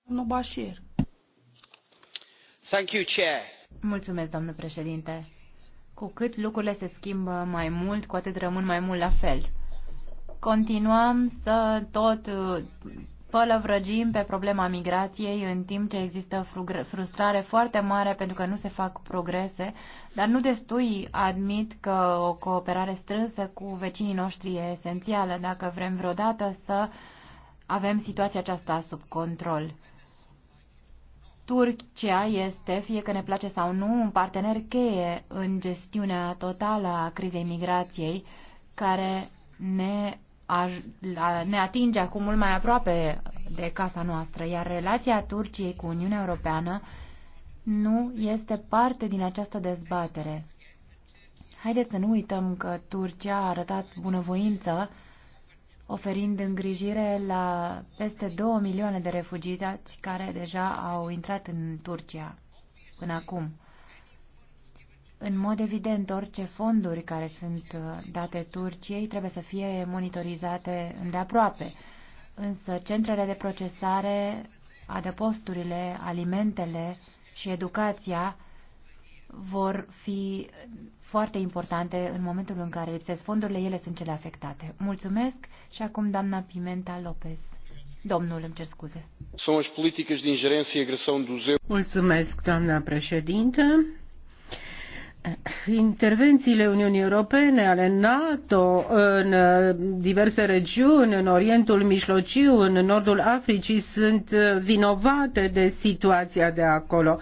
Speaker 14: Nu
Speaker 15: Bashir.
Speaker 12: Thank you, Chair.
Speaker 15: Mulțumesc, doamnă președinte. Cu cât lucrurile se schimbă mai mult, cu atât rămân mai mult la fel. Continuăm să tot uh, pălăvrăgim pe problema migrației în timp ce există frustrare foarte mare pentru că nu se fac progrese, dar nu destui admit că o cooperare strânsă cu vecinii noștri e esențială dacă vrem vreodată să avem situația aceasta sub control. Turcia este, fie că ne place sau nu, un partener cheie în gestiunea totală a crizei migrației, care ne a, a ne atinge acum mult mai aproape de casa noastră, iar relația Turciei cu Uniunea Europeană nu este parte din această dezbatere. Haideți să nu uităm că Turcia a arătat bunăvoință oferind îngrijire la peste 2 milioane de refugiați care deja au intrat în Turcia până acum. În mod evident, orice fonduri care sunt uh, date Turciei trebuie să fie monitorizate îndeaproape. Însă centrele de procesare, adăposturile, alimentele și educația vor fi foarte importante în momentul în care lipsesc fondurile, ele sunt cele afectate. Mulțumesc și acum doamna Pimenta Lopez. Domnul, îmi cer scuze.
Speaker 5: Sunt de ingerenție
Speaker 15: Mulțumesc, doamna președintă
Speaker 10: intervențiile Uniunii Europene, ale NATO în uh, diverse regiuni, în Orientul Mijlociu, în Nordul Africii, sunt uh, vinovate de situația de acolo.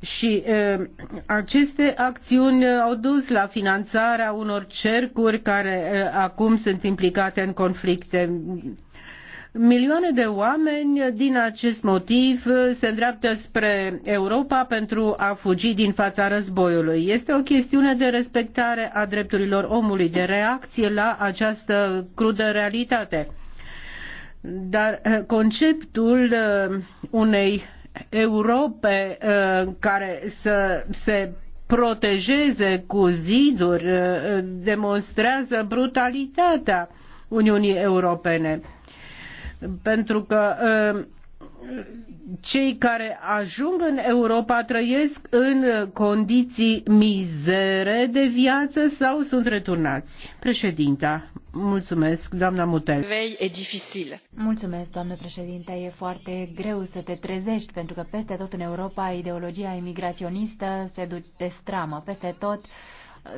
Speaker 10: Și uh, aceste acțiuni au dus la finanțarea unor cercuri care acum sunt implicate în conflicte Milioane de oameni din acest motiv se îndreaptă spre Europa pentru a fugi din fața războiului. Este o chestiune de respectare a drepturilor omului, de reacție la această crudă realitate. Dar eh, conceptul eh, unei Europe eh, care să se protejeze cu ziduri demonstrează brutalitatea Uniunii Europene pentru că uh, cei care ajung în Europa trăiesc în condiții mizere de viață sau sunt returnați. Președinta, mulțumesc, doamna Mutel. Vei e dificil.
Speaker 15: Mulțumesc, doamnă președinte, e foarte greu să te trezești pentru că peste tot în Europa ideologia imigraționistă se duce de stramă, peste tot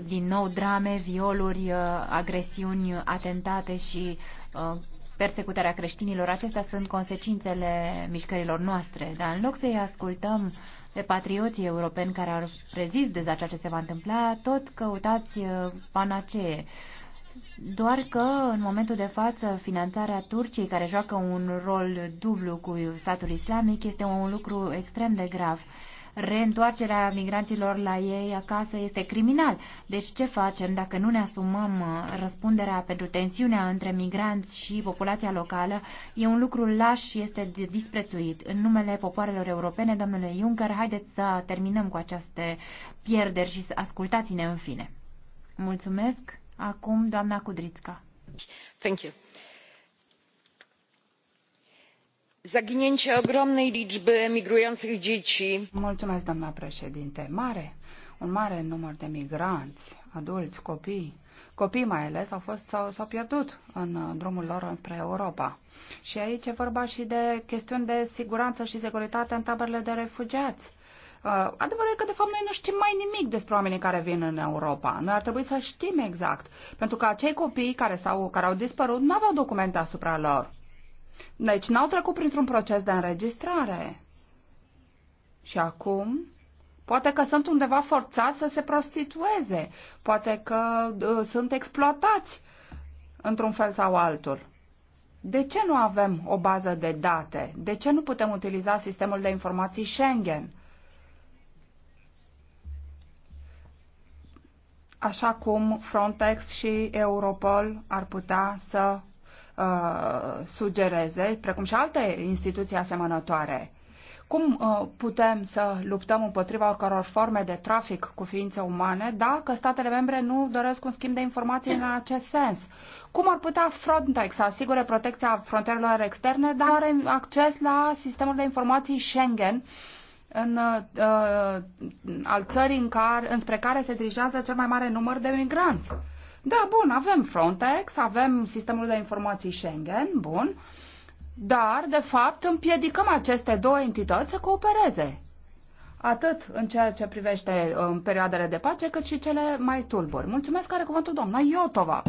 Speaker 15: din nou drame, violuri, uh, agresiuni, atentate și uh, persecutarea creștinilor. Acestea sunt consecințele mișcărilor noastre. Dar în loc să-i ascultăm pe patrioții europeni care au prezis deja ceea ce se va întâmpla, tot căutați uh, panacee. Doar că, în momentul de față, finanțarea Turciei, care joacă un rol dublu cu statul islamic, este un lucru extrem de grav reîntoarcerea migranților la ei acasă este criminal. Deci ce facem dacă nu ne asumăm uh, răspunderea pentru tensiunea între migranți și populația locală? E un lucru laș și este disprețuit. În numele popoarelor europene, domnule Juncker, haideți să terminăm cu aceste pierderi și să ascultați-ne în fine. Mulțumesc. Acum, doamna Cudrițca. Thank you.
Speaker 14: zaginięcie
Speaker 15: ogromnej liczby
Speaker 14: emigrujących dzieci. Mulțumesc, doamna președinte. Mare, un mare număr de migranți, adulți, copii, copii mai ales, au fost, s-au, pierdut în uh, drumul lor înspre Europa. Și aici e vorba și de chestiuni de siguranță și securitate în taberele de refugiați. Uh, adevărul e că, de fapt, noi nu știm mai nimic despre oamenii care vin în Europa. Noi ar trebui să știm exact, pentru că acei copii care, s-au, care au dispărut nu aveau documente asupra lor. Deci n-au trecut printr-un proces de înregistrare. Și acum, poate că sunt undeva forțați să se prostitueze, poate că uh, sunt exploatați într-un fel sau altul. De ce nu avem o bază de date? De ce nu putem utiliza sistemul de informații Schengen? Așa cum Frontex și Europol ar putea să uh, sugereze, precum și alte instituții asemănătoare. Cum uh, putem să luptăm împotriva oricăror forme de trafic cu ființe umane dacă statele membre nu doresc un schimb de informații în acest sens? Cum ar putea Frontex să asigure protecția frontierelor externe dacă are acces la sistemul de informații Schengen în, uh, al țării în care, înspre care se dirigează cel mai mare număr de migranți? Da, bun, avem Frontex, avem sistemul de informații Schengen, bun, dar, de fapt, împiedicăm aceste două entități să coopereze. Atât în ceea ce privește în um, perioadele de pace, cât și
Speaker 10: cele mai tulburi. Mulțumesc, care cuvântul doamna Iotova.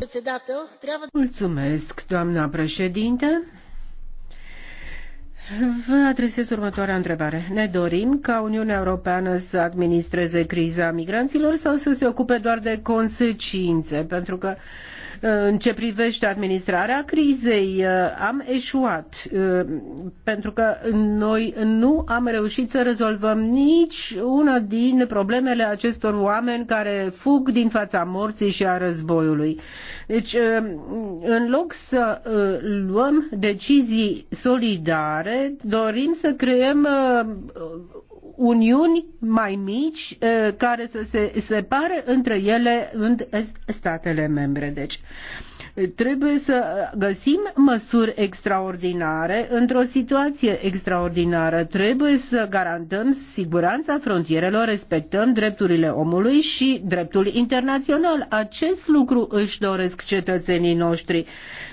Speaker 10: Mulțumesc, doamna președinte. Vă adresez următoarea întrebare. Ne dorim ca Uniunea Europeană să administreze criza migranților sau să se ocupe doar de consecințe? Pentru că uh, în ce privește administrarea crizei, uh, am eșuat uh, pentru că noi nu am reușit să rezolvăm nici una din problemele acestor oameni care fug din fața morții și a războiului. Deci, uh, în loc să luăm decizii solidare, dorim să creăm uniuni mai mici uh, care să se separe între ele în statele membre. Deci trebuie să găsim măsuri extraordinare într-o situație extraordinară. Trebuie să garantăm siguranța frontierelor, respectăm drepturile omului și dreptul internațional. Acest lucru își doresc cetățenii noștri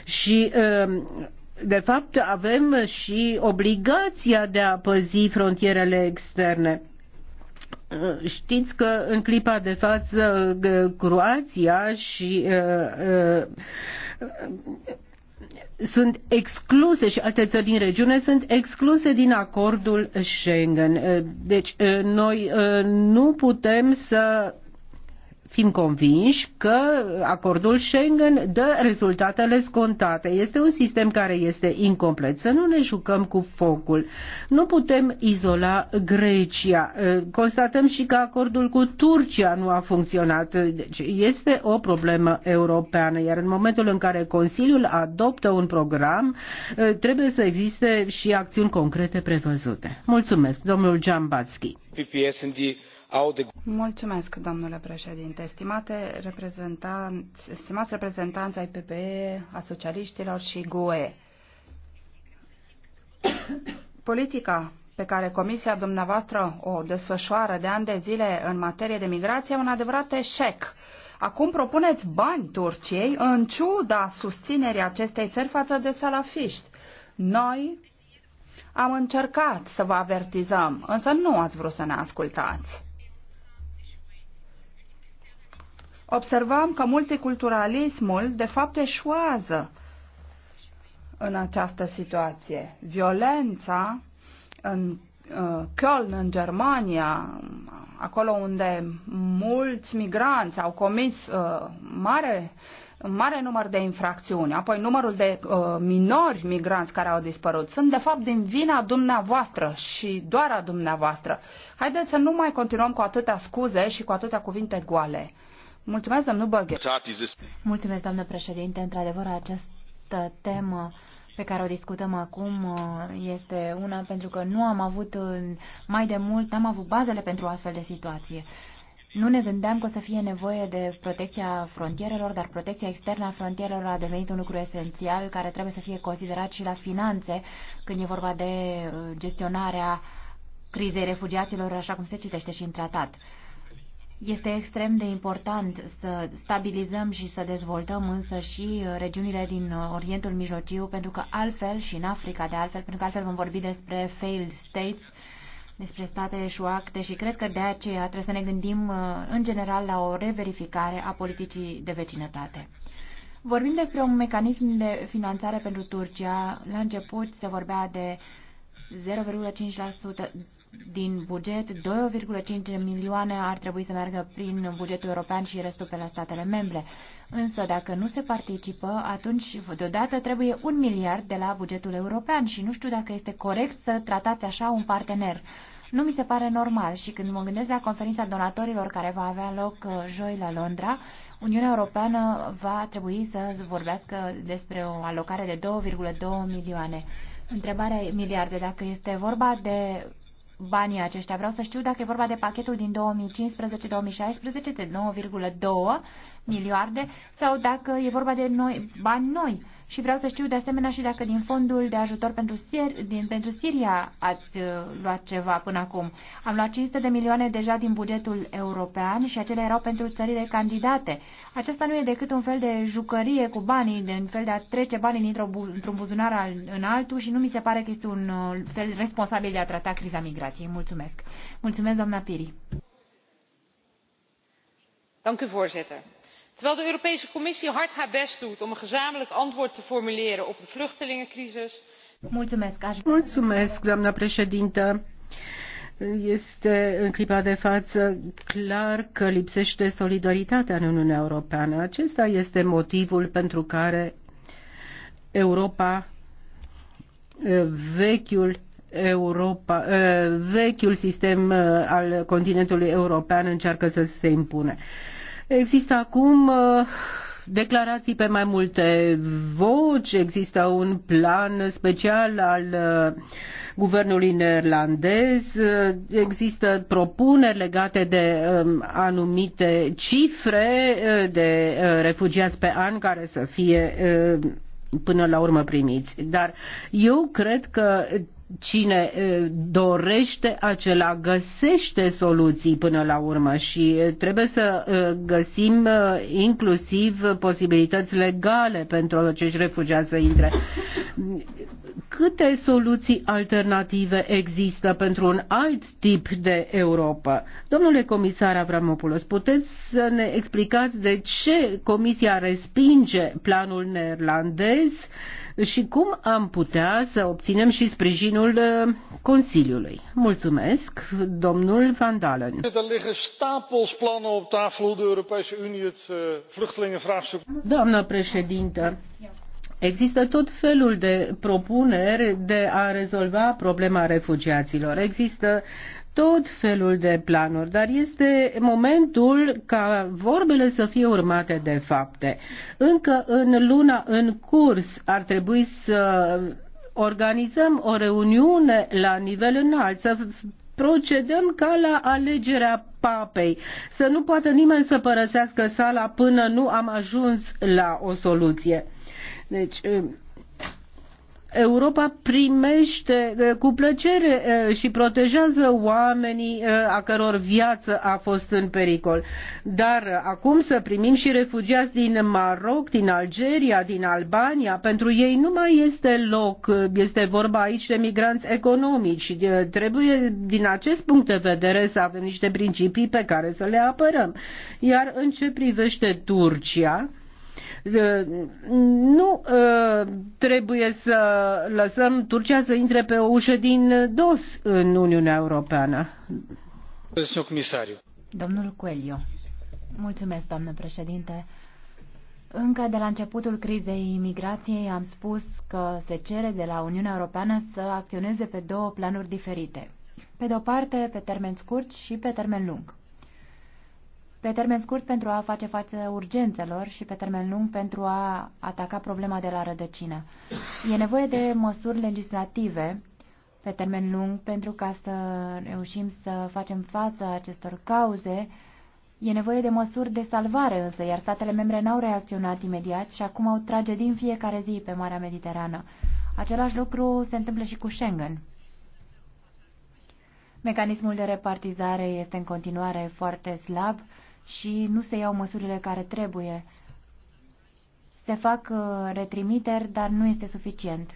Speaker 10: și uh, de fapt, avem și obligația de a păzi frontierele externe. Știți că în clipa de față Croația și uh, uh, sunt excluse și alte țări din regiune sunt excluse din acordul Schengen. Deci uh, noi nu putem să fim convinși că acordul Schengen dă rezultatele scontate. Este un sistem care este incomplet. Să nu ne jucăm cu focul. Nu putem izola Grecia. Eh, constatăm și că acordul cu Turcia nu a funcționat. Deci este o problemă europeană, iar în momentul în care Consiliul adoptă un program, eh, trebuie să existe și acțiuni concrete prevăzute. Mulțumesc, domnul Giambatski. PPS au de...
Speaker 14: Mulțumesc, domnule președinte. Stimate reprezentanți, stimați reprezentanți ai PPE, a socialiștilor și GUE. Politica pe care Comisia dumneavoastră o desfășoară de ani de zile în materie de migrație e un adevărat eșec. Acum propuneți bani Turciei în ciuda susținerii acestei țări față de salafiști. Noi am încercat să vă avertizăm, însă nu ați vrut să ne ascultați. observăm că multiculturalismul de fapt eșuează în această situație. Violența în uh, Köln, în Germania, acolo unde mulți migranți au comis uh, mare, mare număr de infracțiuni, apoi numărul de uh, minori migranți care au dispărut, sunt de fapt din vina dumneavoastră și doar a dumneavoastră. Haideți să nu mai continuăm cu atâtea scuze și cu atâtea cuvinte goale.
Speaker 15: Mulțumesc, domnul Băghe. Mulțumesc, doamnă președinte. Într-adevăr, această temă pe care o discutăm acum uh, este una pentru că nu am avut uh, mai de mult, n-am avut bazele pentru o astfel de situație. Nu ne gândeam că o să fie nevoie de protecția frontierelor, dar protecția externă a frontierelor a devenit un lucru esențial care trebuie să fie considerat și la finanțe când e vorba de uh, gestionarea crizei refugiaților, așa cum se citește și în tratat. Este extrem de important să stabilizăm și să dezvoltăm însă și uh, regiunile din uh, Orientul Mijlociu, pentru că altfel, și în Africa de altfel, pentru că altfel vom vorbi despre failed states, despre state eșuacte și cred că de aceea trebuie să ne gândim uh, în general la o reverificare a politicii de vecinătate. Vorbim despre un mecanism de finanțare pentru Turcia. La început se vorbea de 0,5%, din buget, 2,5 milioane ar trebui să meargă prin bugetul european și restul pe la statele membre. Însă dacă nu se participă, atunci deodată trebuie un miliard de la bugetul european și nu știu dacă este corect să tratați așa un partener. Nu mi se pare normal și când mă gândesc la conferința donatorilor care va avea loc uh, joi la Londra, Uniunea Europeană va trebui să vorbească despre o alocare de 2,2 milioane. Întrebarea miliarde, dacă este vorba de banii aceștia. Vreau să știu dacă e vorba de pachetul din 2015-2016 de 9,2 miliarde sau dacă e vorba de noi, bani noi. Și vreau să știu de asemenea și dacă din fondul de ajutor pentru, Sir, din, pentru Siria ați uh, luat ceva până acum. Am luat 500 de milioane deja din bugetul european și acele erau pentru țările candidate. Aceasta nu e decât un fel de jucărie cu banii, de un fel de a trece banii dintr-un bu buzunar al, în altul și nu mi se pare că este un uh, fel responsabil de a trata criza migrației. Mulțumesc. Mulțumesc, doamna Piri.
Speaker 11: Dank u, voorzitter terwijl de europese commissie hard haar best doet om een gezamenlijk antwoord te formuleren op de vluchtelingencrisis.
Speaker 10: doamnă președintă este în clipa de față clar că lipsește solidaritatea în Uniunea Europeană. Acesta este motivul pentru care Europa, vechiul Europa, vechiul sistem al continentului european încearcă să se impune. Există acum uh, declarații pe mai multe voci, există un plan special al uh, guvernului neerlandez, uh, există propuneri legate de um, anumite cifre de refugiați pe an care să fie până la urmă primiți. Dar eu cred că cine dorește, acela găsește soluții până la urmă și trebuie să găsim inclusiv posibilități legale pentru acești refugiați să intre. Câte soluții alternative există pentru un alt tip de Europa? Domnule comisar Avramopoulos, puteți să ne explicați de ce Comisia respinge planul neerlandez și cum am putea să obținem și sprijinul uh, Consiliului. Mulțumesc, domnul Van Dalen.
Speaker 5: Er uh,
Speaker 10: Doamnă președintă, Există tot felul de propuneri de a rezolva problema refugiaților. Există tot felul de planuri, dar este momentul ca vorbele să fie urmate de fapte. Încă în luna în curs ar trebui să organizăm o reuniune la nivel înalt, să procedăm ca la alegerea papei, să nu poată nimeni să părăsească sala până nu am ajuns la o soluție. Deci, Europa primește uh, cu plăcere uh, și protejează oamenii uh, a căror viață a fost în pericol. Dar acum să primim și refugiați din Maroc, din Algeria, din Albania, pentru ei nu mai este loc. Este vorba aici de migranți economici. Trebuie, din acest punct de vedere, să avem niște principii pe care să le apărăm. Iar în ce privește Turcia, Ă, nu ă, trebuie să lăsăm Turcia să intre pe o ușă din dos în Uniunea Europeană.
Speaker 15: Domnul Coelho. Mulțumesc, doamnă președinte. Încă de la începutul crizei imigrației am spus că se cere de la Uniunea Europeană să acționeze pe două planuri diferite. Pe de o parte, pe termen scurt și pe termen lung pe termen scurt pentru a face față urgențelor și pe termen lung pentru a ataca problema de la rădăcină. E nevoie de măsuri legislative pe termen lung pentru ca să reușim să facem față acestor cauze. E nevoie de măsuri de salvare însă, iar statele membre n-au reacționat imediat și acum au trage din fiecare zi pe Marea Mediterană. Același lucru se întâmplă și cu Schengen. Mecanismul de repartizare este în continuare foarte slab și nu se iau măsurile care trebuie. Se fac uh, retrimiteri, dar nu este suficient.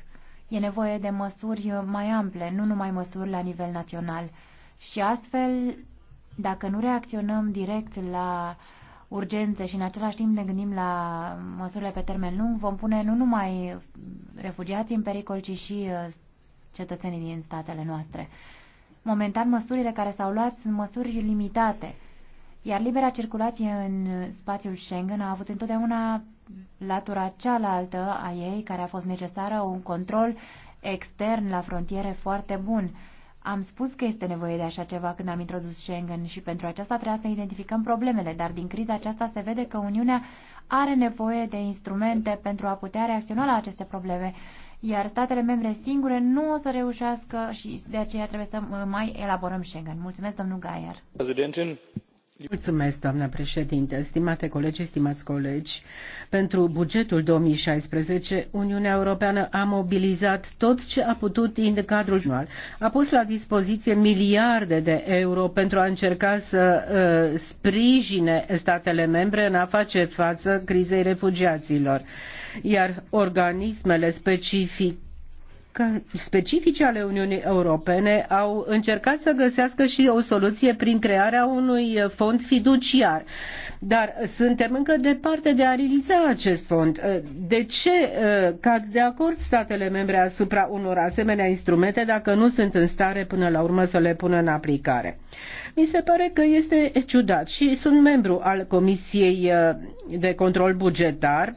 Speaker 15: E nevoie de măsuri mai ample, nu numai măsuri la nivel național. Și astfel, dacă nu reacționăm direct la urgențe și în același timp ne gândim la măsurile pe termen lung, vom pune nu numai refugiații în pericol, ci și uh, cetățenii din statele noastre. Momentan, măsurile care s-au luat sunt măsuri limitate iar libera circulație în spațiul Schengen a avut întotdeauna latura cealaltă a ei, care a fost necesară, un control extern la frontiere foarte bun. Am spus că este nevoie de așa ceva când am introdus Schengen și pentru aceasta trebuia să identificăm problemele, dar din criza aceasta se vede că Uniunea are nevoie de instrumente pentru a putea reacționa la aceste probleme, iar statele membre singure nu o să reușească și de aceea trebuie să mai elaborăm Schengen. Mulțumesc, domnul Gaier. Prezidentin.
Speaker 10: Mulțumesc, doamnă președinte, stimate colegi, stimați colegi. Pentru bugetul 2016, Uniunea Europeană a mobilizat tot ce a putut în cadrul anual. A pus la dispoziție miliarde de euro pentru a încerca să uh, sprijine statele membre în a face față crizei refugiaților. Iar organismele specifice specifice ale Uniunii Europene au încercat să găsească și o soluție prin crearea unui fond fiduciar. Dar suntem încă departe de a realiza acest fond. De ce ă, cad de acord statele membre asupra unor asemenea instrumente dacă nu sunt în stare până la urmă să le pună în aplicare? Mi se pare că este ciudat și sunt membru al Comisiei ă, de Control Bugetar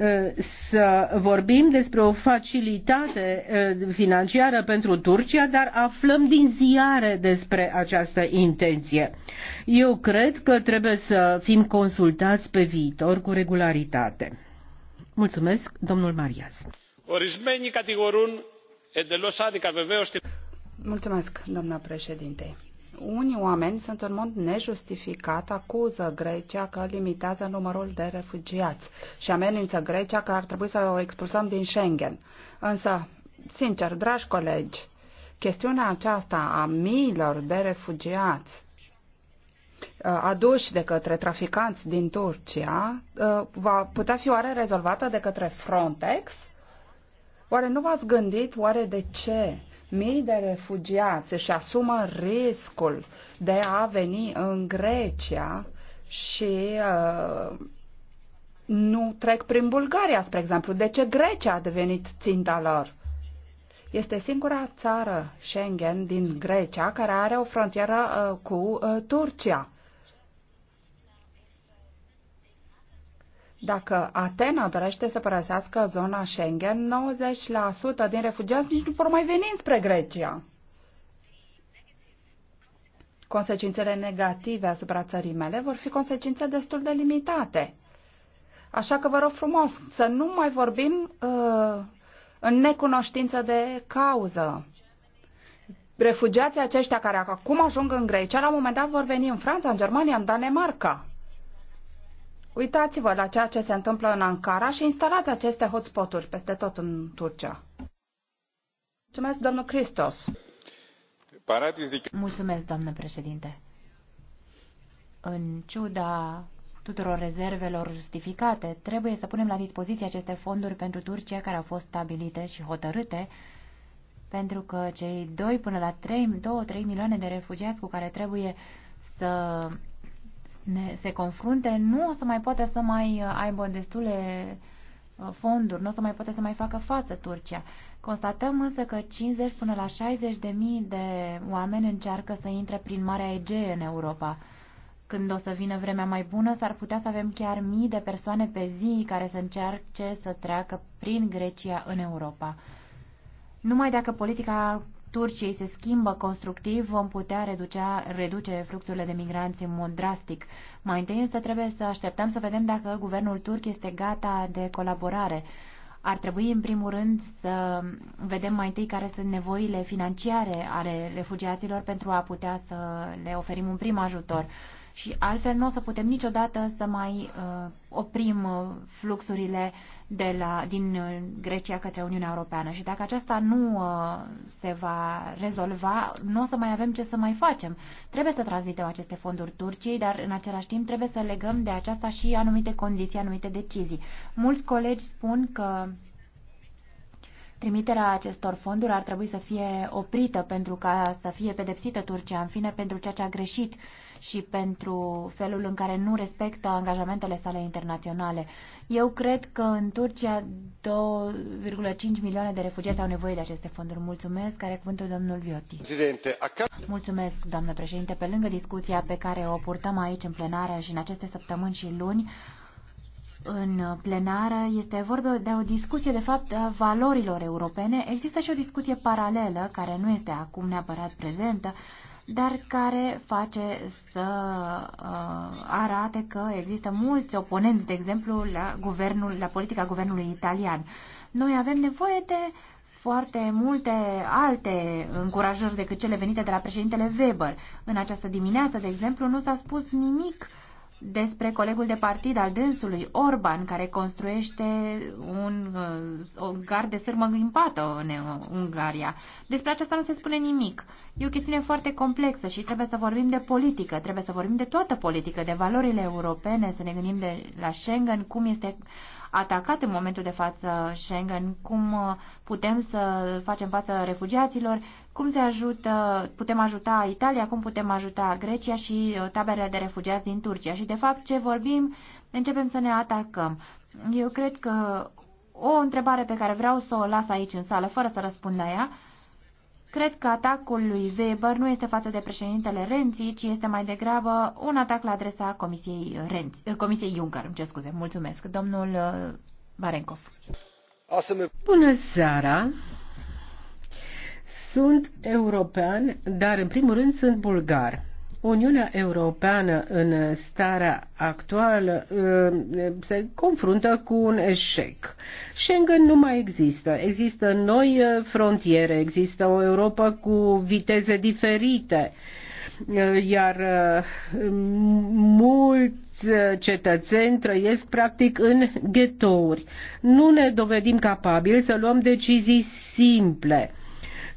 Speaker 10: Eh, să vorbim despre o facilitate eh, financiară pentru Turcia, dar aflăm din ziare despre această intenție. Eu cred că trebuie să fim consultați pe viitor cu regularitate. Mulțumesc, domnul Marias. Adică, Mulțumesc, doamna
Speaker 14: președinte unii oameni sunt în mod nejustificat acuză Grecia că limitează numărul de refugiați și amenință Grecia că ar trebui să o expulsăm din Schengen. Însă, sincer, dragi colegi, chestiunea aceasta a miilor de refugiați uh, aduși de către traficanți din Turcia uh, va putea fi oare rezolvată de către Frontex? Oare nu v-ați gândit oare de ce Mii de refugiați își asumă riscul de a veni în Grecia și uh, nu trec prin Bulgaria, spre exemplu. De ce Grecia a devenit ținta lor? Este singura țară Schengen din Grecia care are o frontieră uh, cu uh, Turcia. Dacă Atena dorește să părăsească zona Schengen, 90% din refugiați nici nu vor mai veni spre Grecia. Consecințele negative asupra țării mele vor fi consecințe destul de limitate. Așa că vă rog frumos să nu mai vorbim uh, în necunoștință de cauză. Refugiații aceștia care acum ajung în Grecia, la un moment dat vor veni în Franța, în Germania, în Danemarca. Uitați-vă la ceea ce se întâmplă în Ankara și instalați aceste hotspoturi peste tot în
Speaker 15: Turcia. Mulțumesc, domnul Cristos. Mulțumesc, domnule președinte. În ciuda tuturor rezervelor justificate, trebuie să punem la dispoziție aceste fonduri pentru Turcia care au fost stabilite și hotărâte, pentru că cei 2 până la 3, 2-3 milioane de refugiați cu care trebuie să ne, se confrunte, nu o să mai poată să mai uh, aibă destule uh, fonduri, nu o să mai poată să mai facă față Turcia. Constatăm însă că 50 până la 60 de mii de oameni încearcă să intre prin Marea Egee în Europa. Când o să vină vremea mai bună, s-ar putea să avem chiar mii de persoane pe zi care să încearce să treacă prin Grecia în Europa. Numai dacă politica Turciei se schimbă constructiv, vom putea reducea, reduce fluxurile de migranți în mod drastic. Mai întâi însă trebuie să așteptăm să vedem dacă guvernul turc este gata de colaborare. Ar trebui, în primul rând, să vedem mai întâi care sunt nevoile financiare ale refugiaților pentru a putea să le oferim un prim ajutor și altfel nu o să putem niciodată să mai uh, oprim uh, fluxurile de la, din uh, Grecia către Uniunea Europeană. Și dacă aceasta nu uh, se va rezolva, nu o să mai avem ce să mai facem. Trebuie să transmitem aceste fonduri Turciei, dar în același timp trebuie să legăm de aceasta și anumite condiții, anumite decizii. Mulți colegi spun că Trimiterea acestor fonduri ar trebui să fie oprită pentru ca să fie pedepsită Turcia, în fine, pentru ceea ce a greșit uh, și pentru felul în care nu respectă angajamentele sale internaționale. Eu cred că în Turcia 2,5 milioane de refugiați au nevoie de aceste fonduri. Mulțumesc. Care cuvântul domnul Vioti. Mulțumesc, doamnă președinte. Pe lângă discuția pe care o purtăm aici în plenară și în aceste săptămâni și luni, în plenară este vorba de o discuție, de fapt, a valorilor europene. Există și o discuție paralelă, care nu este acum neapărat prezentă, dar care face să uh, arate că există mulți oponenți, de exemplu, la, guvernul, la politica guvernului italian. Noi avem nevoie de foarte multe alte încurajări decât cele venite de la președintele Weber. În această dimineață, de exemplu, nu s-a spus nimic uh, despre colegul de partid al dânsului, Orban, care construiește un, uh, o gard de sârmă ghimpată în uh, Ungaria. Despre aceasta nu se spune nimic. E o chestiune foarte complexă și trebuie să vorbim de politică, trebuie să vorbim de toată politică, de valorile europene, să ne gândim de la Schengen, cum este uh, atacat în momentul de față Schengen, cum uh, putem să facem față refugiaților, cum se ajută, putem ajuta Italia, cum putem ajuta Grecia și uh, taberele de refugiați din Turcia. Și de fapt ce vorbim, începem să ne atacăm. Eu cred că o întrebare pe care vreau să o las aici în sală, fără să răspund la ea, Cred că atacul lui Weber nu este față de președintele Renzi, ci este mai degrabă un atac la adresa Comisiei, Renzi, Comisiei Juncker. Îmi cer scuze. Mulțumesc, domnul uh, Barenkov.
Speaker 10: Bună seara! Sunt european,
Speaker 15: dar în primul rând
Speaker 10: sunt bulgar. Uniunea Europeană în starea actuală uh, se confruntă cu un eșec. Schengen nu mai există. Există noi uh, frontiere, există o Europa cu viteze diferite, uh, iar mulți cetățeni trăiesc practic în ghetouri. Nu ne dovedim capabili să luăm decizii simple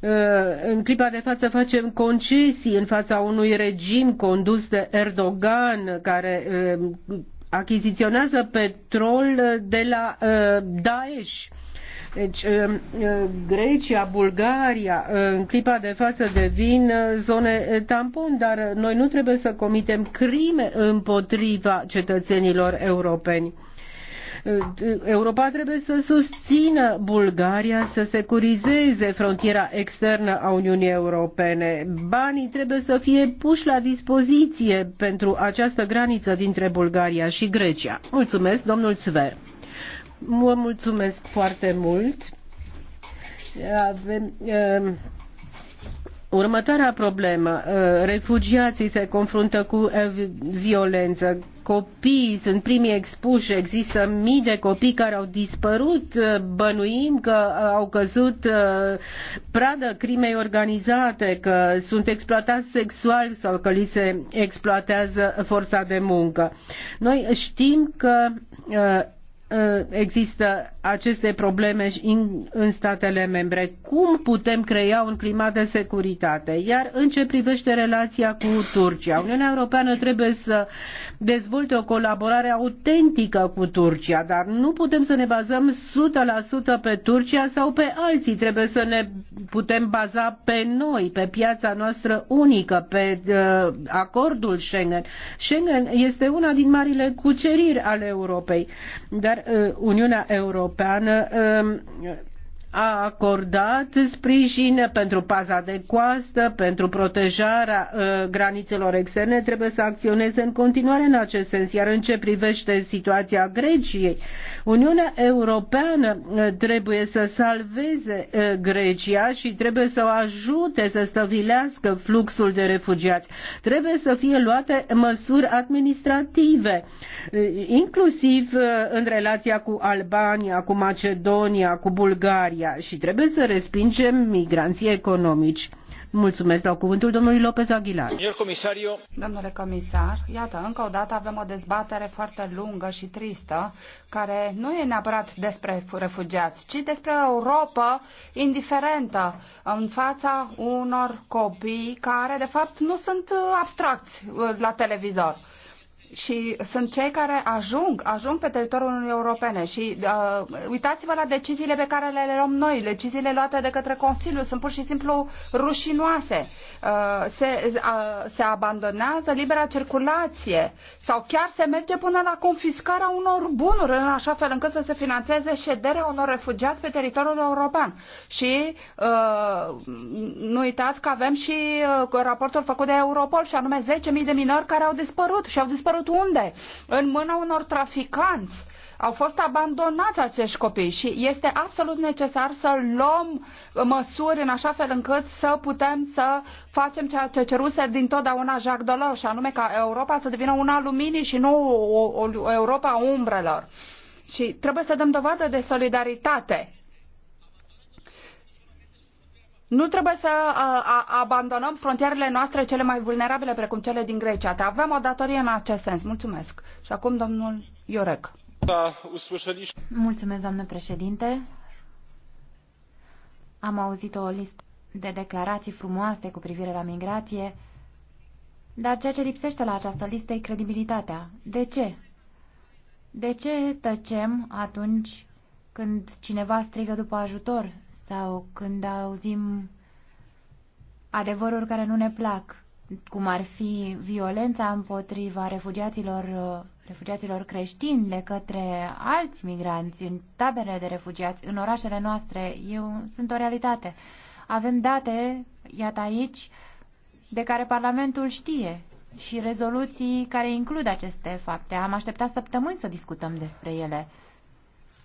Speaker 10: Uh, în clipa de față facem concesii în fața unui regim condus de Erdogan care uh, achiziționează petrol de la uh, Daesh. Deci, Grecia, Bulgaria, în clipa de față devin zone tampon, dar noi nu trebuie să comitem crime împotriva cetățenilor europeni. Europa trebuie să susțină Bulgaria să securizeze frontiera externă a Uniunii Europene. Banii trebuie să fie puși la dispoziție pentru această graniță dintre Bulgaria și Grecia. Mulțumesc, domnul Sver. Mă mulțumesc foarte mult. Avem, uh, Următoarea problemă, uh, refugiații se confruntă cu violență, copiii sunt primii expuși, există mii de copii care au dispărut, uh, bănuim că uh, au căzut pradă crimei organizate, că sunt exploatați sexual sau că li se exploatează forța de muncă. Noi știm că Uh, există aceste probleme în statele membre. Cum putem crea un climat de securitate? Iar în ce privește relația cu Turcia, Uniunea Europeană trebuie să dezvolte o colaborare autentică cu Turcia, dar nu putem să ne bazăm 100% pe Turcia sau pe alții. Trebuie să ne putem baza pe noi, pe piața noastră unică, pe uh, acordul Schengen. Schengen este una din marile cuceriri ale Europei, dar Uh, Uniunea Europeană um, a acordat sprijin pentru paza de coastă, pentru protejarea uh, granițelor externe, trebuie să acționeze în continuare în acest sens. Iar în ce privește situația Greciei, Uniunea Europeană eh, trebuie să salveze eh, Grecia și trebuie să o ajute să stăvilească fluxul de refugiați. Trebuie să fie luate măsuri administrative, eh, inclusiv în relația cu Albania, cu Macedonia, cu Bulgaria și trebuie să respingem migranții economici. Mulțumesc, dau cuvântul domnului Lopez Aguilar.
Speaker 14: Domnule comisar, iată, încă o dată avem o dezbatere foarte lungă și tristă, care nu e neapărat despre refugiați, ci despre Europa indiferentă în fața unor copii care, de fapt, nu sunt abstracți la televizor și sunt cei care ajung, ajung pe teritoriul Uniunii Europene și uh, uitați-vă la deciziile pe care le luăm noi, deciziile luate de către Consiliu sunt pur și simplu rușinoase. Uh, se, uh, se abandonează libera circulație sau chiar se merge până la confiscarea unor bunuri în așa fel încât să se financeze șederea unor refugiați pe teritoriul european. Și uh, nu uitați că avem și uh, raportul făcut de Europol și anume 10.000 de minori care au dispărut și au dispărut știut unde, în mâna unor traficanți. Au fost abandonați acești copii și este absolut necesar să luăm măsuri în așa fel încât să putem să facem ceea ce ceruse din totdeauna Jacques Delors, și anume ca Europa să devină una luminii și nu o, o, o Europa umbrelor. Și trebuie să dăm dovadă de solidaritate nu trebuie să a, a, abandonăm frontierele noastre cele mai vulnerabile, precum cele din Grecia. Te avem o datorie în acest sens. Mulțumesc. Și acum domnul
Speaker 1: Iorec. Da,
Speaker 15: Mulțumesc, doamnă președinte. Am auzit o listă de declarații frumoase cu privire la migrație, dar ceea ce lipsește la această listă e credibilitatea. De ce? De ce tăcem atunci când cineva strigă după ajutor sau când auzim adevăruri care nu ne plac, cum ar fi violența împotriva refugiaților, refugiaților creștini de către alți migranți în taberele de refugiați, în orașele noastre, eu, sunt o realitate. Avem date, iată aici, de care Parlamentul știe și rezoluții care includ aceste fapte. Am așteptat săptămâni să discutăm despre ele.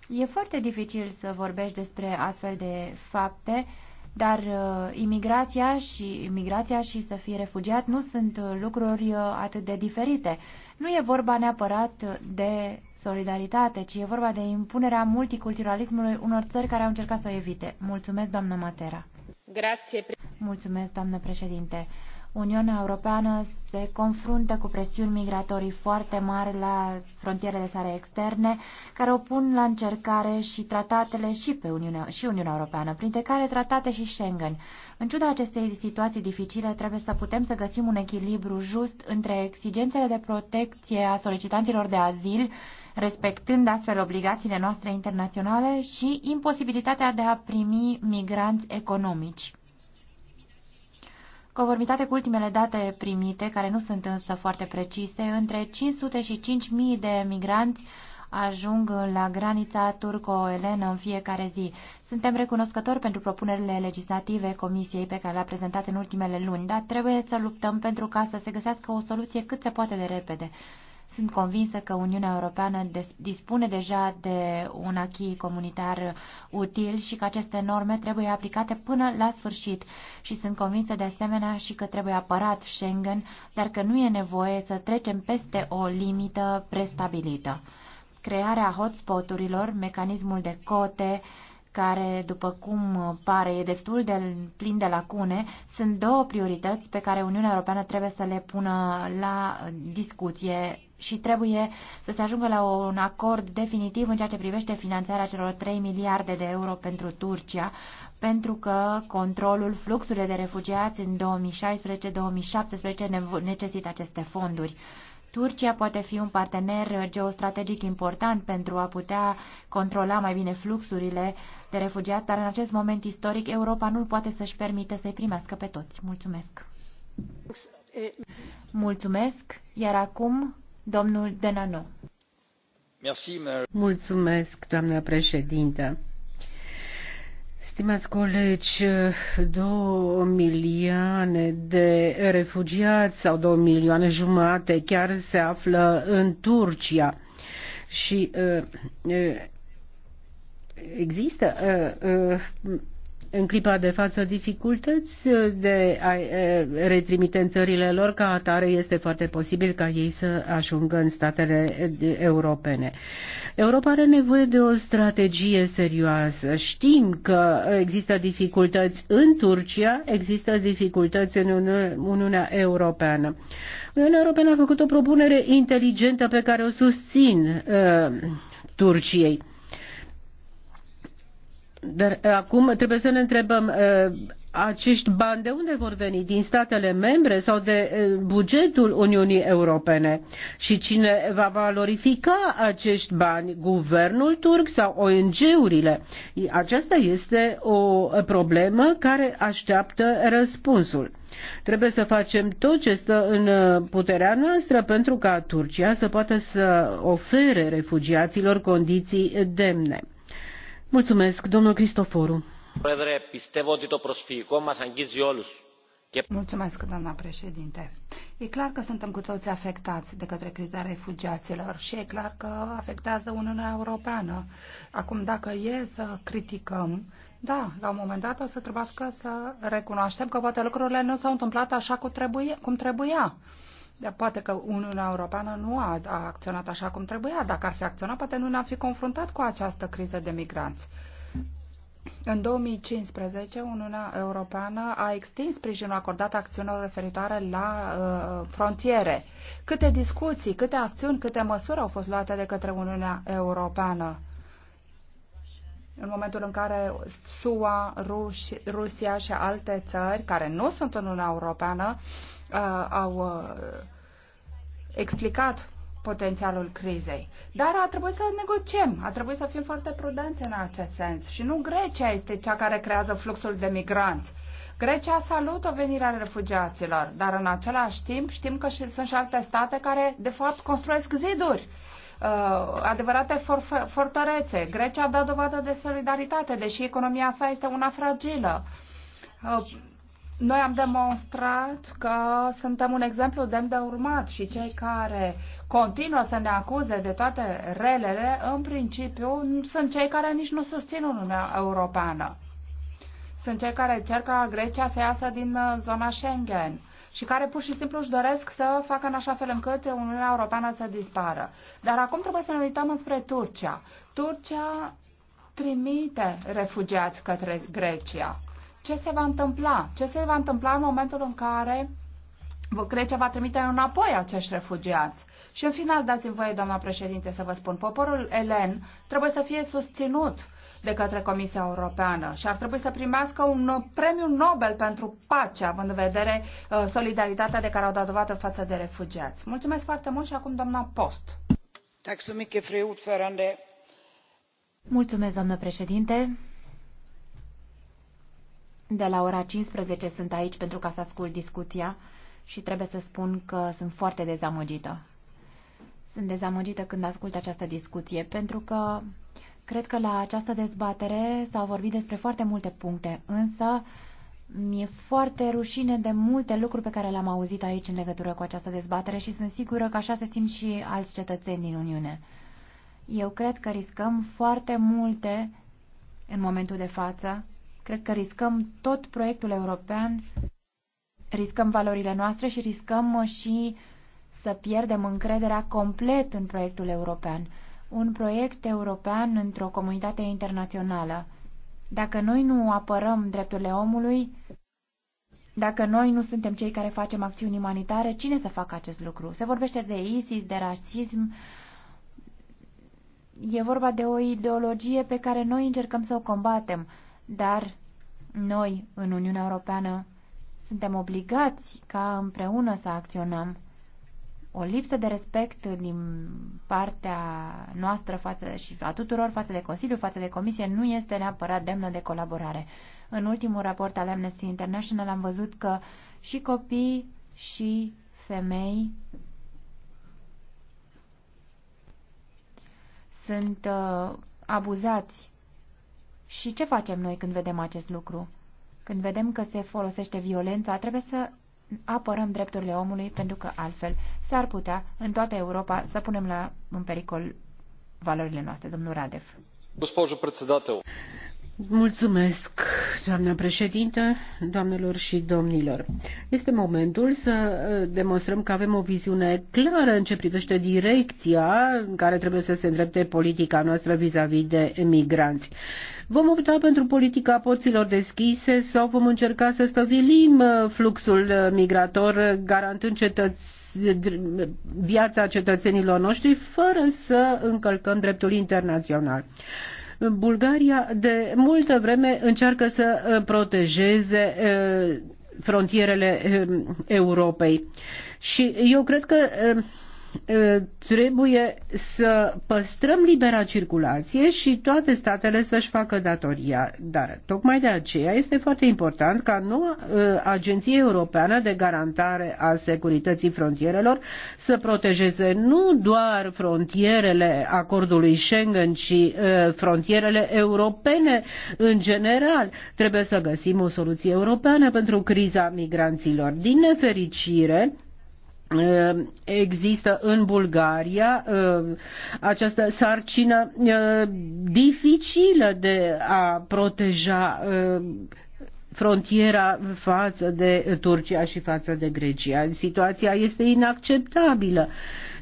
Speaker 15: E foarte dificil să vorbești despre astfel de fapte, dar uh, imigrația și imigrația și să fii refugiat nu sunt uh, lucruri uh, atât de diferite. Nu e vorba neapărat de solidaritate, ci e vorba de impunerea multiculturalismului unor țări care au încercat să o evite. Mulțumesc, doamnă Matera. Grație. Mulțumesc, doamnă președinte. Uniunea Europeană se confruntă cu presiuni migratorii foarte mari la frontierele sale externe, care o pun la încercare și tratatele și, pe Uniunea, și Uniunea Europeană, printre care tratate și Schengen. În ciuda acestei situații dificile, trebuie să putem să găsim un echilibru just între exigențele de protecție a solicitanților de azil, respectând astfel obligațiile noastre internaționale și imposibilitatea de a primi migranți economici. Conformitate cu ultimele date primite, care nu sunt însă foarte precise, între 500 și 5.000 de migranți ajung la granița turco-elenă în fiecare zi. Suntem recunoscători pentru propunerile legislative Comisiei pe care le-a prezentat în ultimele luni, dar trebuie să luptăm pentru ca să se găsească o soluție cât se poate de repede. Sunt convinsă că Uniunea Europeană dispune deja de un achii comunitar util și că aceste norme trebuie aplicate până la sfârșit. Și sunt convinsă de asemenea și că trebuie apărat Schengen, dar că nu e nevoie să trecem peste o limită prestabilită. Crearea hotspoturilor, mecanismul de cote, care, după cum pare, e destul de plin de lacune, sunt două priorități pe care Uniunea Europeană trebuie să le pună la discuție și trebuie să se ajungă la un acord definitiv în ceea ce privește finanțarea celor 3 miliarde de euro pentru Turcia, pentru că controlul fluxurilor de refugiați în 2016-2017 necesită aceste fonduri. Turcia poate fi un partener geostrategic important pentru a putea controla mai bine fluxurile de refugiați, dar în acest moment istoric Europa nu poate să-și permite să-i primească pe toți. Mulțumesc! Mulțumesc, iar acum domnul Denano.
Speaker 10: Mulțumesc, doamna președintă. Stimați colegi, două milioane de refugiați sau două milioane jumate chiar se află în Turcia și uh, uh, există uh, în clipa de față dificultăți de a retrimite în țările lor, ca atare este foarte posibil ca ei să ajungă în statele europene. Europa are nevoie de o strategie serioasă. Știm că există dificultăți în Turcia, există dificultăți în Uniunea Europeană. Uniunea Europeană a făcut o propunere inteligentă pe care o susțin uh, Turciei dar eh, acum trebuie să ne întrebăm eh, acești bani de unde vor veni? Din statele membre sau de eh, bugetul Uniunii Europene? Și cine va valorifica acești bani? Guvernul turc sau ONG-urile? Aceasta este o problemă care așteaptă răspunsul. Trebuie să facem tot ce stă în puterea noastră pentru ca Turcia să poată să ofere refugiaților condiții demne. Mulțumesc, domnul Cristoforu. Mulțumesc, doamna președinte.
Speaker 14: E clar că suntem cu toții afectați de către criza refugiaților și e clar că afectează Uniunea Europeană. Acum, dacă e să criticăm, da, la un moment dat o să trebuiască să recunoaștem că poate lucrurile nu s-au întâmplat așa cum trebuia. Dar poate că Uniunea Europeană nu a, a acționat așa cum trebuia. Dacă ar fi acționat, poate nu ne-am fi confruntat cu această criză de migranți. În 2015, Uniunea Europeană a extins sprijinul acordat acțiunilor referitoare la uh, frontiere. Câte discuții, câte acțiuni, câte măsuri au fost luate de către Uniunea Europeană? În momentul în care SUA, Rus Rusia și alte țări care nu sunt în Uniunea Europeană uh, uh, au uh, explicat potențialul crizei. Dar a trebuit să negociem, a trebuit să fim foarte prudenți în acest sens. Și nu Grecia este cea care creează fluxul de migranți. Grecia salută venirea refugiaților, dar în același timp știm că și, sunt și alte state care, de fapt, construiesc ziduri, uh, adevărate for- fortărețe. Grecia dă dovadă de solidaritate, deși economia sa este una fragilă. Uh, noi am demonstrat că suntem un exemplu demn de urmat și cei care continuă să ne acuze de toate relele, în principiu, sunt cei care nici nu susțin Uniunea Europeană. Sunt cei care cer ca Grecia să iasă din uh, zona Schengen și care pur și simplu își doresc să facă în așa fel încât Uniunea Europeană să dispară. Dar acum trebuie să ne uităm înspre Turcia. Turcia trimite refugiați către Grecia ce se va întâmpla? Ce se va întâmpla în momentul în care Grecia va trimite înapoi acești refugiați? Și în final, dați-mi voie, doamna președinte, să vă spun, poporul elen trebuie să fie susținut de către Comisia Europeană și ar trebui să primească un uh, premiu Nobel pentru pace, având în vedere uh, solidaritatea de care au dat dovadă față de refugiați. Mulțumesc foarte mult și acum doamna Post.
Speaker 15: Mulțumesc, doamnă președinte. De la ora 15 sunt aici pentru ca să ascult discuția și trebuie să spun că sunt foarte dezamăgită. Sunt dezamăgită când ascult această discuție pentru că cred că la această dezbatere s-au vorbit despre foarte multe puncte, însă mi-e foarte rușine de multe lucruri pe care le-am auzit aici în legătură cu această dezbatere și sunt sigură că așa se simt și alți cetățeni din Uniune. Eu cred că riscăm foarte multe în momentul de față Cred că riscăm tot proiectul european, riscăm valorile noastre și riscăm uh, și să pierdem încrederea complet în proiectul european. Un proiect european într-o comunitate internațională. Dacă noi nu apărăm drepturile omului, dacă noi nu suntem cei care facem acțiuni umanitare, cine să facă acest lucru? Se vorbește de ISIS, de rasism. E vorba de o ideologie pe care noi încercăm să o combatem dar noi, în Uniunea Europeană, suntem obligați ca împreună să acționăm. O lipsă de respect din partea noastră față și a tuturor față de Consiliu, față de Comisie, nu este neapărat demnă de colaborare. În ultimul raport al Amnesty International am văzut că și copii și femei sunt uh, abuzați și ce facem noi când vedem acest lucru? Când vedem că se folosește violența, trebuie să apărăm drepturile omului, pentru că altfel s-ar putea, în toată Europa, să punem la, în pericol valorile noastre. Domnul Radev.
Speaker 12: Госпожо председател,
Speaker 15: Mulțumesc,
Speaker 10: doamna președinte, doamnelor și domnilor. Este momentul să uh, demonstrăm că avem o viziune clară în ce privește direcția în care trebuie să se îndrepte politica noastră vis-a-vis -vis de emigranți. Vom opta pentru politica porților deschise sau vom încerca să stăvilim uh, fluxul uh, migrator garantând cetăți viața cetățenilor noștri fără să încălcăm dreptul internațional. Bulgaria de multă vreme încearcă să uh, protejeze uh, frontierele uh, Europei. Și eu cred că trebuie să păstrăm libera circulație și toate statele să-și facă datoria. Dar tocmai de aceea este foarte important ca noua Agenție Europeană de Garantare a Securității Frontierelor să protejeze nu doar frontierele acordului Schengen, ci frontierele europene în general. Trebuie să găsim o soluție europeană pentru criza migranților. Din nefericire, există în Bulgaria uh, această sarcină uh, dificilă de a proteja uh, frontiera față de Turcia și față de Grecia. Situația este inacceptabilă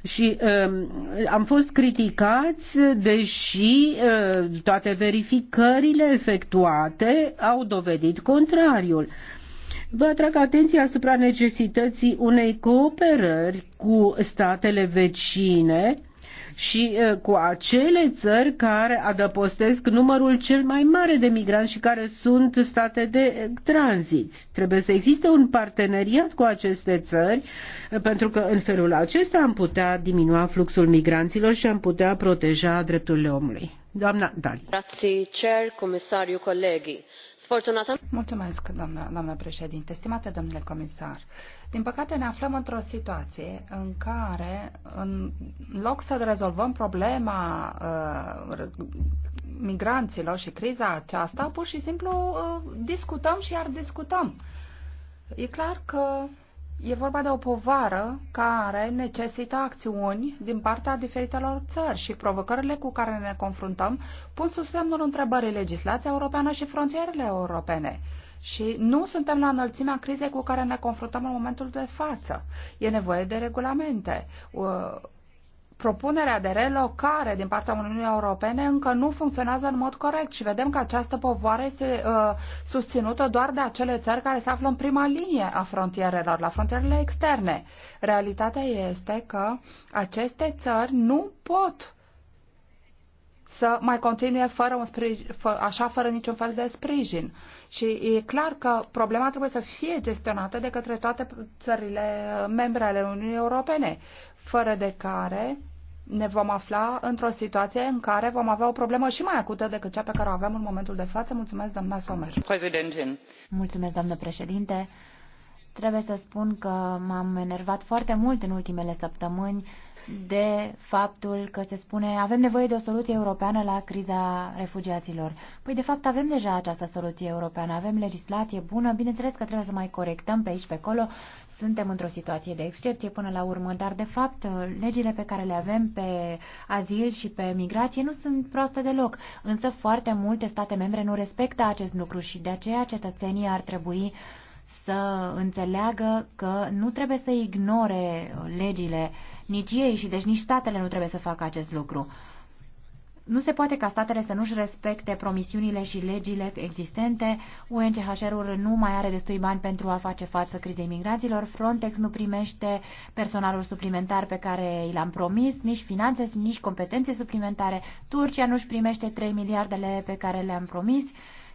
Speaker 10: și um, am fost criticați, deși uh, toate verificările efectuate au dovedit contrariul. Uh, Vă atrag atenția asupra necesității unei cooperări cu statele vecine și eh, cu acele țări care adăpostesc numărul cel mai mare de migranți și care sunt state de eh, tranzit. Trebuie să existe un parteneriat cu aceste țări, eh, pentru că în felul acesta am putea diminua fluxul migranților și am putea proteja drepturile omului doamnă Dali.
Speaker 14: președinte. Stimate domnule comisar, din păcate ne aflăm într-o situație în care, în loc să rezolvăm problema uh, migranților și criza aceasta, pur și simplu uh, discutăm și iar discutăm. E clar că E vorba de o povară care necesită acțiuni din partea diferitelor țări și provocările cu care ne confruntăm pun sub semnul întrebării legislația europeană și frontierele europene. Și nu suntem la înălțimea crizei cu care ne confruntăm în momentul de față. E nevoie de regulamente. Uh, propunerea de relocare din partea Uniunii Europene încă nu funcționează în mod corect și vedem că această povoare este uh, susținută doar de acele țări care se află în prima linie a frontierelor, la frontierele externe. Realitatea este că aceste țări nu pot să mai continue fără un sprijin, fă, așa fără niciun fel de sprijin. Și e clar că problema trebuie să fie gestionată de către toate țările membre ale Uniunii Europene fără de care ne vom afla într-o situație în care vom avea o problemă și mai acută decât cea pe care o avem în momentul de față. Mulțumesc, doamna Sommer.
Speaker 15: Mulțumesc, doamnă președinte. Trebuie să spun că m-am enervat foarte mult în ultimele săptămâni de faptul că se spune avem nevoie de o soluție europeană la criza refugiaților. Păi de fapt avem deja această soluție europeană, avem legislație bună, bineînțeles că trebuie să mai corectăm pe aici pe acolo, suntem într-o situație de excepție până la urmă, dar de fapt legile pe care le avem pe azil și pe migrație nu sunt proaste deloc, însă foarte multe state membre nu respectă acest lucru și de aceea cetățenii ar trebui să înțeleagă că nu trebuie să ignore legile nici ei și deci nici statele nu trebuie să facă acest lucru. Nu se poate ca statele să nu-și respecte promisiunile și legile existente, UNCHR-ul nu mai are destui bani pentru a face față crizei migraților, Frontex nu primește personalul suplimentar pe care i l-am promis, nici finanțe, nici competențe suplimentare, Turcia nu-și primește 3 miliardele pe care le-am promis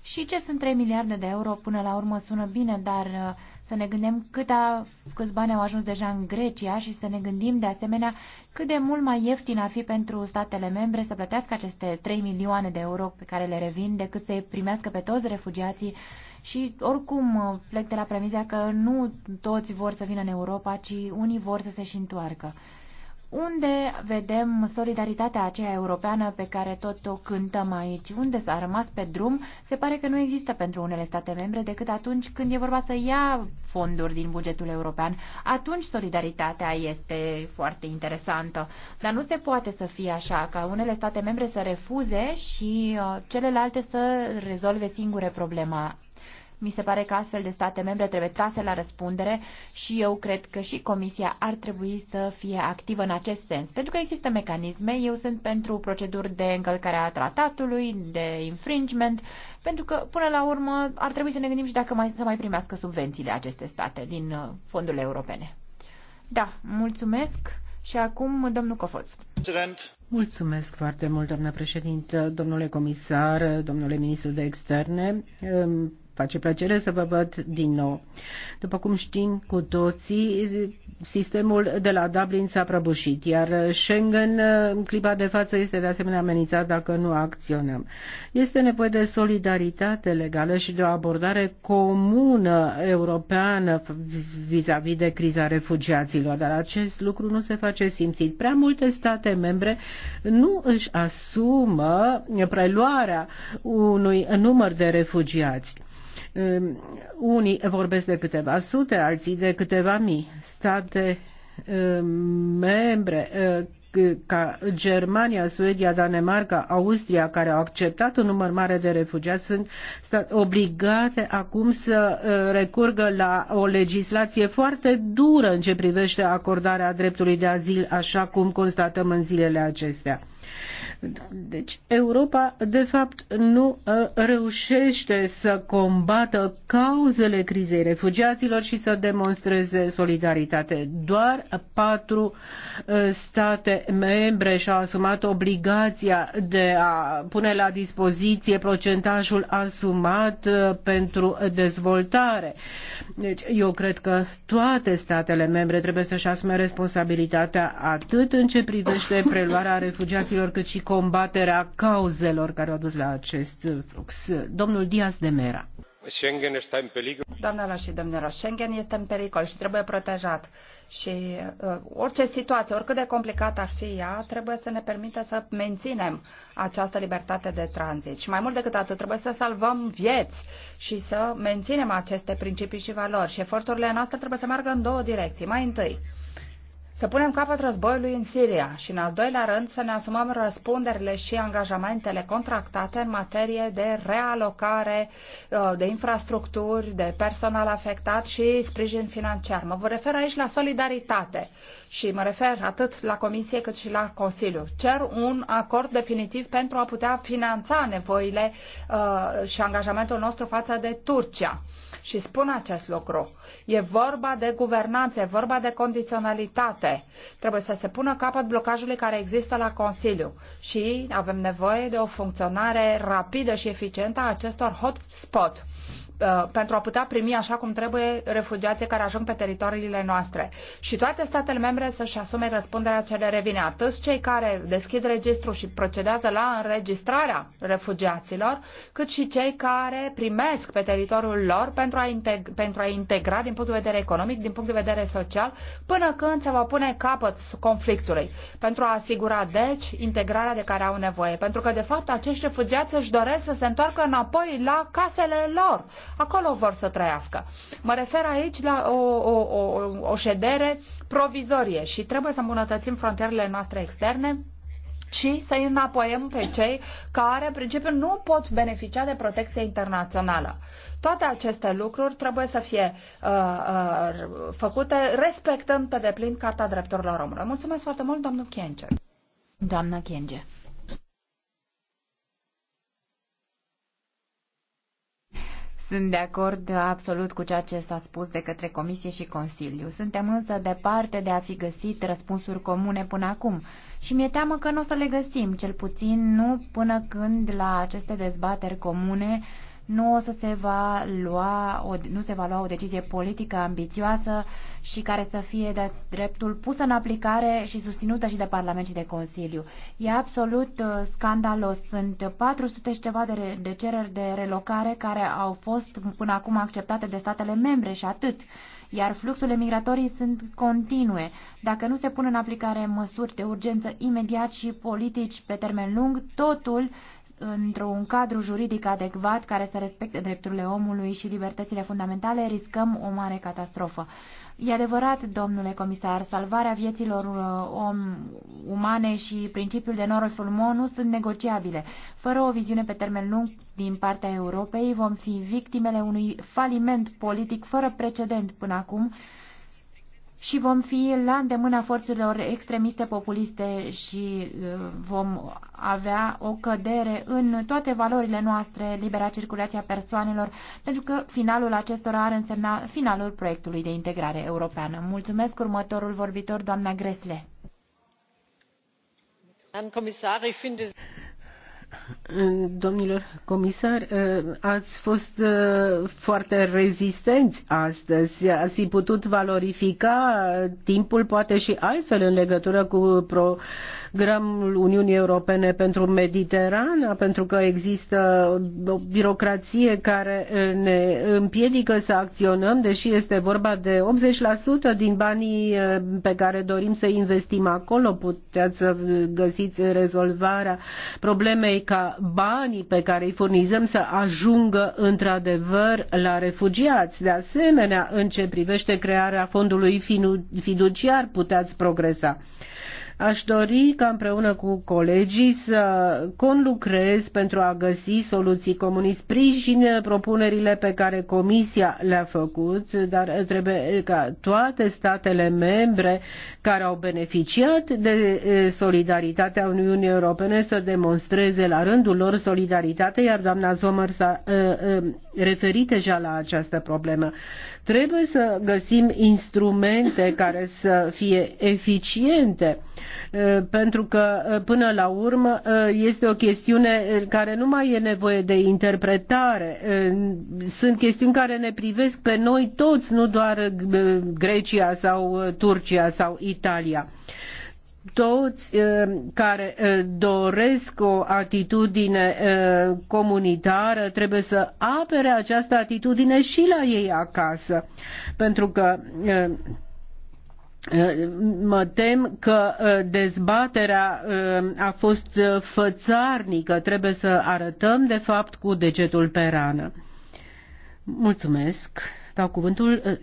Speaker 15: și ce sunt 3 miliarde de euro până la urmă sună bine, dar uh, să ne gândim cât a, câți bani au ajuns deja în Grecia și să ne gândim de asemenea cât de mult mai ieftin ar fi pentru statele membre să plătească aceste 3 milioane de euro pe care le revin decât să-i primească pe toți refugiații și oricum plec de la premiza că nu toți vor să vină în Europa, ci unii vor să se și întoarcă. Unde vedem solidaritatea aceea europeană pe care tot o cântăm aici? Unde s-a rămas pe drum? Se pare că nu există pentru unele state membre decât atunci când e vorba să ia fonduri din bugetul european. Atunci solidaritatea este foarte interesantă. Dar nu se poate să fie așa, ca unele state membre să refuze și uh, celelalte să rezolve singure problema mi se pare că astfel de state membre trebuie trase la răspundere și eu cred că și Comisia ar trebui să fie activă în acest sens. Pentru că există mecanisme, eu sunt pentru proceduri de încălcare a tratatului, de infringement, pentru că până la urmă ar trebui să ne gândim și dacă mai, să mai primească subvențiile aceste state din uh, fondurile europene. Da, mulțumesc. Și acum, domnul Cofoț.
Speaker 10: Mulțumesc foarte mult, doamna președintă, domnule comisar, domnule ministru de externe face plăcere să vă văd din nou. După cum știm cu toții, sistemul de la Dublin s-a prăbușit, iar Schengen în clipa de față este de asemenea amenințat dacă nu acționăm. Este nevoie de solidaritate legală și de o abordare comună europeană vis-a-vis -vis de criza refugiaților, dar acest lucru nu se face simțit. Prea multe state membre nu își asumă preluarea unui număr de refugiați. Ehm, unii vorbesc de câteva sute, alții de câteva mii. State ehm, membre ehm, ca Germania, Suedia, Danemarca, Austria, care au acceptat un număr mare de refugiați, sunt obligate acum să recurgă la o legislație foarte dură în ce privește acordarea dreptului de azil, așa cum constatăm în zilele acestea. Deci Europa, de fapt, nu ă, reușește să combată cauzele crizei refugiaților și să demonstreze solidaritate. Doar patru ă, state membre și-au asumat obligația de a pune la dispoziție procentajul asumat ă, pentru dezvoltare. Deci eu cred că toate statele membre trebuie să-și asume responsabilitatea atât în ce privește preluarea refugiaților cât și combaterea cauzelor care au dus la acest flux. Domnul Diaz de Mera.
Speaker 5: Schengen este în pericol.
Speaker 14: Doamnelor și domnilor,
Speaker 10: Schengen este în pericol și trebuie protejat.
Speaker 14: Și uh, orice situație, oricât de complicată ar fi ea, trebuie să ne permită să menținem această libertate de tranzit. Și mai mult decât atât, trebuie să salvăm vieți și să menținem aceste principii și valori. Și eforturile noastre trebuie să meargă în două direcții. Mai întâi, să punem capăt războiului în Siria și, în al doilea rând, să ne asumăm răspunderile și angajamentele contractate în materie de realocare uh, de infrastructuri, de personal afectat și sprijin financiar. Mă refer aici la solidaritate și mă refer atât la Comisie cât și la Consiliu. Cer un acord definitiv pentru a putea finanța nevoile uh, și angajamentul nostru față de Turcia. Și spun acest lucru. E vorba de guvernanță, e vorba de condiționalitate. Trebuie să se pună capăt blocajului care există la Consiliu. Și avem nevoie de o funcționare rapidă și eficientă a acestor hotspot Uh, pentru a putea primi așa cum trebuie refugiații care ajung pe teritoriile noastre. Și toate statele membre să-și asume răspunderea ce le revine. Atât cei care deschid registrul și procedează la înregistrarea refugiaților, cât și cei care primesc pe teritoriul lor pentru a, integ- pentru a integra din punct de vedere economic, din punct de vedere social, până când se va pune capăt conflictului, pentru a asigura, deci, integrarea de care au nevoie. Pentru că, de fapt, acești refugiați își doresc să se întoarcă înapoi la casele lor acolo vor să trăiască. Mă refer aici la o, o, o, o ședere provizorie și trebuie să îmbunătățim frontierele noastre externe și să îi înapoiem pe cei care, în principiu, nu pot beneficia de protecție internațională. Toate aceste lucruri trebuie să fie uh, uh, făcute respectând pe deplin Carta Drepturilor Omului. Mulțumesc foarte mult, domnul Chienge. Doamna Chienge.
Speaker 15: Sunt de acord absolut cu ceea ce s-a spus de către Comisie și Consiliu. Suntem însă departe de a fi găsit răspunsuri comune până acum și mi-e teamă că nu o să le găsim, cel puțin nu până când la aceste dezbateri comune nu, o să se va lua o, nu se va lua o decizie politică ambițioasă și care să fie de dreptul pusă în aplicare și susținută și de Parlament și de Consiliu. E absolut uh, scandalos. Sunt 400 și ceva de, de cereri de relocare care au fost până acum acceptate de statele membre și atât iar fluxurile migratorii sunt continue. Dacă nu se pun în aplicare măsuri de urgență imediat și politici pe termen lung, totul într-un cadru juridic adecvat care să respecte drepturile omului și libertățile fundamentale, riscăm o mare catastrofă. E adevărat, domnule comisar, salvarea vieților uh, om, umane și principiul de norul fulmon nu sunt negociabile. Fără o viziune pe termen lung din partea Europei, vom fi victimele unui faliment politic fără precedent până acum, și vom fi la îndemâna forțelor extremiste populiste și uh, vom avea o cădere în toate valorile noastre, libera circulația persoanelor, pentru că finalul acestora ar însemna finalul proiectului de integrare europeană. Mulțumesc următorul vorbitor, doamna Gresle.
Speaker 10: Domnilor comisari, eh, ați fost eh, foarte rezistenți astăzi. Ați fi putut valorifica timpul poate și altfel în legătură cu pro gramul Uniunii Europene pentru Mediterana, pentru că există o birocrație care eh, ne împiedică să acționăm, deși este vorba de 80% din banii eh, pe care dorim să investim acolo. Puteți să găsiți rezolvarea problemei ca banii pe care îi furnizăm să ajungă într-adevăr la refugiați. De asemenea, în ce privește crearea fondului fiduciar, puteți progresa. Aș dori ca împreună cu colegii să conlucrez pentru a găsi soluții comune. Sprijin propunerile pe care Comisia le-a făcut, dar trebuie ca toate statele membre care au beneficiat de solidaritatea Uniunii Europene să demonstreze la rândul lor solidaritate, iar doamna Sommer s-a referit deja la această problemă. Trebuie să găsim instrumente care să fie eficiente, pentru că până la urmă este o chestiune care nu mai e nevoie de interpretare. Sunt chestiuni care ne privesc pe noi toți, nu doar Grecia sau Turcia sau Italia toți eh, care eh, doresc o atitudine eh, comunitară trebuie să apere această atitudine și la ei acasă. Pentru că mă tem că dezbaterea a fost fățarnică. Trebuie să arătăm, de fapt, cu degetul pe rană. Mulțumesc. Dau cuvântul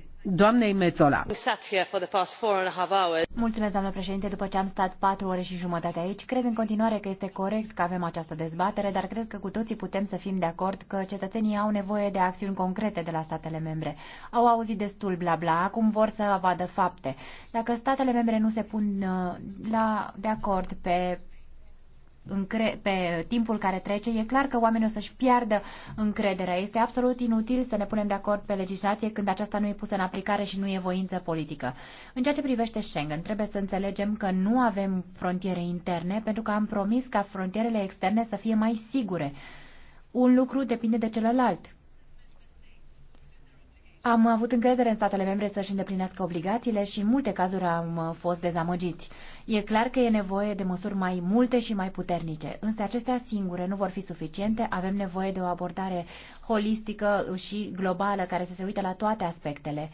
Speaker 15: Mulțumesc, doamnă președinte. După ce am stat patru ore și jumătate aici, cred în continuare că este corect că avem această dezbatere, dar cred că cu toții putem să fim de acord că cetățenii au nevoie de acțiuni concrete de la statele membre. Au auzit destul bla bla, acum vor să vadă fapte. Dacă statele membre nu se pun uh, la, de acord pe încre- pe timpul care trece, e clar că oamenii o să-și piardă încrederea. Este absolut inutil să ne punem de acord pe legislație când aceasta nu e pusă în aplicare și nu e voință politică. În ceea ce privește Schengen, trebuie să înțelegem că nu avem frontiere interne pentru că am promis ca frontierele externe să fie mai sigure. Un lucru depinde de celălalt. Am avut încredere în statele membre să-și îndeplinească obligațiile și în multe cazuri am uh, fost dezamăgiți. E clar că e nevoie de măsuri mai multe și mai puternice, însă acestea singure nu vor fi suficiente, avem nevoie de o abordare holistică și globală care să se uite la toate aspectele.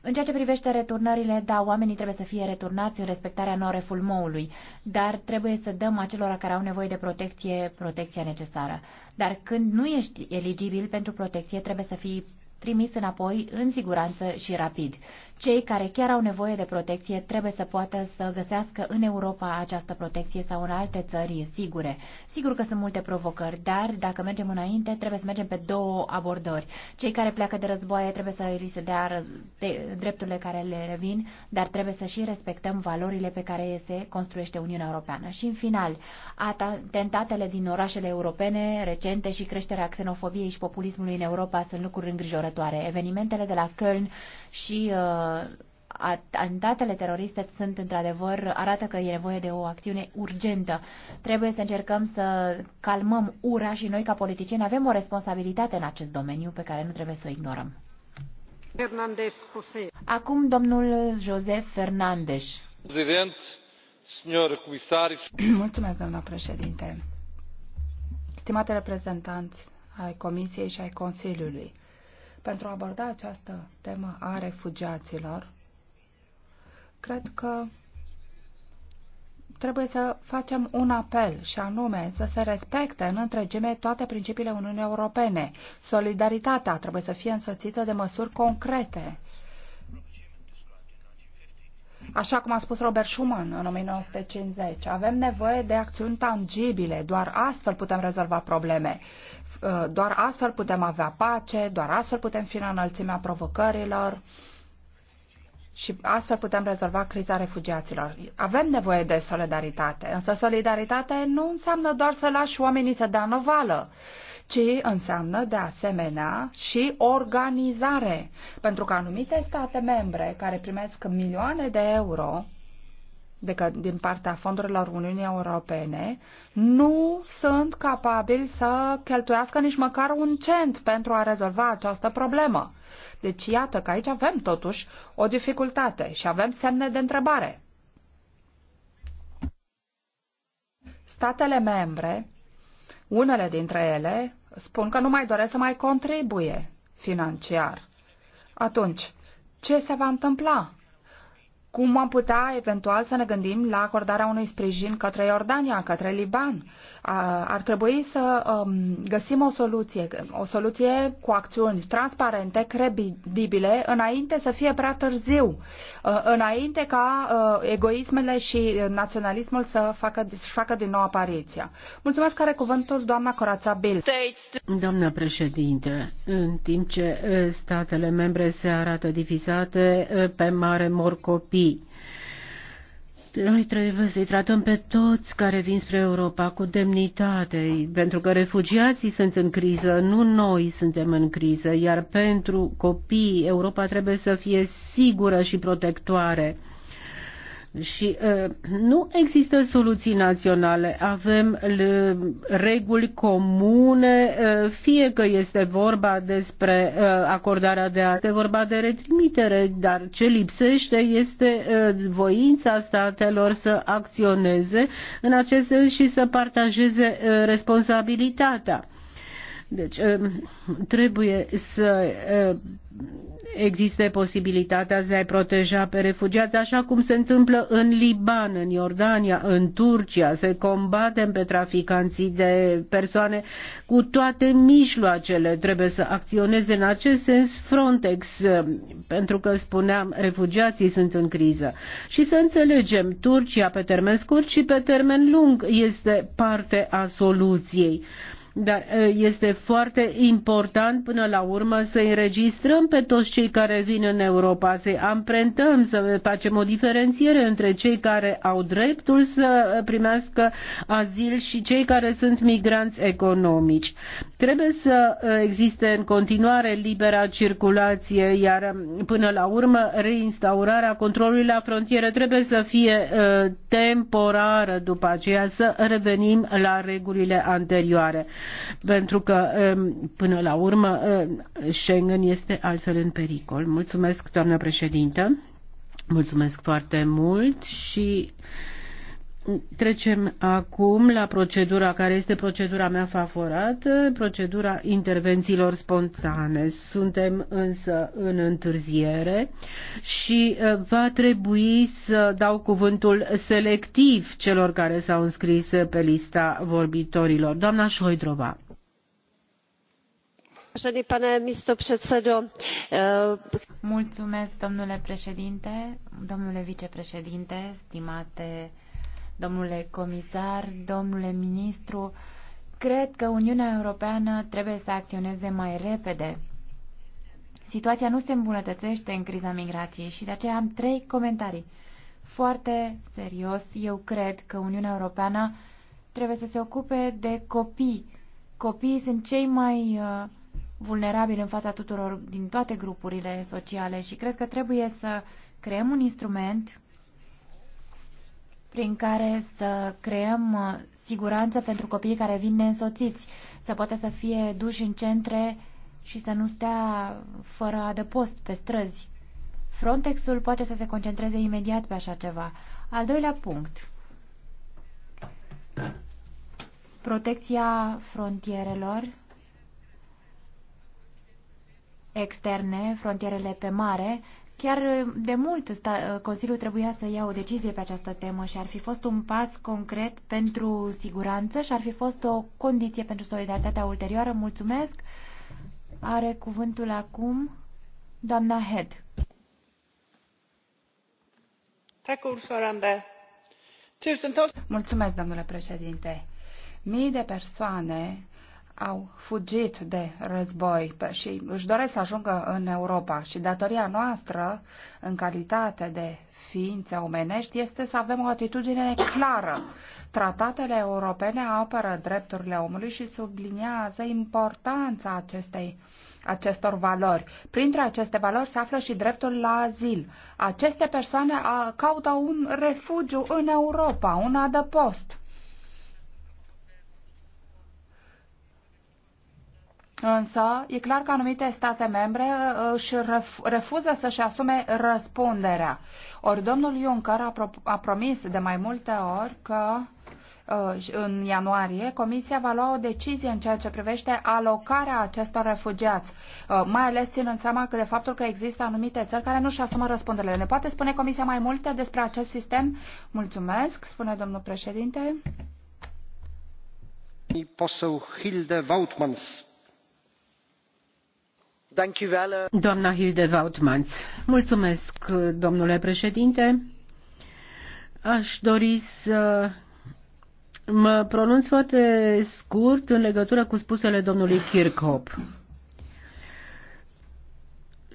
Speaker 15: În ceea ce privește returnările, da, oamenii trebuie să fie returnați în respectarea norefulmoului, dar trebuie să dăm acelora care au nevoie de protecție protecția necesară. Dar când nu ești eligibil pentru protecție, trebuie să fii trimis înapoi în siguranță și rapid. Cei care chiar au nevoie de protecție trebuie să poată să găsească în Europa această protecție sau în alte țări sigure. Sigur că sunt multe provocări, dar dacă mergem înainte, trebuie să mergem pe două abordări. Cei care pleacă de războaie trebuie să li se dea drepturile care le revin, dar trebuie să și respectăm valorile pe care se construiește Uniunea Europeană. Și în final, atentatele din orașele europene recente și creșterea xenofobiei și populismului în Europa sunt lucruri îngrijorătoare. Evenimentele de la Köln și uh, atentatele teroriste sunt într-adevăr, arată că e nevoie de o acțiune urgentă. Trebuie să încercăm să calmăm ura și noi ca politicieni avem o responsabilitate în acest domeniu pe care nu trebuie să o ignorăm.
Speaker 2: Fernandez, José.
Speaker 15: Acum domnul Josef Fernandez.
Speaker 5: Prezident, comisar. [CLEARS THROAT]
Speaker 15: Mulțumesc, doamna președinte.
Speaker 14: Stimate reprezentanți ai Comisiei și ai Consiliului, pentru a aborda această temă a refugiaților, cred că trebuie să facem un apel și anume să se respecte în întregime toate principiile Uniunii Europene. Solidaritatea trebuie să fie însoțită de măsuri concrete. Așa cum a spus Robert Schuman în 1950, avem nevoie de acțiuni tangibile, doar astfel putem rezolva probleme. Uh, doar astfel putem avea pace, doar astfel putem fi în înălțimea provocărilor și astfel putem rezolva criza refugiaților. Avem nevoie de solidaritate, însă solidaritate nu înseamnă doar să lași oamenii să dea novală, ci înseamnă de asemenea și organizare, pentru că anumite state membre care primesc milioane de euro de că, din partea fondurilor Uniunii Europene nu sunt capabili să cheltuiască nici măcar un cent pentru a rezolva această problemă. Deci iată că aici avem totuși o dificultate și avem semne de întrebare. Statele membre, unele dintre ele, spun că nu mai doresc să mai contribuie financiar. Atunci, ce se va întâmpla? cum am putea eventual să ne gândim la acordarea unui sprijin către Iordania, către Liban. Ar trebui să um, găsim o soluție, o soluție cu acțiuni transparente, credibile, înainte să fie prea târziu, înainte ca egoismele și naționalismul să facă, să facă din nou apariția. Mulțumesc
Speaker 10: care cuvântul doamna Corața Bill. Doamna președinte, în timp ce ă, statele membre se arată divizate ă, pe mare mor copii, noi trebuie să-i tratăm pe toți care vin spre Europa cu demnitate, pentru că refugiații sunt în criză, nu noi suntem în criză, iar pentru copii Europa trebuie să fie sigură și protectoare și nu există soluții naționale. Avem reguli comune, fie că este vorba despre acordarea de este vorba de retrimitere, dar ce lipsește este voința statelor să acționeze în acest sens și să partajeze responsabilitatea. Deci trebuie să existe posibilitatea de a-i proteja pe refugiați, așa cum se întâmplă în Liban, în Iordania, în Turcia, să combatem pe traficanții de persoane cu toate mijloacele. Trebuie să acționeze în acest sens Frontex, pentru că spuneam, refugiații sunt în criză. Și să înțelegem, Turcia pe termen scurt și pe termen lung este parte a soluției. Dar este foarte important până la urmă să înregistrăm pe toți cei care vin în Europa, să amprentăm, să facem o diferențiere între cei care au dreptul să primească azil și cei care sunt migranți economici. Trebuie să existe în continuare libera circulație, iar până la urmă reinstaurarea controlului la frontieră trebuie să fie temporară, după aceea să revenim la regulile anterioare pentru că um, până la urmă um, Schengen este altfel în pericol. Mulțumesc, doamnă președintă. Mulțumesc foarte mult și Trecem acum la procedura care este procedura mea favorată, procedura intervențiilor spontane. Suntem însă în întârziere și uh, va trebui să dau cuvântul selectiv celor care s-au înscris pe lista vorbitorilor. Doamna Șoidrova.
Speaker 16: Eh,
Speaker 15: Mulțumesc, domnule președinte, domnule vicepreședinte, stimate domnule comisar, domnule ministru, cred că Uniunea Europeană trebuie să acționeze mai repede. Situația nu se îmbunătățește în criza migrației și de aceea am trei comentarii. Foarte serios, eu cred că Uniunea Europeană trebuie să se ocupe de copii. Copiii sunt cei mai uh, vulnerabili în fața tuturor din toate grupurile sociale și cred că trebuie să creăm un instrument prin care să creăm uh, siguranță pentru copiii care vin neînsoțiți, să poată să fie duși în centre și să nu stea fără adăpost pe străzi. Frontexul poate să se concentreze imediat pe așa ceva. Al doilea punct. Protecția frontierelor externe, frontierele pe mare, Chiar uh, de mult uh, Consiliul trebuia să ia o decizie pe această temă și ar fi fost un pas concret pentru siguranță și ar fi fost o condiție pentru solidaritatea ulterioară. Mulțumesc! Are cuvântul acum doamna Head.
Speaker 14: Mulțumesc, domnule președinte. Mii de persoane au fugit de război și își doresc să ajungă în Europa și datoria noastră, în calitate de ființe omenești, este să avem o atitudine clară. Tratatele europene apără drepturile omului și subliniază importanța acestei acestor valori. Printre aceste valori se află și dreptul la azil. Aceste persoane caută un refugiu în Europa, un adăpost. Însă, e clar că anumite state membre uh, își refuză să-și asume răspunderea. Ori domnul Juncker a, pro- a promis de mai multe ori că uh, în ianuarie, Comisia va lua o decizie în ceea ce privește alocarea acestor refugiați, uh, mai ales ținând seama că de faptul că există anumite țări care nu-și asumă răspunderile. Ne poate spune Comisia mai multe despre acest sistem? Mulțumesc, spune domnul președinte.
Speaker 9: Poseu Hilde Vautmans
Speaker 10: Doamna Hilde Wautmans. Mulțumesc, domnule președinte. Aș dori să mă pronunț foarte scurt în legătură cu spusele domnului Kirchhoff.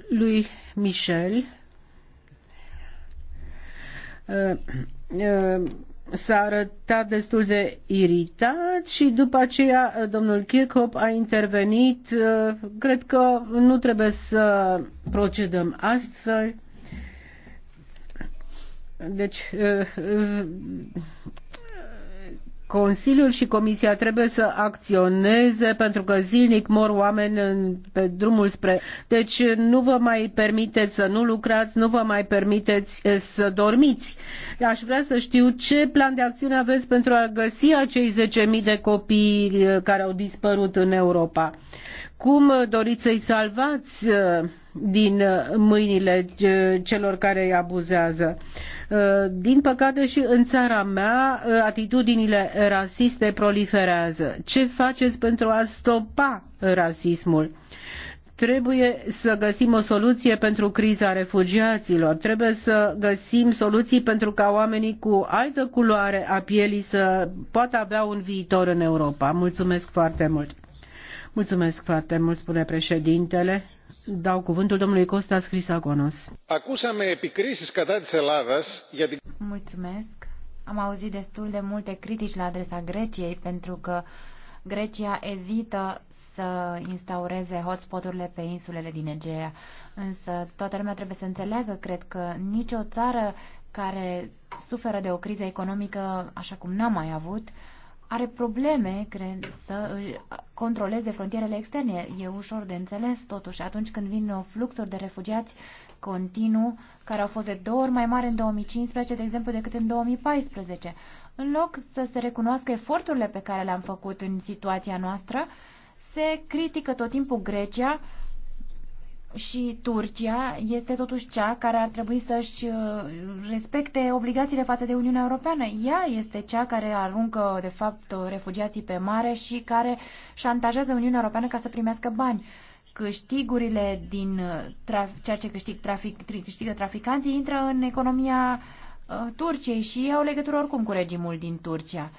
Speaker 10: Lui Michel. Uh, uh, s-a arătat destul de iritat și după aceea uh, domnul Kirchhoff a intervenit. Uh, cred că nu trebuie să procedăm astfel. Deci, uh, Consiliul și Comisia trebuie să acționeze pentru că zilnic mor oameni pe drumul spre. Deci nu vă mai permiteți să nu lucrați, nu vă mai permiteți eh, să dormiți. Aș vrea să știu ce plan de acțiune aveți pentru a găsi acei 10.000 de copii eh, care au dispărut în Europa. Cum doriți să-i salvați eh, din mâinile celor care îi abuzează? Uh, din păcate și în țara mea uh, atitudinile rasiste proliferează. Ce faceți pentru a stopa rasismul? trebuie să găsim o soluție pentru criza refugiaților, trebuie să găsim soluții pentru ca oamenii cu altă culoare a pielii să poată avea un viitor în Europa. Mulțumesc foarte mult! Mulțumesc foarte mult, spune președintele. Dau
Speaker 15: cuvântul domnului Costas Crisagonos.
Speaker 9: Acusame epicrisis κατά της Ελλάδας
Speaker 15: Mulțumesc. Am auzit destul de multe critici la adresa Greciei pentru că Grecia ezită să instaureze hotspoturile pe insulele din Egea. Însă toată lumea trebuie să înțeleagă, cred că nicio țară care suferă de o criză economică așa cum n-a mai avut, uh, are probleme cred, să controleze frontierele externe. E ușor de înțeles, totuși, atunci când vin fluxuri de refugiați continuu, care au fost de două ori mai mari în 2015, de exemplu, decât în 2014. În loc să se recunoască eforturile pe care le-am făcut în situația noastră, se critică tot timpul Grecia și Turcia este totuși cea care ar trebui să-și uh, respecte obligațiile față de Uniunea Europeană. Ea este cea care aruncă, de fapt, uh, refugiații pe mare și care șantajează Uniunea Europeană ca să primească bani. Câștigurile din uh, traf- ceea ce câștig trafic- câștigă traficanții intră în economia uh, Turciei și au legătură oricum cu regimul din Turcia.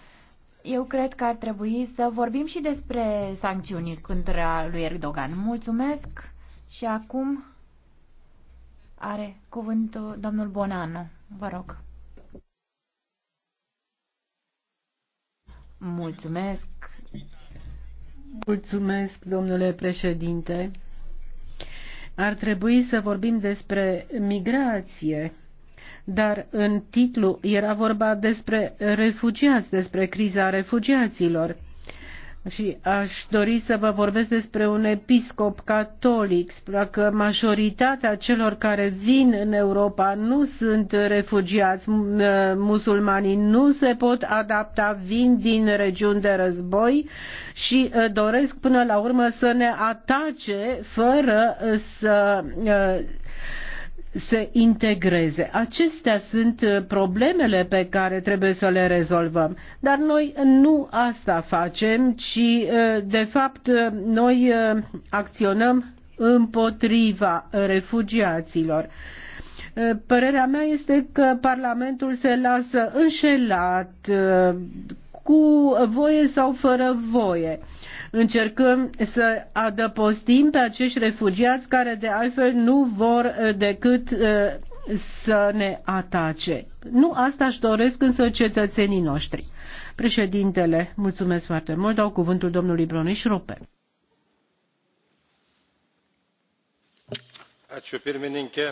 Speaker 15: Eu cred că ar trebui să vorbim și despre sancțiuni contra lui Erdogan. Mulțumesc! Și acum are cuvântul domnul Bonanu. Vă rog.
Speaker 11: Mulțumesc.
Speaker 10: Mulțumesc, domnule președinte. Ar trebui să vorbim despre migrație, dar în titlu era vorba despre refugiați, despre criza refugiaților și aș dori să vă vorbesc despre un episcop catolic, că majoritatea celor care vin în Europa nu sunt refugiați, musulmani, nu se pot adapta, vin din regiuni de război și uh, doresc până la urmă să ne atace fără să uh, se integreze. Acestea sunt uh, problemele pe care trebuie să le rezolvăm. Dar noi nu asta facem, ci uh, de fapt uh, noi acționăm împotriva refugiaților. Părerea mea este că Parlamentul se lasă înșelat cu voie sau fără voie. Încercăm să adăpostim pe acești refugiați care de altfel nu vor uh, decât uh, să ne atace. Nu asta își doresc însă cetățenii noștri. Președintele, mulțumesc foarte mult, dau cuvântul domnului Broniș Rope.
Speaker 5: Ačiū pirmininkė.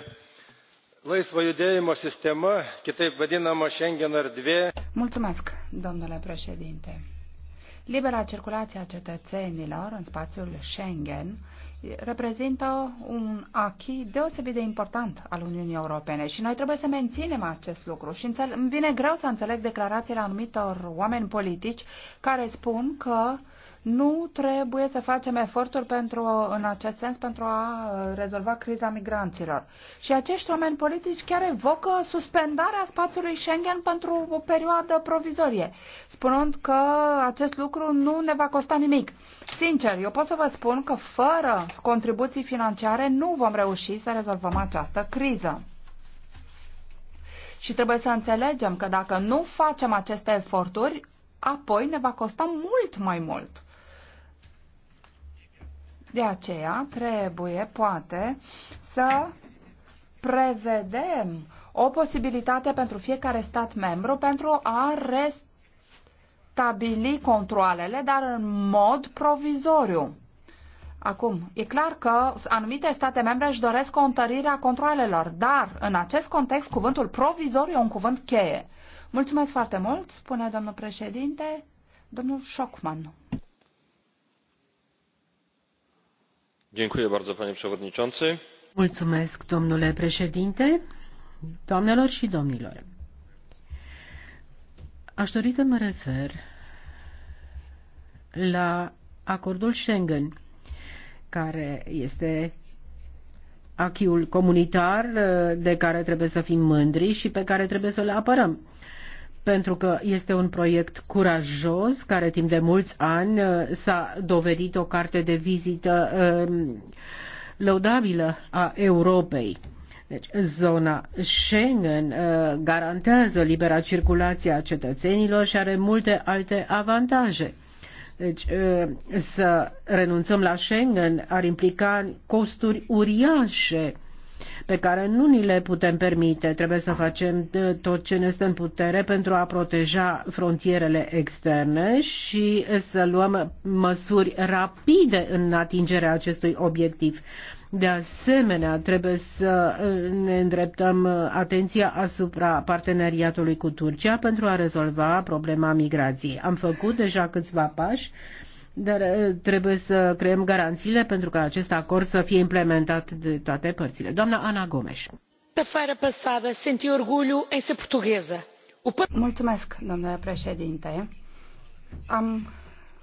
Speaker 5: Laisvo judėjimo sistema, kitaip vadinama Schengen erdvė.
Speaker 14: Mulțumesc, domnule președinte. Libera circulație a cetățenilor în spațiul Schengen reprezintă un achi deosebit de important al Uniunii Europene și noi trebuie să menținem acest lucru. Și îmi vine greu să înțeleg declarațiile anumitor oameni politici care spun că uh, nu trebuie să facem eforturi pentru, în acest sens pentru a uh, rezolva criza migranților. Și acești oameni politici chiar evocă suspendarea spațiului Schengen pentru o perioadă provizorie, spunând că acest lucru nu ne va costa nimic. Sincer, eu pot să vă spun că fără contribuții financiare nu vom reuși să rezolvăm această criză. Și trebuie să înțelegem că dacă nu facem aceste eforturi, apoi ne va costa mult mai mult. De aceea trebuie, poate, să prevedem o posibilitate pentru fiecare stat membru pentru a restabili controlele, dar în mod provizoriu. Acum, e clar că anumite state membre își doresc o întărire a controlelor, dar în acest context cuvântul provizoriu e un cuvânt cheie. Mulțumesc foarte mult, spune domnul președinte, domnul Șocman.
Speaker 10: Mulțumesc, domnule președinte, doamnelor și domnilor. Aș dori să mă refer la acordul Schengen, care este ul comunitar de care trebuie să fim mândri și pe care trebuie să l apărăm pentru că este un proiect curajos care timp de mulți ani uh, s-a dovedit o carte de vizită um, lăudabilă a Europei. Deci, zona Schengen uh, garantează libera circulație a cetățenilor și are multe alte avantaje. Deci uh, să renunțăm la Schengen ar implica costuri uriașe pe care nu ni le putem permite. Trebuie să facem uh, tot ce ne stă în putere pentru a proteja frontierele externe și uh, să luăm măsuri rapide în atingerea acestui obiectiv. De asemenea, trebuie să uh, ne îndreptăm atenția asupra parteneriatului cu Turcia pentru a rezolva problema migrației. Am făcut deja câțiva pași dar uh, trebuie să creăm garanțiile pentru ca acest acord să fie implementat de toate părțile. Doamna Ana Gomes.
Speaker 11: Feira passada senti orgulho em ser portuguesa.
Speaker 14: Mulțumesc, domnule președinte. Am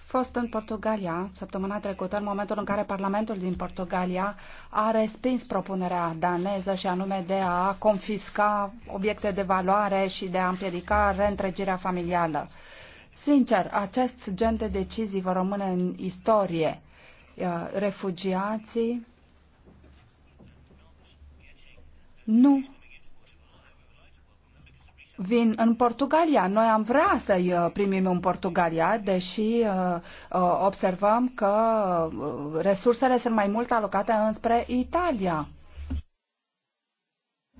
Speaker 14: fost în Portugalia săptămâna trecută, în momentul în care Parlamentul din Portugalia a respins propunerea daneză și anume de a confisca obiecte de valoare și de a împiedica reîntregirea familială. Sincer, acest gen de decizii vor rămâne în istorie. Refugiații nu vin în Portugalia. Noi am vrea să-i uh, primim în Portugalia, deși uh, uh, observăm că resursele sunt mai mult alocate înspre Italia.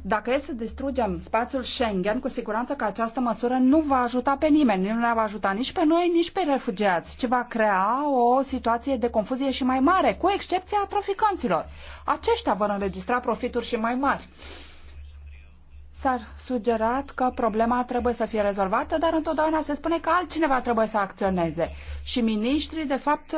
Speaker 14: Dacă e să distrugem spațiul Schengen, cu siguranță că această măsură nu va ajuta pe nimeni, nu ne va ajuta nici pe noi, nici pe refugiați, ci va crea o situație de confuzie și mai mare, cu excepția traficanților. Aceștia vor înregistra profituri și mai mari s-ar sugerat că problema trebuie să fie rezolvată, dar întotdeauna se spune că altcineva trebuie să acționeze. Și miniștrii, de fapt, uh,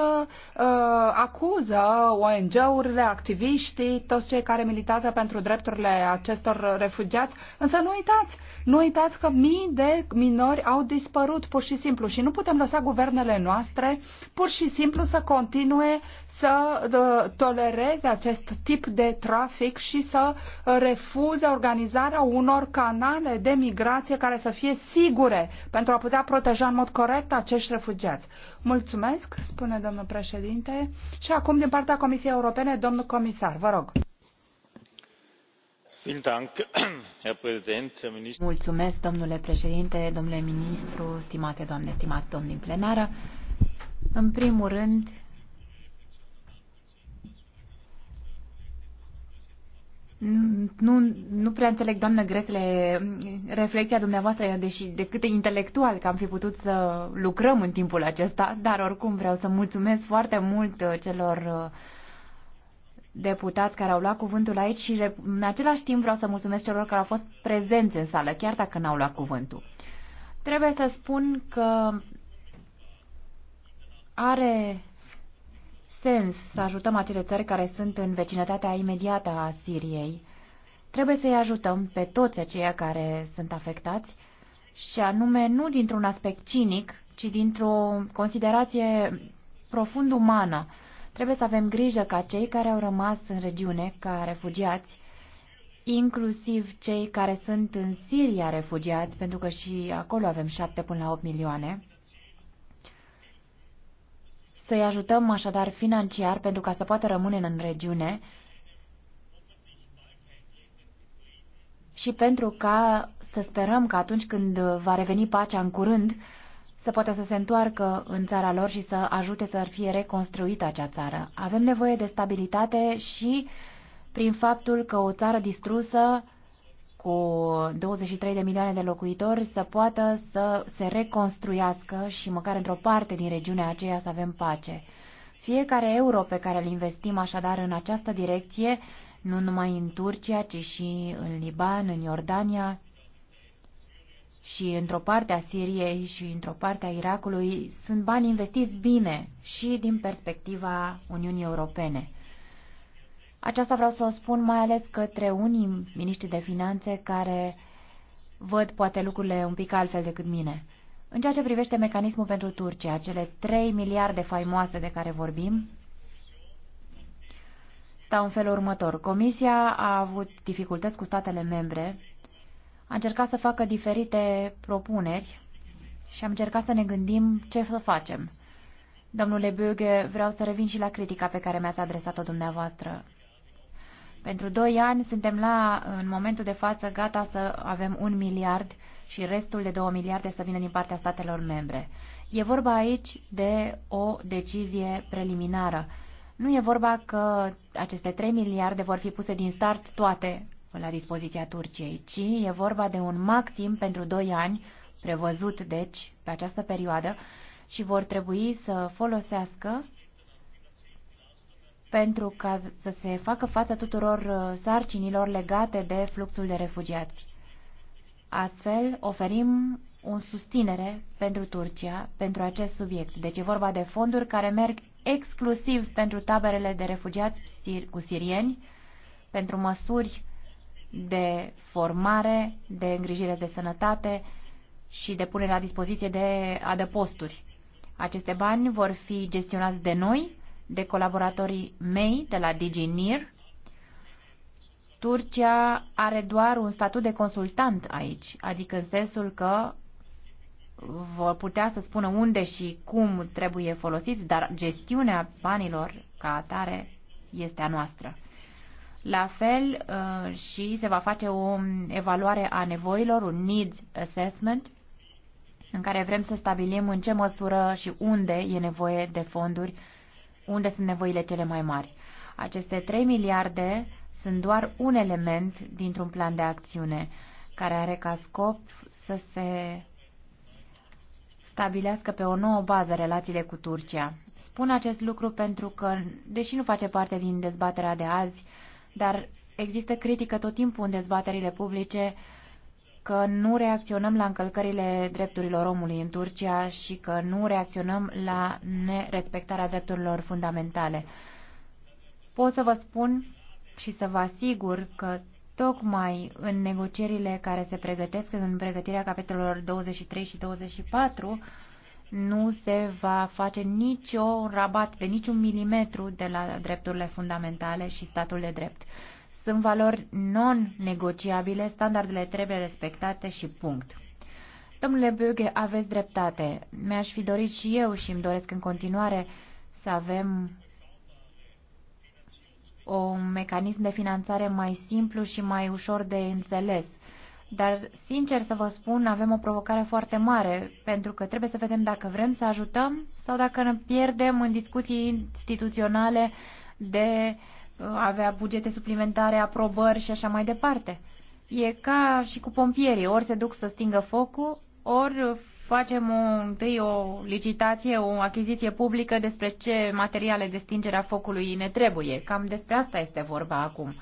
Speaker 14: acuză ONG-urile, activiștii, toți cei care militează pentru drepturile acestor refugiați. Însă nu uitați, nu uitați că mii de minori au dispărut pur și simplu și nu putem lăsa guvernele noastre pur și simplu să continue să uh, tolereze acest tip de trafic și să refuze organizarea unor unor canale de migrație care să fie sigure pentru a putea proteja în mod corect acești refugiați. Mulțumesc, spune domnul președinte. Și acum, din partea Comisiei Europene, domnul comisar, vă rog.
Speaker 15: Mulțumesc, domnule președinte, domnule ministru, stimate doamne, stimați domni în plenară. În primul rând, Nu, nu prea înțeleg, doamnă Gresle, reflexia dumneavoastră, deși de câte de intelectual că am fi putut să lucrăm în timpul acesta, dar oricum vreau să mulțumesc foarte mult uh, celor uh, deputați care au luat cuvântul aici și în același timp vreau să mulțumesc celor care au fost prezenți în sală, chiar dacă n-au luat cuvântul. Trebuie să spun că are sens să ajutăm acele țări care sunt în vecinătatea imediată a Siriei. Trebuie să-i ajutăm pe toți aceia care sunt afectați și anume nu dintr-un aspect cinic, ci dintr-o considerație profund umană. Trebuie să avem grijă ca cei care au rămas în regiune ca refugiați, inclusiv cei care sunt în Siria refugiați, pentru că și acolo avem 7 până la 8 milioane, să-i ajutăm așadar financiar pentru ca să poată rămâne în regiune și pentru ca să sperăm că atunci când va reveni pacea în curând, să poată să se întoarcă în țara lor și să ajute să fie reconstruită acea țară. Avem nevoie de stabilitate și prin faptul că o țară distrusă cu 23 de milioane de locuitori să poată să se reconstruiască și măcar într-o parte din regiunea aceea să avem pace. Fiecare euro pe care îl investim așadar în această direcție, nu numai în Turcia, ci și în Liban, în Iordania și într-o parte a Siriei și într-o parte a Irakului, sunt bani investiți bine și din perspectiva Uniunii Europene. Aceasta vreau să o spun mai ales către unii miniștri de finanțe care văd poate lucrurile un pic altfel decât mine. În ceea ce privește mecanismul pentru Turcia, cele 3 miliarde faimoase de care vorbim, stau în felul următor. Comisia a avut dificultăți cu statele membre, a încercat să facă diferite propuneri și am încercat să ne gândim ce să facem. Domnule Böge, vreau să revin și la critica pe care mi-ați adresat-o dumneavoastră. Pentru doi ani suntem la, în momentul de față, gata să avem un miliard și restul de 2 miliarde să vină din partea statelor membre. E vorba aici de o decizie preliminară. Nu e vorba că aceste 3 miliarde vor fi puse din start toate la dispoziția Turciei, ci e vorba de un maxim pentru 2 ani, prevăzut deci pe această perioadă, și vor trebui să folosească pentru ca să se facă față tuturor uh, sarcinilor legate de fluxul de refugiați. Astfel, oferim un susținere pentru Turcia pentru acest subiect. Deci e vorba de fonduri care merg exclusiv pentru taberele de refugiați cu sirieni, pentru măsuri de formare, de îngrijire de sănătate și de punere la dispoziție de adăposturi. Aceste bani vor fi gestionați de noi de colaboratorii mei de la DigiNIR. Turcia are doar un statut de consultant aici, adică în sensul că vor putea să spună unde și cum trebuie folosiți, dar gestiunea banilor ca atare este a noastră. La fel uh, și se va face o evaluare a nevoilor, un needs assessment, în care vrem să stabilim în ce măsură și unde e nevoie de fonduri unde sunt nevoile cele mai mari. Aceste 3 miliarde sunt doar un element dintr-un plan de acțiune care are ca scop să se stabilească pe o nouă bază relațiile cu Turcia. Spun acest lucru pentru că, deși nu face parte din dezbaterea de azi, dar există critică tot timpul în dezbaterile publice uh, că nu reacționăm la încălcările drepturilor omului în Turcia și că nu reacționăm la nerespectarea drepturilor fundamentale. Pot să vă spun și să vă asigur că tocmai în negocierile care se pregătesc, în pregătirea capitolelor 23 și 24, nu se va face nicio rabat de niciun milimetru de la drepturile fundamentale și statul de drept. Sunt valori non-negociabile, standardele trebuie respectate și punct. Domnule Böge, aveți dreptate. Mi-aș fi dorit și eu și îmi doresc în continuare să avem un mecanism de finanțare mai simplu și mai ușor de înțeles. Dar, sincer să vă spun, avem o provocare foarte mare, pentru că trebuie să vedem dacă vrem să ajutăm sau dacă ne pierdem în discuții instituționale de uh, avea bugete suplimentare, aprobări și așa mai departe. E ca și cu pompierii, ori se duc să stingă focul, ori facem o, întâi o licitație, o achiziție publică despre ce materiale de stingere a focului ne trebuie. Cam despre asta este vorba acum.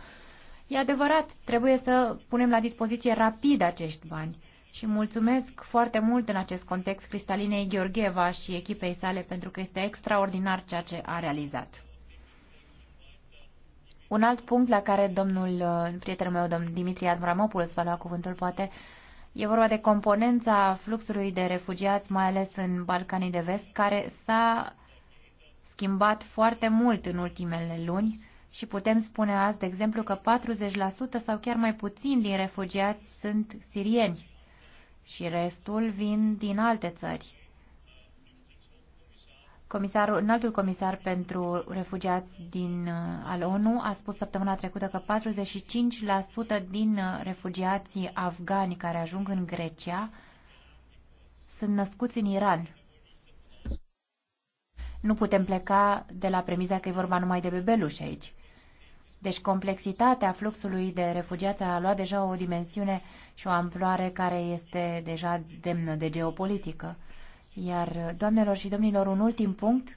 Speaker 15: E adevărat, trebuie să punem la dispoziție rapid acești bani. Și mulțumesc foarte mult în acest context Cristalinei Gheorgheva și echipei sale pentru că este extraordinar ceea ce a realizat. Un alt punct la care domnul, uh, prietenul meu, domnul Dimitri Avramopoulos, va lua cuvântul poate, e vorba de componența fluxului de refugiați, mai ales în Balcanii de Vest, care s-a schimbat foarte mult în ultimele luni și putem spune azi, de exemplu, că 40% sau chiar mai puțin din refugiați sunt sirieni și restul vin din alte țări. Comisarul, înaltul comisar pentru refugiați din, uh, al ONU a spus săptămâna trecută că 45% din uh, refugiații afgani care ajung în Grecia sunt născuți în Iran. Nu putem pleca de la premiza că e vorba numai de bebeluși aici. Deci complexitatea fluxului de refugiați a luat deja o dimensiune și o amploare care este deja demnă de geopolitică. Iar, doamnelor și domnilor, un ultim punct.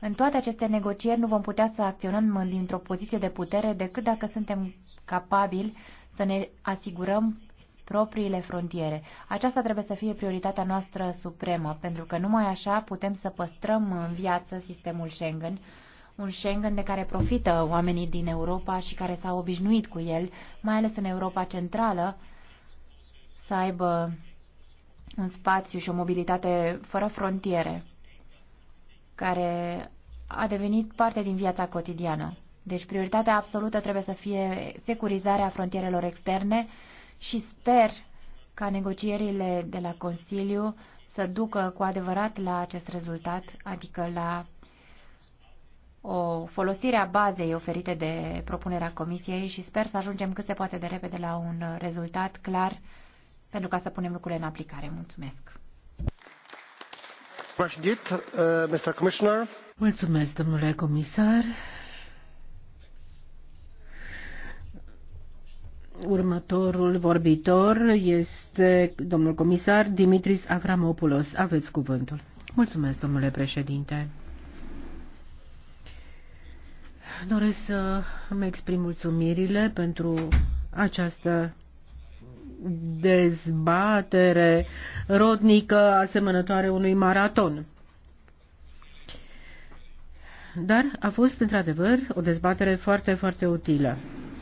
Speaker 15: În toate aceste negocieri nu vom putea să acționăm dintr-o poziție de putere decât dacă suntem capabili să ne asigurăm propriile frontiere. Aceasta trebuie să fie prioritatea noastră supremă, pentru că numai așa putem să păstrăm în viață sistemul Schengen, un Schengen de care profită oamenii din Europa și care s-au obișnuit cu el, mai ales în Europa Centrală, să aibă un spațiu și o mobilitate fără frontiere, care a devenit parte din viața cotidiană. Deci prioritatea absolută trebuie să fie securizarea frontierelor externe și sper ca negocierile de la Consiliu să ducă cu adevărat la acest rezultat, adică la o folosire a bazei oferite de propunerea Comisiei și sper să ajungem cât se poate de repede la un rezultat clar pentru ca să punem lucrurile în
Speaker 9: aplicare. Mulțumesc! Uh,
Speaker 10: Mulțumesc, domnule comisar. Următorul vorbitor este domnul comisar Dimitris Avramopoulos. Aveți cuvântul. Mulțumesc, domnule președinte. Doresc să îmi exprim mulțumirile pentru această dezbatere rodnică asemănătoare unui maraton. Dar a fost într-adevăr o dezbatere foarte, foarte utilă.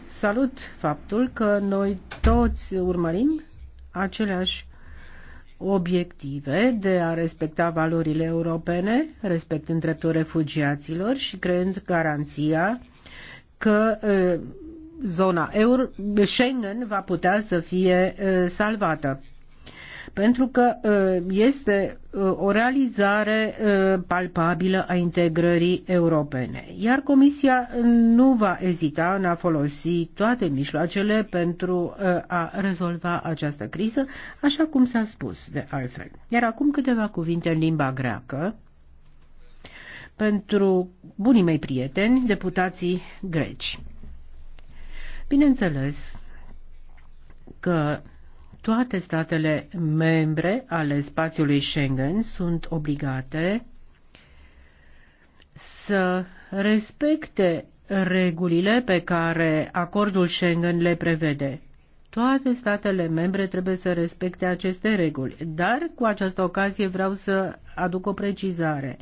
Speaker 10: Salut faptul că noi toți urmărim aceleași obiective de a respecta valorile europene, respectând dreptul refugiaților și creând garanția că zona euro, Schengen va putea să fie salvată. Pentru că este o realizare palpabilă a integrării europene. Iar Comisia nu va ezita în a folosi toate mijloacele pentru a rezolva această criză, așa cum s-a spus de altfel. Iar acum câteva cuvinte în limba greacă pentru bunii mei prieteni, deputații greci. Bineînțeles că toate statele membre ale spațiului Schengen sunt obligate să respecte regulile pe care acordul Schengen le prevede. Toate statele membre trebuie să respecte aceste reguli, dar cu această ocazie vreau să aduc o precizare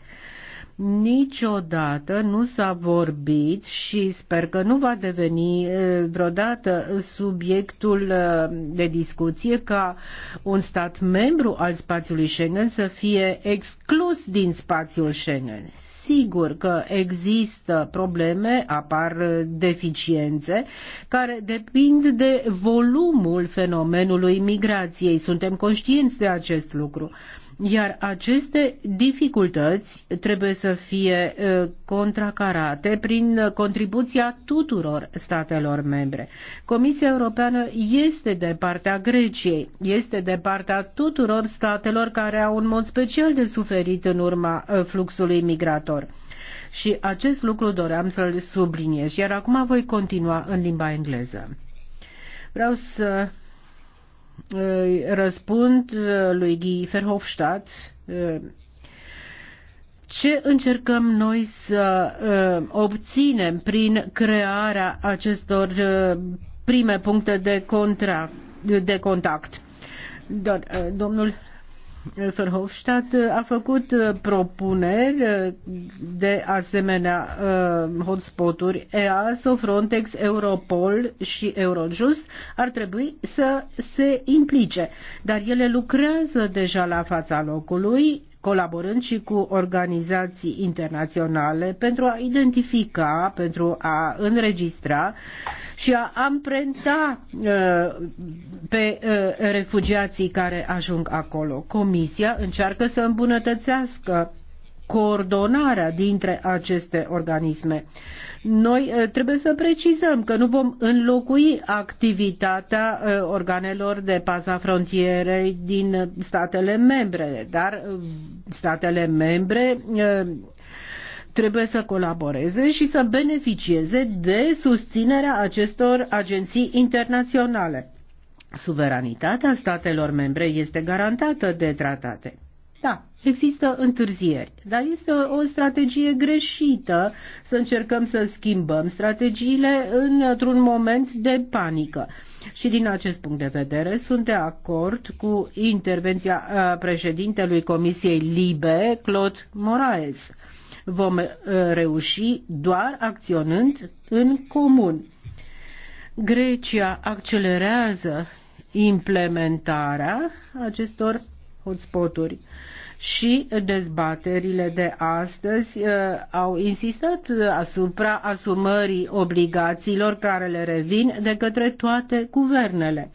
Speaker 10: niciodată nu s-a vorbit și sper că nu va deveni eh, vreodată subiectul eh, de discuție ca un stat membru al spațiului Schengen să fie exclus din spațiul Schengen. Sigur că există probleme, apar eh, deficiențe, care depind de volumul fenomenului migrației. Suntem conștienți de acest lucru. Iar aceste dificultăți trebuie să fie uh, contracarate prin contribuția tuturor statelor membre. Comisia Europeană este de partea Greciei, este de partea tuturor statelor care au un mod special de suferit în urma uh, fluxului migrator. Și acest lucru doream să-l subliniez, iar acum voi continua în limba engleză. Vreau să răspund uh, lui Guy Verhofstadt uh, ce încercăm noi să uh, obținem prin crearea acestor prime puncte de, de contact. domnul Verhofstadt eh, a făcut eh, propuneri eh, de asemenea hotspoturi EASO, Frontex, Europol și Eurojust ar trebui să se implice, dar ele lucrează deja la fața locului, colaborând și cu organizații internaționale pentru a identifica, pentru a înregistra și a amprenta uh, pe uh, refugiații care ajung acolo. Comisia încearcă să îmbunătățească coordonarea dintre aceste organisme. Noi eh, trebuie să precizăm că nu vom înlocui activitatea eh, organelor de paza frontierei din eh, statele membre, dar statele membre trebuie să colaboreze și să beneficieze de susținerea acestor agenții internaționale. Suveranitatea statelor membre este garantată de tratate. Da, există întârzieri, dar este o strategie greșită să încercăm să schimbăm strategiile într-un moment de panică. Și din acest punct de vedere sunt de acord cu intervenția uh, președintelui Comisiei Libe, Claude Moraes. Vom uh, reuși doar acționând în comun. Grecia accelerează implementarea acestor hotspoturi. Și dezbaterile de astăzi uh, au insistat asupra asumării obligațiilor care le revin de către toate guvernele.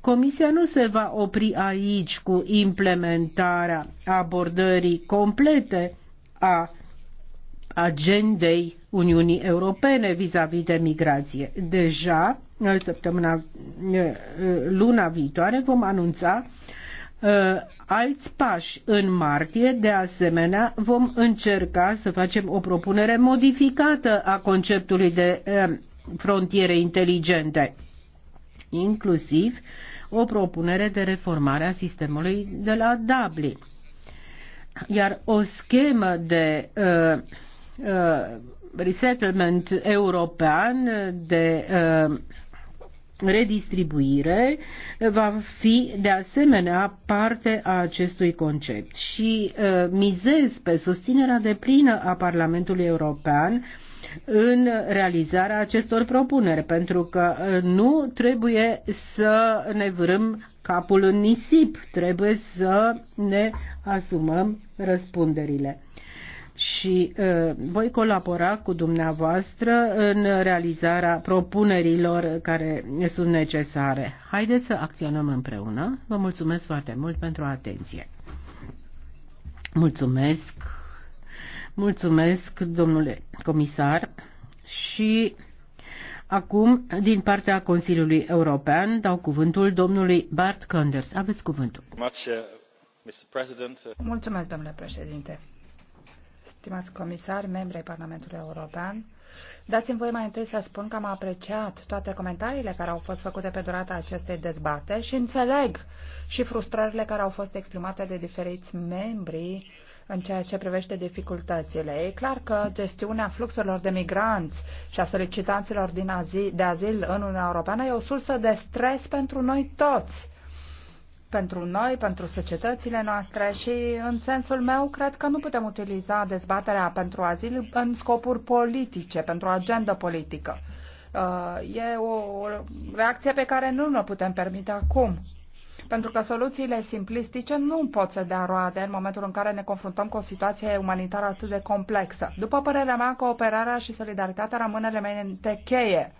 Speaker 10: Comisia nu se va opri aici cu implementarea abordării complete a agendei Uniunii Europene vis-a-vis -vis de migrație. Deja, săptămâna, uh, luna viitoare, vom anunța Uh, alți pași. În martie, de asemenea, vom încerca să facem o propunere modificată a conceptului de uh, frontiere inteligente, inclusiv o propunere de reformare a sistemului de la Dublin. Iar o schemă de uh, uh, resettlement european, de uh, redistribuire va fi de asemenea parte a acestui concept și uh, mizez pe susținerea deplină a Parlamentului European în realizarea acestor propuneri, pentru că uh, nu trebuie să ne vrăm capul în nisip, trebuie să ne asumăm răspunderile și uh, voi colabora cu dumneavoastră în realizarea propunerilor care sunt necesare. Haideți să acționăm împreună. Vă mulțumesc foarte mult pentru atenție. Mulțumesc. Mulțumesc, domnule comisar. Și acum, din partea Consiliului European, dau cuvântul domnului Bart Conders. Aveți cuvântul.
Speaker 6: Mulțumesc,
Speaker 14: domnule președinte stimați comisari, membri ai Parlamentului European, dați-mi voi mai întâi să spun că am apreciat toate comentariile care au fost făcute pe durata acestei dezbateri și înțeleg și frustrările care au fost exprimate de diferiți membri în ceea ce privește dificultățile. E clar că gestiunea fluxurilor de migranți și a solicitanților din azil, de azil în Uniunea Europeană e o sursă de stres pentru noi toți pentru noi, pentru societățile noastre și, în sensul meu, cred că nu putem utiliza dezbaterea pentru azil în scopuri politice, pentru o politică. Uh, e o reacție pe care nu ne putem permite acum pentru că soluțiile simplistice nu pot să dea roade în momentul în care ne confruntăm cu o situație umanitară atât de complexă. După părerea mea, cooperarea și solidaritatea rămân elemente cheie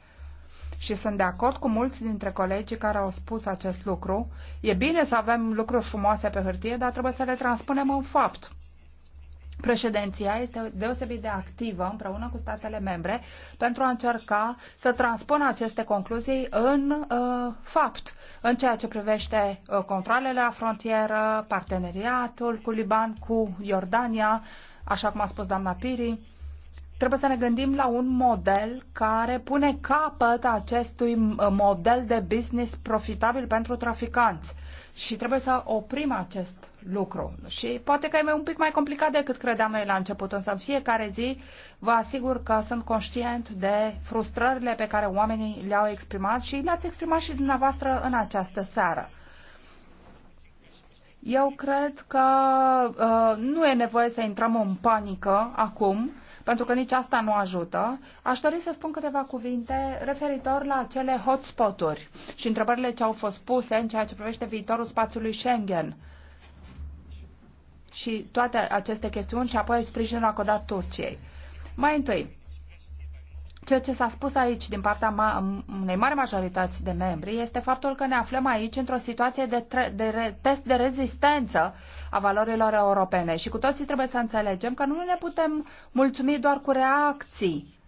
Speaker 14: și sunt de acord cu mulți dintre colegii care au spus acest lucru. E bine să avem lucruri frumoase pe hârtie, dar trebuie să le transpunem în fapt. Președinția este deosebit de activă împreună cu statele membre pentru a încerca să transpună aceste concluzii în uh, fapt, în ceea ce privește uh, controlele la frontieră, parteneriatul cu Liban, cu Iordania, așa cum a spus doamna Piri, trebuie să ne gândim la un model care pune capăt acestui model de business profitabil pentru traficanți. Și trebuie să oprim acest lucru. Și poate că e un pic mai complicat decât credeam noi la început, însă în fiecare zi vă asigur că sunt conștient de frustrările pe care oamenii le-au exprimat și le-ați exprimat și dumneavoastră în această seară. Eu cred că uh, nu e nevoie să intrăm în panică acum, pentru că nici asta nu ajută, aș dori să spun câteva cuvinte referitor la acele hotspot-uri și întrebările ce au fost puse în ceea ce privește viitorul spațiului Schengen și toate aceste chestiuni și apoi sprijinul acordat Turciei. Mai întâi, Ceea ce s-a spus aici din partea ma- unei mari majorități de membri este faptul că ne aflăm aici într-o situație de, de test de rezistență a valorilor europene și cu toții trebuie să înțelegem că nu ne putem mulțumi doar cu reacții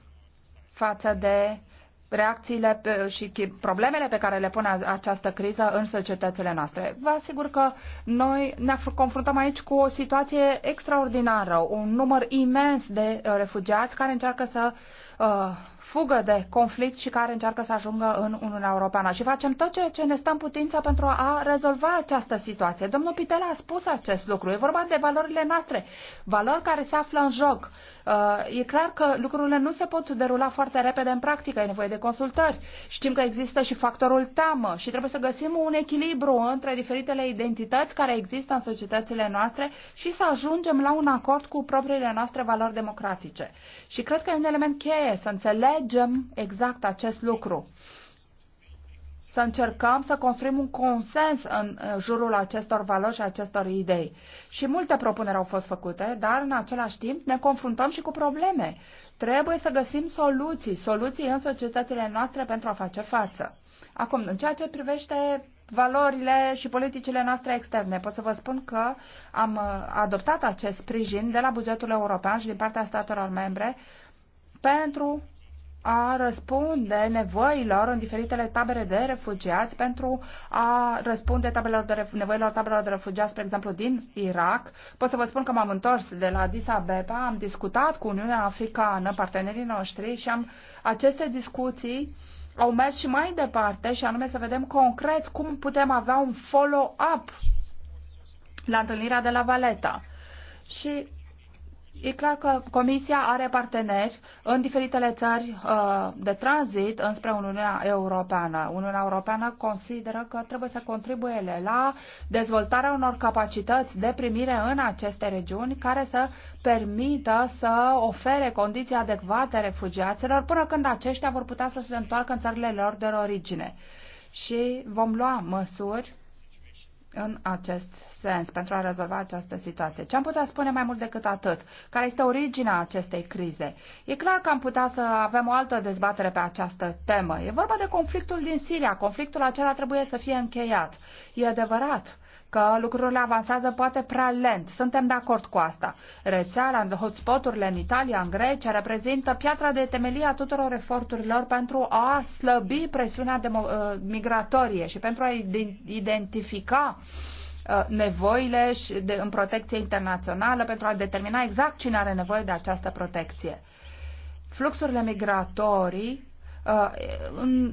Speaker 14: față de uh, reacțiile și problemele pe care le pune această criză în societățile noastre. Vă asigur că noi ne confruntăm aici cu o situație extraordinară, un număr imens de uh, refugiați care încearcă să uh, fugă de conflict și care încearcă să ajungă în Uniunea Europeană. Și facem tot ceea ce ne stă în putință pentru a rezolva această situație. Domnul Pitel a spus acest lucru. E vorba de valorile noastre, valori care se află în joc. Uh, e clar că lucrurile nu se pot derula foarte repede în practică, e nevoie de consultări. Știm că există și factorul teamă și trebuie să găsim un echilibru între diferitele identități care există în societățile noastre și să ajungem la un acord cu propriile noastre valori democratice. Și cred că e un element cheie să înțelegem înțelegem exact acest lucru. Să încercăm să construim un consens în jurul acestor valori și acestor idei. Și multe propuneri au fost făcute, dar în același timp ne confruntăm și cu probleme. Trebuie să găsim soluții, soluții în societățile noastre pentru a face față. Acum, în ceea ce privește valorile și politicile noastre externe. Pot să vă spun că am uh, adoptat acest sprijin de la bugetul european și din partea statelor membre pentru a răspunde nevoilor în diferitele tabere de refugiați pentru a răspunde tabelor de ref- nevoilor tabelor de refugiați, spre exemplu, din Irak. Pot să vă spun că m-am întors de la Addis Abeba, am discutat cu Uniunea Africană, partenerii noștri și am aceste discuții au mers și mai departe și anume să vedem concret cum putem avea un follow-up la întâlnirea de la Valeta. Și E clar că Comisia are parteneri în diferitele țări uh, de tranzit înspre Uniunea Europeană. Uniunea Europeană consideră că trebuie să contribuie la dezvoltarea unor capacități de primire în aceste regiuni care să permită să ofere condiții adecvate refugiaților până când aceștia vor putea să se întoarcă în țările lor de origine. Și vom lua măsuri în acest sens, pentru a rezolva această situație. Ce am putea spune mai mult decât atât? Care este originea acestei crize? E clar că am putea să avem o altă dezbatere pe această temă. E vorba de conflictul din Siria. Conflictul acela trebuie să fie încheiat. E adevărat că lucrurile avansează poate prea lent. Suntem de acord cu asta. Rețeala, hotspoturile în Italia, în Grecia, reprezintă piatra de temelie a tuturor eforturilor pentru a slăbi presiunea de uh, migratorie și pentru a identifica uh, nevoile de, în protecție internațională pentru a determina exact cine are nevoie de această protecție. Fluxurile migratorii Uh,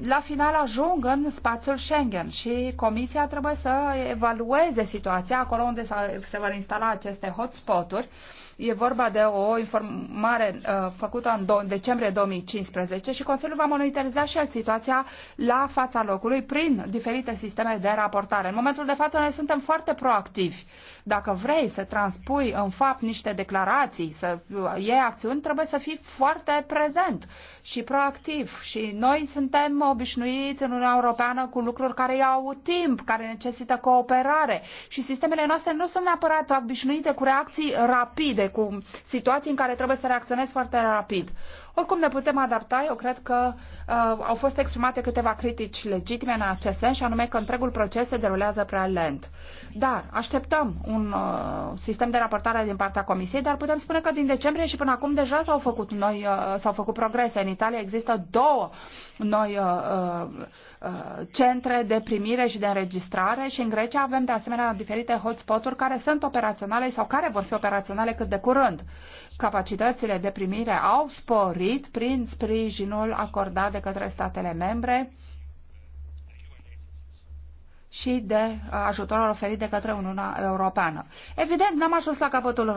Speaker 14: la final ajung în spațiul Schengen și Comisia trebuie să evalueze situația acolo unde se vor instala aceste hotspoturi. E vorba de o informare uh, făcută în decembrie 2015 și Consiliul va monitoriza și el situația la fața locului prin diferite sisteme de raportare. În momentul de față noi suntem foarte proactivi dacă vrei să transpui în fapt niște declarații, să uh, iei acțiuni, trebuie să fii foarte prezent și proactiv. Și noi suntem obișnuiți în Uniunea Europeană cu lucruri care iau timp, care necesită cooperare și sistemele noastre nu sunt neapărat obișnuite cu reacții rapide, cu situații în care trebuie să reacționezi foarte rapid. Oricum ne putem adapta, eu cred că uh, au fost exprimate câteva critici legitime în acest sens și anume că întregul proces se derulează prea lent. Dar așteptăm un uh, sistem de raportare din partea Comisiei, dar putem spune că din decembrie și până acum deja s-au făcut, noi, uh, s-au făcut progrese. În Italia există două noi uh, uh, uh centre de primire și de înregistrare și în Grecia avem de asemenea diferite hotspot-uri care sunt operaționale sau care vor fi operaționale cât de curând. Uh, capacitățile de primire au sporit prin sprijinul acordat de către statele membre și de ajutorul oferit de către Uniunea Europeană. Evident, n-am ajuns la capătul uh,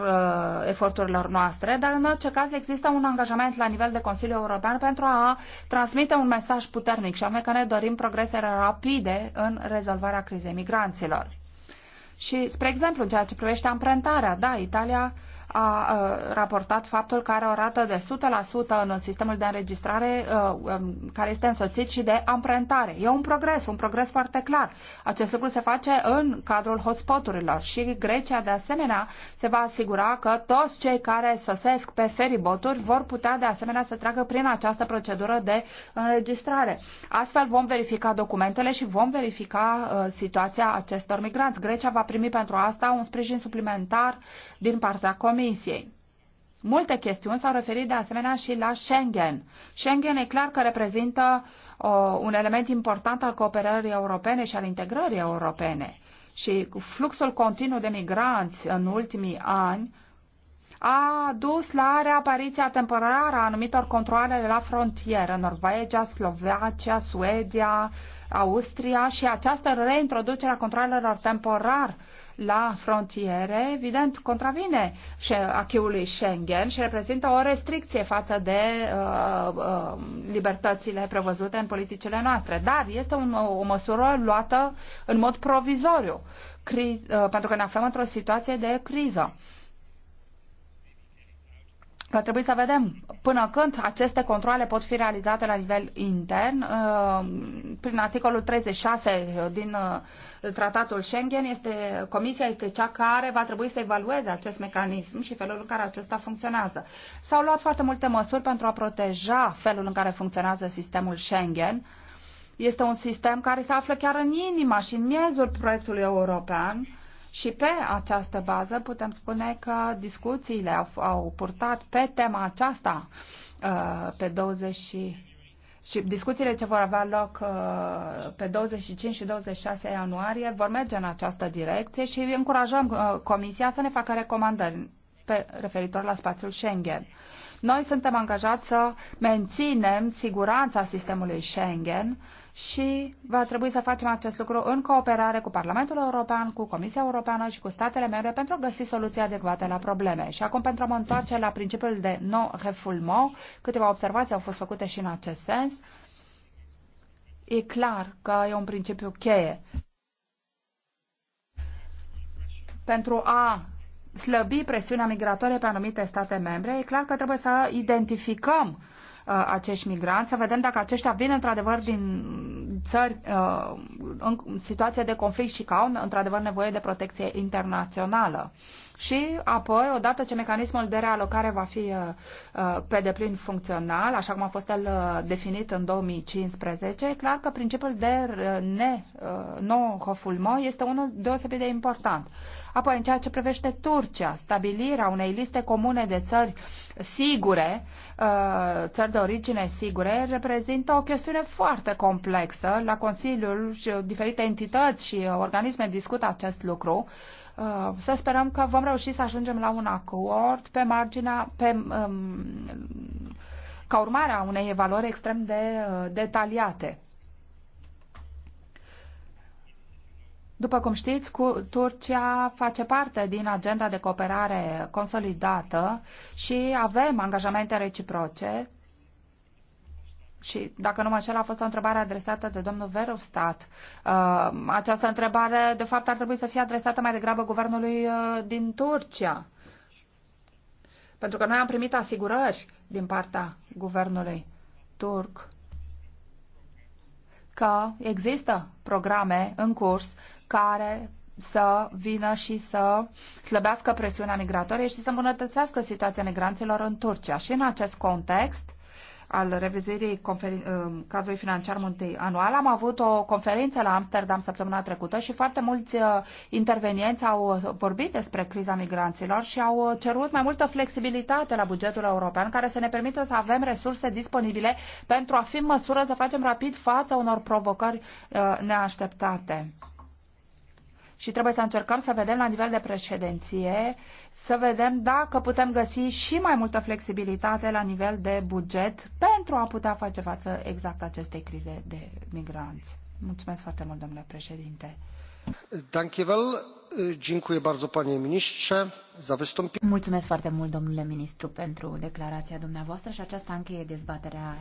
Speaker 14: eforturilor noastre, dar în orice caz există un angajament la nivel de Consiliu European pentru a transmite un mesaj puternic și anume că ne dorim progrese rapide în rezolvarea crizei migranților. Și, spre exemplu, în ceea ce privește amprentarea, da, Italia uh, a raportat faptul că are o rată de 100% în sistemul de înregistrare um, care este însoțit și de amprentare. E un progres, un progres foarte clar. Acest lucru se face în cadrul hotspoturilor și Grecia de asemenea se va asigura că toți cei care sosesc pe feriboturi vor putea de asemenea să treacă prin această procedură de înregistrare. Astfel vom verifica documentele și vom verifica situația acestor migranți. Grecia va primi pentru asta un sprijin suplimentar din partea Comisiei. Comisiei. Multe chestiuni s-au referit de asemenea și la Schengen. Schengen e clar că reprezintă o, un element important al cooperării europene și al integrării europene. Și fluxul continuu de migranți în ultimii ani a dus la reapariția temporară a anumitor controle la frontieră, Norvegia, Slovacia, Suedia, Austria și această reintroducere a controlelor temporar la frontiere, evident, contravine acheului Schengen și reprezintă o restricție față de uh, uh, libertățile prevăzute în politicile noastre. Dar este un, o măsură luată în mod provizoriu, cri, uh, pentru că ne aflăm într-o situație de criză. Uh, Va trebui să vedem până când aceste controle pot fi realizate la nivel intern. Uh, prin articolul 36 din uh, tratatul Schengen, este, Comisia este cea care va trebui să evalueze acest mecanism și felul în care acesta funcționează. S-au luat foarte multe măsuri pentru a proteja felul în care funcționează sistemul Schengen. Este un sistem care se află chiar în inima și în miezul proiectului european și pe această bază putem spune că discuțiile au, au purtat pe tema aceasta uh, pe 20 și, și discuțiile ce vor avea loc uh, pe 25 și 26 ianuarie vor merge în această direcție și încurajăm uh, Comisia să ne facă recomandări pe, referitor la spațiul Schengen. Noi suntem angajați să menținem siguranța sistemului Schengen și va trebui să facem acest lucru în cooperare cu Parlamentul European, cu Comisia Europeană și cu statele membre pentru a găsi soluții adecvate la probleme. Și acum pentru a mă întoarce la principiul de non-refoulement, câteva observații au fost făcute și în acest sens. E clar că e un principiu cheie. Pentru a slăbi presiunea migratorie pe anumite state membre, e clar că trebuie să identificăm uh, acești migranți, să vedem dacă aceștia vin într-adevăr din țări uh, în situație de conflict și că au într-adevăr nevoie de protecție internațională. Și apoi, odată ce mecanismul de realocare va fi uh, uh pe deplin funcțional, așa cum a fost el uh, definit în 2015, e clar că principiul de uh, ne, uh, no este unul deosebit de important. Apoi, în ceea ce privește Turcia, stabilirea unei liste comune de țări sigure, uh, țări de origine sigure, reprezintă o chestiune foarte complexă. La Consiliul diferite entități și organisme discută acest lucru. Uh, să sperăm că vom reuși să ajungem la un acord pe marginea, pe, um, ca urmare a unei evaluări extrem de uh, detaliate. După cum știți, cu Turcia face parte din agenda de cooperare consolidată și avem angajamente reciproce. Și dacă nu mă înșel, a fost o întrebare adresată de domnul Verhofstadt. Uh, această întrebare, de fapt, ar trebui să fie adresată mai degrabă guvernului uh, din Turcia. Pentru că noi am primit asigurări din partea guvernului turc că există programe în curs care să vină și să slăbească presiunea migratorie și să îmbunătățească situația migranților în Turcia. Și în acest context, al revizuirii um, cadrului financiar multianual. Am avut o conferință la Amsterdam săptămâna trecută și foarte mulți uh, intervenienți au vorbit despre criza migranților și au uh, cerut mai multă flexibilitate la bugetul european care să ne permită să avem resurse disponibile pentru a fi în măsură să facem rapid față unor provocări uh, neașteptate și trebuie să încercăm să vedem la nivel de președinție, să vedem dacă putem găsi și mai multă flexibilitate la nivel de buget pentru a putea face față exact acestei crize de migranți.
Speaker 15: Mulțumesc foarte mult, domnule președinte. Mulțumesc foarte mult, domnule ministru, pentru declarația dumneavoastră și aceasta încheie dezbaterea.